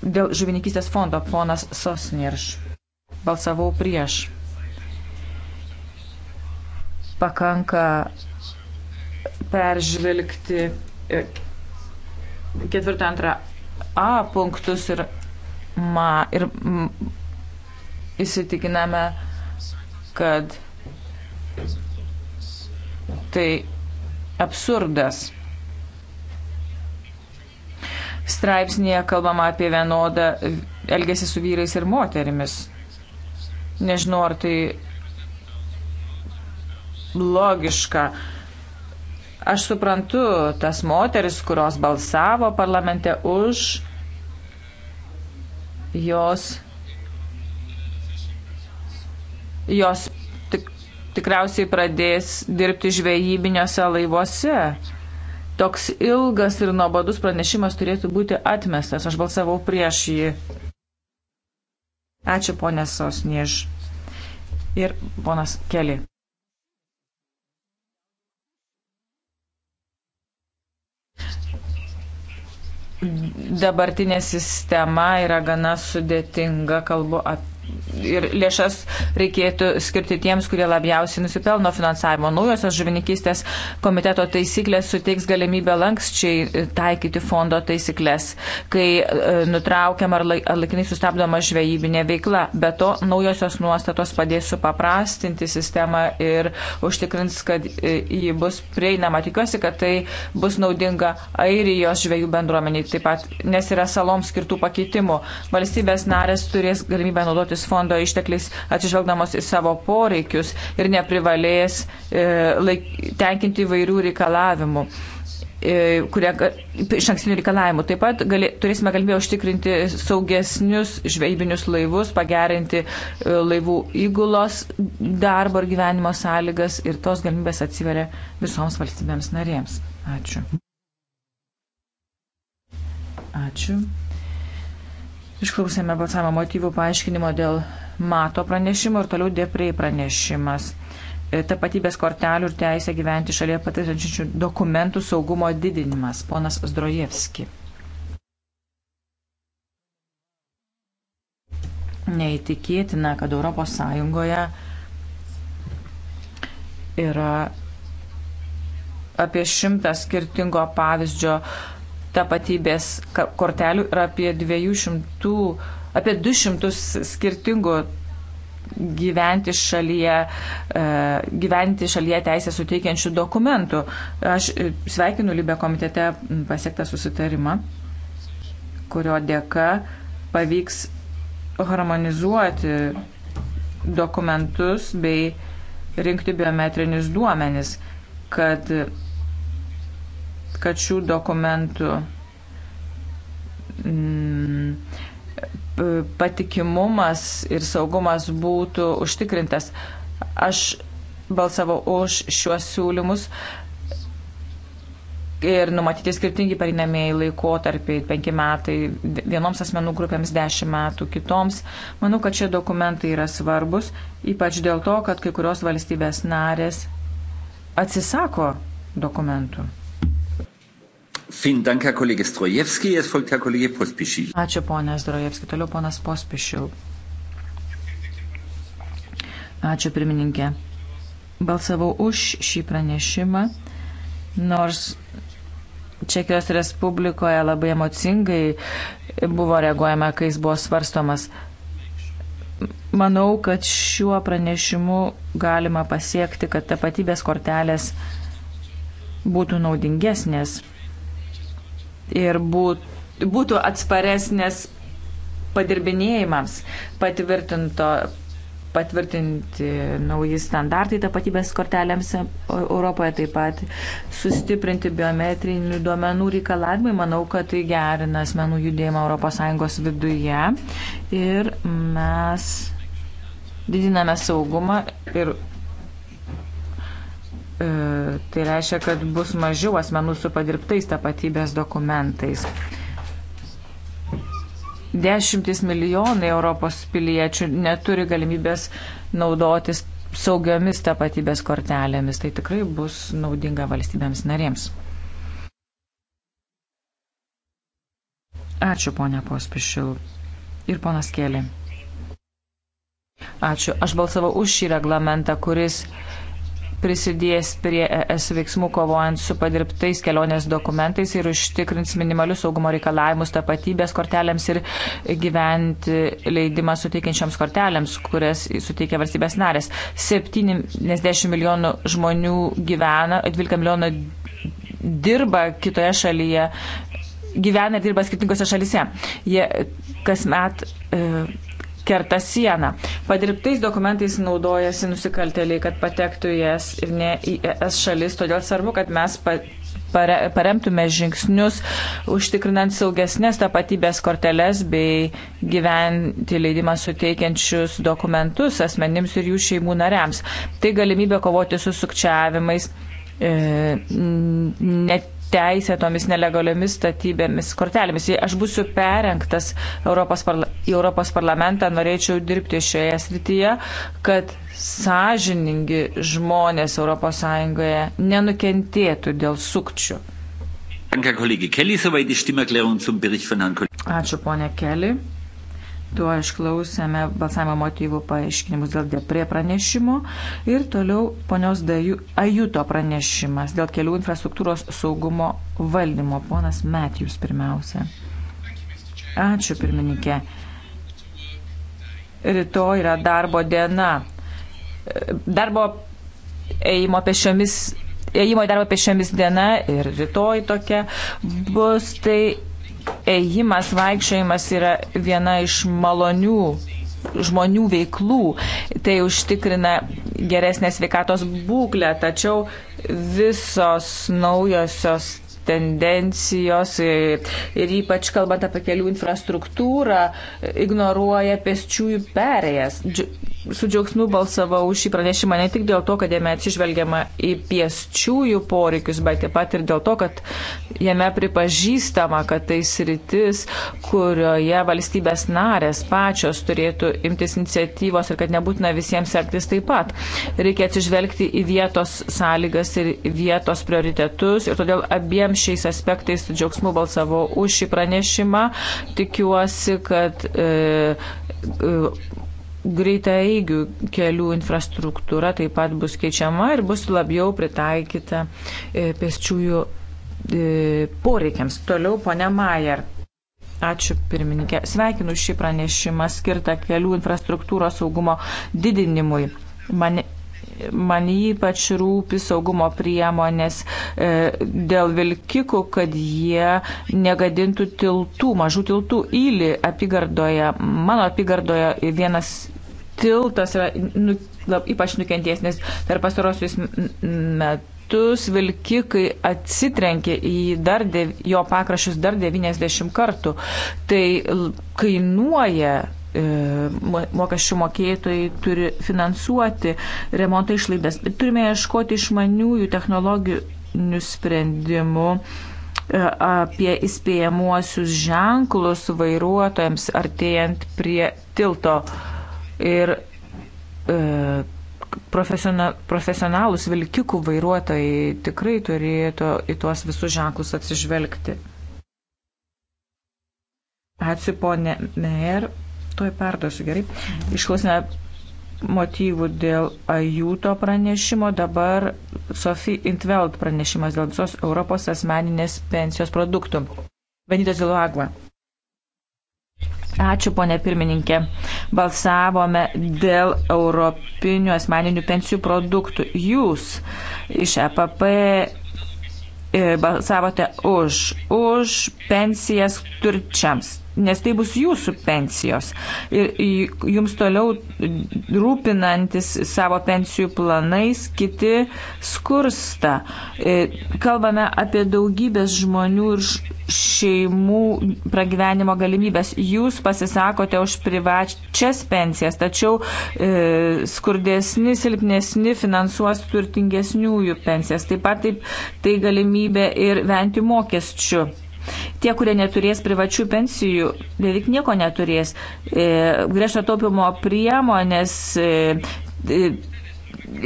Dėl žuvininkystės fondo ponas Sosnirš. Balsavau prieš. Pakanka peržvelgti e, ketvirtą antrą A punktus ir, ma, ir m, įsitikiname, kad tai absurdas. Straipsnėje kalbama apie vienodą elgesį su vyrais ir moterimis. Nežinau, ar tai logiška. Aš suprantu tas moteris, kurios balsavo parlamente už jos. Jos tik, tikriausiai pradės dirbti žvejybiniuose laivuose. Toks ilgas ir nuobodus pranešimas turėtų būti atmestas. Aš balsavau prieš jį. Ačiū ponė Sosniež ir ponas Keli. dabartinė sistema yra gana sudėtinga, kalbu apie ir lėšas reikėtų skirti tiems, kurie labiausiai nusipelno finansavimo. Naujosios žuvininkystės komiteto taisyklės suteiks galimybę lankščiai e, taikyti fondo taisyklės, kai e, nutraukiam ar laikinai sustabdoma žvejybinė veikla. Be to, naujosios nuostatos padės supaprastinti sistemą ir užtikrins, kad e, ji bus prieinama. Tikiuosi, kad tai bus naudinga Airijos žvejų bendruomeniai, taip pat, nes yra saloms skirtų pakeitimų. Valstybės narės turės galimybę naudotis fondų fondo ištekliais atsižvelgdamos į savo poreikius ir neprivalės e, laik, tenkinti įvairių reikalavimų e, kurie iš ankstinių reikalavimų. Taip pat gali, turėsime galimybę užtikrinti saugesnius žvejybinius laivus, pagerinti e, laivų įgulos darbo ir gyvenimo sąlygas ir tos galimybės atsiveria visoms valstybėms narėms. Ačiū. Ačiū. Išklausėme balsavimo motyvų paaiškinimo dėl mato pranešimo ir toliau deprei pranešimas. E, tapatybės kortelių ir teisė gyventi šalyje patvirtinčių dokumentų saugumo didinimas. Ponas Zdrojevski. Neįtikėtina, kad ES yra apie šimtą skirtingo pavyzdžio uh, tapatybės kortelių yra apie 200, apie 200 skirtingų gyventi šalyje, e, gyventi šalyje teisę suteikiančių dokumentų. Aš e, sveikinu Libė komitete pasiektą susitarimą, kurio dėka pavyks harmonizuoti dokumentus bei rinkti biometrinius duomenis, kad kad šių dokumentų mm, patikimumas ir saugumas būtų užtikrintas. Aš balsavau už šiuos siūlymus ir numatyti skirtingi perinamieji laikotarpiai - penki metai vienoms asmenų grupėms, dešimt metų kitoms. Manau, kad šie dokumentai yra svarbus, ypač dėl to, kad kai kurios valstybės narės atsisako dokumentų. Ačiū ponė Zdrojevski, toliau ponas Pospišil. Ačiū pirmininkė. Balsavau už šį pranešimą, nors Čekijos Respublikoje labai emocingai buvo reaguojama, kai jis buvo svarstomas. Manau, kad šiuo pranešimu galima pasiekti, kad tapatybės kortelės būtų naudingesnės ir būtų atsparesnės padirbinėjimams patvirtinto patvirtinti nauji standartai tapatybės kortelėms e, Europoje, taip pat sustiprinti biometrinių duomenų reikalavimai. Manau, kad tai gerina asmenų judėjimą ES viduje ir mes didiname saugumą ir E, tai reiškia, kad bus mažiau asmenų su padirbtais tapatybės dokumentais. Dešimtis milijonai Europos piliečių neturi galimybės naudotis saugiomis tapatybės kortelėmis. Tai tikrai bus naudinga valstybėms narėms. Ačiū, ponia Pospišil. Ir ponas Kėlė. Ačiū. Aš balsavau už šį reglamentą, kuris prisidės prie ES veiksmų kovojant su padirbtais kelionės dokumentais ir užtikrins minimalius saugumo reikalavimus tapatybės kortelėms ir gyventi leidimą suteikiančioms kortelėms, kurias suteikia valstybės narės. 70 milijonų žmonių gyvena, 12 milijonų dirba kitoje šalyje gyvena ir dirba skirtingose šalise. Jie kasmet e, kerta sieną. Padirbtais dokumentais naudojasi nusikalteliai, kad patektų į ES ir ne į ES šalis, todėl svarbu, kad mes pa, pare, paremtume žingsnius, užtikrinant saugesnės tapatybės korteles bei gyventi leidimą suteikiančius dokumentus asmenims ir jų šeimų nariams. Tai galimybė kovoti su sukčiavimais, e, net teisėtomis nelegaliomis statybėmis, kortelėmis. Jei aš būsiu perenktas Europos parla į Europos parlamentą, norėčiau dirbti šioje srityje, kad sąžiningi žmonės ES nenukentėtų dėl sukčių. Ačiū, ponė Keli. Tuo išklausėme balsavimo motyvų paaiškinimus dėl deprie pranešimo ir toliau ponios Daju, Ajuto pranešimas dėl kelių infrastruktūros saugumo valdymo. Ponas Matijus pirmiausia. Ačiū pirmininkė. Rytoj yra darbo diena. Darbo ėjimo pešiomis ėjimo į darbą pešiomis diena ir rytoj tokia bus, tai ėjimas, vaikščiojimas yra viena iš malonių žmonių veiklų, tai užtikrina geresnę sveikatos būklę, tačiau visos naujosios tendencijos ir ypač kalbant apie kelių infrastruktūrą, ignoruoja pėsčiųjų perėjas su džiaugsmu balsavau už šį pranešimą ne tik dėl to, kad jame atsižvelgiama į piesčiųjų poreikius, bet taip pat ir dėl to, kad jame pripažįstama, kad tai sritis, kurioje valstybės narės pačios turėtų imtis iniciatyvos ir kad nebūtina visiems sektis taip pat. Reikia atsižvelgti į vietos sąlygas ir vietos prioritetus ir todėl abiems šiais aspektais su džiaugsmu balsavau už šį pranešimą. Tikiuosi, kad e, e, greitaeigių kelių infrastruktūra taip pat bus keičiama ir bus labiau pritaikyta e, pėsčiųjų e, poreikiams. Toliau ponia Majer. Ačiū pirmininkė. Sveikinu šį pranešimą skirtą kelių infrastruktūros saugumo didinimui. Man, man ypač rūpi saugumo priemonės e, dėl vilkikų, kad jie negadintų tiltų, mažų tiltų įlį apygardoje. Mano apygardoje vienas tiltas yra nu, lab, ypač nukentėjęs, nes per pastarosius metus vilkikai atsitrenkė į dar de, jo pakrašius dar 90 kartų. Tai kainuoja e, mokesčių mokėtojai turi finansuoti remonto išlaidas. Turime ieškoti išmaniųjų technologinių sprendimų e, apie įspėjamuosius ženklus vairuotojams artėjant prie tilto. Uh, ir e, profesionalus vilkikų vairuotojai tikrai turėtų į tuos visus ženklus atsižvelgti. Ačiū ponė Meir, tuoj perduosiu gerai. Išklausime motyvų dėl Ajuto pranešimo, dabar Sofie Intveld pranešimas dėl visos Europos asmeninės pensijos produktų. Benitas Ziluagva. Ačiū, ponė pirmininkė. Balsavome dėl europinių asmeninių pensijų produktų. Jūs iš EPP e, balsavote už, už pensijas turčiams nes tai bus jūsų pensijos. Ir jums toliau rūpinantis savo pensijų planais, kiti skursta. Kalbame apie daugybės žmonių ir šeimų pragyvenimo galimybės. Jūs pasisakote už privačias pensijas, tačiau e, skurdesni, silpnesni finansuos turtingesniųjų pensijas. Taip pat taip, tai galimybė ir venti mokesčių. Tie, kurie neturės privačių pensijų, beveik nieko neturės. E, griežto taupimo priemonės e, e,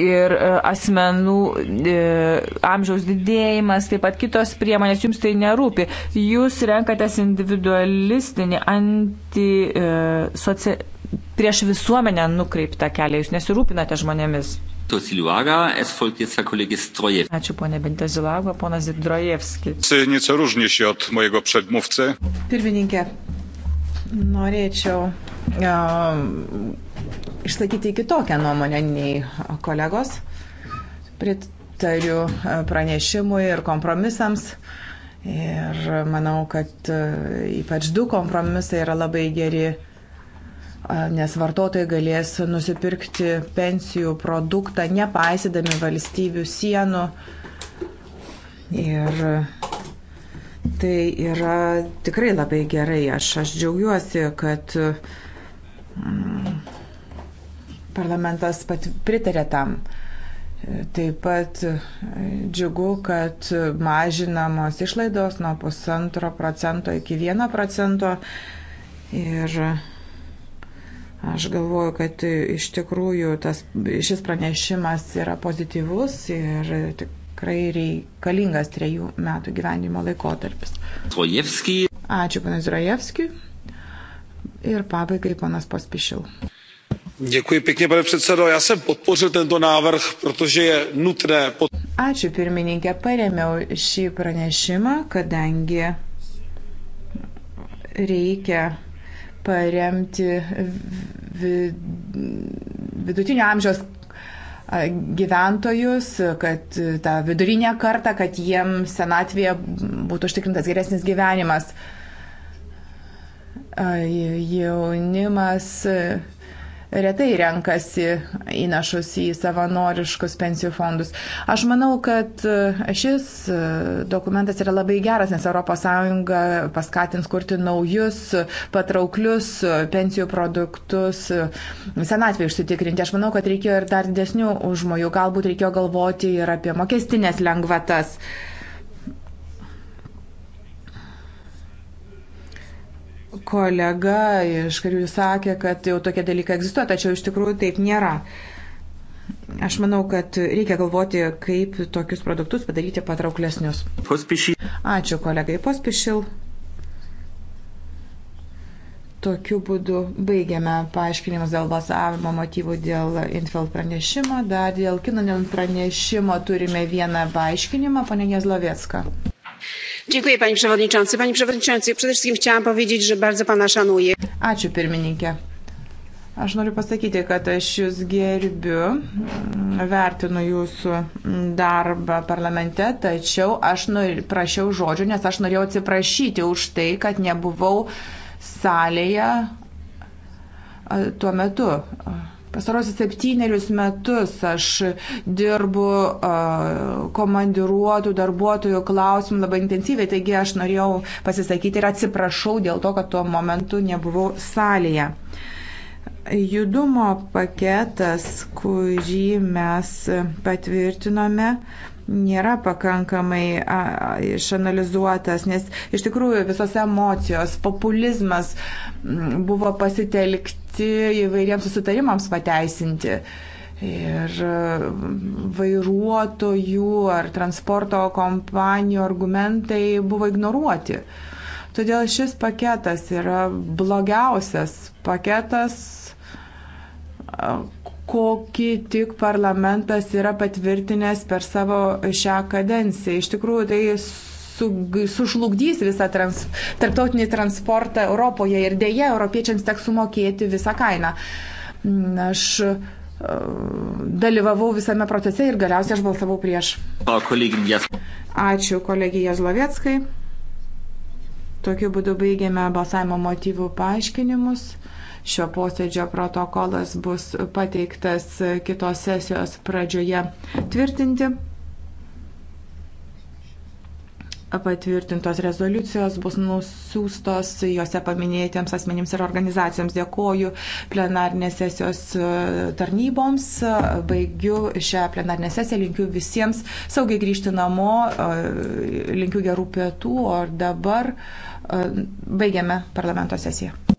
ir asmenų e, amžiaus didėjimas, taip pat kitos priemonės, jums tai nerūpi. Jūs renkatės individualistinį, anti, e, socia, prieš visuomenę nukreiptą kelią, jūs nesirūpinate žmonėmis. Ačiū ponė Bentezilago, ponas Drojevskis. Nieco różni się od mojego przedmówcy. Pirmininkė, norėčiau um, išsakyti kitokią nuomonę nei kolegos. Pritariu pranešimui ir kompromisams. Ir manau, kad ypač du kompromisai yra labai geri nes vartotojai galės nusipirkti pensijų produktą nepaisydami valstybių sienų. Ir tai yra tikrai labai gerai. Aš, aš džiaugiuosi, kad mm, parlamentas pat pritarė tam. Taip pat džiugu, kad mažinamos išlaidos nuo pusantro procento iki vieno procento. Ir Aš galvoju, kad iš tikrųjų tas, šis pranešimas yra pozityvus ir tikrai reikalingas trejų metų gyvenimo laikotarpis. Zrojevski. Ačiū, panas Zrojevski. Ir pabaigai panas Paspišil. Děkuji pěkně, pane předsedo. Já jsem podpořil tento návrh, protože je nutné. Pod... Ačiū pirmininkė, paremiau šį pranešimą, kadangi reikia paremti vidutinio amžiaus gyventojus, kad tą vidurinę kartą, kad jiems senatvėje būtų užtikrintas geresnis gyvenimas. Jaunimas retai renkasi įnašus į savanoriškus pensijų fondus. Aš manau, kad e, šis e, dokumentas yra labai geras, nes ES paskatins kurti naujus, patrauklius e, pensijų produktus senatvėje užsitikrinti. Aš manau, kad reikėjo ir dar didesnių užmojų. Galbūt reikėjo galvoti ir apie mokestinės lengvatas. Uh, kolega iš karių sakė, kad jau tokie dalykai egzistuoja, tačiau iš tikrųjų taip nėra. Aš manau, kad reikia galvoti, kaip tokius produktus padaryti patrauklesnius. Pospišil. Ačiū kolegai Pospišil. Tokiu būdu baigiame paaiškinimus dėl balsavimo motyvų dėl Infeld pranešimo. Dar dėl Kinonin pranešimo turime vieną paaiškinimą, panė Gezlovėcka panie przewodniczący! panie przewodniczący! przede wszystkim chciałam powiedzieć że bardzo pana szanuję. ačiū pirmininke. Aš noriu pasakyti, kad aš jūs gerbiu, vertinu jūsų darbą parlamente, tačiau aš nori, prašiau žodžių, nes aš norėjau atsiprašyti už tai, kad nebuvau salėje tuo metu. Pastarosius septynerius metus aš dirbu uh, komandiruotų darbuotojų klausimų labai intensyviai, taigi aš norėjau pasisakyti ir atsiprašau dėl to, kad tuo momentu nebuvau salėje. Judumo paketas, kurį mes patvirtinome, nėra pakankamai a, išanalizuotas, nes iš tikrųjų visos emocijos, populizmas buvo pasitelkti skirti įvairiems susitarimams pateisinti. Ir vairuotojų ar transporto kompanijų argumentai buvo ignoruoti. Todėl šis paketas yra blogiausias paketas, kokį tik parlamentas yra patvirtinęs per savo šią kadenciją. Iš tikrųjų, tai su, sužlugdys visą trans, tarptautinį transportą Europoje ir dėja europiečiams teks sumokėti visą kainą. Mm, aš e, dalyvavau visame procese ir galiausiai aš balsavau prieš. Ačiū kolegijai Jazlovieckai. Tokiu būdu baigėme balsavimo motyvų paaiškinimus. Šio posėdžio protokolas bus pateiktas kitos sesijos pradžioje tvirtinti patvirtintos rezoliucijos bus nusiųstos juose paminėtiems asmenims ir organizacijoms. Dėkoju plenarnės sesijos e, tarnyboms. Baigiu šią plenarnę sesiją. Linkiu visiems saugiai grįžti namo. E, linkiu gerų pietų. O dabar e, baigiame parlamento sesiją.